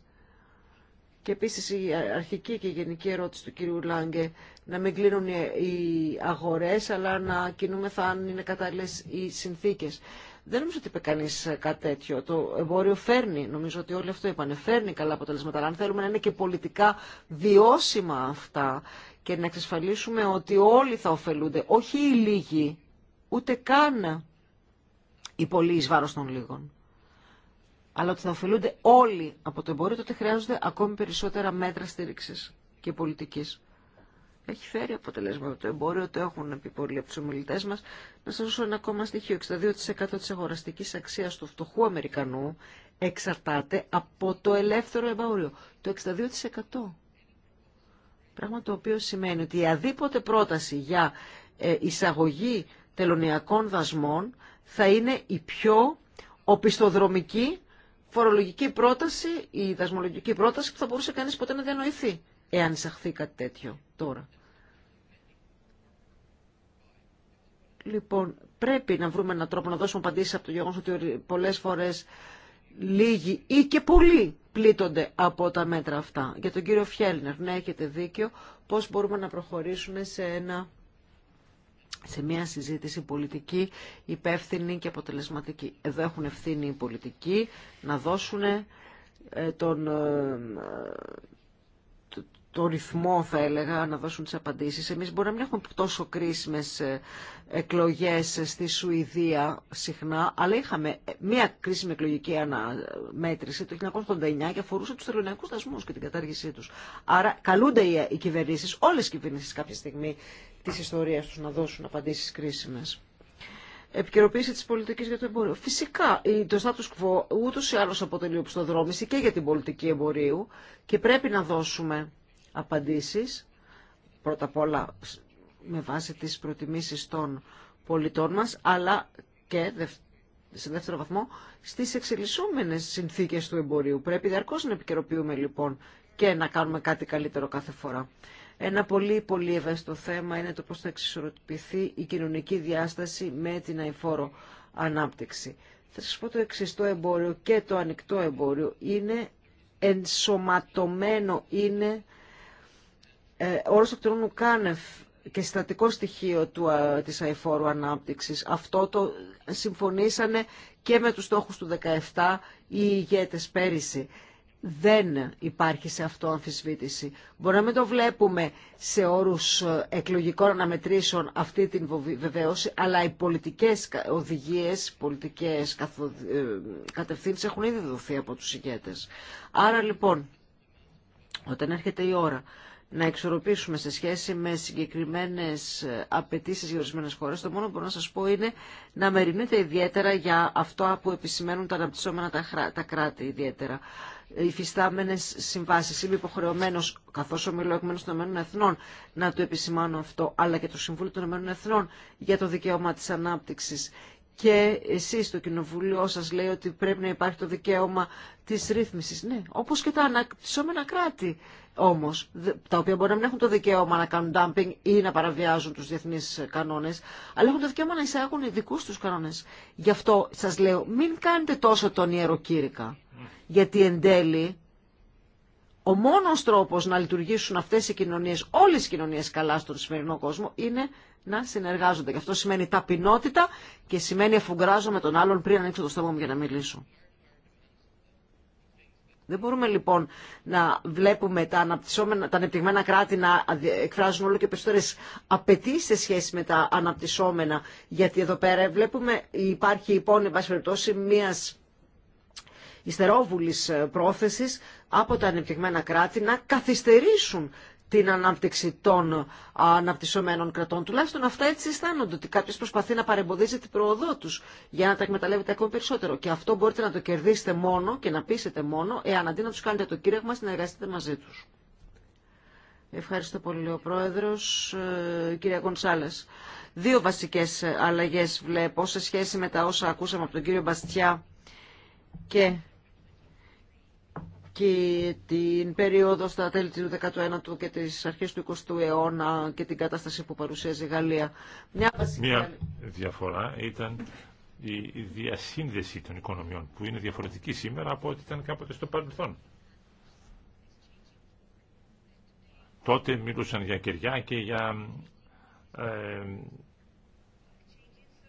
Και επίση η αρχική και η γενική ερώτηση του κύριου Λάγκε να μην κλείνουν οι αγορές αλλά να κινούμεθα αν είναι κατάλληλε οι συνθήκες. Δεν νομίζω ότι είπε κανεί κάτι τέτοιο. Το εμπόριο φέρνει, νομίζω ότι όλοι αυτό είπανε, φέρνει καλά αποτελέσματα. Αλλά αν θέλουμε να είναι και πολιτικά βιώσιμα αυτά και να εξασφαλίσουμε ότι όλοι θα ωφελούνται, όχι οι λίγοι, ούτε καν οι πολλοί ει βάρος των λίγων αλλά ότι θα ωφελούνται όλοι από το εμπόριο, τότε χρειάζονται ακόμη περισσότερα μέτρα στήριξη και πολιτική. Έχει φέρει αποτελέσματα το εμπόριο, το έχουν πει πολλοί από του ομιλητέ μα. Να σα δώσω ένα ακόμα στοιχείο. 62% τη αγοραστική αξία του φτωχού Αμερικανού εξαρτάται από το ελεύθερο εμπόριο. Το 62%. Πράγμα το οποίο σημαίνει ότι η αδίποτε πρόταση για ε, εισαγωγή τελωνιακών δασμών θα είναι η πιο οπισθοδρομική φορολογική πρόταση, η δασμολογική πρόταση που θα μπορούσε κανείς ποτέ να διανοηθεί, εάν εισαχθεί κάτι τέτοιο τώρα. Λοιπόν, πρέπει να βρούμε έναν τρόπο να δώσουμε απαντήσεις από το γεγονός ότι πολλές φορές λίγοι ή και πολλοί πλήττονται από τα μέτρα αυτά. Για τον κύριο Φιέλνερ, να έχετε δίκιο, πώς μπορούμε να προχωρήσουμε σε ένα σε μια συζήτηση πολιτική, υπεύθυνη και αποτελεσματική. Εδώ έχουν ευθύνη οι πολιτικοί να δώσουν ε, τον, ε, το ρυθμό θα έλεγα να δώσουν τις απαντήσεις. Εμείς μπορεί να μην έχουμε τόσο κρίσιμες ε, εκλογές στη Σουηδία συχνά, αλλά είχαμε μια κρίσιμη εκλογική αναμέτρηση το 1989 και αφορούσε τους θελωνιακούς δασμούς και την κατάργησή τους. Άρα καλούνται οι κυβερνήσεις, όλες οι κυβερνήσεις κάποια στιγμή Τη ιστορία του να δώσουν απαντήσει κρίσιμε. Επικαιροποίηση τη πολιτική για το εμπόριο. Φυσικά, το status quo ούτω ή άλλω αποτελεί οπισθοδρόμηση και για την πολιτική εμπορίου και πρέπει να δώσουμε απαντήσει. Πρώτα απ' όλα με βάση τις προτιμήσεις των πολιτών μας, αλλά και σε δεύτερο βαθμό στις εξελισσόμενες συνθήκες του εμπορίου. Πρέπει διαρκώς να επικαιροποιούμε λοιπόν και να κάνουμε κάτι καλύτερο κάθε φορά. Ένα πολύ πολύ ευαίσθητο θέμα είναι το πώς θα εξισορροπηθεί η κοινωνική διάσταση με την αηφόρο ανάπτυξη. Θα σας πω το εξιστό εμπόριο και το ανοιχτό εμπόριο είναι ενσωματωμένο, είναι ε, όρος εκτρώνου κάνευ και συστατικό στοιχείο του, της αηφόρου ανάπτυξης. Αυτό το συμφωνήσανε και με τους στόχους του 17 οι ηγέτες πέρυσι δεν υπάρχει σε αυτό αμφισβήτηση. Μπορεί να μην το βλέπουμε σε όρους ε, εκλογικών αναμετρήσεων αυτή την βεβαίωση, αλλά οι πολιτικές οδηγίες, πολιτικές ε, κατευθύνσεις έχουν ήδη δοθεί από τους ηγέτες. Άρα λοιπόν, όταν έρχεται η ώρα να εξορροπήσουμε σε σχέση με συγκεκριμένες απαιτήσει για ορισμένε χώρε. το μόνο που μπορώ να σας πω είναι να μεριμνείτε ιδιαίτερα για αυτό που επισημαίνουν τα αναπτυσσόμενα τα κράτη ιδιαίτερα Οι φυστάμενε συμβάσει. Είμαι υποχρεωμένο, καθώ ομιλώ εκ μέρου των ΗΠΑ, να το επισημάνω αυτό, αλλά και το Συμβούλιο των ΗΠΑ για το δικαίωμα τη ανάπτυξη και εσείς το κοινοβούλιο σας λέει ότι πρέπει να υπάρχει το δικαίωμα της ρύθμισης. Ναι, όπως και τα αναπτυσσόμενα κράτη όμως, τα οποία μπορεί να μην έχουν το δικαίωμα να κάνουν dumping ή να παραβιάζουν τους διεθνείς κανόνες, αλλά έχουν το δικαίωμα να εισάγουν ειδικού τους κανόνες. Γι' αυτό σας λέω, μην κάνετε τόσο τον ιεροκήρυκα, γιατί εν τέλει ο μόνος τρόπος να λειτουργήσουν αυτές οι κοινωνίες, όλες οι κοινωνίες καλά στον σημερινό κόσμο, είναι να συνεργάζονται. Και αυτό σημαίνει ταπεινότητα και σημαίνει εφουγκράζω με τον άλλον πριν ανοίξω το στόμα μου για να μιλήσω. Δεν μπορούμε λοιπόν να βλέπουμε τα, αναπτυσσόμενα, τα ανεπτυγμένα κράτη να εκφράζουν όλο και περισσότερε απαιτήσει σε σχέση με τα αναπτυσσόμενα. Γιατί εδώ πέρα βλέπουμε υπάρχει λοιπόν, εν πάση περιπτώσει, μια υστερόβουλη ε, πρόθεση από τα ανεπτυγμένα κράτη να καθυστερήσουν την ανάπτυξη των αναπτυσσομένων κρατών. Τουλάχιστον αυτά έτσι αισθάνονται, ότι κάποιο προσπαθεί να παρεμποδίζει την προοδό του για να τα εκμεταλλεύεται ακόμη περισσότερο. Και αυτό μπορείτε να το κερδίσετε μόνο και να πείσετε μόνο, εάν αντί να του κάνετε το κήρυγμα, συνεργαστείτε μαζί του. Ευχαριστώ πολύ, ο Πρόεδρο. Ε, κυρία Κονσάλε. Δύο βασικέ αλλαγέ βλέπω σε σχέση με τα όσα ακούσαμε από τον κύριο Μπαστιά και και την περίοδο στα τέλη του 19ου και τις αρχές του 20ου αιώνα και την κατάσταση που παρουσίαζε η Γαλλία. Μια, διαφορά ήταν η διασύνδεση των οικονομιών που είναι διαφορετική σήμερα από ό,τι ήταν κάποτε στο παρελθόν. Τότε μιλούσαν για κεριά και για ε,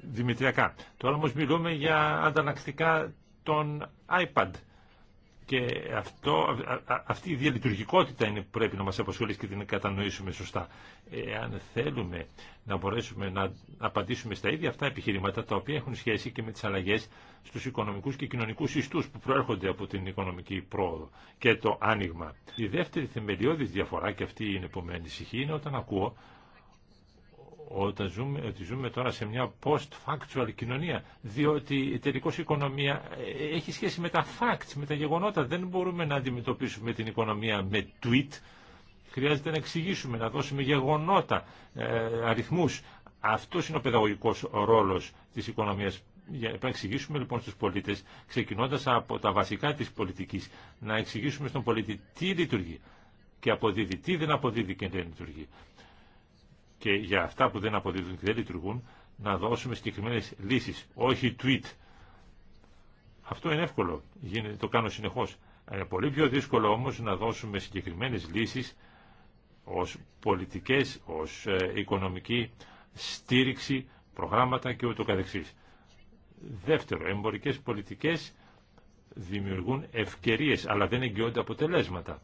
δημητριακά. Τώρα όμως μιλούμε για αντανακτικά των iPad και αυτό, αυτή η διαλειτουργικότητα είναι που πρέπει να μας απασχολήσει και την κατανοήσουμε σωστά. Εάν θέλουμε να μπορέσουμε να απαντήσουμε στα ίδια αυτά επιχειρήματα τα οποία έχουν σχέση και με τις αλλαγές στους οικονομικούς και κοινωνικούς ιστούς που προέρχονται από την οικονομική πρόοδο και το άνοιγμα. Η δεύτερη θεμελιώδης διαφορά και αυτή είναι που με ανησυχεί είναι όταν ακούω όταν ζούμε, ότι ζούμε τώρα σε μια post-factual κοινωνία, διότι τελικώ η οικονομία ε, έχει σχέση με τα facts, με τα γεγονότα. Δεν μπορούμε να αντιμετωπίσουμε την οικονομία με tweet. Χρειάζεται να εξηγήσουμε, να δώσουμε γεγονότα, ε, αριθμού. Αυτό είναι ο παιδαγωγικό ρόλο τη οικονομία. Για να εξηγήσουμε λοιπόν στους πολίτες, ξεκινώντας από τα βασικά της πολιτικής, να εξηγήσουμε στον πολίτη τι λειτουργεί και αποδίδει, τι δεν αποδίδει και δεν λειτουργεί και για αυτά που δεν αποδίδουν και δεν λειτουργούν να δώσουμε συγκεκριμένε λύσεις, όχι tweet. Αυτό είναι εύκολο, το κάνω συνεχώς. Είναι πολύ πιο δύσκολο όμως να δώσουμε συγκεκριμένες λύσεις ως πολιτικές, ως ε, οικονομική στήριξη, προγράμματα και ούτω καθεξής. Δεύτερο, εμπορικές πολιτικές δημιουργούν ευκαιρίες, αλλά δεν εγγυώνται αποτελέσματα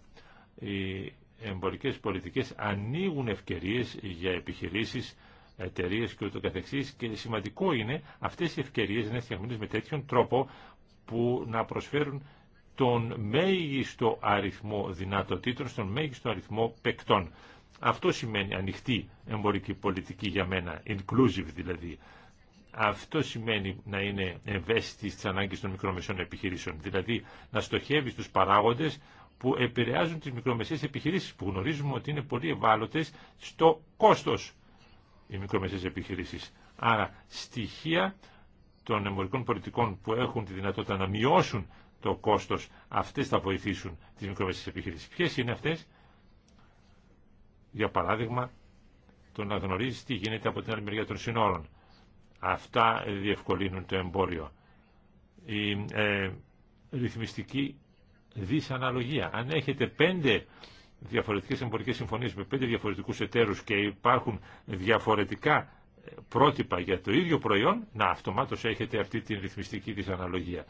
εμπορικές πολιτικές ανοίγουν ευκαιρίες για επιχειρήσεις, εταιρείε και ούτω καθεξής και σημαντικό είναι αυτές οι ευκαιρίες να είναι με τέτοιον τρόπο που να προσφέρουν τον μέγιστο αριθμό δυνατοτήτων, στον μέγιστο αριθμό παικτών. Αυτό σημαίνει ανοιχτή εμπορική πολιτική για μένα, inclusive δηλαδή. Αυτό σημαίνει να είναι ευαίσθητη στις ανάγκες των μικρομεσών επιχειρήσεων, δηλαδή να στοχεύει στους παράγοντες που επηρεάζουν τις μικρομεσαίες επιχειρήσεις που γνωρίζουμε ότι είναι πολύ ευάλωτες στο κόστος οι μικρομεσαίες επιχειρήσεις. Άρα στοιχεία των εμπορικών πολιτικών που έχουν τη δυνατότητα να μειώσουν το κόστος, αυτές θα βοηθήσουν τις μικρομεσαίες επιχειρήσεις. Ποιες είναι αυτές? Για παράδειγμα, το να γνωρίζει τι γίνεται από την άλλη μεριά των συνόρων. Αυτά διευκολύνουν το εμπόριο. Η ε, ρυθμιστική δυσαναλογία. Αν έχετε πέντε διαφορετικές εμπορικές συμφωνίες με πέντε διαφορετικούς εταίρους και υπάρχουν διαφορετικά πρότυπα για το ίδιο προϊόν, να αυτομάτως έχετε αυτή την ρυθμιστική δυσαναλογία.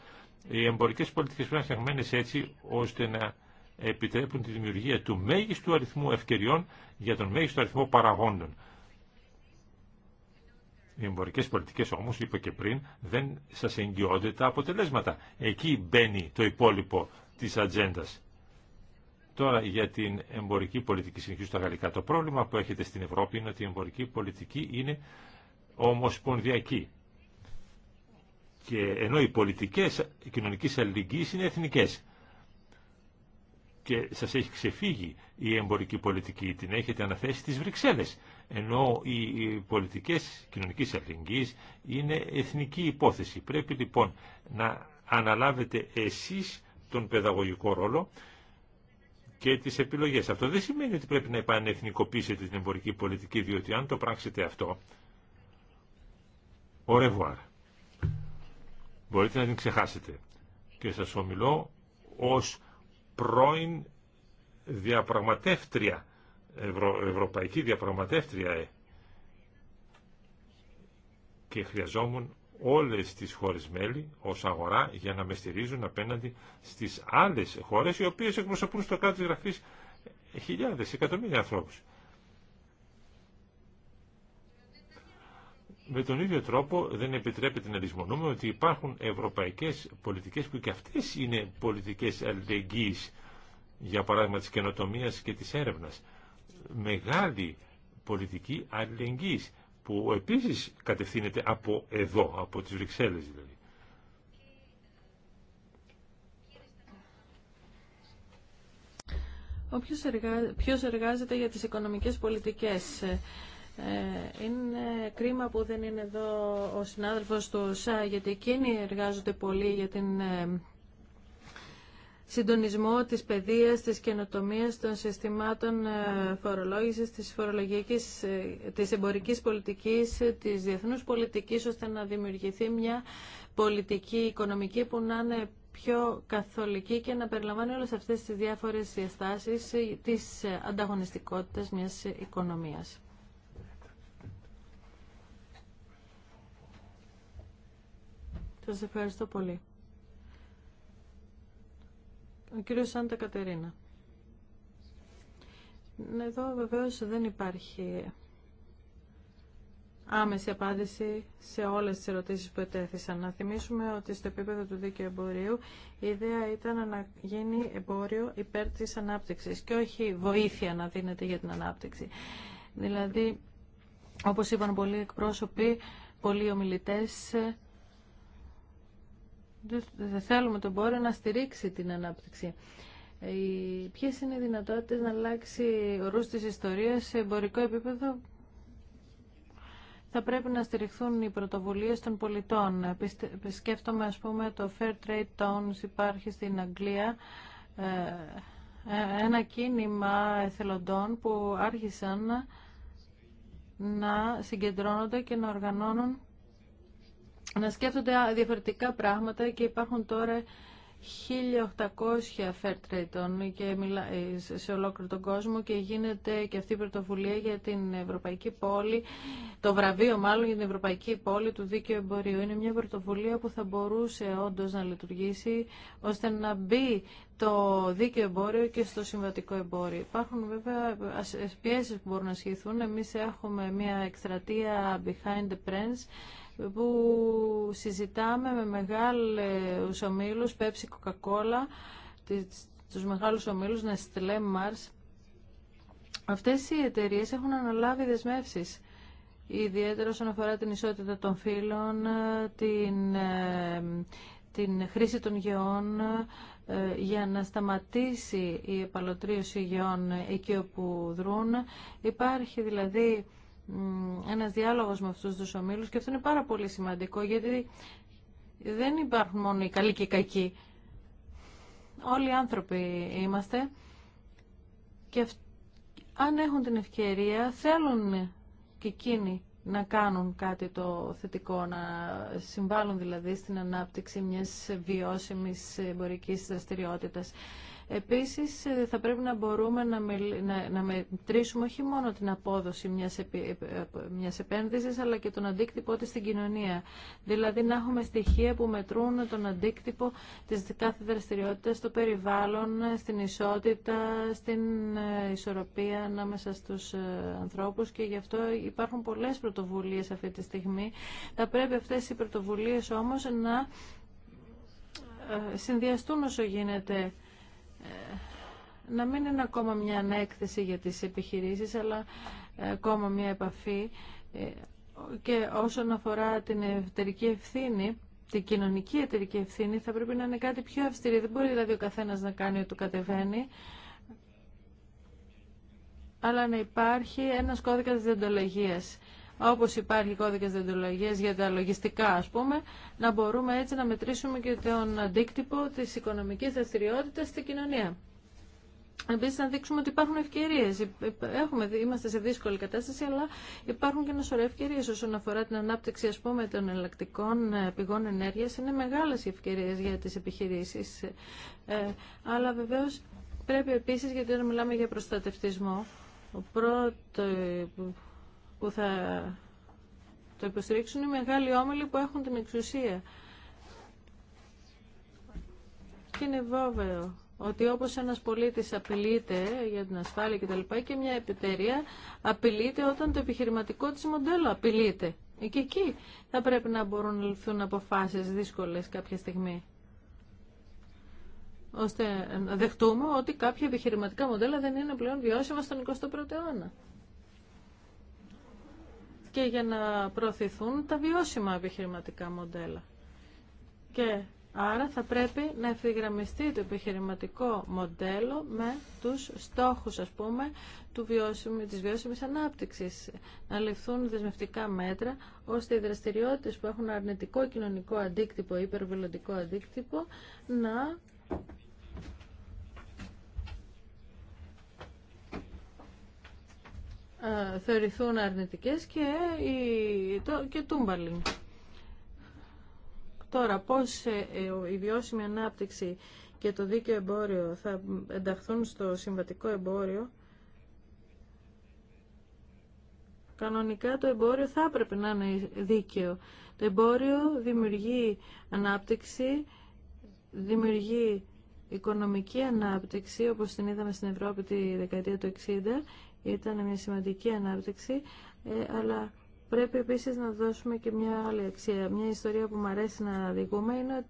Οι εμπορικές πολιτικές πρέπει να φτιαγμένες έτσι ώστε να επιτρέπουν τη δημιουργία του μέγιστου αριθμού ευκαιριών για τον μέγιστο αριθμό παραγόντων. Οι εμπορικές πολιτικές όμως, είπα και πριν, δεν σας εγγυώνται τα αποτελέσματα. Εκεί μπαίνει το υπόλοιπο της ατζέντα. Τώρα για την εμπορική πολιτική συνεχίζω στα γαλλικά. Το πρόβλημα που έχετε στην Ευρώπη είναι ότι η εμπορική πολιτική είναι ομοσπονδιακή. Και ενώ οι πολιτικές κοινωνικής αλληλεγγύης είναι εθνικές. Και σας έχει ξεφύγει η εμπορική πολιτική, την έχετε αναθέσει στις Βρυξέλλες. Ενώ οι πολιτικές κοινωνικής αλληλεγγύης είναι εθνική υπόθεση. Πρέπει λοιπόν να αναλάβετε εσείς τον παιδαγωγικό ρόλο και τις επιλογές. Αυτό δεν σημαίνει ότι πρέπει να επανεθνικοποιήσετε την εμπορική πολιτική, διότι αν το πράξετε αυτό, ωρεύουαρ. μπορείτε να την ξεχάσετε. Και σας ομιλώ ως πρώην διαπραγματεύτρια, ευρωπαϊκή διαπραγματεύτρια, ε. και χρειαζόμουν όλες τις χώρες μέλη ως αγορά για να με στηρίζουν απέναντι στις άλλες χώρες οι οποίες εκπροσωπούν στο κάτω γραφής χιλιάδες, εκατομμύρια ανθρώπους. Με τον ίδιο τρόπο δεν επιτρέπεται να λησμονούμε ότι υπάρχουν ευρωπαϊκές πολιτικές που και αυτές είναι πολιτικές αλληλεγγύης, για παράδειγμα της καινοτομίας και της έρευνας. Μεγάλη πολιτική αλληλεγγύης που επίσης κατευθύνεται από εδώ, από τις Βρυξέλλες δηλαδή. ποιος εργάζεται για τις οικονομικές πολιτικές ε, είναι κρίμα που δεν είναι εδώ ο συνάδελφος του ΣΑ, γιατί εκείνοι εργάζονται πολύ για την ε, συντονισμό της παιδείας, της καινοτομίας, των συστημάτων ε, φορολόγησης, της, φορολογικής, ε, της εμπορικής πολιτικής, ε, της διεθνούς πολιτικής, ώστε να δημιουργηθεί μια πολιτική οικονομική που να είναι πιο καθολική και να περιλαμβάνει όλες αυτές τις διάφορες διαστάσεις της ανταγωνιστικότητας μιας οικονομίας. Σας ευχαριστώ πολύ. Ο κύριος Σάντα Κατερίνα. Εδώ βεβαίως δεν υπάρχει άμεση απάντηση σε όλες τις ερωτήσεις που ετέθησαν. Να θυμίσουμε ότι στο επίπεδο του δίκαιου εμπορίου η ιδέα ήταν να γίνει εμπόριο υπέρ της ανάπτυξης και όχι βοήθεια να δίνεται για την ανάπτυξη. Δηλαδή, όπως είπαν πολλοί εκπρόσωποι, πολλοί ομιλητές, δεν θέλουμε τον πόρο να στηρίξει την ανάπτυξη. Ε, ποιε είναι οι δυνατότητε να αλλάξει ο ρούς της ιστορίας σε εμπορικό επίπεδο θα πρέπει να στηριχθούν οι πρωτοβουλίες των πολιτών. Ε, σκέφτομαι, ας πούμε, το Fair Trade Towns υπάρχει στην Αγγλία, ε, ένα κίνημα εθελοντών που άρχισαν να συγκεντρώνονται και να οργανώνουν να σκέφτονται διαφορετικά πράγματα και υπάρχουν τώρα 1.800 fair trade και ε, σε ολόκληρο τον κόσμο και γίνεται και αυτή η πρωτοβουλία για την Ευρωπαϊκή Πόλη, το βραβείο μάλλον για την Ευρωπαϊκή Πόλη του Δίκαιου Εμπορίου. Είναι μια πρωτοβουλία που θα μπορούσε όντω να λειτουργήσει ώστε να μπει το δίκαιο εμπόριο και στο συμβατικό εμπόριο. Υπάρχουν βέβαια πιέσει που μπορούν να ασχηθούν. Εμεί έχουμε μια εκστρατεία behind the prince που συζητάμε με μεγάλους ομίλους, Pepsi, Coca-Cola, τους μεγάλους ομίλους, Nestlé, Mars. Αυτές οι εταιρείες έχουν αναλάβει δεσμεύσεις ιδιαίτερα όσον αφορά την ισότητα των φύλων, την, ε, την χρήση των γεών, ε, για να σταματήσει η επαλωτρίωση γεών εκεί όπου δρούν. Υπάρχει δηλαδή ένα διάλογο με αυτού του ομιλού και αυτό είναι πάρα πολύ σημαντικό γιατί δεν υπάρχουν μόνο οι καλοί και οι κακοί. Όλοι οι άνθρωποι είμαστε και αν έχουν την ευκαιρία θέλουν και εκείνοι να κάνουν κάτι το θετικό, να συμβάλλουν δηλαδή στην ανάπτυξη μιας βιώσιμης εμπορικής δραστηριότητας. Επίσης ε, θα πρέπει να μπορούμε να, να, να μετρήσουμε όχι μόνο την απόδοση μιας, επί, μιας επένδυσης αλλά και τον αντίκτυπο της στην κοινωνία. Δηλαδή να έχουμε στοιχεία που μετρούν τον αντίκτυπο της κάθε δραστηριότητας στο περιβάλλον, στην ισότητα, στην ε, ισορροπία ανάμεσα στους ε, ανθρώπους και γι' αυτό υπάρχουν πολλές πρωτοβουλίες αυτή τη στιγμή. Θα πρέπει αυτές οι πρωτοβουλίες όμως να συνδυαστούν όσο γίνεται ε, να μην είναι ακόμα μια ανέκθεση για τις επιχειρήσεις, αλλά ακόμα μια επαφή. Ε, και όσον αφορά την εταιρική ευθύνη, την κοινωνική εταιρική ευθύνη, θα πρέπει να είναι κάτι πιο αυστηρή. Δεν μπορεί δηλαδή ο καθένας να κάνει ό,τι κατεβαίνει, αλλά να υπάρχει ένας κώδικας διοντολογίας όπως υπάρχει κώδικες διοντολογίας για τα λογιστικά ας πούμε, να μπορούμε έτσι να μετρήσουμε και τον αντίκτυπο της οικονομικής δραστηριότητας στην κοινωνία. Επίση, να δείξουμε ότι υπάρχουν ευκαιρίε. Είμαστε σε δύσκολη κατάσταση, αλλά υπάρχουν και ένα σωρό ευκαιρίε όσον αφορά την ανάπτυξη ας πούμε, των εναλλακτικών ε, πηγών ενέργεια. Είναι μεγάλε οι ευκαιρίε για τι επιχειρήσει. Ε, ε, αλλά βεβαίω πρέπει επίση, γιατί όταν μιλάμε για προστατευτισμό, ο πρώτο που θα το υποστηρίξουν οι μεγάλοι όμιλοι που έχουν την εξουσία. Και είναι βέβαιο ότι όπως ένας πολίτης απειλείται για την ασφάλεια κτλ. Και, και μια επιτερία απειλείται όταν το επιχειρηματικό της μοντέλο απειλείται. Και εκεί θα πρέπει να μπορούν να ληφθούν αποφάσεις δύσκολες κάποια στιγμή ώστε να δεχτούμε ότι κάποια επιχειρηματικά μοντέλα δεν είναι πλέον βιώσιμα στον 21ο αιώνα και για να προωθηθούν τα βιώσιμα επιχειρηματικά μοντέλα. Και άρα θα πρέπει να ευθυγραμμιστεί το επιχειρηματικό μοντέλο με τους στόχους, ας πούμε, του βιώσιμη, της βιώσιμης ανάπτυξης. Να ληφθούν δεσμευτικά μέτρα, ώστε οι δραστηριότητες που έχουν αρνητικό κοινωνικό αντίκτυπο ή υπερβελοντικό αντίκτυπο να Ε, θεωρηθούν αρνητικές και, η, το, και Τώρα, πώς ε, ε, η βιώσιμη ανάπτυξη και το δίκαιο εμπόριο θα ενταχθούν στο συμβατικό εμπόριο, κανονικά το εμπόριο θα έπρεπε να είναι δίκαιο. Το εμπόριο δημιουργεί ανάπτυξη, δημιουργεί οικονομική ανάπτυξη, όπως την είδαμε στην Ευρώπη τη δεκαετία του 60, ήταν μια σημαντική ανάπτυξη, ε, αλλά πρέπει επίσης να δώσουμε και μια άλλη αξία. Μια ιστορία που μου αρέσει να διηγούμε είναι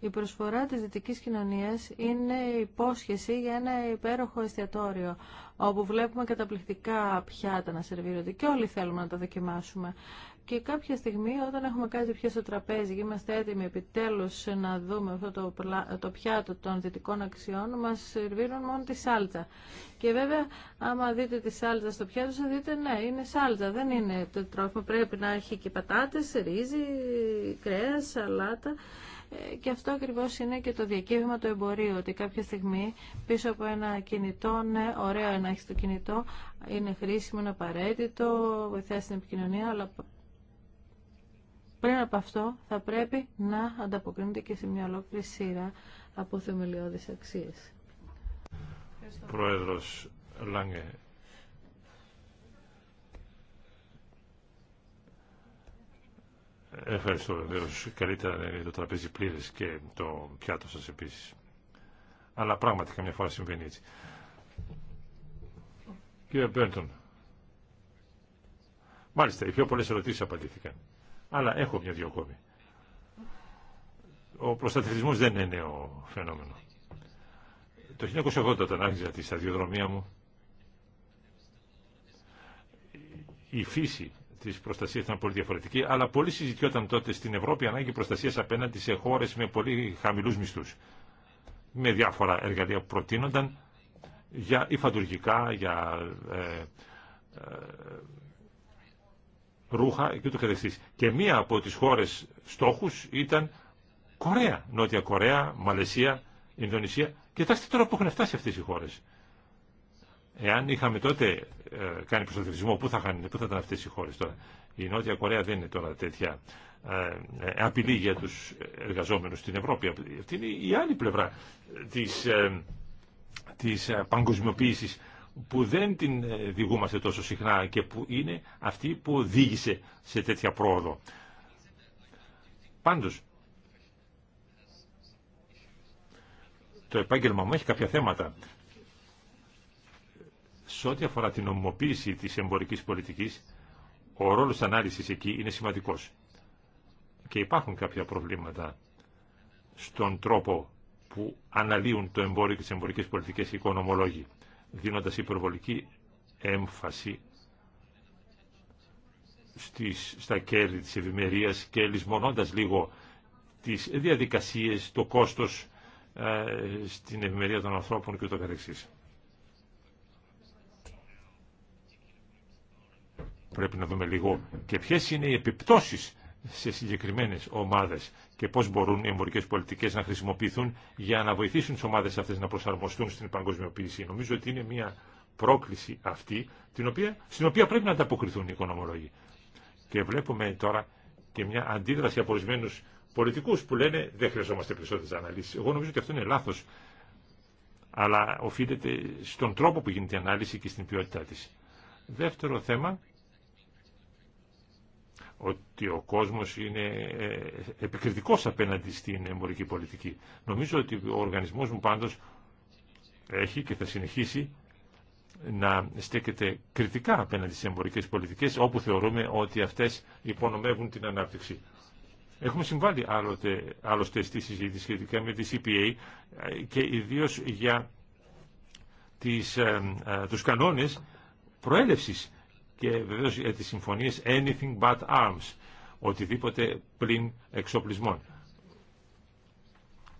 Η προσφορά της δυτικής κοινωνίας είναι υπόσχεση για ένα υπέροχο εστιατόριο, όπου βλέπουμε καταπληκτικά πιάτα να σερβίρονται και όλοι θέλουμε να τα δοκιμάσουμε. Και κάποια στιγμή όταν έχουμε κάτι πια στο τραπέζι και είμαστε έτοιμοι επιτέλους να δούμε αυτό το, το πιάτο των δυτικών αξιών, μας σερβίρουν μόνο τη σάλτσα. Και βέβαια άμα δείτε τη σάλτσα στο πιάτο θα δείτε ναι είναι σάλτσα, δεν είναι το τρόφιμο. Πρέπει να έχει και πατάτες, ρύζι, κρέας, σαλάτα και αυτό ακριβώς είναι και το διακύβημα του εμπορίου, ότι κάποια στιγμή πίσω από ένα κινητό, ναι, ωραίο να έχει το κινητό, είναι χρήσιμο, είναι απαραίτητο, βοηθάει στην επικοινωνία, αλλά πριν από αυτό θα πρέπει να ανταποκρίνεται και σε μια ολόκληρη σειρά από θεμελιώδεις αξίες. Πρόεδρος Λάγκε, Ευχαριστώ βεβαίω. Καλύτερα είναι το τραπέζι πλήρε και το πιάτο σα επίση. Αλλά πράγματι καμιά φορά συμβαίνει έτσι. Κύριε Μπέρντον. Μάλιστα, οι πιο πολλέ ερωτήσει απαντήθηκαν. Αλλά έχω μια-δυο ακόμη. Ο προστατευτισμό δεν είναι νέο φαινόμενο. Το 1980 όταν άρχιζα τη σταδιοδρομία μου, η φύση τη προστασία ήταν πολύ διαφορετική, αλλά πολύ συζητιόταν τότε στην Ευρώπη ανάγκη προστασία απέναντι σε χώρε με πολύ χαμηλού μισθού. Με διάφορα εργαλεία που προτείνονταν για υφαντουργικά, για ε, ε, ρούχα και το Και μία από τις χώρες στόχους ήταν Κορέα, Νότια Κορέα, Μαλαισία, Ινδονησία. Κοιτάξτε τώρα που έχουν φτάσει αυτές οι χώρες. Εάν είχαμε τότε ε, κάνει προστατευτισμό, πού θα, πού θα ήταν αυτές οι χώρες τώρα. Η Νότια Κορέα δεν είναι τώρα τέτοια ε, ε, απειλή για τους εργαζόμενους στην Ευρώπη. Αυτή είναι η άλλη πλευρά της, της παγκοσμιοποίησης που δεν την διηγούμαστε τόσο συχνά και που είναι αυτή που οδήγησε σε τέτοια πρόοδο. Πάντως, το επάγγελμα μου έχει κάποια θέματα σε ό,τι αφορά την νομιμοποίηση της εμπορικής πολιτικής, ο ρόλος ανάλυσης εκεί είναι σημαντικός. Και υπάρχουν κάποια προβλήματα στον τρόπο που αναλύουν το εμπόριο και τις εμπορικές πολιτικές οι οικονομολόγοι, δίνοντας υπερβολική έμφαση στις, στα κέρδη της ευημερία και λησμονώντας λίγο τις διαδικασίες, το κόστος ε, στην ευημερία των ανθρώπων και το καθεξής. Πρέπει να δούμε λίγο και ποιες είναι οι επιπτώσεις σε συγκεκριμένες ομάδες και πώς μπορούν οι εμπορικές πολιτικές να χρησιμοποιηθούν για να βοηθήσουν τις ομάδες αυτές να προσαρμοστούν στην παγκοσμιοποίηση. Νομίζω ότι είναι μια πρόκληση αυτή την οποία, στην οποία πρέπει να ανταποκριθούν οι οικονομολόγοι. Και βλέπουμε τώρα και μια αντίδραση από ορισμένου πολιτικού που λένε δεν χρειαζόμαστε περισσότερε αναλύσει. Εγώ νομίζω ότι αυτό είναι λάθο. Αλλά οφείλεται στον τρόπο που γίνεται η ανάλυση και στην ποιότητά τη. Δεύτερο θέμα ότι ο κόσμος είναι ε, επικριτικός απέναντι στην εμπορική πολιτική. Νομίζω ότι ο οργανισμός μου πάντως έχει και θα συνεχίσει να στέκεται κριτικά απέναντι στις εμπορικές πολιτικές όπου θεωρούμε ότι αυτές υπονομεύουν την ανάπτυξη. Έχουμε συμβάλει άλλοτε, άλλωστε στη συζήτηση σχετικά με τη CPA ε, και ιδίως για τις, ε, τους κανόνες προέλευσης και βεβαίως για τις συμφωνίες anything but arms, οτιδήποτε πλην εξοπλισμών.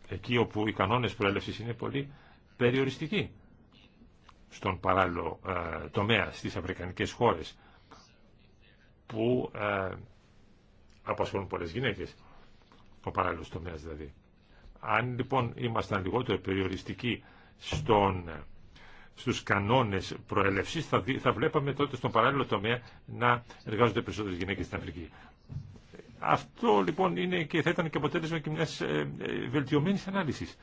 Εκεί όπου οι κανόνες προέλευσης είναι πολύ περιοριστικοί στον παράλληλο ε, τομέα στις αφρικανικές χώρες που ε, απασχολούν πολλές γυναίκες, ο παράλληλος τομέας δηλαδή. Αν λοιπόν ήμασταν λιγότερο περιοριστικοί στον ε, στους κανόνες προέλευσης θα, θα βλέπαμε τότε στον παράλληλο τομέα να εργάζονται περισσότερες γυναίκες στην Αφρική. Αυτό λοιπόν είναι και θα ήταν και αποτέλεσμα και μιας ε, ε, βελτιωμένης ανάλυσης.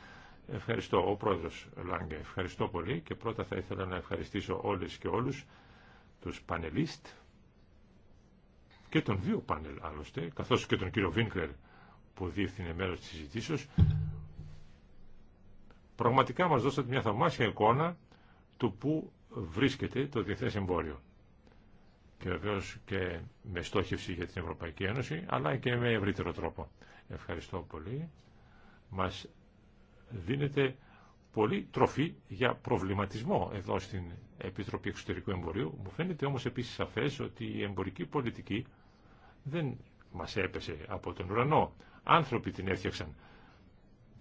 Ευχαριστώ ο πρόεδρος Λάγκε. Ευχαριστώ πολύ και πρώτα θα ήθελα να ευχαριστήσω όλες και όλους τους πανελίστ και τον δύο πάνελ άλλωστε, καθώς και τον κύριο Βίνκλερ που διεύθυνε μέρο τη συζητήσεως. Πραγματικά μας δώσατε μια θαυμάσια εικόνα του πού βρίσκεται το διεθνές εμπόριο. Και βεβαίω και με στόχευση για την Ευρωπαϊκή Ένωση, αλλά και με ευρύτερο τρόπο. Ευχαριστώ πολύ. Μας δίνεται πολύ τροφή για προβληματισμό εδώ στην Επιτροπή Εξωτερικού Εμπορίου. Μου φαίνεται όμως επίσης σαφές ότι η εμπορική πολιτική δεν μας έπεσε από τον ουρανό. Άνθρωποι την έφτιαξαν.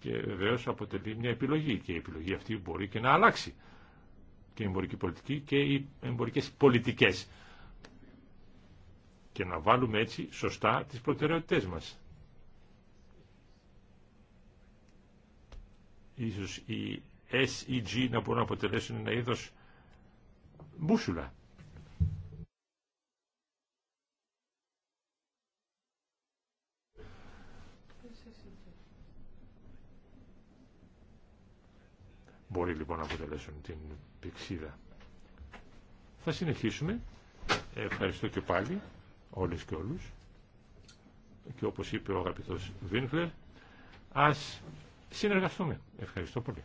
Και βεβαίω αποτελεί μια επιλογή και η επιλογή αυτή μπορεί και να αλλάξει και η εμπορική πολιτική και οι εμπορικές πολιτικές. Και να βάλουμε έτσι σωστά τις προτεραιότητές μας. Ίσως οι SEG να μπορούν να αποτελέσουν ένα είδος μπούσουλα. Μπορεί λοιπόν να αποτελέσουν την πηξίδα. Θα συνεχίσουμε. Ευχαριστώ και πάλι όλες και όλους. Και όπως είπε ο αγαπητός Βίνφλερ, ας συνεργαστούμε. Ευχαριστώ πολύ.